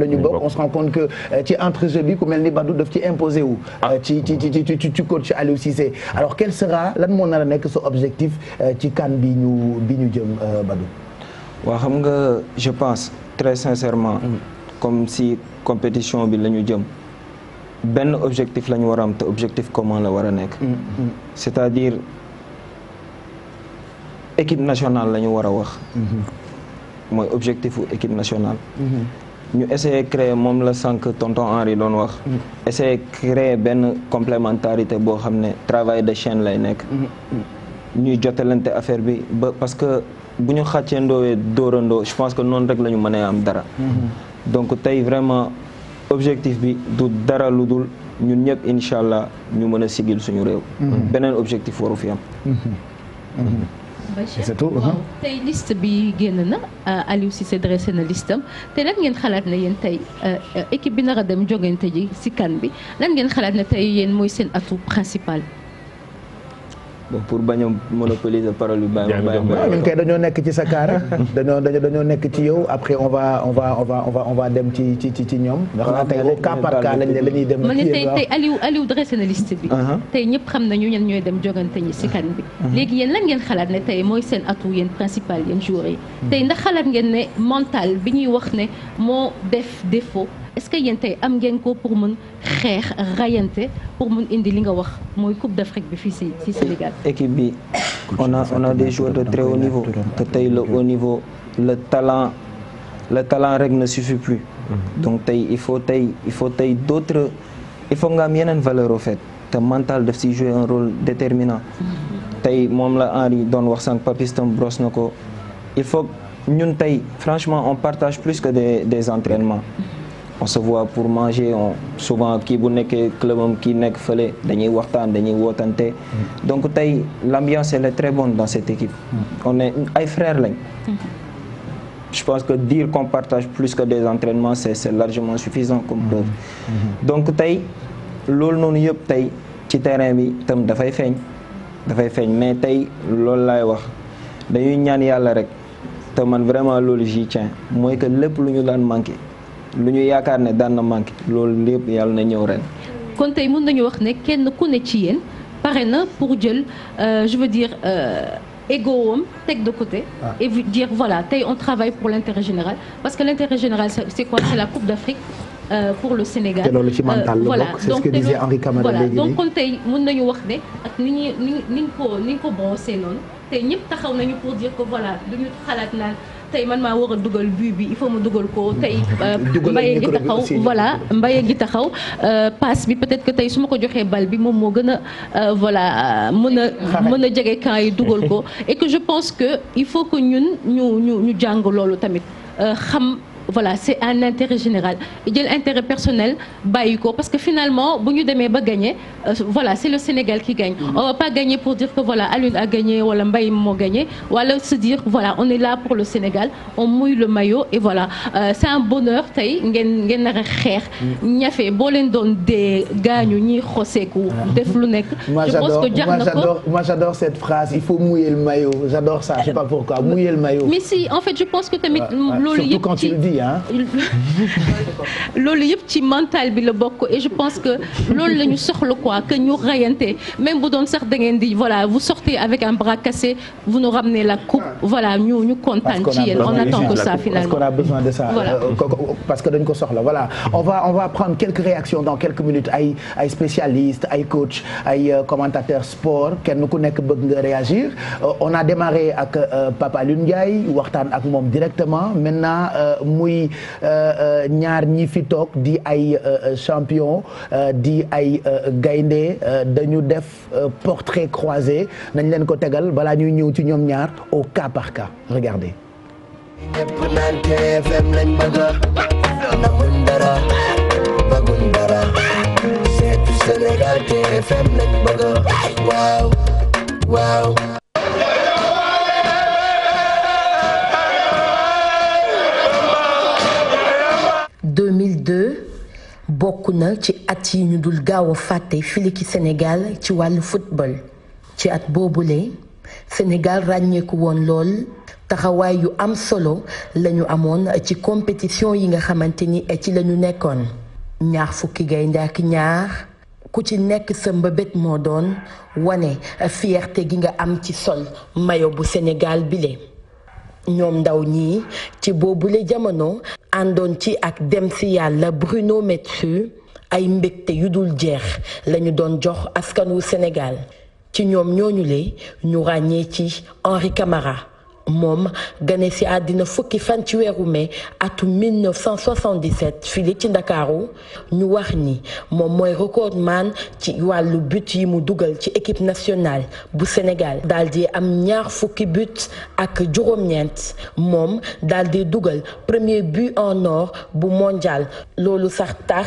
Speaker 3: la ñu bokk on se rend compte que ci entrejeu bi ku mel ni Badou daf ci imposé wu. Ah. ci ci ci ci ci ci coach Aliou Cissé alors quel sera lan moo nar a nekk sa objectif ci kan bi ñu bi ñu jëm Badou.
Speaker 28: waaw xam nga je pense. très sincèrement mm. comme si compétition bi la ñu jëm benn objectif la ñu war a am te objectif commun la war a nekk mm, mm. c'est-à-dire équipe nationale la ñu war a wax
Speaker 6: mm-hmm.
Speaker 28: mooy objectif u équipe nationale mm-hmm. ñu essayer créer moom la sànq tonton Henri doon wax essayer créer benn complémentarité boo xam ne travail de chaîne lay nekk mm-hmm. ñuy jotalante affaire bi parce que bu ñu xàccee ndoowee doorandoo je pense que noonu rek la ñu mënee am dara. Mhm. donc tey vraiment objectif bi du dara lu dul ñun ñëpp incha allah ñu mën a sigil suñu réew. Mhm. beneen objectif waru fi am. Mhm.
Speaker 23: tey liste
Speaker 8: bi génn na euh, Aliou Cissé dressé na listam te lan ngeen xalaat na yéen tey euh, équipe bi nar dem jogante ji si kan bi lan ngeen xalaat ne tey yéen mooy seen atout principal.
Speaker 28: bon pour bañ a monopoliser parole yu bàyyi ma bàyyi kay dañoo nekk ci sa kaar
Speaker 3: dañoo dañoo nekk ci yow après on va on va on va on va dem ci ci ci ñoom. ndax xam ah, tey au cas par la ñuy dem. kii tey tey
Speaker 8: ah. Aliou Aliou na liste bi. Uh-huh. tey ñëpp xam nañu ñen ñooy dem jogante ñi si kan bi. Uh-huh. léegi yéen lan ngeen xalaat ne tey mooy seen atout yéen principal yéen joueurs yi. Uh-huh. tey ndax xalaat ngeen ne mental bi ñuy wax ne moo def défaut. est-ce que yéen tey am ngeen ko pour mun xeex rayante pour mun indi li nga wax mooy Coupe d'Afrique bi fii si si Sénégal.
Speaker 28: équipe bi on a des joueurs de très haut niveau te tey le haut niveau le talent le talent rek ne suffit plus. Mhm. donc tey il faut tey il faut tey d'autres il faut nga am yeneen valeur au fait te mental daf si jouer un rôle déterminant. Mhm. tey moom la Henri doon wax sànq Papiston brosse na ko il faut ñun tey franchement on partage plus que des des entraînements. Mhm. on se voit pour manger on souvent kii bu nekkee club am kii nekk fële dañuy waxtaan dañuy wootante. Mm. donc tey l'ambiance elle est très bonne dans cette équipe. Mm. on est ay frères lañ. Mm-hmm. je pense que dire qu'on partage plus que des entraînements c'est c'est largement suffisant comme mm-hmm. preuve.
Speaker 6: Mm-hmm.
Speaker 28: donc tey loolu noonu yëpp tey ci terrain bi tam dafay feeñ. dafay feeñ mais tey loolu laay wax dañuy ñaan yàlla rek te man vraiment loolu j'y tiens mooy que lépp lu ñu daan manqué. lu ñu yaakaar ne daan na manqué loolu lépp yàlla na ñëw ren.
Speaker 8: kon tey mën nañu wax ne kenn ku ne ci yéen pare na pour jël euh, je veux dire euh, ego am teg de côté. Ah. et dire voilà te on travaille pour l'intérêt général parce que l'intérêt général c'est quoi c'est la Coupe d'Afrique Euh, pour le Sénégal. loolu ci euh, mental la bokk c'est ce que disait Henri donc kon tey mën nañu wax ne ak ni ñuy ni ñu ko ni ko brossé noonu tey ñëpp taxaw nañu pour dire que voilà duñu xalaat naan. tey man maa war a dugal but bi il faut ma dugal ko tey euh, mbaye gi taxaw voilà mbaye gi taxaw euh, passe bi peut-être que tey su ma ko joxee bal bi moom moo gën a euh, voilà mën a mën a jege camp yi dugal ko et je pense que il faut que ñun ñu ñu ñu jàng loolu tamit xam voilà c'est un intérêt général jël intérêt personnel bàyyi ko parce que finalement bu ñu demee ba gagner euh, voilà c'est le Sénégal qui gagne mm-hmm. on va pas gagner pour dire que voilà Alioune a gagné wala Mbaye moo gagné wala se dire voilà on est là pour le Sénégal on mouille le maillot et voilà euh, c'est un bonheur tey ngeen a xeex mm-hmm. ñafe boo leen doon dee gaañu ñiy xoseeku def lu nekk je pense que jar na ko
Speaker 3: moi j'adore cette phrase il faut mouiller le maillot j'adore ça je pas pourquoi mouiller le maillot mais si en yi ah.
Speaker 8: loolu yëpp ci mental bi la bokk et je pense que loolu la ñu soxla quoi que ñu rayante même bu doon sax da ngeen di voilà vous sortez avec un bras cassé vous nous ramenez la coupe voilà ñu ñu kontaan
Speaker 23: ci yéen on attend que ça finalement. parce
Speaker 3: qu'on a besoin de ça voilà. Euh, euh, parce que dañ ko soxla voilà on va on va prendre quelques réactions dans quelques minutes ay ay spécialistes ay coach ay euh, commentateurs sport kenn ku nekk bëgg nga réagir on a démarré ak Papa Alioune Ndiaye waxtaan ak moom directement maintenant muy euh, euh, ñaar ñi fi toog di ay euh, champion di ay gaynde dañu def portrait nañ leen ko tegal balaa ñuy ñëw ci ñoom ñaar au cas par cas regardez.
Speaker 1: ñëpp
Speaker 6: naan
Speaker 23: waaw 2002 bokk na ci at yi ñu dul gaaw a fàtte fili Sénégal ci wàll football ci at boobule Sénégal ràññeeku woon lool taxawaay yu am solo lañu amoon ci compétition yi nga xamante ni ci lañu nekkoon ñaar fukki gaynde ak ñaar ku ci nekk sa mbëbët moo doon wane fierté gi nga am ci sol mayo bu Sénégal bile ñoom ndaw ñii ci boobule jamono àndoon ci ak dem ci yàlla Bruno Metsu ay mbégte yu dul jeex lañu doon jox askan wu Sénégal ci ñoom ñooñule ñu ràññee ci Henri kamara moom gane ci àddina fukki fan ci weeru mai atum 1977 fii ci ndakaaru ñu wax ni moom mooy recordman ci wàllu but yi mu dugal ci équipe nationale bu Sénégal daal di am ñaar fukki but ak juróom-ñeent moom daal di dugal premier but en or bu mondial loolu sax tax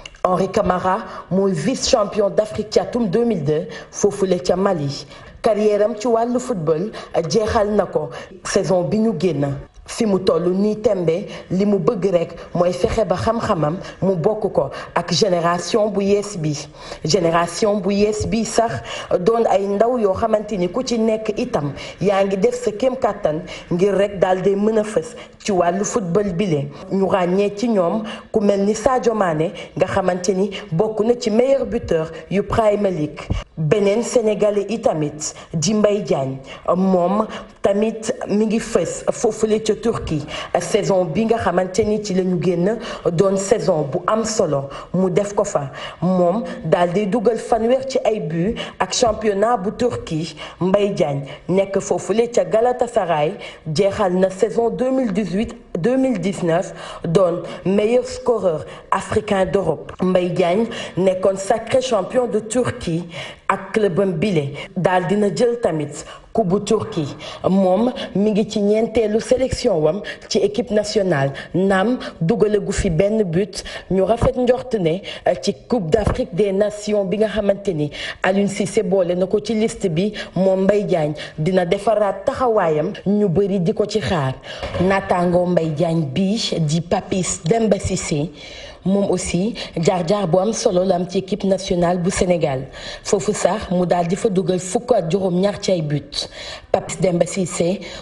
Speaker 23: Henri Camara mooy vice champion d'Afrique ci atum 2002 foofule ca Mali carrière ci wàllu a jeexal na ko saison bi ñu génn. fi mu toll nii tembe li mu bëgg rekk mooy fexe ba xam-xamam mu bokk ko ak génération bu yees bi génération bu yees bi sax doon ay ndaw yoo xamante ni ku ci nekk itam yaa ngi def sa kéem kàttan ngir rekk daal di mën a fës ci wàllu football bile. ñu ràññee ci ñoom ku mel ni Sadio Mané nga xamante ni bokk na ci meilleur buteur yu Premier League beneen sénégalais itamit di Mbaye Diagne moom tamit mi ngi fës foofule ca Turquie saison bi nga xamante ni ci la ñu génn doon saison bu am solo mu def ko fa moom daal di dugal fanweer ci ay but ak championnat bu Turquie Mbaye Diagne nekk foofule ca Galatasaray jeexal na saison 2018 2019 doon meilleur scoreur africain d'Europe mbay Diagne nekkoon sacré champion de Turquie ak clubam bile daal dina jël tamit kubu Turquie moom mi ngi ci ñeenteelu sélection wam ci équipe nationale naam dugalagu fi benn but ñu rafet njort ne eh, ci coupe d'Afrique des nation bi nga xamante ni Aliou Cissé boole na ko ci list bi moom Mbaye Diagne dina defaraat taxawaayam ñu bëri di ko ci xaar naataango Mbaye Diagne bii di Papis Demba moom aussi jaar-jaar bu am solo la am ci équipe nationale bu Sénégal foofu sax mu daal di fa dugal fukk ak juróom-ñaar ci ay but Papis Demba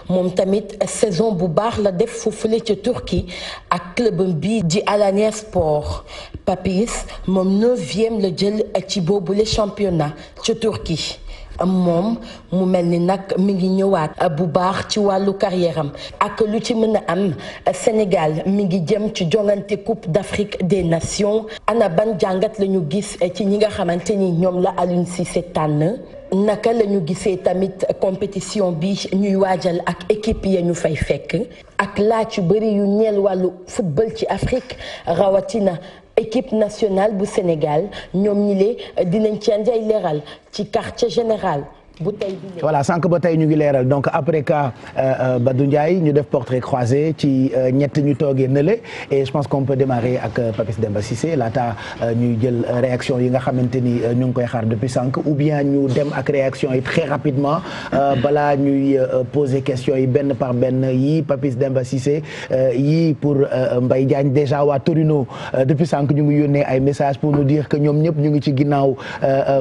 Speaker 23: moom tamit saison bu baax la def foofule ca Turquie ak clubam bii di Alanyaspor Papis moom neuvième la jël ci boobule championnat ca Turquie. moom mu mel ni nag mi ngi ñëwaat bu baax ci wàllu carrière am ak lu ci mën a am Sénégal mi ngi jëm ci jongante Coupe d'Afrique des Nations ana ban jàngat lañu gis ci ñi nga xamante ni ñoom la ci Cissé tànn naka la ñu gisee tamit compétition bi ñuy waajal ak équipe ya ñu fay fekk ak laaj yu bëri yu ñeel wàllu football ci Afrique rawatina équipe nationale bu Sénégal ñoom ñi lee dinañ ci andi ay leeral ci quartier général bu tey voilà
Speaker 3: sànq ba tey ñu ngi leeral donc après cas euh, euh, Badou Ndiaye ñu def portrait croisé ci euh, ñett ñu toogee nële et je pense qu'on peut démarrer ak Papis Demba Cissé laata ñuy jël réaction yi nga xamante ni ñu ngi koy xaar depuis sànq ou bien ñu dem ak réaction yi très rapidement balaa ñuy poser question yi benn par benn yii Papis Demba Cissé yii pour mbay Diagne déjà waa Torino depuis sànq ñu ngi yónnee ay messages pour nous dire que ñoom ñëpp ñu ngi ci ginnaaw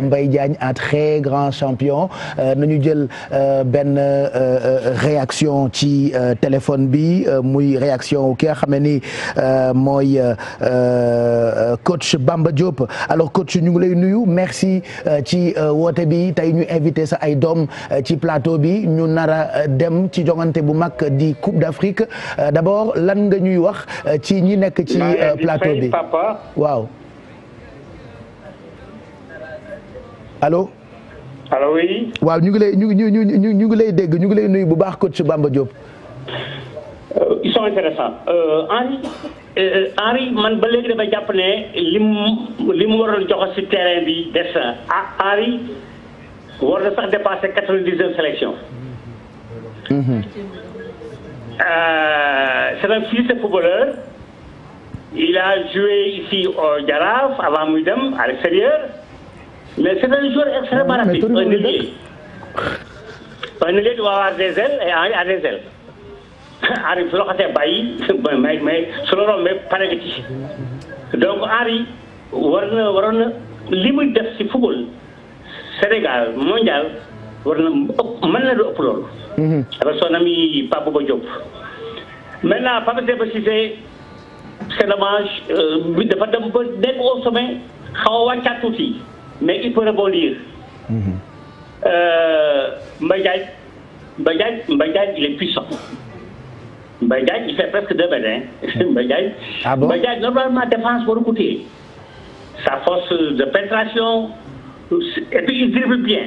Speaker 3: mbay Diagne un très grand champion Euh, nañu jël euh, benn euh, réaction ci téléphone bi muy réaction ki nga xam ne ni mooy coach Bamba Diop alors coach ñu ngi lay nuyu merci ci woote bi tey ñu invité sa ay doom ci plateau bi ñu nara dem ci jongante bu mag di Coupe d'Afrique d'abord lan nga ñuy wax ci ñi nekk ci plateau bi waaw alo oui. waaw ñu ngi lay ñu ñu ñu ñu ngi lay dégg ñu ngi lay nuyu bu baax coach Bamba Diop.
Speaker 31: Euh, ils sont euh, Henri euh, Henri man ba léegi dafay jàpp li mu war mu waroon joxe si terrain bi des na ah Henri war na sax dépassé quatre vingt dix neuf sélection. Mm-hmm. c'est un fils de footballeur il a joué ici au Jaraaf avant muy dem à l'extérieur mais c'est un joueur extrêmement rapide un ailier un di waaw à des ailes et à des ailes Henri su la xasee bàyyi mais mais su pare nga ci donc Henri war na li muy ci football Sénégal mondial war na na du ëpp loolu. Mhm. avec son ami Pape Bouba Diop. maintenant Pape Demba Cissé c'est dommage euh, dafa dem ba nekk au sommet mais il pour rebondir. Mhm. Euh, Mbaye Diagne Mbaye Diagne Mbaye Diagne il est puissant. Mbaye Diagne il fait presque deux mètres hein. Mhm. Ah Mbaye Diagne. normalement défense waru ko téye. sa force de pénétration et puis il dribble bien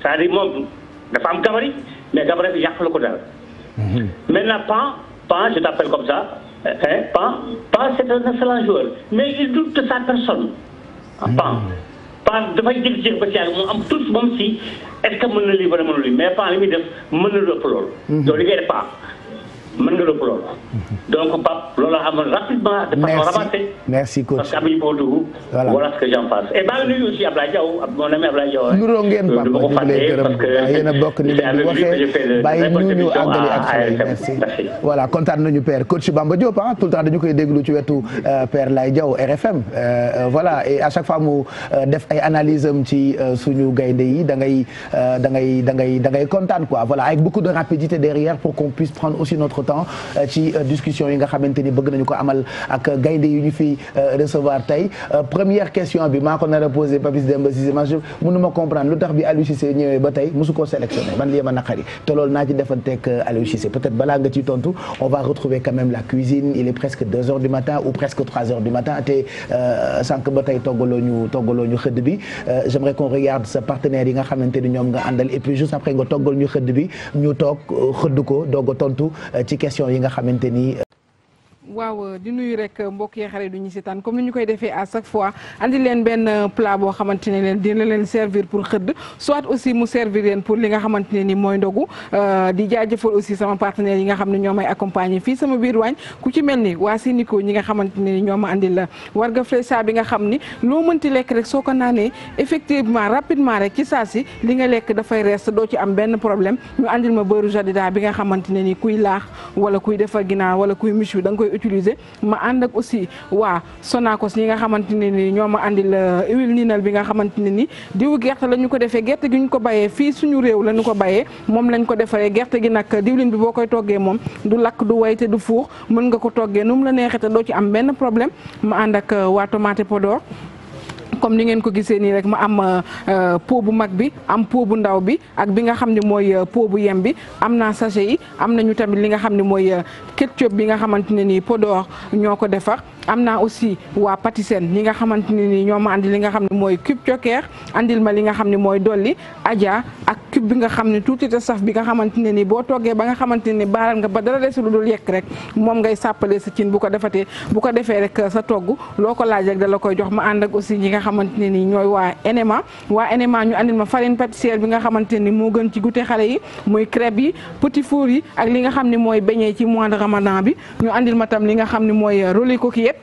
Speaker 31: c'est-à-dire moom dafa am gabarit mais gabarit bi yàq la ko dara. Mhm. Pan Pan je t'appelle comme ça. Pan Pan c'est un excellent joueur mais il doute sa personne. Ah, Pan. PAN dafay jékki-jékki ba ci yàgg mu am tous moom si est ce que mën na lii wala mënul lii mais PAN li muy def mën na lu ëpp loolu. loolu mhm. li ngay def PAN. mën nga lëkkaloo donc Pape loolu amoon rapidement. de façon ramassée.
Speaker 3: merci coach parce
Speaker 31: que amuñu boo dugg. voilà voilà ce que j'en pense. et maa ngi nuyu aussi Ablaye Diaw mon ami Ablaye Diaw. nuroo ngeen Pape ñu ngi lay gërëm yéen a bokk
Speaker 3: ni ngeen di waxee
Speaker 31: bàyyi ñu ñu àggali ak xale
Speaker 3: yi merci. voilà kontaan nañu père coach Bamba Diop ah tout le temps dañu koy déglu ci wetu euh, père Laye Diaw RFM. Euh, euh, voilà et à chaque fois mu def ay analyse am ci suñu gaynde yi da ngay da ngay da ngay da ngay kontaan quoi voilà avec beaucoup de rapidité derrière pour qu'on puisse prendre aussi notre autant euh, ci euh, discussion yi nga xamante ni bëgg nañu ko amal ak gaynde yu ñu fi euh, recevoir tey première question bi ma ko nar a posé Papis Demba Cissé ma mënuma comprendre lu tax bi Aliou Cissé ñëwee ba tey mosu koo sélectionné man lii ma naqari te loolu naa ci defanteeg Aliou Cissé peut-être balaa nga ci tontu on va retrouver quand la cuisine il est presque deux heures du matin ou presque trois heures du matin te sànq ba tey toggaloo ñu toggaloo bi j'aimerais qu'on regarde sa partenaire yi nga xamante ni ñoom nga nga toggal ñu xëdd bi ñu ci question yi nga xamante ni
Speaker 29: waaw di nuyu rek mbokk yi xarit du ñu seetaan comme ñu koy defee à chaque fois andi leen benn plat boo xamante ne leen dina leen servir pour xëdd soit aussi mu servir leen pour li nga xamante ne ni mooy ndogu euh, di jaajëfal aussi sama partenaire yi nga xam ne ñoo may accompagner fii sama biir waañ ku ci mel ni waa Sinico ñi nga xamante ne ni ñoo ma andi la warga Flessa bi nga xam ni loo mënti lekk rek soo ko naanee effectivement rapidement rek ci saa si li nga lekk dafay reste doo ci am benn problème ñu andil ma beurre jadida bi nga xamante ne ni kuy laax wala kuy defar ginaar wala kuy michu da utiliser ma ànd ak aussi waa Sonacos ñi nga xamante ne ni ñoo ma andil euh, huile niinal bi nga xamante ne ni diw gerte la ñu ko defee gerte gi ñu ko bayee fii suñu réew la ñu ko bayee moom lañ ko defaree gerte gi nag diwlin bi boo koy toggee moom du lakk du way te du fuux mën nga ko toggee nu la neexee te doo ci am benn problème ma ànd ak euh, waa tomate Podor comme ni ngeen ko gisee nii rek mu am euh, pot bu mag bi am pot bu ndaw bi ak bi nga xam ne mooy euh, pot bu yem bi am naa sachet yi am nañu tamit li nga xam ne mooy euh, ketchup bi nga xamante ne nii Podor ñoo ko defar am naa aussi waa Patisen ñi nga xamante ne ni ñoo ma li nga xam ne mooy cube cokkeer andil ma li nga xam ne mooy dolli aja ak cube bi nga xam ne tuuti te saf bi nga xamante ne ni boo toggee nga xamante ne ni nga ba dara desu yekk rek moom ngay sàppale sa cin bu ko defatee bu ko defee sa togg loo ko laaj la koy jox ma ànd ak aussi ñi nga xamante ne ni ñooy waa enema waa enema ñu andil ma farine pâtissière bi nga xamante ne ni moo gën ci goûter xale yi muy crêpe yi petit four yi ak li nga xam ne mooy beñee ci mois de ramadan bi ñu andil ma tam li nga xam ne mooy roli coquillette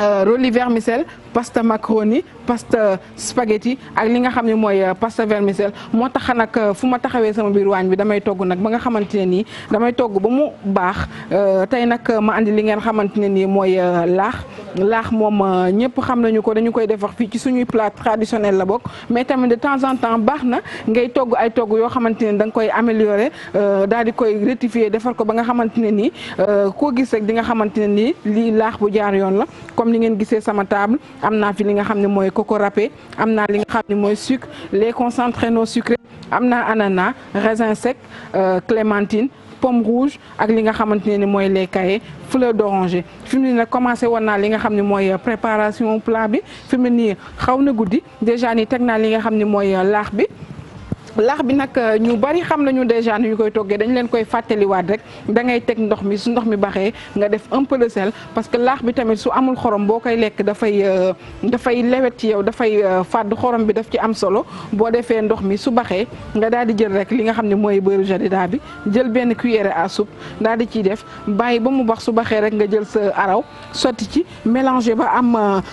Speaker 29: Euh, Rolly Vermicelle pasta macaroni pasta spaghetti ak li nga xam ne mooy euh, pasta vermicelle moo tax nag euh, fu ma taxawee sama biir waañ bi damay togg nag ba nga xamante ne nii damay togg ba mu baax euh, tey nag ma andi li ngeen xamante ne nii mooy laax laax moom ñëpp xam nañu ko dañu koy defar fii ci suñuy plat traditionnel la bokk mais tamit de temps en temps baax na ngay togg ay togg yoo xamante ne da nga koy améliorer daal di koy rectifier defar ko ba nga xamante ne nii koo gis rek di nga xamante ne nii lii laax bu jaar yoon la comme ni ngeen gisee sama table am naa fi li nga xam ne mooy coco râpé am naa li nga xam ni mooy sucre les concentrés non sucrés am na ananas raisin sec euh, clémentine pomme rouge ak li nga xamante ne ni mooy les caillés fleur d'oranger fi mu ne nag commencé woon naa li nga xam ne mooy euh, préparation plat bi fi mu ne nii xaw na guddi déjà nii teg naa li nga xam ni mooy euh, laax bi laax bi nag euh, ñu bari xam nañu déjà ni ñu koy toggee dañu leen koy fàttaliwaat rek dangay teg ndox mi su ndox mi baxee nga def un parce que laax bi tamit su amul xorom boo koy lekk dafay euh, dafay lewet ci yow dafay euh, fàdd xorom bi daf ci am solo boo defee ndox mi su baxee nga daal di jël rek li nga xam ne mooy beurre jadida bi jël benn cuillère à soupe daal di ciy def bàyyi ba mu bax su baxee rek nga jël sa araw sotti ci mélanger ba am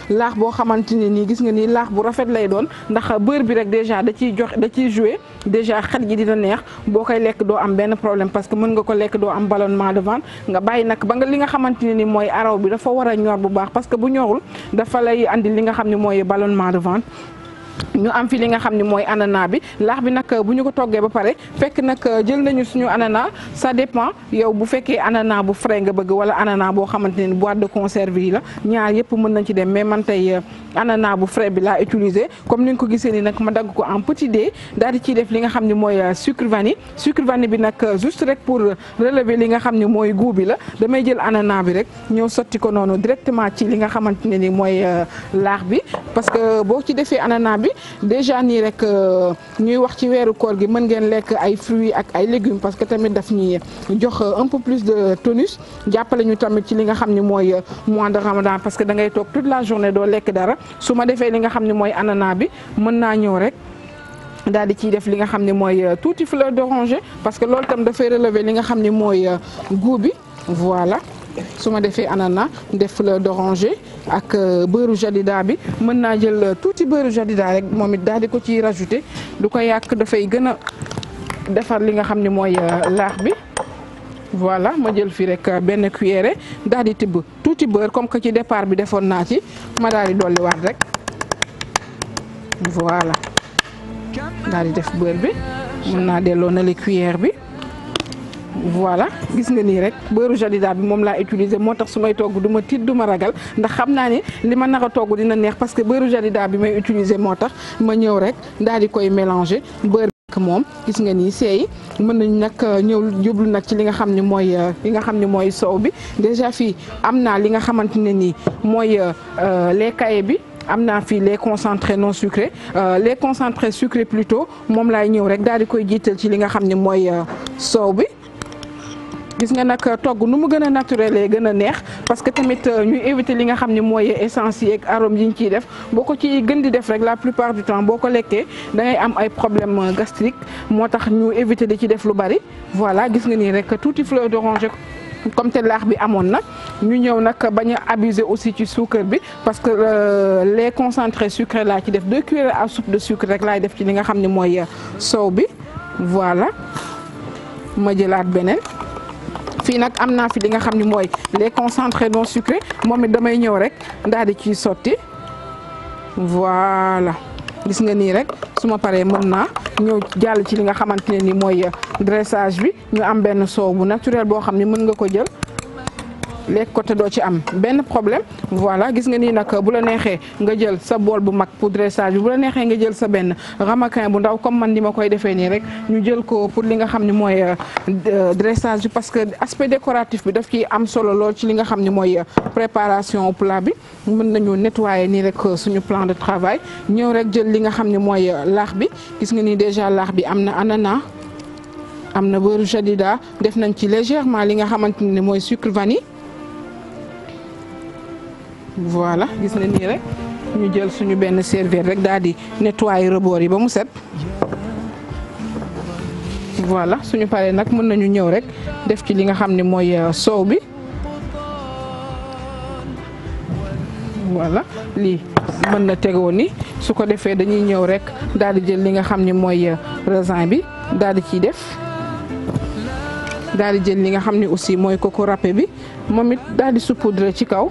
Speaker 29: laax boo xamante ne nii gis nga nii laax bu rafet lay doon ndax bër bi rek déjà da ciy jox da ciy jouer déjà xet gi dina neex boo koy lekk doo am benn problème parce que mën nga ko lekk doo am ballonnement de ventre nga bàyyi nag ba nga li nga xamante ne ni mooy araw bi dafa war a ñor bu baax parce que bu ñorul dafa lay andi li nga xam ne mooy ballonnement de ventre ñu am fi li nga xam ne mooy anana bi laax bi nag bu ñu ko toggee ba pare fekk nag euh, jël nañu suñu anana ça dépend yow bu fekkee anana bu frais nga bëgg wala anana boo xamante ne boîte de conserve yi la ñaar yëpp mën dem mais man tey euh, anana bu frais bi laa utiliser comme ni nga ko gisee ni nag ma dagg ko en petit dé daal di ciy def li nga xam ne mooy euh, sucre vanille sucre vanille bi nag juste rek pour relever li nga xam ne mooy goût bi la damay jël anana bi rek ñëw sotti ko noonu directement ci li nga xamante ne ni mooy laax bi parce que boo ci defee anana bi déjà nii rek euh, ñuy wax ci weeru koor gi mën ngeen lekk ay fruits ak ay légumes parce que tamit daf ñuy jox euh, un peu plus de tonus jàppale ñu tamit ci li nga xam ne mooy euh, mois de ramadan parce que da ngay toog toute la journée doo lekk dara su ma defee li nga xam ne mooy ananas bi mën naa ñëw rek. daal di ci def li nga xam ne mooy tuuti fleur d'oranger parce que loolu tam dafay relever li nga xam ne mooy goût bi voilà. su ma defee anana def la d'oranger ak euh, beurre jadida bi mën naa jël euh, tuuti beurre jadida rek moom it daal di ko ciy rajouter du ko yàq dafay gën a defar li nga xam ni mooy euh, laax bi voilà ma jël fii rek benn cuillère daal di tib tuuti beurre comme que ci départ bi defoon naa ci ma daal di dolliwaat rek voilà daal di def beurre bi mën naa delloo na li cuillère bi. voilà gis nga nii rek beurre jadida bi moom laa utiliser moo tax su may togg duma ma tiit du ragal ndax xam naa ne li ma nar a togg dina neex parce que beurre jadida bi may utiliser moo tax ma ñëw rek daal di koy mélanger beurre moom gis nga nii seey mën nañ nag euh, ñëw jublu nag ci li nga xam ne mooy euh, li nga xam ne mooy soow bi déjà fii am naa li nga xamante ne nii mooy euh, lait caillé bi am naa fii lait concentré non sucré lait concentré sucré plutôt moom lay ñëw rek daal di koy jiital ci li nga xam ne mooy soow bi gis nga nag togg nu mu gën a naturel gën a neex parce que tamit euh, ñuy éviter li nga xam ne mooy essence yi ak arôme yi ñu ciy def boo ko ci gën di def rek la plupart du temps boo ko lekkee da am ay problème euh, gastrique moo tax ñu éviter di ci def lu bari voilà gis nga nii rek tuuti fleur d'oranger comme te laax bi amoon na ñu ñëw nag bañ a aussi ci suukar bi parce que euh, les concentrés sucrés laa ci def deux cuillères à soupe de sucre rek laay def ci li nga xam ne mooy soow bi voilà ma jëlaat beneen fii nag am naa fi li nga xam ne mooy les concentrés non sucrés moom it damay ñëw rek daal di ciy sotti voilà gis nga nii rek su ma paree mën naa ñëw jàll ci li nga xamante ne ni mooy dressage bi ñu am benn soow bu naturel boo xam ne mën nga ko jël lekk ko te doo ci am benn problème voilà gis nga nii nag bu la neexee nga jël sa bool bu mag pour dressage bu la neexee nga jël sa benn ramequin bu ndaw comme man ni ma koy defee nii rek ñu jël ko pour li nga xam ne mooy euh, euh, dressage parce que aspect décoratif bi daf ciy am solo lool ci li nga xam ne mooy euh, préparation plat bi mën nañu nettoyer nii rek suñu plan de travail ñëw rek jël li nga xam ne mooy laax bi gis nga nii déjà laax bi am na ananas am na beurre jadida def nañ ci légèrement li nga xamante ne mooy sucre vanille voilà gis na nii rek ñu jël suñu benn serviette rek daal di nettoyer rebord yi ba mu set voilà suñu paree nag mën nañu ñëw rek def ci li nga xam ne mooy euh, soow bi voilà lii mën na tegoo ni su ko defee dañuy ñëw rek daal di jël li nga xam ne mooy euh, raisin bi daal di ciy def daal di jël li nga xam ne aussi mooy koko rappe bi moom it daal di saupoudrer ci kaw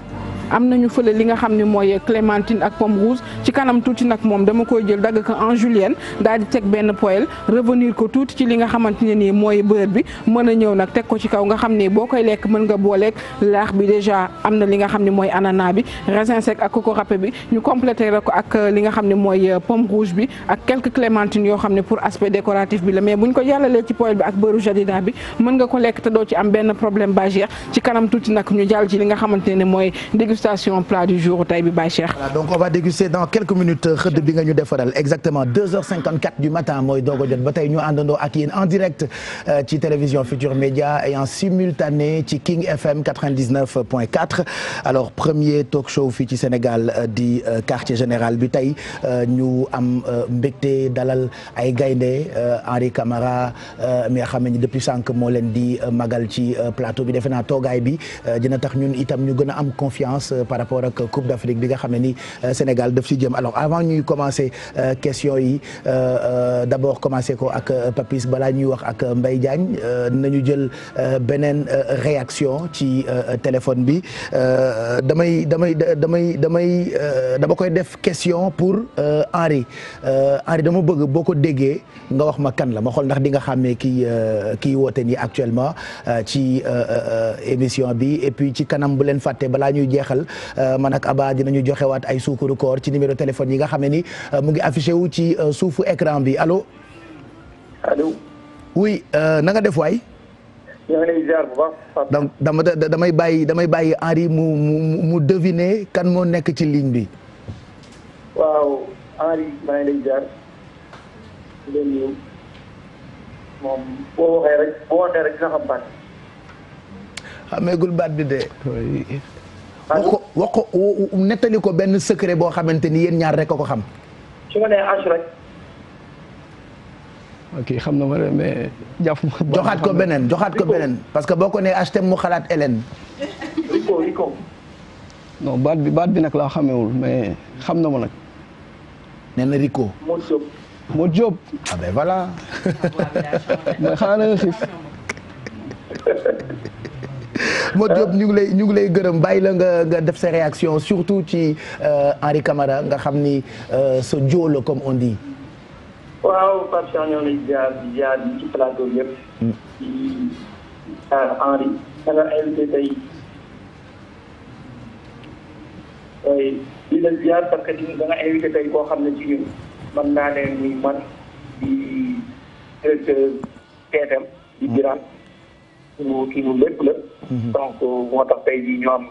Speaker 29: am nañu fële li nga xam ne mooy clémentine ak pomme rouge ci kanam tuuti nag moom dama koy jël dagg ko en julienne daal di teg benn poêle revenir ko tuuti ci li nga xamante ne nii mooy beurre bi mën a ñëw nag teg ko ci kaw nga xam ne boo koy lekk mën nga booleeg laax bi déjà am na li nga xam ne mooy ananas bi raisin ak coco râpé bi ñu complété la ko ak euh, li nga xam ne mooy euh, pomme rouge bi ak quelques clémentines yoo xam ne pour aspect décoratif bi la mais buñ ko jàllalee ci poêle bi ak beurre jadida bi lekk te doo ci am benn problème bâgère ci kanam tuuti nag ñu jàll ci li nga xamante ne mooy dégustation plat du jour tey bi Baye Cheikh.
Speaker 3: voilà donc on va déguster dans quelques minutes euh, xëdd bi nga ñu defaral exactement 2h54 du matin mooy doog a jot ba tey ñu àndandoo ak yéen en direct euh, ci télévision Futur Média et en simultané ci King FM 99.4 alors premier talk show fii ci Sénégal euh, di quartier général bi tey ñu am mbégte dalal ay gaynde Henri Camara mi nga xam ne depuis sànq moo leen di magal ci plateau bi defe naa toogaay bi dina tax ñun itam ñu gën a am confiance. France euh, par rapport ak Coupe d'Afrique bi nga xam ne ni euh, Sénégal daf ci jëm alors avant ñuy commencer euh, question yi d'abord commencer ko ak Papis balaa ñuy wax ak Mbaye Diagne nañu jël beneen réaction ci téléphone bi damay damay damay damay dama koy def question pour Henri Henri dama bëgg boo ko déggee nga wax ma kan la ma xool ndax di nga xàmmee ki kii woote nii actuellement ci émission bi et puis ci kanam bu leen fàtte ñuy jeexal Sénégal euh, man ak Aba dinañu joxewaat ay suukaru koor ci numéro téléphone yi nga xam ne ni euh, mu ngi affiché wu ci euh, suufu écran bi allo. allo. oui na def waay. dama damay bàyyi damay bàyyi Henri mu mu mu kan moo nekk ci ligne bi.
Speaker 2: waaw Henri moom boo waxee rek boo waxee rek dina xam baat.
Speaker 3: xameegul baat bi de. wax ko nettali ko benn secret boo xamante ni yéen ñaar rek a ko xam. ok xam na ma ne joxaat ko beneen joxaat ko beneen. parce que boo ko nee HTM mu xalaat Hélène. Rico baat bi baat bi nag laa xamewul mais xam na ma nag. nee na moo Diop. moo ah voilà. mais xanaa na nga xiif. moo Diop ñu ngi lay gërëm bàyyi la nga nga def sa réaction surtout ci euh, Henri Camara nga xam ni euh, sa joo la comme on dit.
Speaker 2: waaw Pape Cheikh ñoo ngi jaar jaar hmm. invité tey. koo xam ne ci ñun mën naa ne muy man di directeur TFM di hmm. Birane. suñu kii bu lépp la. Mhm. donc euh, moo tax tey jii ñu am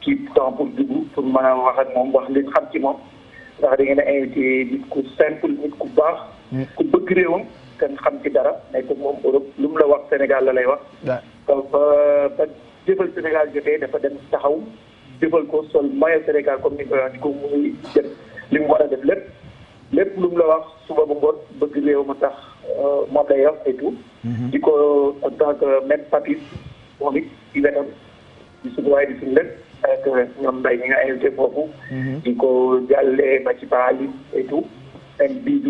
Speaker 2: kii temps pour pour mën a wax ak moom wax li xam ci moom ndax da ngeen a invité nit ku simple nit ku baax. Mm. ku bëgg réewam kenn xam ci dara nekk moom Europe lu mu la wax Sénégal la lay wax. donc euh, ba jëfal Sénégal jotee dafa dem taxaw jëfal ko sol maillot Sénégal comme ni ko waxee ko muy def li war a def lépp lépp lu la wax suba ba bëgg réew ma tax. Euh, Mabda et tout. Mhm. di ko en tant que maître Papis moom it ci wetam di suñu waay di suñu lépp ak ñoom mbay nga invité foofu. Mhm. di ko jàllee ba ci Bali et tout. même bii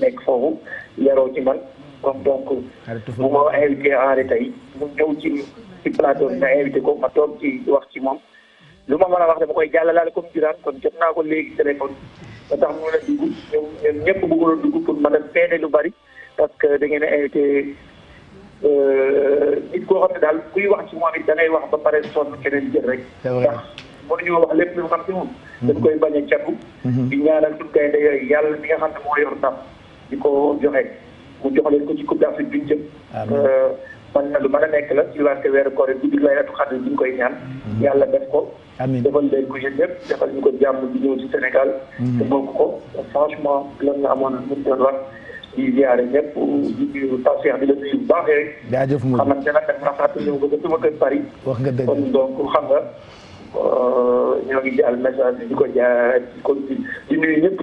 Speaker 2: nekk foofu yaroo ci man kon donc. bu ma invité aare tey mu ñëw ci ci plateau nga invité ko ma toog ci wax ci moom. lu ma mën a wax dama koy jàllalaale comme Birane kon jot naa ko léegi téléphone. ba tax ñu la dugg ñoom ñoom ñëpp bëggoon a dugg pour mën a seede lu bari parce que da ngeen a euh, nit koo xam ne daal kuy wax ci moom it da wax ba pare sonn keneen jël rek. ndax mënuñoo wax lépp lu xam ci moom. Mm-hmm. koy bañ a catu. Mm-hmm. di ñaanal suñu gaynde yooyu yàlla mi nga xam ne moo di ko joxe mu jox leen ko ci coupe d'Afrique bi ñu euh, man na lu man a nekk la ci wàllu weeru koor guddi lay atu xadd bi ñu koy ñaan. Mm-hmm. yàlla def ko. amiin defal leen ko yéen ñëpp defal ñu ko jàmm di ñëw si Sénégal. Mm-hmm. te bokk ko franchement lan la amoon lu mu wax di ziare ñëpp di tawfeex di la nuyu bu baax rek.
Speaker 4: jaajëf Modou xamante
Speaker 2: ne nag dafa xaatu ñëw ba ba Paris. wax nga dëgg kon donc xam nga euh, ñoo ngi jàll message bi di ko jaar di ko di nuyu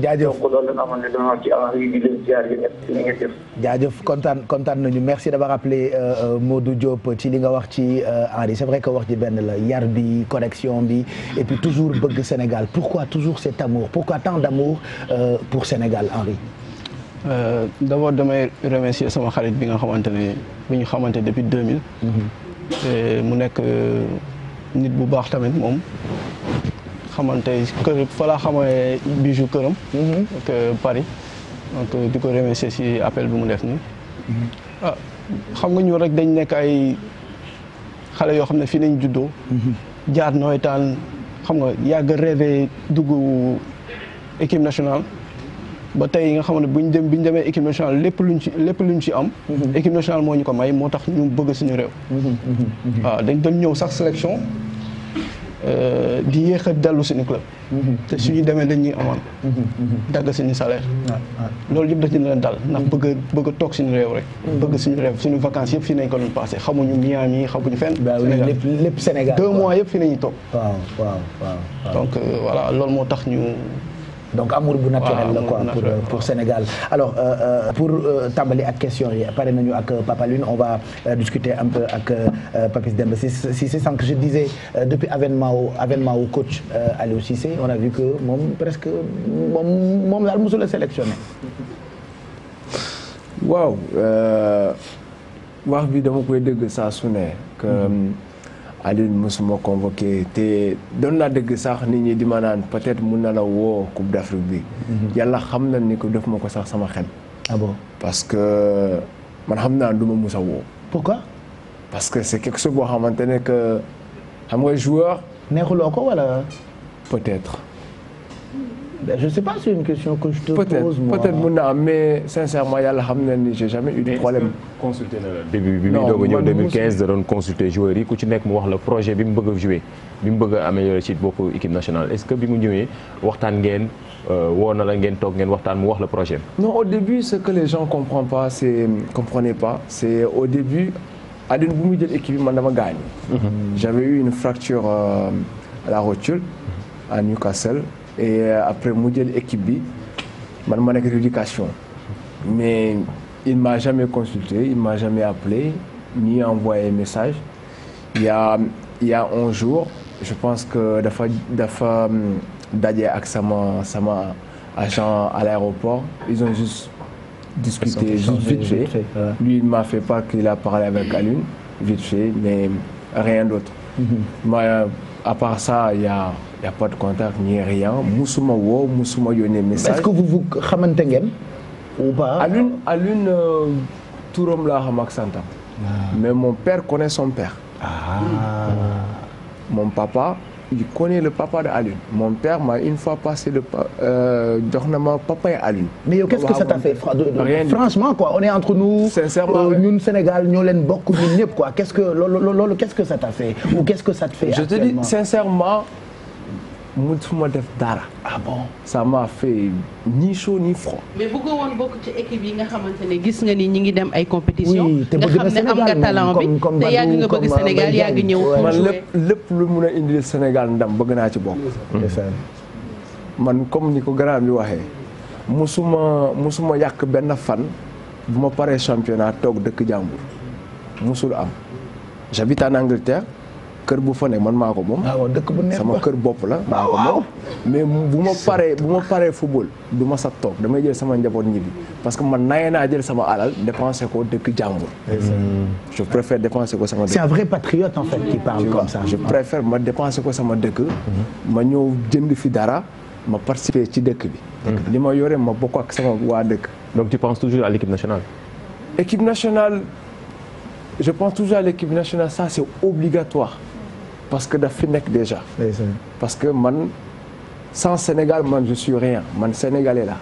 Speaker 2: jaajëf donc loolu la nga amoon ne ñu ngi def.
Speaker 3: jaajëf kontaan kontaan nañu merci d'avoir appelé euh, euh, Modou Diop ci li nga wax ci euh, Henri c'est vrai que wax ji benn la yar bi correction bi et toujours bëgg Sénégal pourquoi toujours cet amour pourquoi tant d'amour pour Sénégal Henri.
Speaker 25: d'abord damay remercier sama xarit bi nga xamante ne bi ñu xamante depuis 2000. Mhm. mu nekk nit bu baax tamit moom. xamante kër fa laa xamee bijou këram. Mhm. ak euh, Paris donc euh, di ko remercier si appel bi mu def nii. Mhm. ah xam nga ñu rek dañ nekk ay xale yoo xam ne fii nañ juddo mhm. jaar nooytaan xam nga yàgg rêvé dugg équipe nationale. ba tey nga xam ne bu ñu dem bi ñu demee équipe nationale lépp luñ ci lépp luñ ci am. équipe nationale moo ñu ko may moo tax ñu bëgg suñu réew. waaw ah, dañ dem ñëw sax sélection. Euh, di yéex a dellu suñu club. Mhm. te suñu demee dañuy amoon.
Speaker 6: Mhm.
Speaker 25: dagg suñu salaire. loolu yëpp dañu leen dal ndax mhm. bëgg bëgg a toog suñu réew rek. bëgg suñu réew suñu vacances yëpp fii nañ ko doon passé xamuñu Miami yi xamuñu fenn. Sénégal lépp lépp Sénégal deux
Speaker 3: mois yëpp fii nañu toog. waaw donc euh, voilà loolu moo tax ñu. donc amour bu naturel la quoi pour Sénégal alors euh, euh, pour euh, tàmbali ak question yi pare nañu ak Papa Lune on va discuter un peu ak Papis Demba Cissé sànq je disais depuis avènement wu avènement wu coach Aliou Cissé on a vu que moom presque moom moom daal mosul a sélectionné
Speaker 26: waaw wax bi dama koy dégg saa su mm-hmm. Alioune mosuma convoqué te doon naa dégg sax nit ñi di ma naan peut-être mun na la woo Coupe d'Afrique bi. Mhm. yàlla xam na ni ko def ma ko sax sama xel. ah parce que man xam naa du ma mus a woo. pourquoi. parce que c'est quelque chose boo xamante ne que xam nga joueur. neexuloo ko wala. peut-être. je ne sais pas c'est une question mun na am mais sincèrement yàlla xam na ni j'ai jamais eu de problème. consulté na la début bi muy doog a ñëw 2015 da
Speaker 11: consulter joueurs yi ku ci nekk mu wax la projet bi mu bëgg a jouer bi mu bëgg a améliorer ci bokk équipe nationale est-ce que bi mu ñëwee waxtaan ngeen euh, woo na la ngeen toog ngeen waxtaan mu wax le projet
Speaker 26: non au début ce que les gens comprennent pas c'est comprenaient pas c'est au début Alioune bu muy jël équipe bi ma dama gaañu. Mhm. j'avais eu une fracture euh, à la rotule et euh, après mu jël équipe bi man ma nekk éducation mais il m'a jamais consulté il m'a jamais appelé ni envoyé message il y a il y a un jour je pense que dafa dafa daje ak sama sama agent à l'aéroport ils ont juste discuté juste vite fait lui il m'a fait part qu'il a parlé avec Alioune vite fait mais rien d'autre mm -hmm. mais euh, à part ça il y a y' a pas de contact ni rien musuma woo musuma yónnee message. est-ce que vous
Speaker 3: vous xamante ngeen.
Speaker 26: ou pas Alioune Alioune euh, turam laa xam ak santam. Ah. mais mon père connaît son père. Ah. mon papa. il connaît le papa de Alioune. mon père m'a une fois
Speaker 3: passé le pa euh, jox na ma papa ya Alioune. mais yow qu'est-ce que ça t'a fait franchement quoi on est entre nous. sincèrement euh, ñun Sénégal ñoo leen bokk ñun ñëpp quoi qu'est-ce que loolu loolu qu'est-ce que ça t'a fait. ou qu'est-ce que ça te fait actuellement je te dis sincèrement.
Speaker 26: suma def dara. ah bon ça m'a fait ni chaud ni froid.
Speaker 17: mais bëggoo woon bokk ci équipe yi nga xamante gis nga ni ñi ngi dem ay compétition nga xam ne am nga talent bi te yàgg nga bëgg Sénégal yàgg ñëw. man lépp
Speaker 26: lépp lu mun a indi Sénégal ndam bëgg naa ci bokk. Mm. man comme ni ko grand bi waxee. musuma musuma yàq benn fan. bu ma paree championnat toog dëkk jàmbur. musul am. j'habite en Angleterre. kër bu fa ne man maa ko moom. Ah, dëkk bu neex sama kër bopp la. maa ko moom ah, mais bu ma paree bu ma paree football du ma sa toog damay jël sama njaboot ñibbi parce que man naye naa jël sama alal dépensé ko dëkk jàmbur. Mm-hmm. je préfère dépenser ko sama dëkk. c'est un vrai
Speaker 3: patriote en fait
Speaker 26: qui ma dépenser ko sama dëkk. Mm-hmm. ma ñëw jënd fi dara. ma participer ci dëkk bi. Mm-hmm. li ma yore ma bokk ak sama waa dëkk. donc tu penses toujours à l'équipe je pense toujours à l'équipe nationale ça c'est obligatoire. parce que daf fi nekk déjà parce que man sans Sénégal man je suis rien man sénégalais la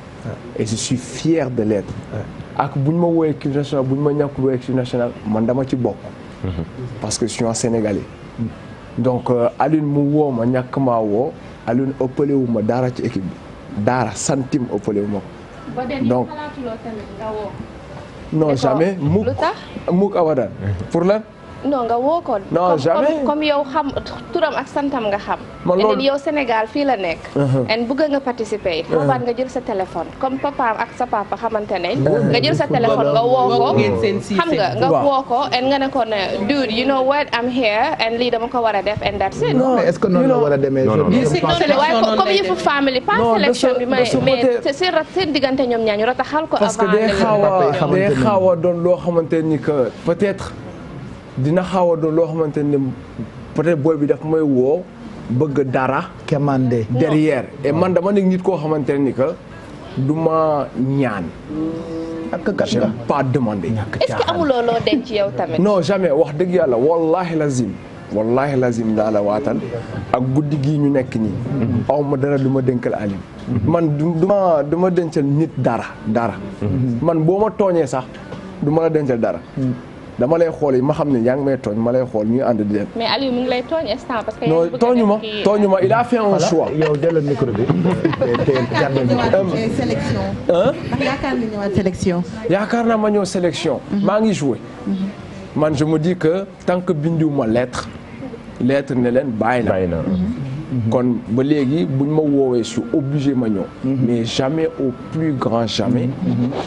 Speaker 26: et je suis fier de l'être ak bu ma woowee équipe nationale bu ñu ma ñàkk woowee équipe nationale man dama ci bokk mm-hmm. parce que je suis un sénégalais donc euh, Alioune mu woo ma ñàkk maa woo Alioune ëppale wu ma dara ci équipe bi dara centime ëppale donc non jamais
Speaker 21: mukk
Speaker 26: abadan mm-hmm. pour lan
Speaker 21: no nga woo ko. non jamais comme yow xam turam ak santam nga xam. man loolu yow Sénégal fii la nekk. en uh-huh. bëgg nga participer. xawaat uh-huh. nga jël sa téléphone comme papaam ak sa papa xamante ne. Uh-huh. nga jël sa téléphone nga woo ko. xam nga nga woo ko en nga ne ko ne dude you know what I'm here and lii dama ko war a def and that's it. non est-ce que
Speaker 3: noonu la war a demee. non non non
Speaker 17: comme yëfu
Speaker 21: famille pas sélection bi mais mais seen diggante ñoom ñaañu rataxal ko. avant parce que day xaw a
Speaker 23: day
Speaker 26: xaw a doon loo xamante ni que dina xaw a doon loo xamante ne peut-être booy bi daf may woo bëgg dara. commandé derrière et man dama nekk nit koo xamante ne ni que du ma ñaan. ak kat nga pas demandé. est-ce
Speaker 21: que amuloo loo denc yow tamit. non
Speaker 26: jamais wax dëgg yàlla wallahi lazim. wallahi lazim waatal ak guddi gii ñu nekk nii. Mhm. aw ma dara du ma dénkal alim mhm. man du ma du nit dara dara. Mhm. man boo ma tooñee sax du ma la dara. dama lay xool yi ma xam ne yaa ngi may tooñ ma lay xool ñuy ànd di dem.
Speaker 21: mais Aliou mu tooñ ma tooñu ma il a fait un choix.
Speaker 26: yow delloo yaakaar naa ma ñëwaat sélection. Mhm. maa ngi joué. Mhm. man je me dis que tant que bindiwuma lettre. lettre ne leen bàyyi na. Mhm. kon ba léegi buñ ma woowe je suis obligé ma ñëw. mais jamais au plus grand jamais.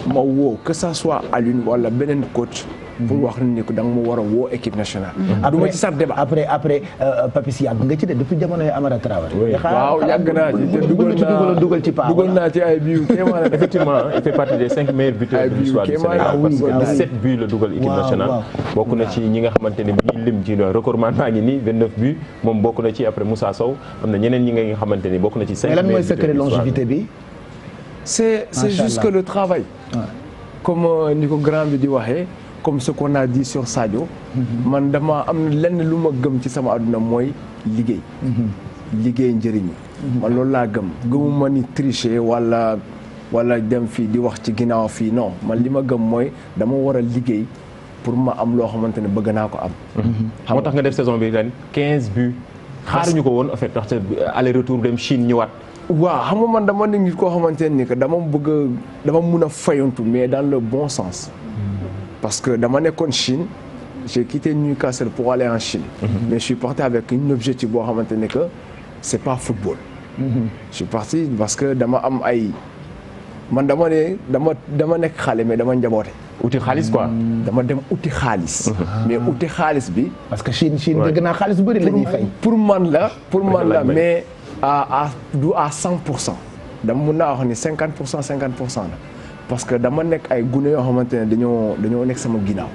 Speaker 26: ma woo que ça soit Alioune wala beneen coach. pour wax ni ko da nga ma a woo équipe nationale. ah du ma ci
Speaker 3: sax débat après euh, Papis yàgg nga ci de depuis jamonoy Amara Traoré. waaw yàgg
Speaker 11: naa ci dugal naa dugal ci paa naa ci ay buts effectivement il fait partie des cinq meilleurs buteurs de l'histoire ah ah bokk na ci ñi nga xamante ne bi ñuy lim ci record man maa ngi nii 29 buts moom bokk na ci après Moussa Sow am na ñeneen ñi nga xamante ni bokk na ci. cinq meilleurs buteurs mais lan
Speaker 26: c'est c'est que le travail. comme euh, ni ko grand bi di waxee. comme ce qu'on a dit sur Sadio. man dama am lenn lu ma gëm ci sama àdduna mooy liggéey. liggéey njëriñ. man loolu laa gëm gëmuma ni tricher walla walla dem fii di wax ci ginnaaw fii non man li ma gëm mooy dama war a liggéey pour ma am loo xamante ne bëgg naa ko am.
Speaker 11: Mhm. xam moo tax nga def saison bi ren 15 buts. xaaruñu ko woon en fait ndax aller retour dem Chine ñëwaat. waaw
Speaker 26: xam nga man dama nit koo xamante ne que dama bëgg dama mun a fayantu mais dans le bon sens. parce que dama nekkoon Chine j'ai quitté Newcastle pour aller en Chine mm -hmm. mais je suis avec une objectif boo xamante ne que c'est pas football mm -hmm. je parce que dama am ay man dama ne dama dama nekk xale mais dama njaboote. uti xaalis quoi. Mm. dama dem uti xaalis. Mhm. mais uti xaalis bi. parce que Chine Chine dëgg naa xaalis bëri la ñuy fay. pour man la pour man la mais à à du à cent pour cent. dama mun naa wax ni cinquante pour cent cinquante pour cent la. parce que dama nekk ay gune yoo xamante ne dañoo dañoo nekk sama ginnaaw.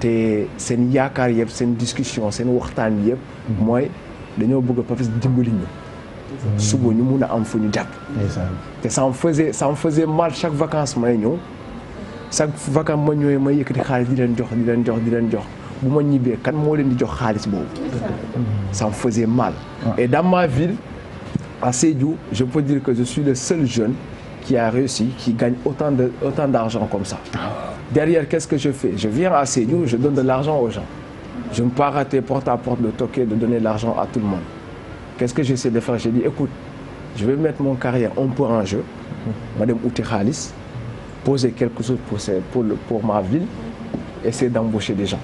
Speaker 26: te seen yaakaar yëpp seen discussion seen waxtaan yëpp. mooy dañoo bëgg a Papis dimbali ñu. suba ñu mun a am fu ñu jàpp. te ça me faisait ça me faisait mal chaque vacance may ñëw chaque vacance ma ñëwee may yëkkati xaalis di leen jox di leen jox di leen jox bu ma ñibbee kan moo leen di jox xaalis boobu. ça me faisait mal. et dans ma ville à Sédhiou je peux dire que je suis le seul jeune. qui a réussi, qui gagne autant de autant d'argent comme ça. Derrière, qu'est-ce que je fais Je viens à Sédhiou, je donne de l'argent aux gens. Je ne peux pas rater porte à porte de toquer, de donner de l'argent à tout le monde. Qu'est-ce que j'essaie de faire J'ai dit, écoute, je vais mettre mon carrière un peu en jeu. Madame Outi Khalis, poser quelque chose pour, pour, le, pour ma ville, essayer d'embaucher des gens.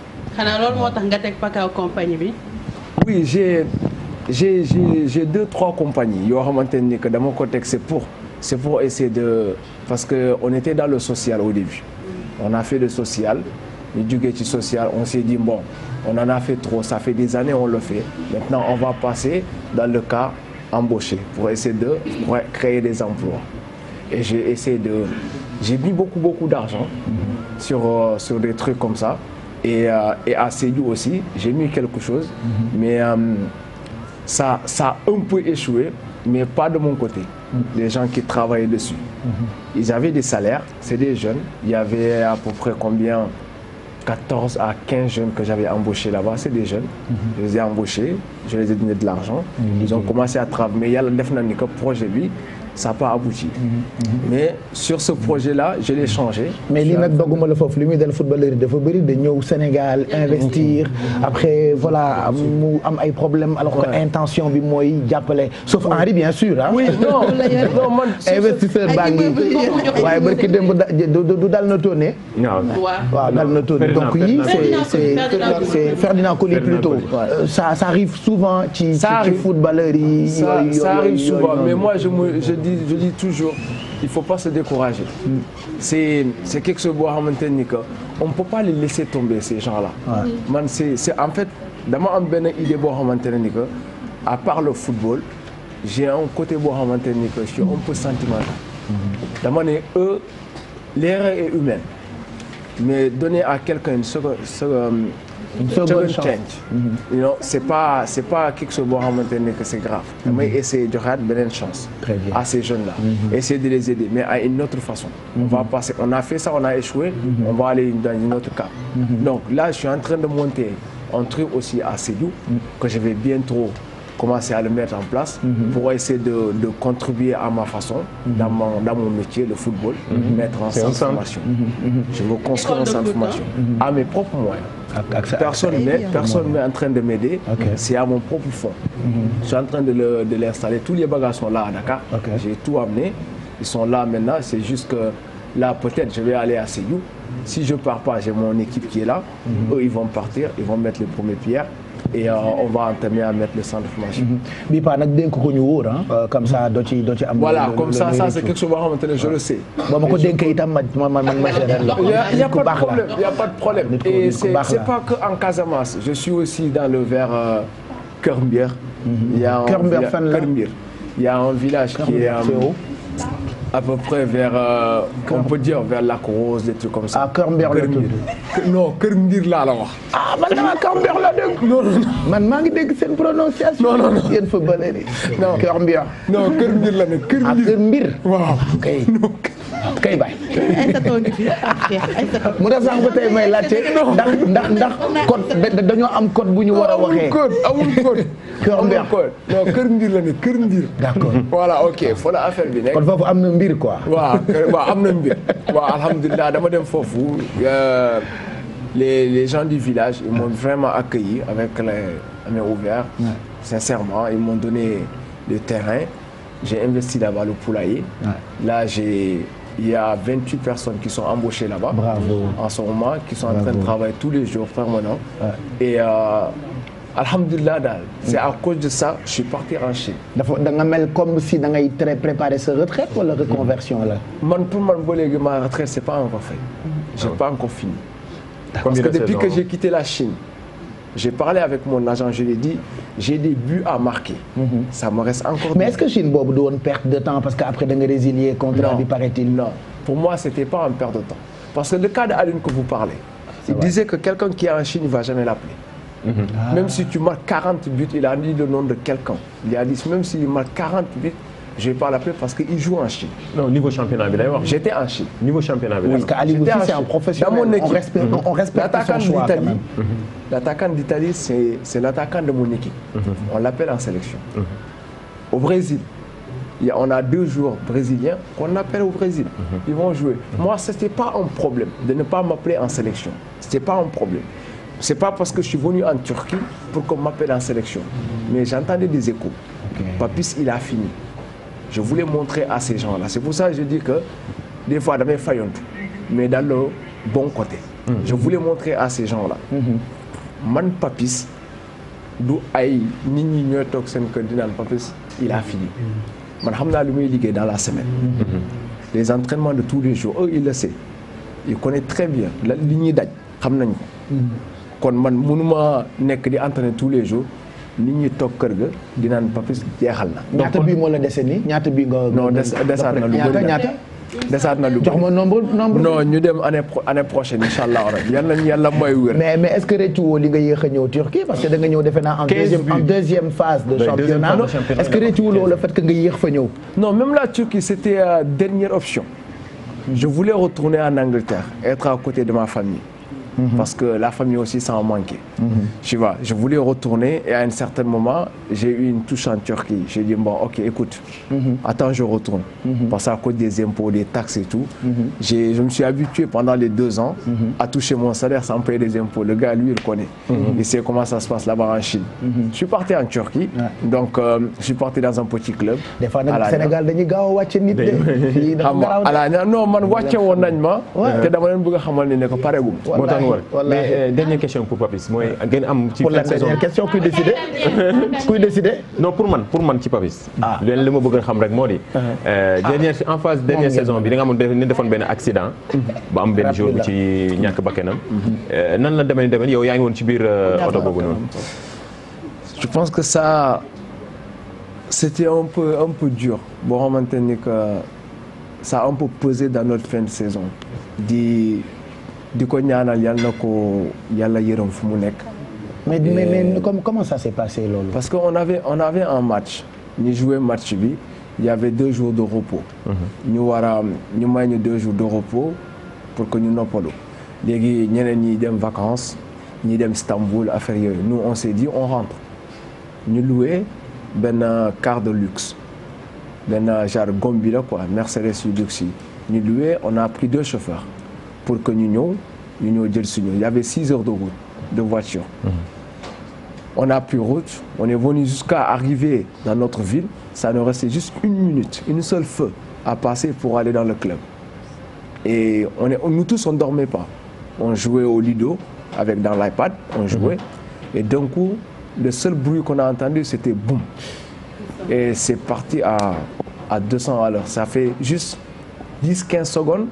Speaker 26: Oui, j'ai deux, trois compagnies. C'est pour c'est pour essayer de parce que on était dans le social au début on a fait le social ñu jugee ci social on s'est dit bon on en a fait trop ça fait des années on le fait maintenant on va passer dans le cas embauché pour essayer de créer des emplois et j'ai essayé de j'ai mis beaucoup beaucoup d'argent sur euh, sur des trucs comme ça et euh, et à Sédhiou aussi j'ai mis quelque chose mhm. mais euh, ça ça a un peu échoué mais pas de mon côté. Les gens qui travaillaient dessus. Mhm. Ils avaient des salaires, c'est des jeunes. Il y avait à peu près combien 14 à 15 jeunes que j'avais embauchés là-bas, c'est des jeunes. Mhm. Je les ai embauchés, je les ai de l'argent. Mhm. Ils ont commencé à travailler. Mais il y a le projet, lui, ça n'a pas abouti. Mhm, mhm. mais sur ce projet là je l'ai changé.
Speaker 3: mais lii nag dogguma la foofu li muy dal footballeur yi dafa bëri de ñëw Sénégal investir. après voilà mu am ay problèmes alors que intention bi mooy jàppale. sauf Henri bien sûr ah. oui non non man. investisseur baa ngi waaye barki démb du dal na tóone. waaw dal na tóone donc yii c'est c'est Ferdinand Coly plutôt. Euh, ça souvent ci ci souvent mais
Speaker 26: dis je dis toujours il faut pas se décourager. Mm. c'est c'est quelque chose boo xamante ni que on peut pas les laisser tomber ces gens-là. man c'est c'est en fait dama am benn idée boo xamante ne ni que à part le football j'ai un côté boo xamante ni que on suis un peu sentimental. Mm-hmm. dama ne eux l'erreur est humaine mais donner à quelqu'un ce challenge change mm-hmm. you know c' est pas c' est pas quelque chose boo xamante ne que c' est grave mm-hmm. damay essayer joxaat beneen chance à ces jeunes là mm-hmm. essayer de les aider mais à une autre façon on va passer on a fait ça on a échoué on va aller dans une autre case donc là je suis en train de monter un truc aussi à Sédhiou mm. que je vais bientôt commencer à le mettre en place pour essayer de de contribuer à ma façon dans mon dans mon métier le football mettre en centre formation je veux construire un centre formation à mes propres moyens Avec, avec personne n'est personne en train de m'aider. Okay. C'est à mon propre fonds. Mm -hmm. Je suis en train de l'installer. Tous les bagages sont là à Dakar. Okay. J'ai tout amené. Ils sont là maintenant. C'est juste que là, peut-être, je vais aller à Seyou. Si je ne pars pas, j'ai mon équipe qui est là. Mm -hmm. Eux, ils vont partir. Ils vont mettre les premières pierres. et euh,
Speaker 3: on va entamer à mettre le centre de formation. Mhm. bii paa nag dénk ko ñu wóor ah. comme ça doo ci doo ci am. voilà comme ça ça c'est quelque
Speaker 26: chose boo xamante ne je le sais. ba ma ko dénkee
Speaker 3: itam man man man ma géré la. y
Speaker 26: a pas de problème y a pas de problème. et c'est c'est pas que en Casamance. je suis aussi dans le vers euh, Kër Mbier. Mhm. y a un Kër Mbier fan la Kër Mbier. y a un village qui est. À peu près vers, euh, on peut dire vers Lac Rose, des trucs comme ça. ah
Speaker 3: la tudd non Kër wax. ah man damaa Kër Mbir la dégg. man maa ngi dégg seen prononciation. non non non yéen footballeur yi. non Kër Mbir. non la ne Kër kay bay mu def sànq tey may laajte ndax ndax ndax code dañoo am code bu ñu war a waxee. amul code amul code. non kër ndiir la ne kër ndiir. d'accord voilà ok foofu la affaire bi nekk. kon foofu am na mbir quoi.
Speaker 26: waaw waaw am na mbir. waaw alhamdulilah dama dem foofu. Euh, les les gens du village ils m'ont vraiment accueilli avec les mains ouvertes. sincèrement ils m'ont donné le terrain. j'ai investi là-bas le poulailler. là j'ai Il y a 28 personnes qui sont embauchées là-bas. Bravo. En ce moment, qui sont Bravo. en train de travailler tous les jours, permanent. Ouais. Et euh, alhamdulilah daal. c'est à cause de ça je suis parti en Chine. dafa da nga mel comme si da ngay très préparer sa retraite wala reconversion la. man pour man ba léegi ma retraite c'est pas encore fait. j'ai ah pas encore fini. parce que depuis que j'ai quitté la Chine j'ai parlé avec mon agent je lui ai dit. j'ai des buts à marquer. Mhm. ça me reste encore. mais est-ce que Chine boobu du woon perte de temps parce que après da nga résilier contrat bi paraît-il non. pour moi c'était pas une perte de temps parce que le cas de Aline que vous parlez. il disait que quelqu'un qui est en Chine il va jamais l'appeler.
Speaker 6: Mm -hmm. ah. même
Speaker 26: si tu marques 40 buts il a dit le nom de quelqu'un il a dit même s'il marque 40 buts. je ne parle plus parce qu'il joue en Chine. Non,
Speaker 11: niveau championnat, bien
Speaker 26: d'ailleurs. J'étais en Chine. Niveau championnat, bien oui, Ali Boussi, c'est un professionnel. Dans mon équipe, on respecte, on mhm. respecte son choix quand même. Mhm. L'attaquant d'Italie, c'est l'attaquant de mon équipe. Mhm. On l'appelle en sélection. Au Brésil, on a deux joueurs brésiliens qu'on appelle au Brésil. Ils vont jouer. Moi, ce n'était pas un problème de ne pas m'appeler en sélection. Ce n'était pas un problème. Ce n'est pas parce que je suis venu en Turquie pour qu'on m'appelle en sélection. Mais j'entendais des échos. Papis, il a fini. je voulais montrer à ces gens-là c'est pour ça je dis que des fois damay fayantu mais dans le bon côté mmh. je voulais montrer à ces gens-là mm-hmm. man Papis du ay nit ñi ñooy toog seen kër di naan Papis il a fini
Speaker 6: mm-hmm.
Speaker 26: man xam naa lu muy liggéey dans la semaine mm-hmm. les entraînements de tous les jours eux il le sait il connaît très bien la daj xam nañ ko kon man mënuma nekk di entraîner tous les jours nit ñi toog kër ga di naan papis jeexal na. ñaata bii
Speaker 3: moo la dese nii ñaata bii nga. non desaat na lu ñaata
Speaker 26: desaat na lu jox ma nombre nombre. non ñu dem année année prochaine incha allah rek yal nañu mooy wér. mais
Speaker 3: mais est que rëccu woo li nga yéex a ñëw Turquie parce que da nga ñëw defe naa en deuxième en deuxième
Speaker 26: phase de championnat est ce que
Speaker 3: rëccu woo loolu le fait que nga yéex fa ñëw. non même la
Speaker 26: Turquie c' était euh, option. je voulais retourner en Angleterre être à côté de ma famille. Mhm. parce que la famille aussi s'en manquait. Mhm. tu vois je voulais retourner et à un certain moment j'ai eu une touche en Turquie j'ai dit bon ok écoute. Mhm. attends je retourne. parce qu'à cause des impôts des taxes et tout. je me suis habitué pendant les deux ans. à toucher mon salaire sans payer des impôts le gars lui il connaît. il comment ça se passe là en Chine. je suis parti en Turquie. donc euh, je suis parti dans un petit club. des fois nag Sénégal
Speaker 3: dañuy gaaw a wàcce nit
Speaker 11: de. non
Speaker 26: man a war mais euh,
Speaker 11: dernière question pour Papis mooy gën am. ci pour la dernière question kuy décider kuy décider. non pour man pour man ci Papis. ah leneen li ma bëgg a xam rek moo di. Ah. Euh, ah. dernière en phase dernière saison bi da nga amoon ne defoon benn accident. Mhm. ba am benn jour bu ci ñàkk bakkanam mhm. euh, nan la demee demee yow yaa ngi woon ci biir oto boobu noonu.
Speaker 26: je pense que ça c'était un peu un peu dur boo xamante ni que ça a un peu pesé dans notre fin de saison di. di ko ñaanal yal na ko yàlla yërëm fu mu nekk.
Speaker 3: mais mais comme comment ça
Speaker 26: s'est passé loolu. parce que on avait on avait un match ñu joué match bi il y deux jours de repos. Mhm. ñu war a ñu may ñu deux jours de repos pour que ñu noppalu. léegi ñeneen ñi dem vacances ñi dem Istanbul affaire yooyu nous on s'est dit on rentre ñu loué benn car de luxe benn genre gombi la quoi Mercedes yu luxe yi ñu loué on a pris deux chauffeurs. pour que ñu ñëw ñu ñëw jël suñu il y avait six heures de route de voiture mmh. on a pris route on est venu jusqu'à arriver dans notre ville ça nous restait juste une minute une seule feu à passer pour aller dans le club et on est nous tous on dormait pas on jouait au Lido avec dans l'iPad on mm-hmm. jouait mmh. et d'un coup le seul bruit qu'on a entendu c'était boum et c'est parti à à 200 à l'heure ça fait juste 10 15 secondes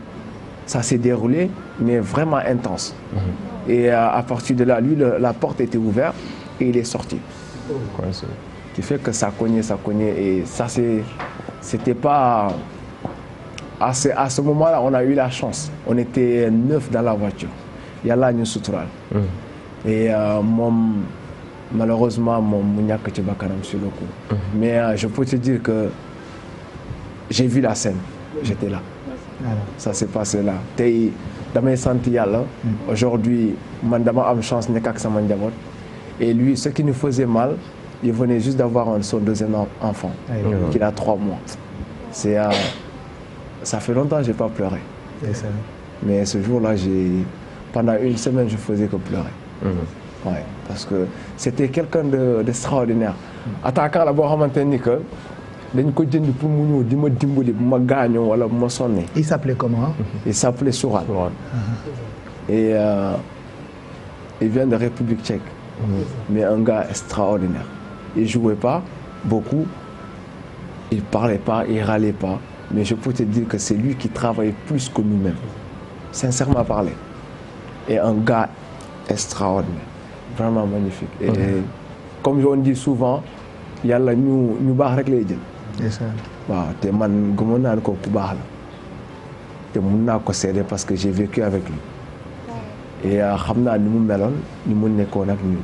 Speaker 26: ça s'est déroulé, mais vraiment intense. Mmh. Et à, euh, à, partir de là, lui, le, la porte était ouverte et il est sorti. Oh. Qui fait que ça cognait, ça cognait. Et ça, c'était pas. À ce, à ce moment-là, on a eu la chance. On était neuf dans la voiture. Yalla ñu sutural. Mmh. Et euh, moom malheureusement moom mu ñàkk ci bakkanam sur le coup. Mmh. Mais euh, je peux te dire que j'ai vu la scène. Mhm. J'étais là. ça s'est passé là tey damay sant yàlla. Mm. aujourd'hui man dama am chance nekk ak sama njaboot. et lui ce qui nous faisait mal il venait juste d'avoir son deuxième enfant. Mm. qu'il a trois mois. c'est euh, ça fait longtemps j'ai pas pleuré. mais ce jour-là j'ai pendant une semaine je faisais que pleurer.
Speaker 6: Mm.
Speaker 26: ouais parce que c'était quelqu'un de d'extraordinaire. attaquant la boo xamante ni que. dañ ko jënd pour mu ñëw di ma dimbali bu ma gaañoo wala bu ma sonnee. il s'appelait comment. Mm-hmm. il uh-huh. et euh, il vient de République tchèque. Mm-hmm. mais un gars extraordinaire. il jouait pas beaucoup il parlait pas il râlait pas mais je peux te dire que c'est lui qui travaille plus que nous-mêmes sincèrement parler et un gars extraordinaire vraiment magnifique. et comme on dit souvent yàlla ñu ñu baax rek lay jël. waaw te man gëmoon naa ne ko ku baax la te mun naa ko seede parce que j'ai vécu avec lui et euh, xam naa ni mu meloon ni mu nekkoon ak ñun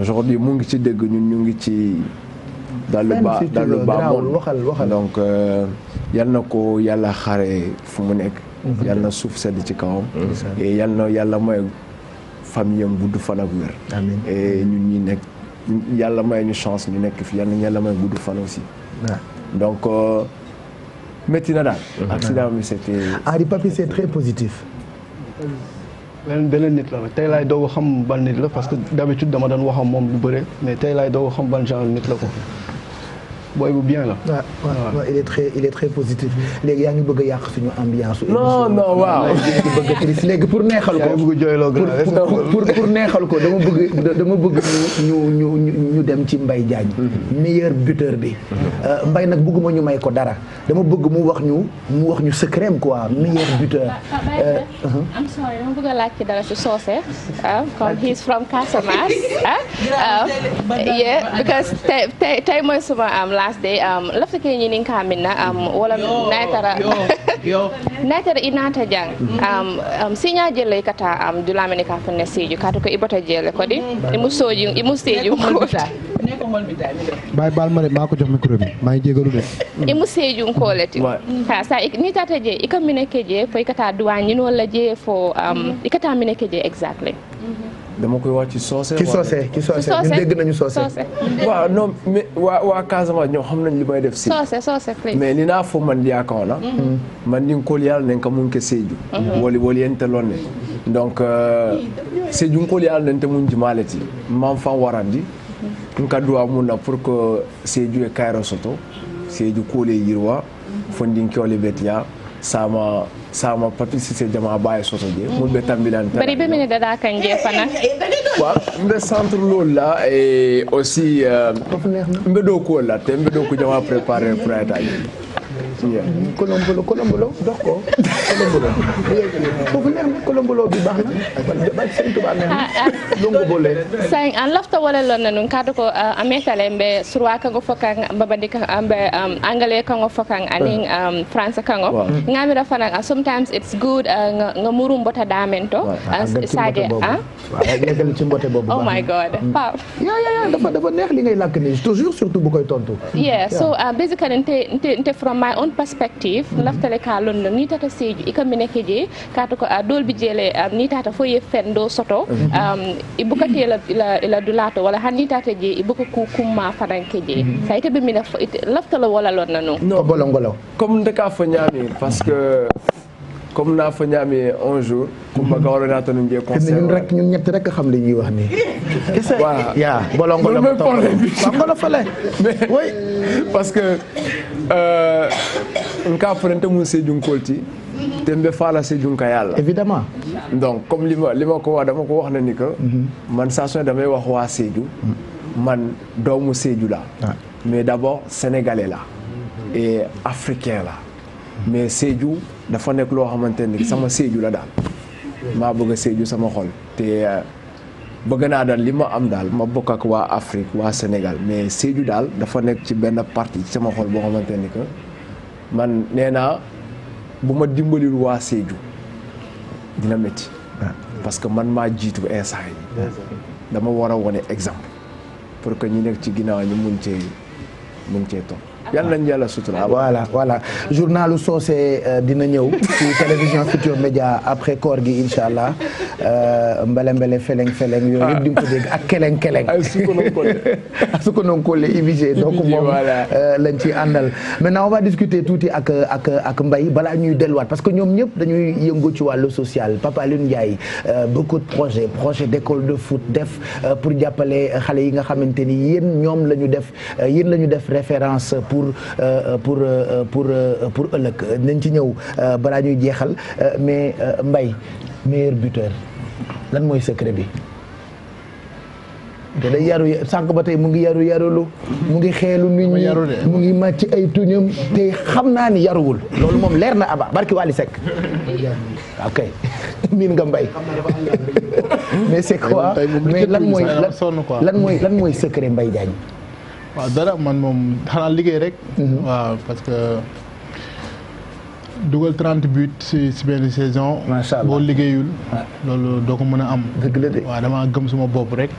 Speaker 26: aujourd'hui mu ngi ci dëgg ñun ñu ngi ci dans le bas dans le bas donc euh, yal na ko yàlla xare fu mu nekk mhm. yal na suuf sedd ci kawam yal na yàlla may famille am gudd fan ak wér et ñun nekk yàlla may ñu chance ñu nekk fi yal na yàlla may gudd fan aussi donc euh, métti na daal. Mhm. accident bi c'était.
Speaker 3: Henri ah, Papi c'est très positif.
Speaker 25: beneen beneen nit la tey laay doog a xam ban nit la parce que d'habitude dama daan wax ak moom lu bëre mais tey
Speaker 3: laay doog a xam ban genre nit la ko. booy bu bien la. waaw waaw ah il est très il est très positif léegi yaa ngi bëgg a yàq suñu ambiance. non non waaw bëgg léegi pour neexal ko. pour pour neexal ko dama bëgg dama bëgg ñu ñu ñu ñu dem ci Mbaye Diagne. Mm-hmm. meilleur buteur bi. Mm-hmm. Euh, mbay nag bëgguma ñu may ko dara dama bëgg mu wax ñu mu wax ñu secret quoi meilleur buteur. am ah, ah, euh, euh,
Speaker 6: uh-huh. sorry dama bëgg
Speaker 21: Casamance because tey tey suma am um, nasde um, ñinin kamina um, wala naytara i nata jang um, um, siña jelle kata um, dulamene ka fonne seeju kata ko ibota jelle kodi imu soju imu seeju
Speaker 1: bay bal ma de maa ko jox micro bi maa ngi jégalu de
Speaker 21: imu seeju koleti ha sa ni tata je ika mine keje fo ikata duwañin walla je fo um, ikata mine keje exactly mm-hmm.
Speaker 26: dama koy wax ci soose. ci soose ñun dégg nañu soose. waaw non waa waa Casamance ñoom xam nañ li may def si.
Speaker 21: soose soose mais
Speaker 26: ni naa fo man yaakaar na. Mm-hmm. man ni nkoli yàlla mm-hmm. euh, ne mm-hmm. nka mun ke seeju. wali wali yente lonne donc seeju nkoli yàlla ne nte mun jimaale ti man fan warandi. nka duwa mun na pour que seeju ye kayro soto seeju koole yiriwa fondin kewle betiya sama sama participé jama baye sotoje mulɓe tambinanta bari ɓe
Speaker 21: mine dada kan jefana
Speaker 26: wa mbe centre lol la et eh, aussi euh, mbe ɗo kuwol latte mbe ɗo ko jama préparé pour aytaji
Speaker 3: Yeah. Colombolo Colombolo dox ko Colombolo. foofu neex na Colombolo bi baax na ba Sëñ Tuubaa neex
Speaker 21: na. a ah, metale ah. ah, mbe surwa kango fo kan babandi a sometimes it's good nga muru mbota damen to. Saage ah.
Speaker 3: Nekal ci mbote oh dafa dafa neex li ngay làkk ni toujours surtout bu koy tontu. Yeah so
Speaker 21: basically nte from my own own perspective laftale ka londo ni tata seeju i kamɓe neke je kaata ko a ah, dolbi ah, ni tata fo ye fendo soto um, i bukati ila dulato walla han ni tata je i buka ku kumma fananke je mhm. sa ite ɓe mina laftalo wala lonna noon
Speaker 3: non bolongolo
Speaker 26: ndeka fo ñaami parce que comme naa fa ñaamee un jour. comme ma gawar a
Speaker 3: naata nu njee conseil rek ñun ñett rek xam li ñuy wax nii. kese waaw yaa bolongo parce que euh,
Speaker 26: nka fërënte mun see junkolti te mbe faala see junka yàlla évidemment donc comme li ma li ma ko wax dama ko wax na ni que mhm. man saa su ne damay wax waa Sédhiou mhm. man doomu Sédhiou la ah. mais d'abord sénégalais la
Speaker 6: mhm.
Speaker 26: et africain la mais Sédhiou dafa nekk loo xamante ni sama séeju la daal maa bëgg a séeju sama xol te eh, bëgg naa daal li ma am daal ma bokk ak waa Afrique waa Sénégal mais séeju daal dafa nekk ci benn partie ci sama xol boo xamante ni que man nee naa bu ma dimbaliwul waa séeju dina métti ah. parce que man maa jiitu instant yi dama war a wone exemple pour que
Speaker 3: ñu nekk ci ginnaaw ñu mun cee mun cee topp la nañu yàlla sutura. Ah, voilà voilà journalu Socé euh, dina ñëw ci télévision Futur Média après koor gi incha allah euh, mbele mbele feleng feleng yooyu yëpp ah. di nga ko dégg ak keleng keleng. ay sukkandonkoole IBG donc moom la euh, lañ ci àndal. maintenant on va discuter tuuti ak ak ak Mbaye balaa ñuy delluwaat parce que ñoom ñëpp dañuy yëngu ci wàllu social Papa Alioune Ndiaye beaucoup de projets projet d'école de foot def pour jàppale xale yi nga xamante ni la ñu def yéen la ñu def référence pour euh, pour euh, pour euh, pour ëllëg nañ ci ñëw balaa ñuy jeexal mais mbay meilleur buteur lan mooy secret bi. te day yaru sànq ba tey mu ngi yaru yarulu mu ngi xeelu nit ñi mu ngi ci ay tuñam te xam naa ni yaruwul loolu moom leer na aba barki Wally Seck ok miin nga mbay mais c'est quoi mais lan mooy lan mooy lan mooy secret Mbaye
Speaker 27: waaw dara man moom xanaa liggéey rek. Mhm. waa parce que dugal trente but si si benn saison. macha allah boo liggéeyul. Ah. loolu doo ko mën a am. dëgg la gëm suma bopp rek.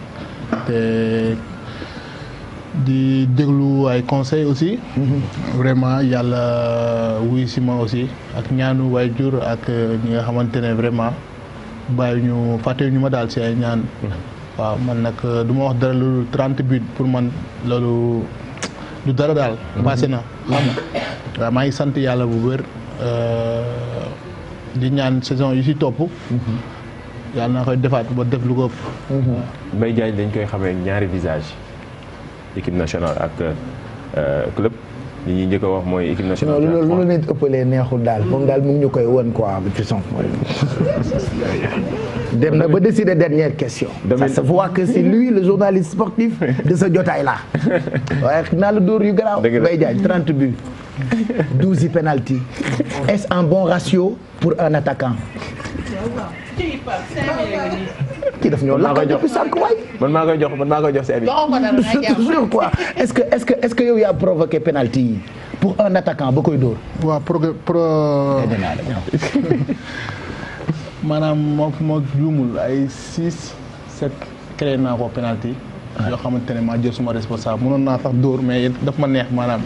Speaker 27: te di déglu ay conseils aussi. Mhm. vraiment yàlla wuy si ma aussi ak ñaanu jur ak ñi nga xamante ne vraiment bàyyi ñu fàtte ñu ma daal si ay ñaan. Mhm. waaw man nag euh, duma wax dara lu 30 buts pour man loolu du dara daal. passé na xam nga waaw maa ngi sant yàlla bu bër euh, di ñaan saison yu si topp. Mm-hmm. yàlla naa koy defaat ba def lu ko ëpp. Mm-hmm.
Speaker 11: Mbaye Diagne dañ koy xamee ñaari visage équipe nationale ak euh, club. li ñuy njëkk wax mooy équipe nationale.
Speaker 3: non loolu lu nit ëppalee neexul daal moom daal mu ñu koy won quoi de toute façon. dem na ba décider dernière question. ça se voit que c'est lui le journaliste sportif de sa jotaay laa waaye naa la dóor yu garaaw. dëgg Mbaye Diagne 30 buts 12 yi est-ce un bon ratio pour un attaquant. kii daf ñoo lakk depuis sànq waay. man maa koy jox man maa koy jox sa
Speaker 29: bi.
Speaker 6: toujours
Speaker 3: quoi est-ce que est-ce que est-ce que yow yaa provoqué penalty yi pour un attaquant ba koy dóor. waaw pro pro. maanaam moo moo
Speaker 27: juumul ay six sept créé naa ko penalty yoo xamante ne ma jël suma responsable mënoon naa sax dóor mais daf ma neex maanaam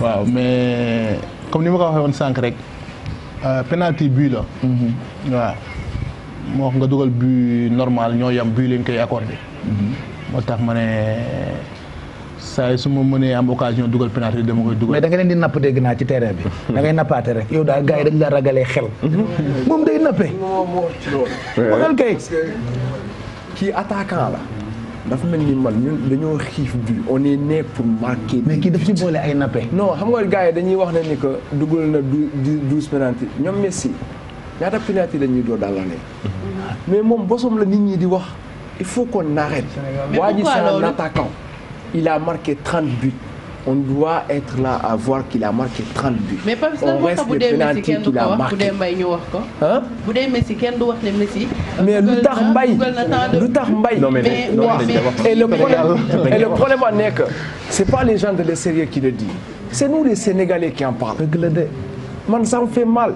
Speaker 27: waaw mais comme ni ma ko waxee woon sànq rek euh, penalty but la mm-hmm. waaw moo wax nga dugal but normal ñoo yam but lañ koy accordé mm-hmm. moo tax ma ne saa yi su ma mënee am occasion dugal penalty dama koy dugal. mais da
Speaker 3: leen di napp dégg naa ci terrain bi. da ngay nappaate rek yow daal gars yi dañ la ragalee xel.
Speaker 12: moom day nappe.
Speaker 26: waxal kay. parce
Speaker 6: que
Speaker 3: kii
Speaker 26: attaquant la.
Speaker 3: dafa mel ni man
Speaker 26: dañoo xiif bi on est né pour kii daf ci boole ay nappe. non xam nga gars yi dañuy wax ne ni que dugal na douze douze ñoom Messi ñaata penalty la ñuy doon daal la mm-hmm. mais moom bosom la nit ñi di wax il faut qu'on arrête. waa ji c'est un il a marqué 30 buts. On doit être là à voir qu'il a marqué 30 buts. Mais pas on reste le penalty qu'il a marqué.
Speaker 17: ah. bu dee Messi kenn du wax ne Messi. mais lu tax mbay lu
Speaker 26: tax mbay. non mais et le problème et le problème en est que c'est pas les gens de l'extérieur qui le disent. c'est nous les Sénégalais qui en parlent. dëgg la de man ça me fait mal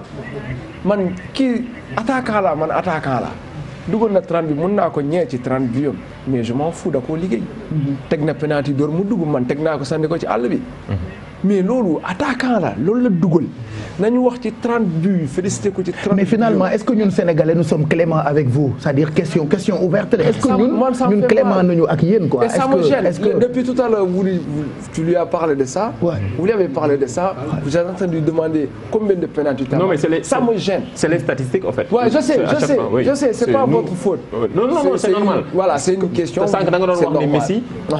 Speaker 26: man kii attaquant la man attaquant la. dugal na 30 bi mun naa ko ñee ci 30 bi yom mais je m'en fous da koo liggéey. Mhm. teg na penalty door mu dugg man teg naa ko sànni ko ci àll bi.
Speaker 6: Mhm.
Speaker 3: mais loolu attaquant la loolu la dugal nañu wax ci 30 buts félicité ko ci 30 mais finalement est ce que ñun sénégalais nous sommes clément avec vous c'est-à-dire question question ouverte est ce que ñun ñun clément nañu ak yéen quoi. est ce que
Speaker 26: depuis tout à l'heure vous tu lui as parlé de ça. vous lui avez parlé de ça. j'ai entendu demander combien de pénalités. non mais
Speaker 11: c'est les ça me gêne. c'est les statistiques en fait. waaw je sais je sais je sais c'est pas votre faute. non non non c'est normal. voilà c'est une question. c'est normal te sànq da nga doon wax ni Messi.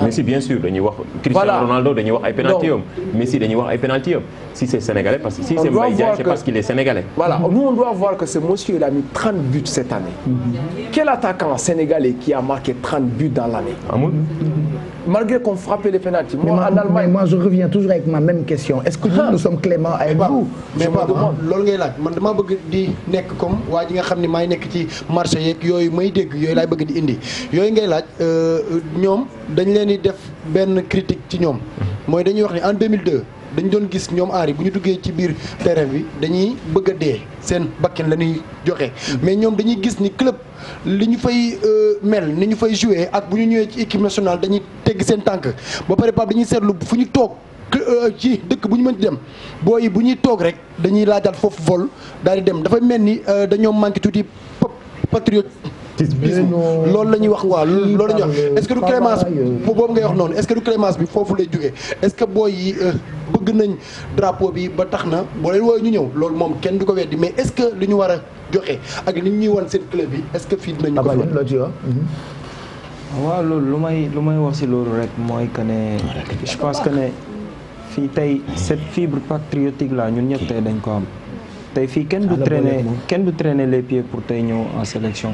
Speaker 11: Messi bien sûr dañuy wax. Cristiano Ronaldo dañuy wax ay pénalités Messi aussi dañuy wax ay pénalty yëpp si c'est sénégalais parce que si c'est Mbaye Diagne c'est parce qu'il est sénégalais. voilà
Speaker 26: nous on doit voir que ce monsieur il a mis 30 buts cette année. Mm -hmm. quel attaquant sénégalais qui a marqué 30 buts dans l'année. amul. Mm -hmm.
Speaker 3: malgré
Speaker 1: qu'on frappait les pénaltys. Moi, moi, en Allemagne moi je reviens toujours avec ma même question est-ce que nous, sommes cléments avec vous. mais ngay laaj man damaa bëgg di nekk comme waa ji nga xam ne maay nekk ci marché yeeg yooyu may dégg yooyu laay bëgg di indi yooyu ngay laaj euh, ñoom dañu leen di def benn critique ci ñoom mooy dañuy wax ni en 2002. dañ doon gis ñoom aar bu ñu duggee ci biir terrain bi dañuy bëgg a dee seen bakken la ñuy joxe mais ñoom dañuy gis ni club li ñu fay euh, mel ni ñu fay joue ak bu ñu ñëwee ci équipe nationale dañuy tegg seen tànk ba pare Pape dañuy seetlu fu ñu toog euh, ci dëkk bu ñu mën di dem booy yi bu ñuy toog rek dañuy laajaat foofu vol daal di dem dafa mel ni euh, dañoo manqué tuuti patriote ci bis loolu la ñuy wax quoi loolu la ñuy wax est-ce que du clémence boobu ngay wax noonu est-ce que du clémence bi foofu lay jógee est-ce que booy yi euh, bëgg nañ drapeau bi ba tax na boo leen woowee ñu ñëw loolu moom kenn du ko weddi mais est-ce que li ñu war a joxe ak li ñuy wan seen club yi ce que fii dinañ ko fi mm-hmm.
Speaker 28: waaw loolu lu may lu may wax ci loolu rek mooy que ne je pense que ne fii tey cette fibre patriotique là ñun ñëpp tey dañ ko am tey fii kenn du traîner kenn du trainer les pieds pour tey ñëw en sélection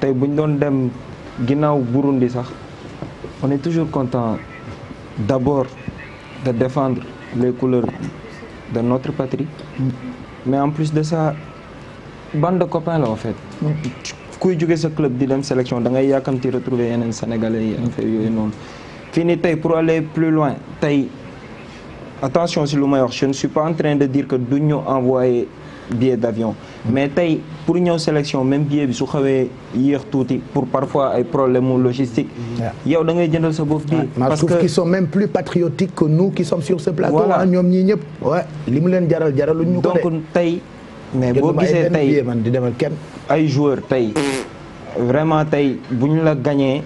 Speaker 28: tey bu ñu doon dem ginnaaw Burundi sax on est toujours content d'abord de défendre les couleurs de notre patrie. mais en plus de ça bande de copains la en fait. kuy jóge sa club di dem sélection da ngay yàkkamti retrouver yeneen sénégalais yi affaire yooyu noonu. fii nii tey pour aller plus loin tey attention si lu may wax je ne suis pas en train de dire que du ñu envoyé. billet d'avion mais tey pour ñëw sélection même billet bi su xawee yéex tuuti pour parfois ay problème logistique yow da ngay jëndal sa bopp bi parce que qui
Speaker 3: sont même plus patriotiques que nous qui sommes sur ce plateau voilà ñoom ñii ñëpp wa li mu leen jaral jaraluñ ñu ko tey mais boo gisee tey man di demal kenn
Speaker 28: ay joueur tey vraiment tey bu ñu la gañee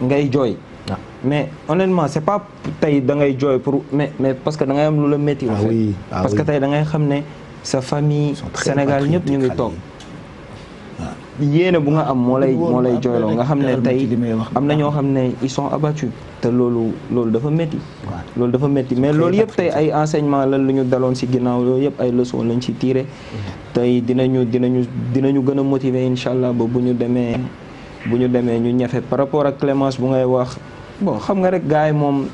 Speaker 28: ngay jooy ah. mais honnêtement c'est pas tey da ngay jooy pour mais mais parce da ngay am lu la métti ah ah parce que tey da xam ne sa famille Sénégal ñëpp ñu ngi toog yéene bu nga am moo lay moo lay jooyloo nga xam ne tey am na ñoo xam ne ils sont te loolu loolu dafa métti loolu dafa métti mais loolu yëpp tey ay enseignement lan lu ñu daloon ci ginnaaw loolu yëpp ay leçon lañ ci tiire mm-hmm. tey dina ñu dinañu gën a motiver incha allah ba bu ñu demee bu ñu demee ñu ñafe par rapport ak Clémence bu ngay wax bon xam nga rek gars moom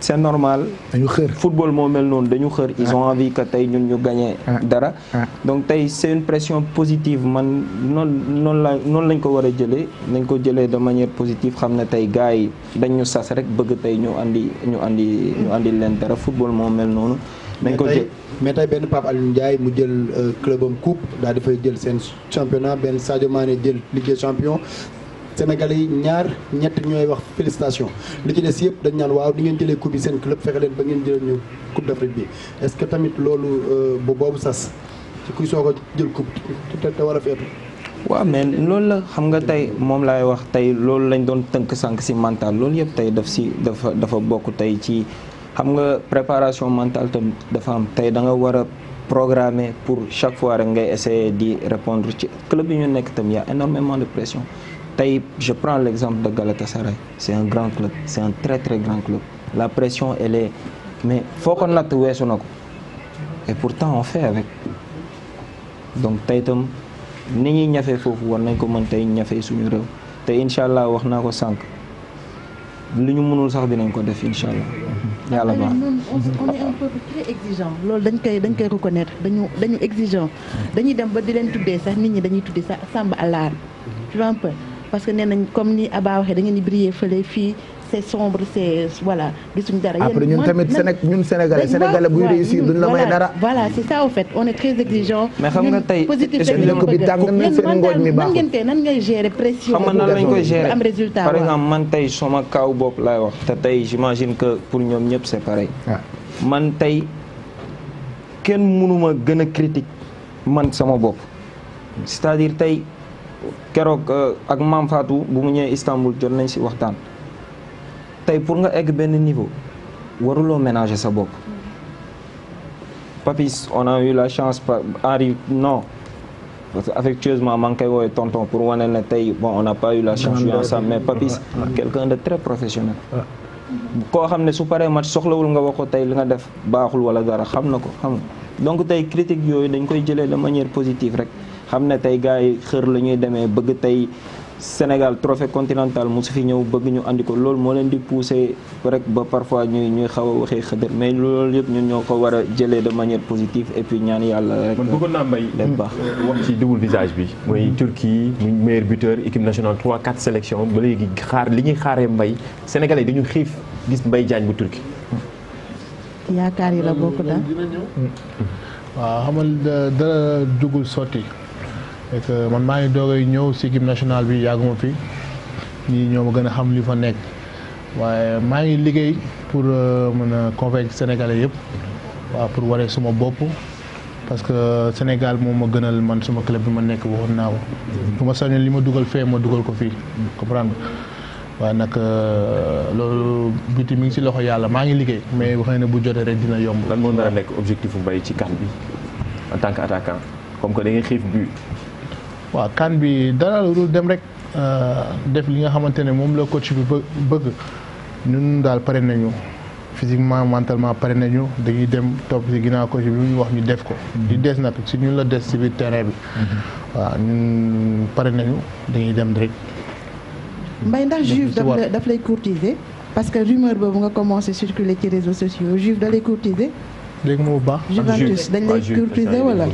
Speaker 28: c'est normal. dañu xër football moo mel noonu dañu xër. ils ont ah. envie que tey ñun ñu gagné. Ah. dara ah. donc tey c'est une pression positive man noonu noonu la noonu lañ ko war a jëlee nañ ko jëlee de manière positive xam ne tey gars yi dañ ñu sas rek bëgg tey ñu andi ñu andi ñu leen dara football moo mel noonu. nañ ko jël
Speaker 1: mais tey benn Pape Alioune Ndiaye mu jël euh, clubam coupe daal di fay jël seen championnat benn Sadio Mané jël Ligue des champions. sénégalais yi ñaar ñett ñooy wax félicitation li ci des yëpp dañ naan waaw di ngeen jëlee coupe bi seen club fexe leen ba ngeen jëlee ñu coupe d'Afrique bi est-ce que tamit loolu euh, bu boobu sas ci kuy soog a jël coupe te te war a feetu
Speaker 28: waaw mais loolu la xam nga tey moom laay wax tey loolu lañ doon tënk sànq si mental loolu yëpp tey daf si dafa dafa bokk tey ci xam nga préparation mentale tam dafa am tey da nga war a programmer pour chaque fois rek ngay essayer di répondre ci club yi ñu nekk tam y a énormément de pression tey je prends l'exemple de Galatasaray c'est un grand club c'est un très très grand club la pression elle mais foo ko natt weesu na ko et pourtant on fait avec donc tey itam ni ñuy ñafee foofu war nañ ko mën tey ñafee suñu réew te incha allah wax naa ko sànq lu ñu mënul sax dinañ ko def incha allah. Mhm. yàlla baax on est
Speaker 14: un peuple très exigeant loolu dañ koy dañ koy reconnaître dañu dañu exigeant dañuy dem ba di leen tuddee sax nit ñi dañuy tuddee sax sàmb àllar tu parce que nee nañ comme ni Aba waxee da ngeen di briller fële fii c'est sombre c'est voilà gisuñ dara. après ñun tamit Séné ñun sénégalais sénégalais buy réussir duñ la may dara. voilà c'est ça au fait on est très exigeant. mais xam nga tey dëkk bi tàng na seen ngooñ mi baaxul ngeen tey nan ngay gérer nga koy gérer par exemple
Speaker 28: man tey sama kaw bopp laay wax. te tey j'imagine que pour ñoom ñëpp c'est pareil. man tey kenn mënuma gën a critique man sama bopp c'est-à-dire tey. keroog eh, ak maam Fatou bu mu ñëwee Istanbul jot nañ si waxtaan tey pour nga egg benn niveau waruloo ménager sa bopp Papis on a eu la chance Henri non parce que affectueusement maa ngi koy woowee tonton pour wane ne tey bon on n'a pas eu la chance sam mais Papis quelqu'un de très professionnel koo xam ne su paree mat soxlawul nga wax ko tey li nga def baaxul wala dara xam na ko xam donc tey critique yooyu dañ koy jëlee de manière positive rek xam ne tey gars yi xër la ñuy demee bëgg tey Sénégal trophée continental mosu fi ñëw bëgg ñu andi ko loolu moo leen di poussé rek ba parfois ñuy xaw waxee xëdër mais loolu yëpp ñun ñoo ko war a jëlee de manière positive et puis ñaan yàlla rek. man bëggoon naa baax
Speaker 11: euh, wax ci double visage bi. mooy Turquie muy meilleur buteur équipe nationale 3 4 sélection ba léegi xaar li ñuy xaaree mbay sénégalais dañu xiif
Speaker 27: gis mbay jaañ bu Turquie.
Speaker 14: yaakaar yi la bokk daal.
Speaker 27: waaw xamal euh, et man maa ngi doogay ñëw si équipe nationale bi yàgguma fi nii ñoo ma gën a xam li fa nekk waaye maa ngi liggéey pour euh, mën a convaincre sénégalais yëpp waaw pour waree suma bopp parce que Sénégal moom ma gënal man suma club bi ma nekk waxoon naa ko bu ma sañoon li ma dugal fee ma dugal ko fii comprendre waaye nag euh, loolu biti mi ngi si loxo yàlla maa ngi liggéey mais xëy na bu jotee rek dina yomb
Speaker 11: lan moo nar a nekk objectif bu Mbaye ci CAN bi en tant que attaquant
Speaker 27: waaw kan bi dara lu dem rek euh, def li nga xamante ne moom la coach bi bëgg ñun daal pare nañu physiquement mentalement pare nañu dañuy dem topp ci ginnaaw coach bi lu ñu wax ñu def ko. di des nag si ñu la des si biir terrain bi.
Speaker 18: Mm-hmm.
Speaker 27: waaw ñun pare nañu dañuy dem rek.
Speaker 14: mbay ndax juif daf lay daf lay courtiser parce que rumeur boobu nga commencé circuler ci réseaux sociaux juif da lay courtiser.
Speaker 27: léegi moo baax. Juventus dañ lay ah, courtiser wala.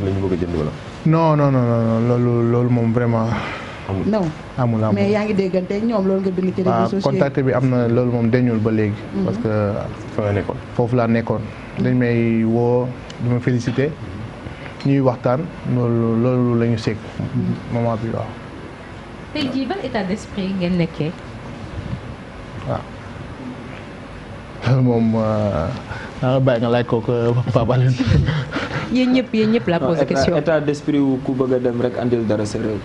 Speaker 27: non non non non loolu loolu moom vraiment. amul non amul amul mais
Speaker 14: yaa ngi déggante ñoom loolu nga bind ci réseaux sociaux contact
Speaker 27: bi am na loolu moom dañul ba léegi. Mm-hmm. parce que. fa nga foofu laa nekkoon. dañ may woo di ma félicité ñuy waxtaan loolu loolu la ñu seq. Mm-hmm. moment bi waaw. tey ah. euh, ah, bàyyi nga laaj kooku euh, Pape
Speaker 8: yéen ñëpp ñëpp la pose question
Speaker 27: état
Speaker 28: d'esprit wu ku bëgg a dem rek andil dara sa réew.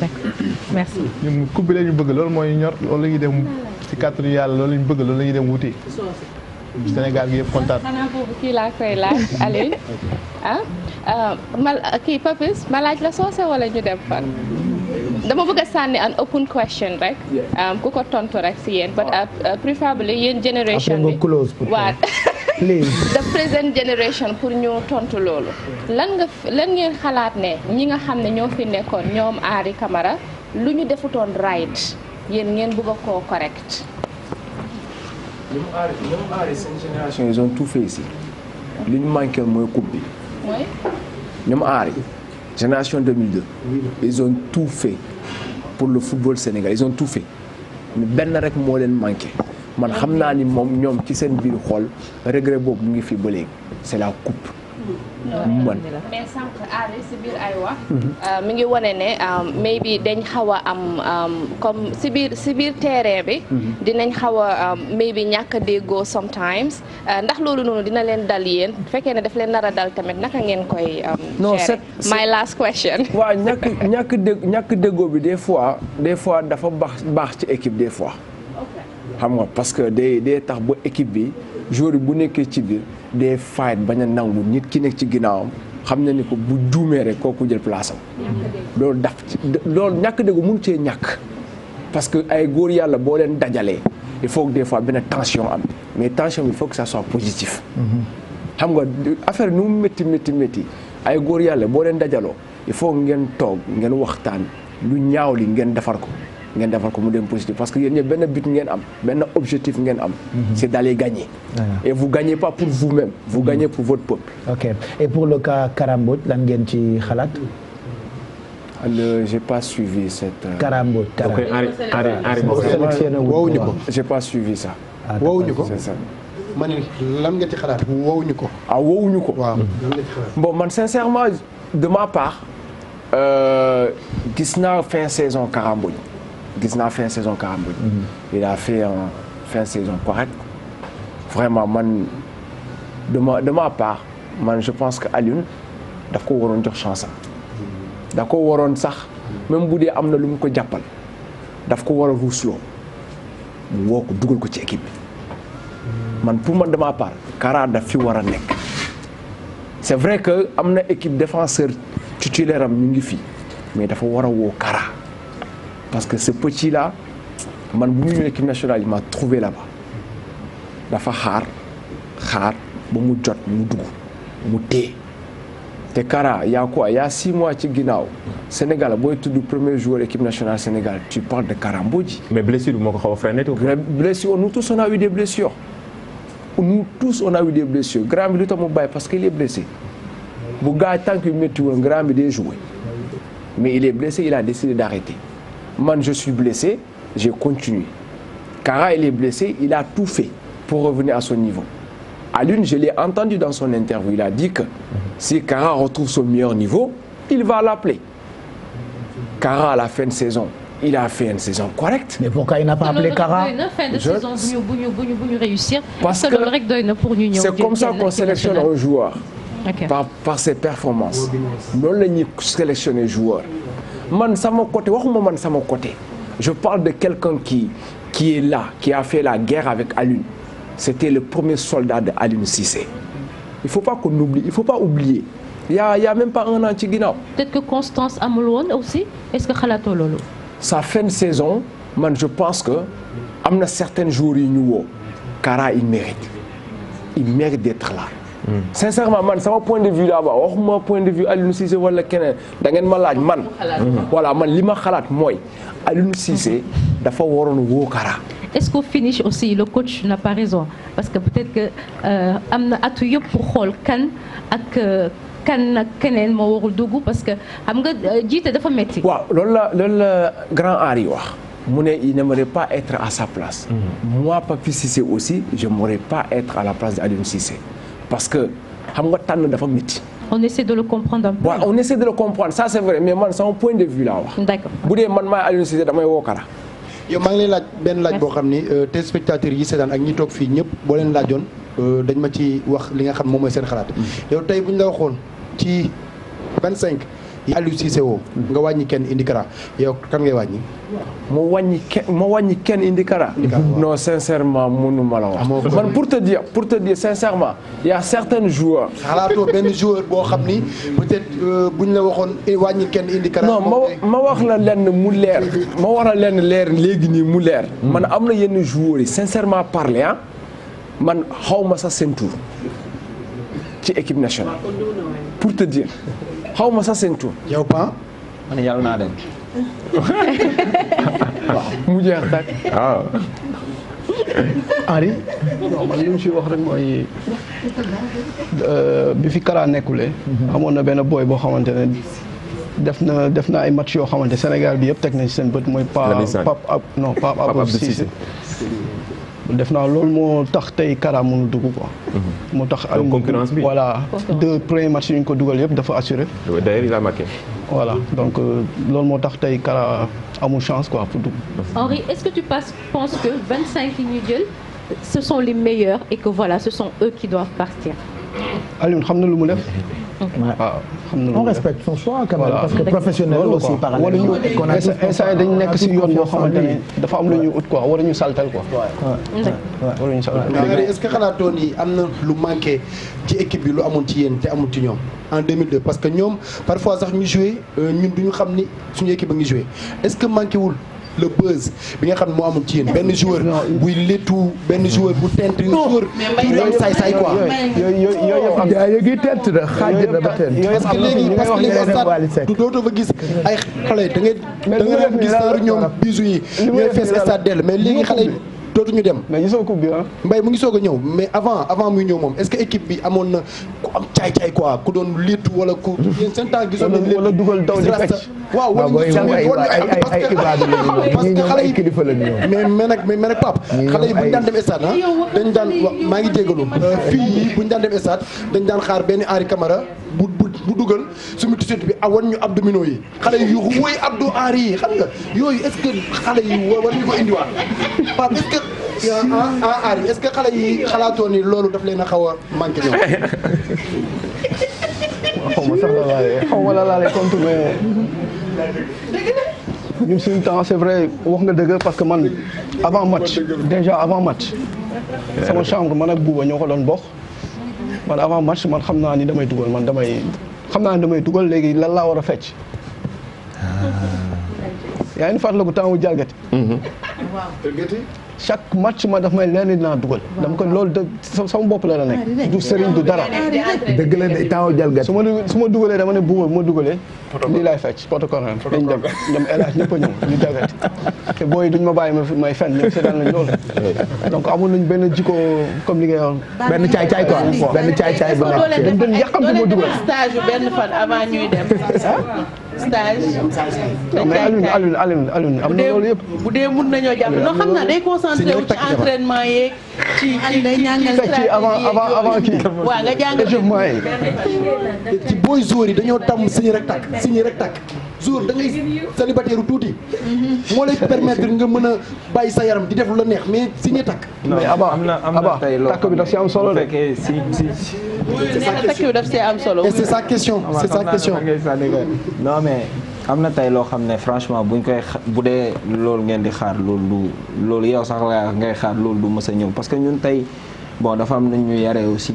Speaker 27: d'accord merci. bi la ñu bëgg loolu mooy ñor loolu la ñuy dem ci kàttanu yàlla loolu la bëgg loolu la ñuy dem wuti. Sénégal gi yëpp kontaan.
Speaker 21: xanaa boobu kii laa koy laaj Aliou ah euh, mal kii Papis ma laaj la soose wala ñu dem fan. dama bëgg a sànni an open question rek. Um, ku ko tontu rek si yéen but uh, uh, préférably yéen génération
Speaker 23: bi. après
Speaker 21: léegi the present generation pour ñu tontu loolu lan ngeen xalaat ne ñi nga xam ne ñoo fi nekkoon ñoom Henry Camara lu ñu defutoon right yéen ngeen bëgg a koo correct
Speaker 26: ñoom Henry seen génération ils ont tout ñu manqué mooy coupe bi ñoom Henry génération 2002 ils tout fait pour le football sénégalais ils ont tout fait benn rek moo leen manqué man xam naa ni moom ñoom ci seen biir xool regret boobu mu ngi fi ba léegi c'est la coupe.
Speaker 21: man euh, mi ngi wane ne euh, maybe dañ xaw a am euh, comme si biir si biir terrain bi mhm. dinañ xaw a bi ñàkk a déggoo sometimes ndax loolu noonu dina leen dal yéen fekkee ne daf leen nara a dal tamit naka ngeen koy non c'est my last question waa ñàkk ñàkk dégg
Speaker 26: ñàkk déggoo bi des fois des fois dafa baax baax ci équipe des fois xam nga parce que day day tax ba équipe bi joueur bu nekkee ci biir day fight bañ a nangu nit ki nekk ci ginnaawam xam na ni ko bu juumee rek kooku jël place am. loolu daf ci loolu ñàkk déggu mun cee ñàkk. parce que ay góor yàlla boo leen dajalee il faut que des fois benn tension am mais tension bi il faut que ça soit positif. xam nga affaire nu mu métti métti métti ay góor yàlla boo leen dajaloo il faut ngeen toog ngeen waxtaan lu ñaaw li ngeen defar ko. ngeen defal ko mu dem positif parce que yéen ñëpp benn but ngeen am benn objectif ngeen am. Mhm. c'est d'aller gagner. et vous gagnez pas pour vous-même vous mhm. gagnez pour votre peuple.
Speaker 3: ok et pour le cas Karamboj lan ngeen ci xalaat.
Speaker 26: Ah, le j'ai pas suivi cette. Karamboj Karamboj woowuñu ko j'ai pas suivi
Speaker 1: ah, ko lan nga ci xalaat woowuñu ko. ah ko. waaw
Speaker 26: mhm. lan nga ci xalaat. bon man sincèrement de ma part euh, gis fin saison Karamboj. gis naa fin saison Cameroun. Mhm. il a fait un fin saison correcte. vraiment man de ma de ma part man je pense que Alioune daf ko waroon jox chance am. daf ko waroon sax. même bu dee am na lu mu ko jàppal. daf ko war a ruusloo mu woo ko dugal ko ci équipe bi man pour man de ma part. Kara daf fi war a nekk. c'est vrai que am na équipe défenseur ci am ñu ngi fi mais dafa war a woo Kara. Parce que ce petit-là, man bu ñu l'équipe nationale, il m'a trouvé là-bas. dafa xaar xaar ba mu jot mu dugg mu téye te Kara y' a quoi six mois ci ginnaaw Sénégal booy tudd premier joueur équipe nationale Sénégal tu parles de Kara Mbodji. mais blessure moo ko xaw a freiné. blessure nous tous grand bi lu tax mu bàyyi parce que il est blessé bu gaa tànk yu woon grand bi day joué mais il est blessé il a décidé d' man je suis blessé, j'ai continué. Kara, il est blessé, il a tout fait pour revenir à son niveau. À l'une, je l'ai entendu dans son interview, il a dit que si Kara retrouve son meilleur niveau, il va l'appeler. Kara, à la fin de saison, il a fait une saison correcte. Mais pourquoi il
Speaker 8: n'a pas appelé Kara Parce que c'est comme
Speaker 26: ça qu'on sélectionne un joueur, par, par ses performances. Non, on sélectionne un joueur. man sama côté waxuma man sama côté je parle de quelqu'un qui qui est là qui a fait la guerre avec Alioune c'était le premier soldat de Alioune Cissé il faut pas qu'on oublie il faut pas oublier il y a même pas un an ci ginnaaw.
Speaker 8: peut-être que Constance amul woon aussi est-ce que xalaatoo loolu.
Speaker 26: sa fin de saison man je pense que am na certains jours yu ñu woo Kara il mérite mérite d'être là. Mm. sincèrement man sama point de vue daa ba waxuma point de vue Aliou Cissé wala keneen da ngeen ma laaj man. Mm-hmm. voilà man li ma xalaat mooy Aliou Cissé dafa waroon woo Kara.
Speaker 8: est-ce qu'au finish aussi le coach n'a pas raison parce que peut-être que euh, am na at yëpp pour xool kan ak euh, kan ak keneen moo warul dugg parce que am nga euh, jiite dafa metti waaw loolu
Speaker 26: la loolu la grand Henri wax. mu ne il n'aimerait pas être à sa place. Mm-hmm. moi Pape Cissé aussi je n'aimerais pas être à la place d'Aliou Cissé. parce que xam nga tànn dafa métti. on essaie de le comprendre un peu. waaw on essaie de le comprendre ça c' est vrai mais man sama point de vue laa wax.
Speaker 1: bu dee man maa Aliou damay woo yow maa lay laaj benn laaj boo xam ni euh, téléspectateurs yi seetaan ak ñi toog fii ñëpp boo leen laajoon euh, dañ ma ci wax li nga xam moom mooy seen xalaat. Mm-hmm. yow tey bu ñu la waxoon ci cinq yi Aliou Cissé woo nga wàññi kenn indi Kara yow kan ngay wàññi. ma wàññi ma wàññi kenn indi Kara. non sincèrement
Speaker 26: mënu ma la wax. man pour te dire pour te dire sincèrement y a certains joueurs. xalaatoo
Speaker 1: benn joueur boo xam ni peut-être euh, buñ la waxoon eh, wàññi kenn indi Kara. non
Speaker 26: ma wax la lenn mu leer ma wax la lenn leer léegi nii mu leer. Hmm. man am na yenn joueurs yi sincèrement parler ah man xaw ma sax seen ci équipe nationale pour te dire. xaw ma sa séentu. yow Paa. ma ne yàlla naa dem.
Speaker 25: mu jeex
Speaker 26: tàkk.
Speaker 6: waaw.
Speaker 25: Henri. si wax rek mooy euh, bi fi Kara nekkulee. Mhm. amoon na benn booy boo xamante ne def na def na ay match yoo xamante Sénégal bi yëpp teg nañ seen bët mooy. Pape Pape non Pape Abdou Cissé. def naa loolu moo tax tey Kara mënul dugg ko mhm. moo tax ay concurrence bi voilà deux premiers matchs yu ñu ko dugal yëpp dafa assurer
Speaker 11: d'ailleurs il
Speaker 25: voilà donc euh, loolu moo tax tey Kara amul chance quoi pour dugg.
Speaker 8: Henri est-ce que tu passes, penses que 25 yi ñu jël ce sont les meilleurs et que voilà ce sont eux qui doivent partir.
Speaker 25: Alioune xam na lu mu def. waaw ah, xam na lu mu def on respecte son choix quand même parce que professionnel aussi par exemple dañu nekk si yoon boo xamante ne
Speaker 1: dafa am lu ñuy ut quoi waruñu saltal quoi. waruñu saltal. est-ce que xalaatoon yi am na lu manqué ci équipe bi lu amoon ci yéen te amul ci ñoom en 2002 parce que ñoom parfois sax ñu joué euh, ñun duñu xam ni suñu équipe a ngi joué est-ce que manqué wul. le buzz bi nga xam moo amul ci yéen benn joueur buy léttu benn joueur bu tent joueur bu doon saay saay quoi.
Speaker 25: yooyu yooyu yooyu yaa
Speaker 1: ngi tent na xaaj na ba tent. parce que léegi parce que léegi stade du dootoo fa gis ay xale da ngay da nga gis saaru ñoom bisu yi ñooy fees stade dell mais léegi xale dootuñu dem. mais gisoo coupe bi ah. Mbaye mu ngi soog a ñëw mais avant avant muy ñëw moom est-ce que équipe bi amoon na ku am caay-caay quoi ku doon liit wala ku. seen temps di fecc waaw la ñu ñoom ay kilifa la ñu ñoom. mais mais nag mais nag Pape. xale yi bu daan dem stade ah, dañ daan maa ngi jégalu euh, fii yi bu daan dem stade dañ daan xaar benn Henri bu bu dugal suñu t-shirt bi awan ñu abdominaux yi xale yu yuuxu woy abdou yi xam nga yooyu est-ce que xale yi war ñu ko indiwaat ce ah, ah, que xale yi xalaatoon ni loolu daf leen a xaw a manqué
Speaker 6: ñoom
Speaker 25: xaw ma sax la xaw ma la laalee compte mais suñu temps c'est vrai wax nga dëgg parce que man avant match déjà avant match sama chambre man ak Bouba ñoo ko doon bokk man avant match man xam naa ni damay dugal man damay xam naa ni damay dugal léegi lan laa war a fecc. Ah. yaa ngi fàttaliku temps wu jalgati. Mhm. chaque match ma daf may lenn naa dugal. dama ko loolu de sama bopp la la nekk. du sëriñ du dara. dëgg la de temps jalgati. su ma su ma dugalee dama ne buuma bu ma dugalee. lii laay fecc protocole am dem dem El Hadj ñëpp a ñëw ñu jalgati te booy duñ ma bàyyi may fen ñoom seetaan nañ loolu donc amul nañ benn jikko comme li ngay wax. benn caay caay quoi benn caay caay dañ doon yàqam bu ma dugal. stage
Speaker 17: benn fan avant ñuy dem. stage. mais
Speaker 25: Alioune Alioune Alioune Alioune am na loolu yëpp. bu dee mun nañoo jàpp loo xam na day
Speaker 17: concentré wu ci entraînement yeeg. ci ci avant avant avant kii. waa nga jàngal échauffement yi.
Speaker 1: ci booy joueur dañoo tam suñu tak tàkk suñu rek tàkk. jour da ngay célibataire tuuti. moo lay permettre nga mën a bàyyi sa yaram di def lu la neex mais si ñuy takk.
Speaker 28: mais Abba am na am na tey loo si am solo rek. si si si.
Speaker 17: takk bi daf solo. et c'est sa question ah, c'est sa question.
Speaker 28: mais. am na tey loo xam ne franchement buñ koy xa bu dee loolu ngeen di xaar loolu du loolu yow sax la ngay xaar loolu du mës sa ñëw parce que ñun tey bon dafa am na ñu yaree aussi.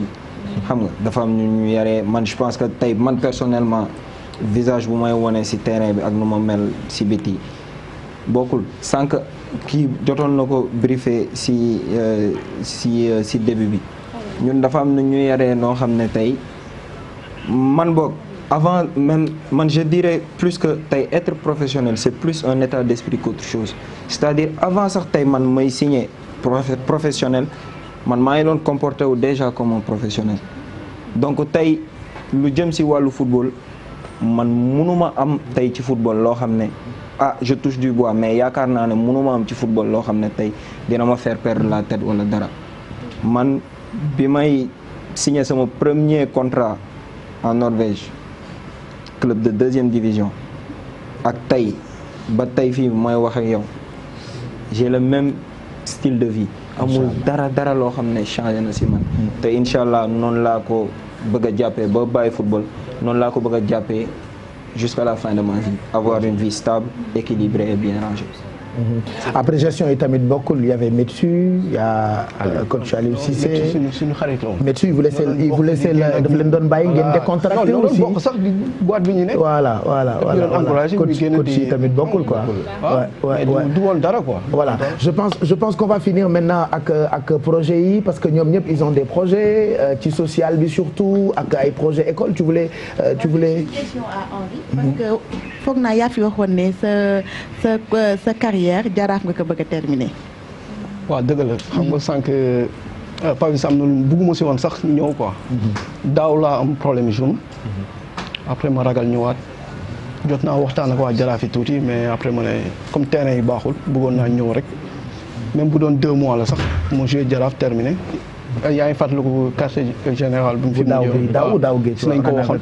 Speaker 28: xam nga dafa am ñu ñu yaree man je pense que tey man personnellement. visage bu may wone ci terrain bi ak nu ma mel ci biti bokkul sànq kii jotoon na ko briefé ci euh, ci euh, ci début bi ñun dafa am na ñu yaree noo xam ne tey man boog avant même man je dirais plus que tey être professionnel c'est plus un état d'esprit qu'autre chose c'est-à-dire avant sax tey man may signer professionnel man maa ngi doon comporté wu déjà comme un professionnel donc tey lu jëm ci wàllu football man ma am tey ci football loo xam ne ah je touche du bois mais yaakaar naa ne munuma am ci football loo xam ne tey dina ma faire perdre la tête wala dara man bi may signé sama premier contrat en Norvège club de deuxième division ak tey ba tey fii mooy wax ak yow j'ai le même style de vie amul dara dara loo xam ne changé na si man mm. te incha allah noonu laa ko bëgg jàppe ba bàyyi football noonu laa ko bëgg a jàppee jusqu'à la fin de ma vie avoir une vie stable équilibrée et bien rangée
Speaker 3: Mhm. après gestion yi tamit bokkul y avait Metsu y euh,
Speaker 28: suñu xarit la woon
Speaker 3: Metsu il vous laissait il vous laissait daf leen doon bàyyi ngeen décontracté aussi bokk sax di boîte bi ñu ne voilà voilà voilà coach yi tamit bokkul quoi ah. ouais ouais du woon dara quoi voilà je pense je pense qu'on va finir maintenant ak ak projet yi parce que ñoom ñëpp ils ont des projets euh, ci social bi surtout ak ay projet école tu voulais euh, tu voulais
Speaker 14: question à Henri parce mhm. que foog naa yaa fi waxoon ne sa sa sa carrière jaraaf nga ko bëgg terminer.
Speaker 25: waaw dëgg la xam nga sànq euh, Pape Sam am bugguma si woon sax ñëw quoi.
Speaker 6: Mhm.
Speaker 25: daaw laa am problème jaune. Mhm. après ma ragal ñëwaat. jot naa waxtaan ak waa jaraaf yi tuuti mais après ma ne comme terrain yi baaxul bëggoon naa ñëw rek. même bu doon deux mois la sax mu joué jaraaf terminé. Euh, yaa ngi fàttaliku quartier général bu mu fi daaw bi daaw daaw géej si nañ ko waxoon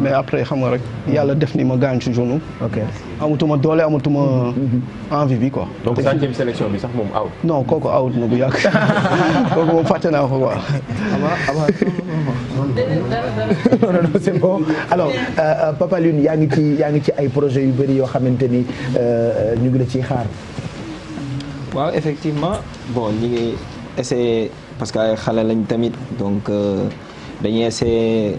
Speaker 25: mais après xam nga rek yàlla def ni ma gaañ si genou ok amatuma doole amatuma mhm. envie bi ko donc cinquième sélection bi sax moom out non kooku out na bu yàgg
Speaker 3: kooku naa ko quoi
Speaker 6: non non
Speaker 3: non c'est bon euh, euh, Papa Lune yaa ngi ci yaa ngi ci ay projet yu bëri yoo xamante ni ñu ngi la ciy xaar
Speaker 28: ñi ngi parce que ay xale lañ tamit donc euh, dañuy essayer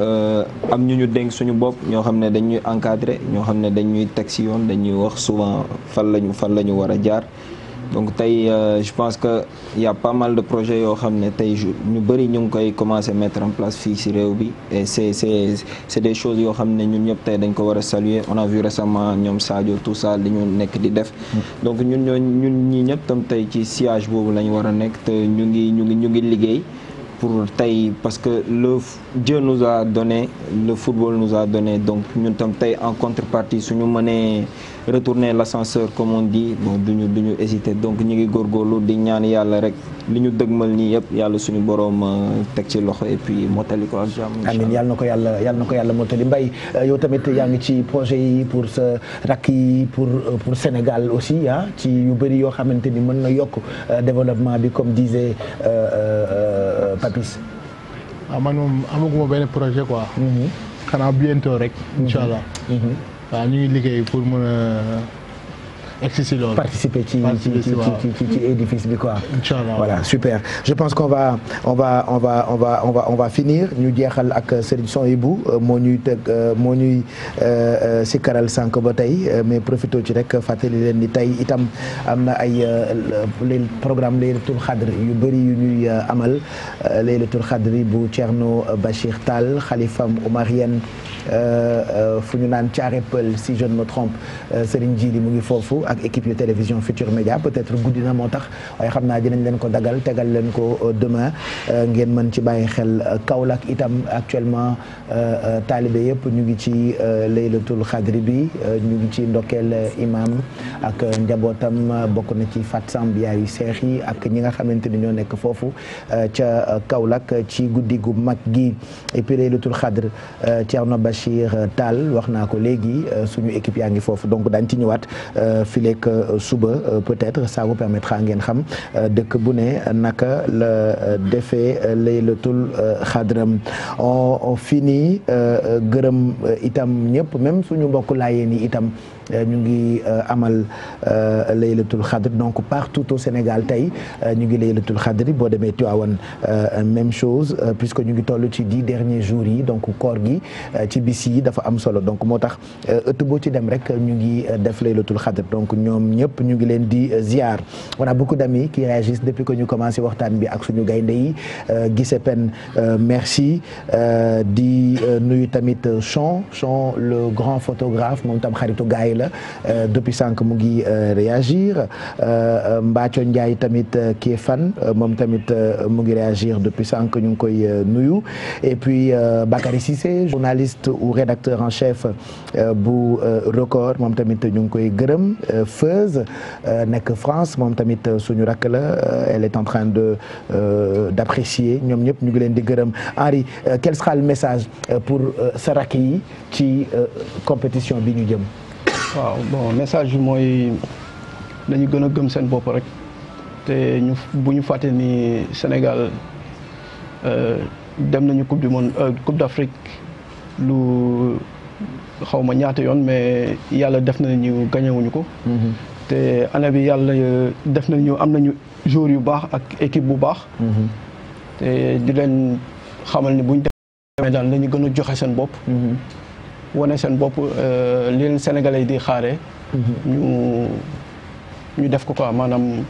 Speaker 28: euh, am ñu ñu dénk suñu bopp ñoo xam ne dañuy encadrer ñoo xam ne dañuy teg si yoon dañuy wax souvent fan lañu fan la ñu war a jaar donc tey euh, je pense que y a pas mal de projets yoo xam ne tey ñu bëri ñu ngi koy commencer mettre en place fii si réew bi et c'est c'est des choses yoo xam ne ñun ñëpp tey dañ ko war a saluer on a vu récemment ñoom Sadio tout ça li ñu nekk di def mm. donc ñun ñoo ñun ñi ñëpp tam tey ci sillage boobu lañu war a nekk te ñu ngi ñu ngi ñu ngi liggéey pour tey parce que le Dieu nous a donné le football nous a donné donc ñun tam tey en contrepartie suñu mënee retourner l'ascenseur comme on dit bon duñu duñu hésiter donc ñu ngi góorgóorlu di ñaan yàlla rek li ñu dëgmal nii yëpp yàlla suñu borom euh, teg ci loxo et puis mottali ko ak jàmm amiin
Speaker 3: yàlla na ko yàlla yàlla na ko yàlla mottali Mbaye euh, yow tamit yaa ngi ci projet yi pour sa rakk yi pour euh, pour Sénégal aussi ah ci yu bëri yoo xamante ni mën na yokk développement bi comme disait Papis
Speaker 27: waaw ah, man moom amaguma benn projet quoi mhm. xanaa bientôt rek waaw ñu ngi liggéey pour mën
Speaker 3: a egsi si loolu. participer ci ci ci ci édifice bi quoi. inchallah voilà super. je pense qu'on va on va on va on va finir ñu jeexal ak Serigne Sohibou euh, moo ñuy teg euh, moo ñuy euh, si karal sànq ba tey mais profité ci rek fàttali leen ni tey itam am na ay les programme Laylatul Qadr yu bëri yu ñuy amal Laylatul Qadr bu Thierno Bachir Tall xalifam Omarien. Euh, euh, fu ñu naan Thiaré Peul si je ne me trompe euh, Serigne Djili mu ngi foofu ak équipe yu télévision Futur Média peut-être guddi na moo tax waaye xam naa dinañ leen ko dagal tegal leen ko demain ngeen mën ci bàyyi xel Kaolack itam actuellement taalibe yëpp ñu ngi ci laylatul xadri bi ñu ngi ci ndokkeel imam ak njabootam bokk na ci Fat Samb yaayu seex yi ak ñi nga xamante ni ñoo nekk foofu ca Kaolack ci guddi gu mag gi et puis laylatul xadr Thierno Ba Bachir euh, Tall wax naa ko léegi euh, suñu équipe yaa ngi foofu donc daañu ci ñëwaat euh, fileeg suba peut-être ça vous permettra ngeen xam dëkk bu ne naka la defee laylatul xadram on finit gërëm itam ñëpp même suñu mbokk laayeen yi itam. Euh, ñu ngi euh, amal euh, laylatul xadr donc partout au Sénégal tey ñu ngi laylatul xadr boo demee Tiwaawan même chose puisque ñu ngi toll ci dix dernier jours yi donc koor gi ci bis yi dafa am solo donc moo tax ëtt boo ci dem rek ñu ngi def laylatul xadr donc ñoom ñëpp ñu ngi leen di ziar on a beaucoup d'amis qui réagissent depuis que ñu commencé waxtaan bi ak suñu gaynde yi gise pen merci di nuyu tamit son son le grand photographe moom tam xaritu gaay tey la euh, depuis sànq mu ngi euh, réagir euh, Mbathio Ndiaye tamit kii fan moom tamit mu ngi réagir depuis sànq ñu ngi koy nuyu et puis Bakary Cissé journaliste ou rédacteur en chef bu record moom tamit ñu ngi koy gërëm Feuz nekk France moom tamit suñu rakk la elle est en train d'apprécier ñoom ñëpp ñu ngi leen di gërëm Henri quel sera le message pour sa rakk yi ci compétition bi ñu jëm
Speaker 25: waaw bon message bi mooy dañu gën a gëm seen bopp rek te ñu bu ñu fàtte nii Sénégal euh, dem nañu coupe du monde euh, coupe d'Afrique lu xaw ma ñaata yoon mais yàlla def nañu gañewuñu ko. Mm-hmm. te année bi yàlla euh, def nañu am nañu joueurs yu baax ak équipe bu baax. Mm-hmm. te di leen xamal ni buñ demee daal la ñu gën a joxe seen bopp. Mm-hmm. wane seen bopp euh, li leen sénégalais yi di xaare mhm. ñu def ko ko maanaam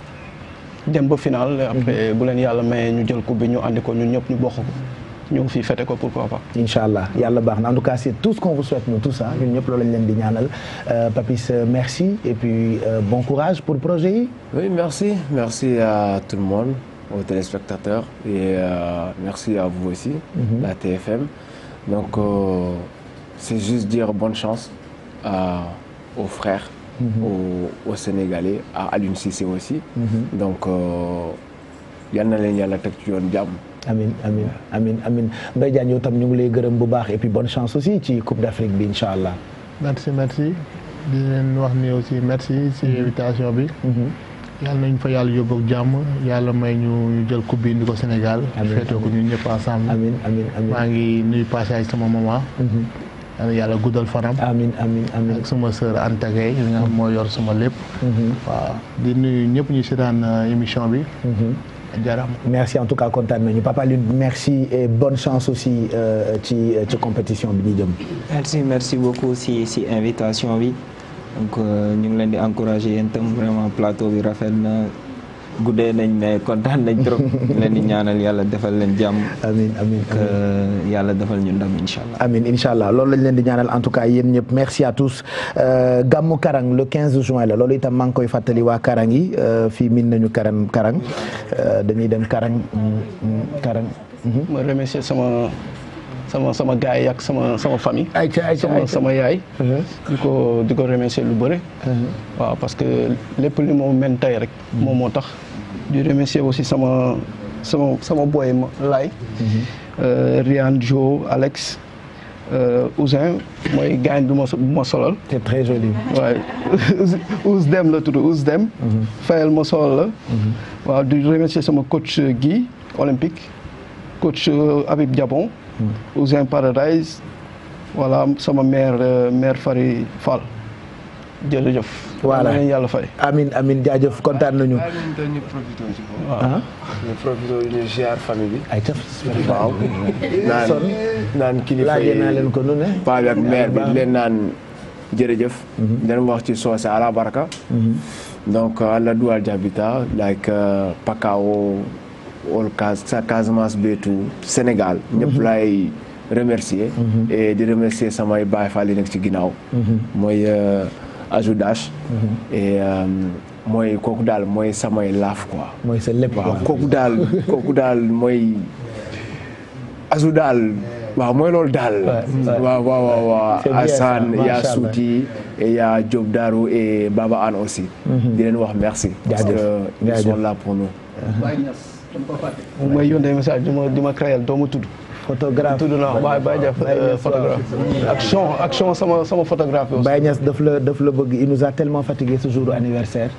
Speaker 25: dem ba final. après mhm. bu leen yàlla mayee ñu jël coupe bi ñu andi ko ñun ñëpp ñu bokk ko. ñëw fii fete ko pourquoi pas.
Speaker 3: incha allah yàlla baax na en tout cas c'est tout ce qu'on vous souhaite nous tous ah ñun ñëpp loolu leen di ñaanal euh, Papis euh, merci et puis euh, bon courage pour projet yi.
Speaker 26: merci merci à tout le monde aux téléspectateurs et merci à vous aussi. Mhm. la TFM donc. c'est juste dire bonne chance à, euh, aux frères, mm -hmm. aux, aux, aussi. Mhm. Donc, euh, yal na leen yàlla teg ci yoon jàmm.
Speaker 3: amin amin amin amin Mbaye Diagne tam ñu ngi lay gërëm bu baax et puis bonne chance aussi ci Coupe d'Afrique bi incha allah. merci merci di leen wax
Speaker 27: ni aussi merci ci mhm. invitation bi. Mhm. yàlla nañ fa yàlla yóbbu jàmm yàlla may ñu ñu jël coupe bi indi ko Sénégal. amiin feetoo ko ñun ensemble. maa ngi nuyu passage sama maman. yàlla yàlla guddal fanam. amiin amiin amiin ak suma sœur Anta Gueye li nga xam moo yor suma lépp. Mm-hmm. waaw di nu ñëpp ñu seetaan euh, émission bi. Mm-hmm.
Speaker 3: jaaraama merci en tout cas kontaan nañu Papa Lune merci e bonne chance aussi euh, ci euh, ci compétition bi ñu jëm.
Speaker 28: merci merci beaucoup si si invitation bi donc ñu ngi leen di encourager yéen itam vraiment plateau bi rafet na. guddee nañ mais kontaan nañ trop. leen ñaanal yàlla defal leen jàmm. amiin amiin yàlla defal ñun ndam incha allah.
Speaker 3: amiin incha allah loolu lañ leen di ñaanal en tout cas yéen ñëpp merci à tous. Euh, gàmmu Karang le 15 juin la loolu itam maa ngi koy fàttali waa Karang yi euh, fii min nañu Karang Karang euh, dañuy dem Karang mm, mm, Karang.
Speaker 25: Mhm. ma sama. sama sama gars yi ak sama sama famille. sama sama yaay. Uh-huh. di ko di ko remercier lu bëre. Uh-huh. waaw parce que lépp li moo men tey rek. Uh-huh. moom moo tax di remercier aussi sama sama sama boy Laay. Euh, Rian Alex. Euh, Ousin mooy gaañ bu ma bu ma solal. c'est très joli. Dem la tudd Ous Dem. fayal ma solal la. waaw di remercier sama coach Guy olympique coach euh, Habib Diabon. Ouzin Paradise sama mair euh, maire Fary Fall jërëjëf. voilà amiin
Speaker 3: yàlla fay. amiin amiin jaajëf kontaan nañu.
Speaker 26: amiin dañu profité ci ah. leen ko nu ne. paa bi ak bi leen naan jërëjëf. Mhm. dañu wax ci soose ala baraka. Mhm. donc ala euh, duwal jabita like euh, pakaawo. all cas sa Casamance beetu Sénégal mhm. ñëpp laay remercier mhm. et di remercier samay baay faal nekk ci ginnaaw mhm. mooy euh, ajoudash et euh, mooy kooku daal mooy samay laaf quoi mooy sa lépp waaw kooku daal mooy asu waaw mooy loolu daal waaw yaa suuti yaa Diop Darou et Baba Anne aussi di leen wax merci parce que ils pour nous
Speaker 25: moom mooy yónnee message di ma di ma créel doomu tudd photographe tudd naa Baye Baye Diaf photographe sama sama photographe Baye
Speaker 3: Niass daf la daf la bëgg il nous a tellement fatigué ce jour anniversaire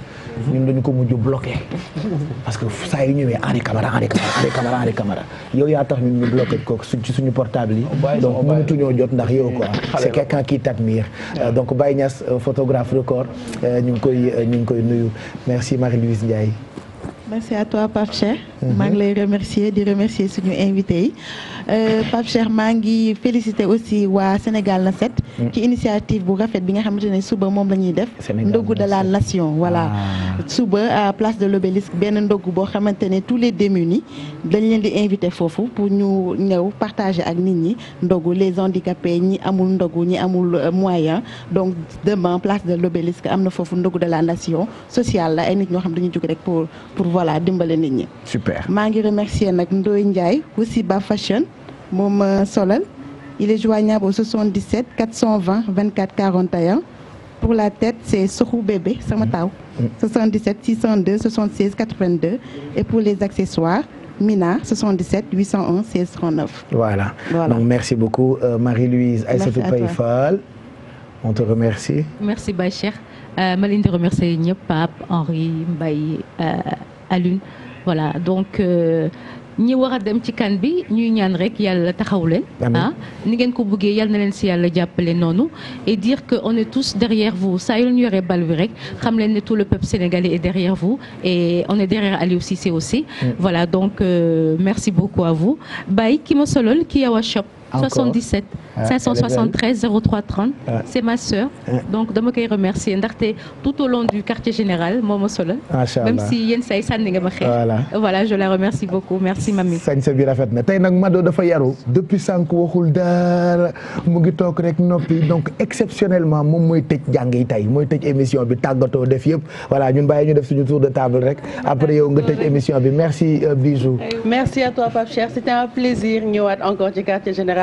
Speaker 3: ñun dañu ko mujj bloqué parce que saa yu ñëwee Henri Camara Henri Camara Henri Camara Henri yow yaa tax ñun ñu bloqué ko ci suñu portable yi oh, donc oh, mënatuñoo jot ndax yow quoi c'est quelqu'un qui t'admire euh, donc Baye Niass euh, photographe record euh, ñu ngi koy ñu ngi koy nuyu merci Marie-Louise Ndiaye
Speaker 14: merci à toi Pape mhm. maa ngi lay remercier di remercier suñu invité yi Euh, Pape Cheikh maa ngi félicité aussi waa Sénégal na set. Mm. ci initiative bu rafet bi nga xamante ne suba moom la ñuy def. ndogu de la nation voilà. Ah. suba à place de l'obélisque benn ndogu boo xamante ne tous les démunis dañ leen di invité foofu pour ñu ñëw partager ak nit ñi ndogu les handicapés ñi amul ndogu ñi amul euh, moyen donc demain place de l'obélisque am na foofu ndogu de la nation sociale la ay nit ñoo xam dañu jóg rek pour pour voilà dimbale nit ñi. maa ngi remercier nag Ndoye Ndiaye aussi ba fashion. moom euh, solal il est joignable au 77 420 24 41 pour la tête c'est Sokhou Bébé sama taaw 77 602 76 82 et pour les accessoires Mina 77 811 16 39.
Speaker 3: Voilà. voilà donc merci beaucoup euh,
Speaker 8: Cheikh euh, ma leen di remercier ñëpp euh, ñu war a dem ci kan bi ñuy ñaan rek yàlla taxaw leen ah ni ngeen ko bëggee yàlla na leen si yàlla jàppale noonu et dire que on est tous derrière vous saa yu ñu yoree bal bi rek xam leen ne tout le peuple sénégalais est derrière vous et on est derrière Aliou Cissé aussi mm. voilà donc euh, merci beaucoup à vous Baye ki ma solol ki yow a shop encore 77 573 03 30. c'est ma sœur. Ah. donc dama koy remercier ndaxte tout au long du quartier général moo ma solo. macha allah même si yenn say sànni nga ma xeex. voilà je la
Speaker 3: remercie beaucoup merci mami. sañse bi rafet na tey nag Mado dafa yaru depuis sànq waxul dara mu ngi toog rek noppi donc exceptionnellement moom mooy tëj jàng yi tey mooy tëj émission bi tàggatoo def yëpp voilà ñun bàyyi ñu def suñu tour de table rek après yow nga tëj émission bi merci euh, Bijou.
Speaker 17: merci à toi Pape Cheikh c'était un plaisir ñëwaat encore ci quartier général.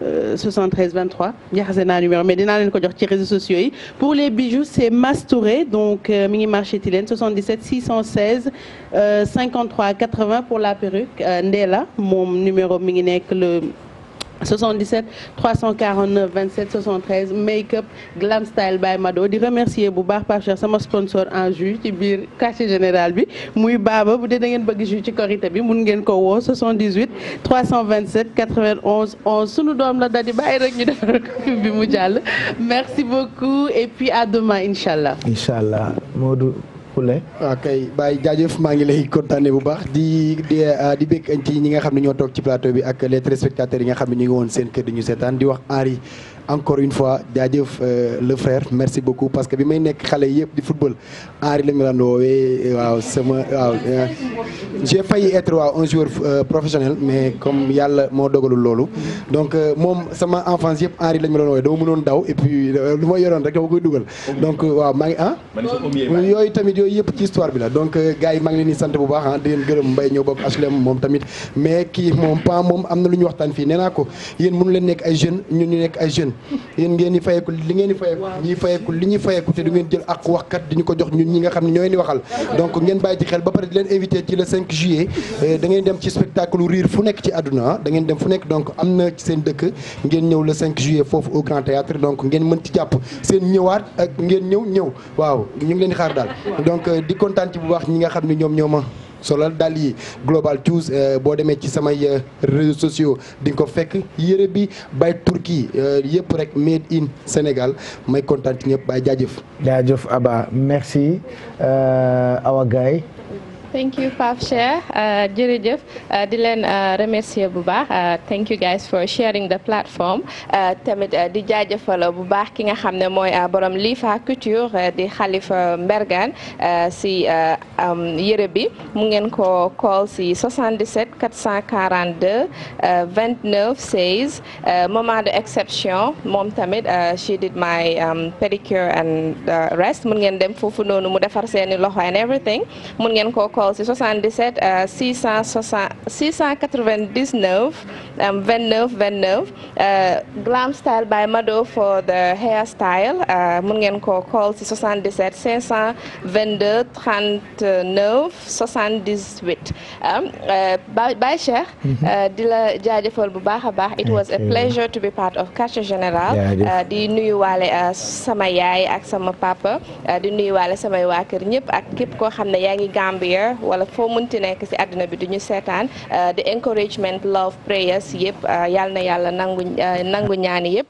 Speaker 17: 73 23 jaxase naa numéro mais dinaa leen ko jox ci réseaux sociaux yi pour les bijoux c'est Mastouré donc euh, mi ngi marché Tilène 77 616 53 80 pour la perruque euh, Ndéla moom numéro mi ngi nekk le. 77 349 27 73 make-up glam style by Mado di remercier bu baax par cher sama sponsor en jou ci biir quartier général bi muy baaba bu dee da ngeen bëgg jus ci korité bi mun ngeen ko woo 78 327 91 11 sunu doom la dadi bàyyi rek ñu defar ko bi mu jàll merci beaucoup et puis à demain incha allah.
Speaker 1: incha allah Modou. Khoule. waaw ah, kay jaajëf maa ngi lay kontaanee bu baax di di ah, di bëgg ci ñi nga xam ne ñoo toog ci plateau bi ak les téléspectateurs yi nga xam ne ñu ngi woon seen kër dañu seetaan di wax Henri. encore une fois jaajëf euh, le frère merci beaucoup parce que bi may nekk xale yëpp di football Henri la ñu daan woowee eh, waaw sama waaw euh, j'ai failli être waaw euh, mais comme yàlla moo dogalul loolu donc moom sama enfance yëpp Henri la ñu doon woowee dama mënoon daw et puis lu ma yoroon rek dama koy dugal donc waaw maa ngi ah tamit yooyu yëpp ci histoire bi la donc gars yi maa ngi leen sant bu baax ah di leen gërëm Mbaye ñoo moom tamit mais kii moom pas moom am na lu ñu waxtaan fii nee naa ko yéen mënu leen nekk ay jeunes ñun ñu nekk ay jeunes yéen ngeen di fayeeku li ngeen di fayeeku fayeku li ñuy fayeku te du ngeen jël ak waxkat di ñu ko jox ñun ñi nga xam ne ñooy ni waxal donc ngeen bàyyi ci xel ba pare di leen invité ci le 5 juillet euh, da ngeen dem ci spectacle riir fu nekk ci àdduna ah, da ngeen dem fu nekk donc am na ci seen dëkk ngeen ñëw le cinq juillet foofu au Grand Théâtre donc ngeen mën ci jàpp seen ñëwaat ak ngeen ñëw ñëw waaw ñu ngi leen xaar daal donc euh, di kontaan ci bu baax ñi nga xam ne ñoom ñoo solal daal yi global choose eh, boo demee ci samay eh, réseaux sociaux di ko fekk yére bi bay Turquie eh, yëpp rek made in Sénégal may kontaan ci ñëpp bay jaajëf. jaajëf Aba merci euh, Awa Gaye
Speaker 21: Thank you, Pav Share. Uh, jërëjëf, uh, di leen uh, remercier bu baax. Thank you guys for sharing the platform. Tamit di jaajëfal bu baax ki nga xam ne mooy borom Lifa Couture di Khalifa Mbergane si um, yëre bi mu ngeen ko call si 77 442 29 16 moment de exception moom tamit she did my um, pedicure and rest mun ngeen dem foofu noonu mu defar seeni loxo and everything mun ngeen ko call si 77 660 699 29 29 Glam Style by Mado for the hairstyle euh, mun ngeen ko call si 77 522 39 78 Baye Cheikh mhm. euh, di la jaajëfal bu baax a baax it was a pleasure to be part of Quartier Général euh, di nuyu waale sama yaay ak sama papa di nuyu waale samay waa kër ñëpp ak képp koo xam ne yaa Twitter wala foo mënti nekk si àddina bi duñu seetaan di uh, encouragement love prayers yëpp uh, yal na yàlla nangu uh, nangu ñaani yëpp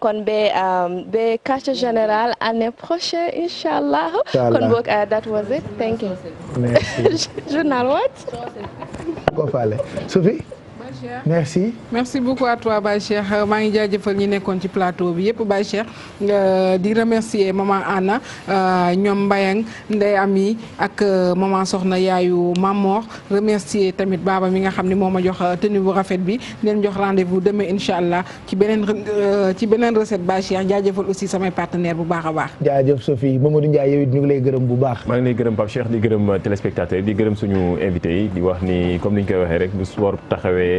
Speaker 21: kon ba um, ba quartier général année prochaine incha allah kon boog that was it thank you
Speaker 29: journal what
Speaker 3: Sophie merci.
Speaker 29: merci beaucoup à toi Baye Cheikh maa ngi jaajëfal ñi nekkoon ci plateau bi yëpp Baye Cheikh euh, di remercier maman Anna euh, ñoom Mbayang Ndey Ami ak euh, maman Soxna yaayu Mamor remercier tamit baaba mi nga xam ni moom ma jox tenue bu rafet bi leen jox rendez-vous demain incha allah ci beneen ci beneen recette Baye Cheikh jaajëfal aussi samay partenaire bu baax a baax.
Speaker 3: jaajëf Sophie Mamadou Ndiaye yow it ñu ngi lay gërëm bu baax. maa ngi lay gërëm Pape
Speaker 11: Cheikh di gërëm téléspectateur di gërëm suñu invité yi di wax ni comme ni ñu koy waxee rek bu sport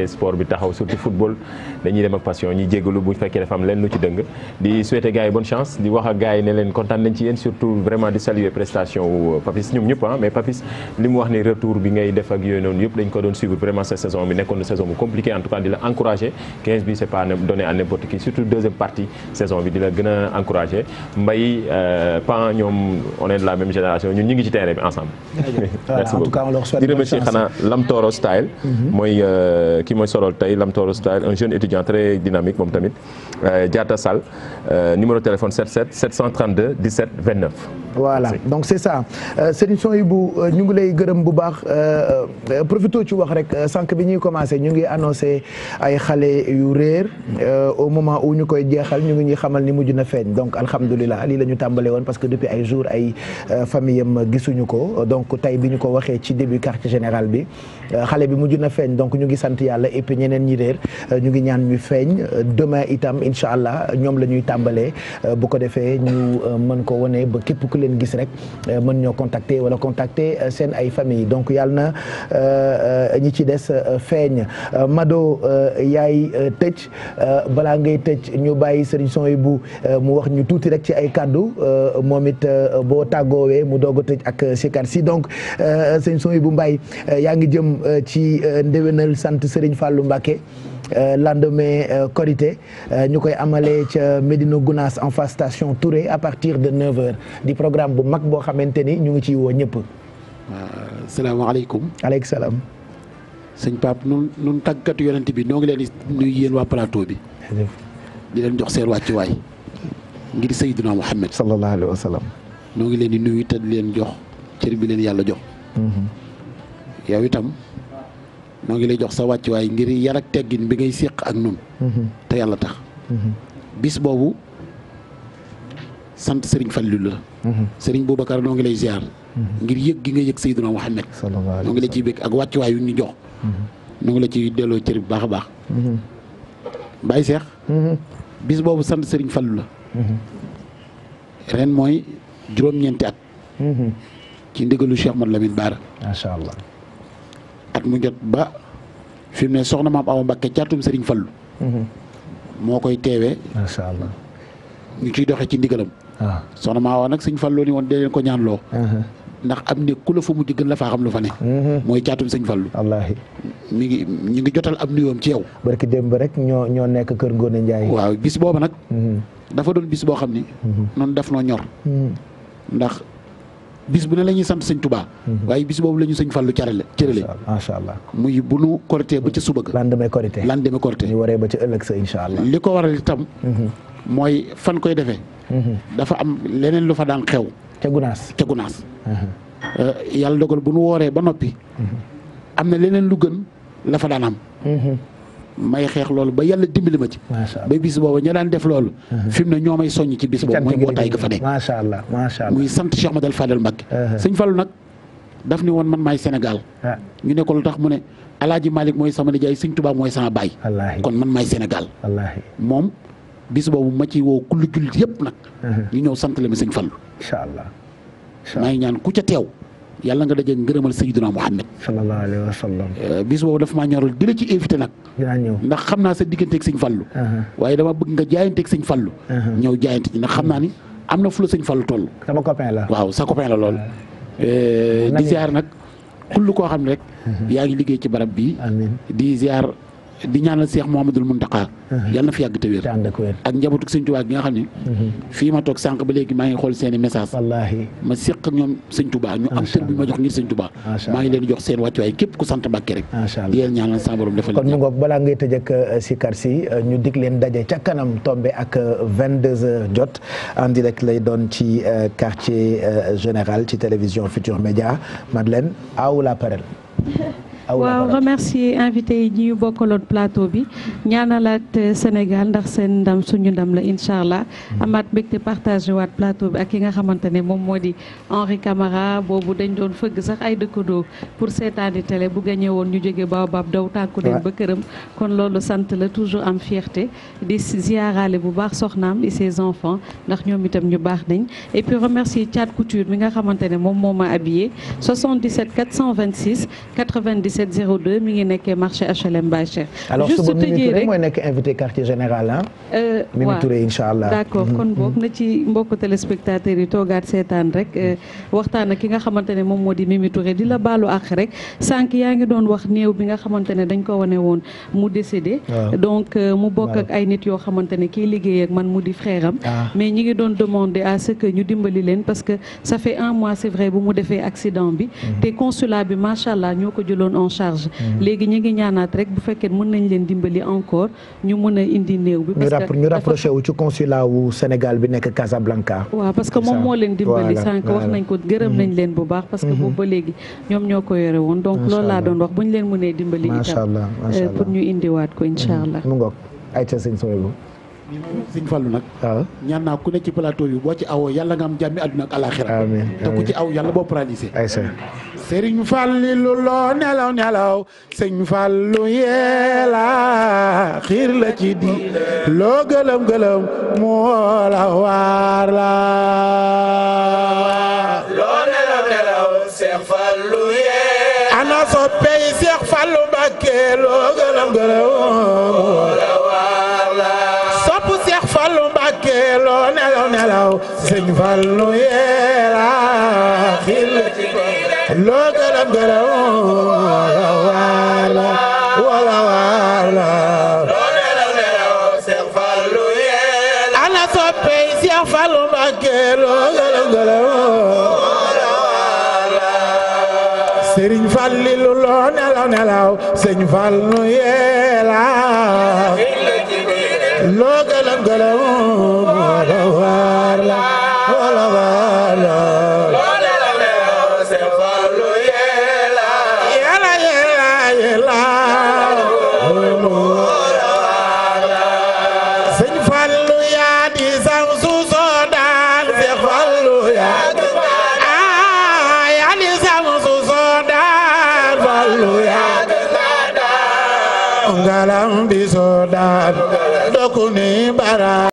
Speaker 11: sport bi taxaw surtout football dañuy dem ak passion ñuy jéggalu bu fekkee dafa am leen lu ci dëng di souhaiter gars bonne chance di wax ak gars kontaan nañ ci yéen surtout vraiment di saluer prestation wu Papis ñoom ñëpp ah mais Papis li mu wax ni retour bi ngay def ak yooyu noonu yëpp dañ ko doon suivre vraiment cette saison bi nekkoon saison bu compliquée en tout cas di la encourager 15 bi c'est pas saison bi di la gën encourager Mbaye euh, Pan ñoom on est la même génération étudiant très dynamique moom tamit euh, Diatta Sall euh, numéro téléphone 77 732 17 29.
Speaker 3: voilà Merci. donc c' est ça euh, sëñ u ñu ngi lay gërëm bu baax profito ci wax rek sànq bi ñuy commencé ñu ngi annoncé ay xale yu réer au moment où ñu koy jeexal ñu ngi ñuy xamal ni mujj na feeñ donc alhamdulilah lii la ñu tàmbalee woon parce que depuis ay jour ay famille am gisuñu ko donc tey bi ñu ko waxee ci début quartier général bi xale bi mujj na feeñ donc ñu ngi sant yàlla et puis ñu feeñ demain itam incha allah ñoom la ñuy tàmbalee euh, bu ko defee ñu euh, man ko wane ba képp ku leen gis rek euh, mën ñoo contacter wala contacter seen ay famille donc yàlla na ñi ci des feeñ Mado yaay tëj balaa ngay tëj ñu bàyyi sëriñ son yi bu mu wax ñu tuuti rek ci ay kàddu moom it boo tàggoowee mu doog tëj ak sikar si donc sëriñ son yi bu Mbaye yaa ngi jëm ci ndéwénal sant sëriñ fàllu Mbacké Euh, lendemain euh, Korité euh, ñu koy amalee ca Médina Gounass en face station Touré à partir de 9h di programme bu mag boo xamante ni ñu ngi ciy woo ñëpp. waaw
Speaker 4: salaamaaleykum. aleykum salaam. sëñ Pape nun
Speaker 3: nun tàggatu
Speaker 4: yonent bi noo ngi leen di nuyu yéen waa plateau bi. di leen jox seen wàccuwaay ngir Seydina Muhammad sallallahu alayhi wa sallam. noo ngi leen di nuyu te di leen jox cër bi leen yàlla jox. Mm-hmm. yow itam. moo ngi lay jox sa wàccuwaay ngir yar teggin bi ngay séq ak nun mm-hmm. te yàlla tax bis boobu sant Serigne Fallou la Serigne Boubacar noo ngi lay ziar ngir yëg gi nga yëg Seydina Muhammad mm-hmm. noo ngi la ciy bëgg ak wàccuwaay yu ñu jox noo ngi la ciy delloo cër bu baax a baax Baye Cheikh bis boobu sant sëriñ Fallou la ren mooy juróom-ñeenti at mm-hmm. ci ndigalu Cheikh Modou Lamine Bara at mu jot ba fi mu ne soxna maam Awa Mbakke caatum Serigne Fallou. Mhm. moo koy teewee. macha allah ñu ciy doxee ci ndigalam. waaw ah. soxna maam Awa nag Serigne Fallou ni woon dee leen ko ñaanloo. Mhm. ndax am ne ku la fa mujj gën la faa xam lu fa ne. Mhm. mooy caatum sëñ Fallou. wallaahi mi ngi ñu ngi jotal ab
Speaker 3: nuyoom ci yow. barki démb rek ñoo ñoo nekk kër Ngone Ndiaye. waaw
Speaker 4: bis boobu nag. dafa doon bis boo xam ni. noonu daf noo ñor. ndax bis bu ne la ñuy sant sëñ Touba. Mhm. waaye bis boobu la ñu sëñ Fallou carale cërale macha allah muy bu nu korité ba ca suba ga lendemain korité lendemain korité ñu waree ba ca ëllëg sa incha allah li ko waral itam mhm. mooy fan koy defee mhm. dafa am leneen lu fa daan xew ca gunaas ca eh, bu nu wooree ba noppi am na leneen lu gën la fa daan may xeex loolu ba yàlla dimbali ma ci. ba bis boobu ña daan def loolu. Uh-huh. fi mu ne ñoo may soññ ci bis boobu mooy mbootaay ga fa nekk. macha allah macha allah muy sant Cheikh Madal Fadel Mbacke. Uh-huh. sëñ Fallou nag daf ni woon man maay Sénégal. Ah. ñu ne lu tax mu ne Alaaji malik mooy sama jaay sëñ Tuubaa mooy sama baay. kon man maay Sénégal. moom bis boobu ma ci woo kulli jullit yëpp nag. Uh-huh. ñu ñëw sant la ma sëñ Fallou. incha allah maa ngi ñaan ku ca teew. yàlla nga da daje ngërëmal sayyiduna Muhammad sallallahu alayhi wa sallam euh, bis boobu dafa maa ñorul di la ci invité nag ndax xam naa sa digganteeg sañ Fallu waaye dama bëgg nga jaayanteeg sëñ Fallu ñëw jaayante ci ndax xam naa ni am na fu la sëñ Fallu toll sama copain la waaw sa copain la lool euh, di ziar nag kull koo xam ne rek yaa ngi liggéey ci barab bi di ziar di ñaanal Cheikh Mouhamadoul Mountakha. yàlla na fi yàgg te wér. ak njabootu Sëñ Tuubaa gi nga xam ne. fii ma toog sànq ba léegi maa ngi xool seen i message wallaahi ma seq ak ñoom Sëñ Tuubaa ñu am sër bi ma jox ngir Sëñ Tuubaa. maa ngi leen jox seen wàccuwaay képp ku sant Mbàkke rek. macha allah di leen ñaanal sa borom defal kon ñu
Speaker 3: ngoog balaa ngay tëj ak uh, sikar si uh, ñu dig leen daje ca kanam tombé ak 22h uh, jot en direct lay doon ci quartier général ci télévision Futur Média Madeleine aw la
Speaker 20: waaw remercier invité yi ñu bokkaloon plateau bi ñaanalaat euh, Sénégal ndax seen ndam suñu ndam la incha allah mm-hmm. amaat mbégte partagé waat plateau bi ak ki nga xamante ne moom moo di Henri Camara boobu dañ doon fëgg sax ay dëkkandoo pour seetaani télé bu gañee woon ñu jóge Baobab daw tàkku leen ba këram kon loolu sant la toujours am fierté di ziarale bu baax soxnaam et ses enfants ndax ñoom itam ñu baax nañ et puis remercier Thiat Couture nga xamante ne moom moo ma habillé 77 426 97 17 02 mi ngi nekkee marché HLM Baye Cheikh. alors suba Mimi Touré mooy
Speaker 3: nekk invité quartier général ah.
Speaker 20: Mimi euh, Touré incha allah. d' mm-hmm, kon boog mm-hmm. na ci mbokk téléspectateurs yi toogaat seetaan rek euh, waxtaan ak ki nga xamante moom moo di Mimi Touré di la baalu àq rek sànq yaa ngi doon wax néew bi nga xamante ne dañ ko wane woon mu décédé. donc euh, mu bokk ak ay nit yoo xamante ne kiy liggéey ak man mu di frère ah. mais ñi ngi doon demander à ce que ñu dimbali leen parce que ça fait un mois c' est bi. Mm-hmm. en charge. Mm-hmm. léegi ñu ngi ñaanaat rek bu fekkee mën nañ leen dimbali encore ñu mën a indi néew bi. parce que ñu rapproché
Speaker 3: wu ci consulat wu Sénégal bi nekk Casablanca. waaw
Speaker 20: parce que moom moo leen dimbali sànq wax nañ ko gërëm nañ mm-hmm. leen bu baax. parce que mm-hmm. boobu ba léegi ñoom ñoo ko yore woon. donc loolu laa doon wax bu ñu leen mënee dimbali. macha allah itam euh, pour ñu indiwaat ko incha allah.
Speaker 3: mu ngoog ayca sëñ Souhaïbou
Speaker 20: ni moom Sëñ Fallu nag. waaw ñaan naa
Speaker 4: ku ne ci plateau bi boo ci awoo yàlla nga am jàmmi àdduna ak alaaxira. amiin te ci aw yàlla boo paralysé. ayca
Speaker 5: Sëriñ Fallilu loo nelaw nelaw Sëñ Fallu yeela xiir la ci loo gëlëm gëlëm moo la waar la. loo nelaw nelaw Sëñ yeela. ana soppey Sëñ Fallu Mbàkke loo gëlëm gëlëm moo la. sëñ Fallou yeela xil loo gërëm gërëm wala wala wala wala ana soppey Cheikh Fallou Mbacké loo gërëm gërëm sëriñ Fallilu loo nelaw nelaw sëñ Fallou yeela loo gërëm gërëm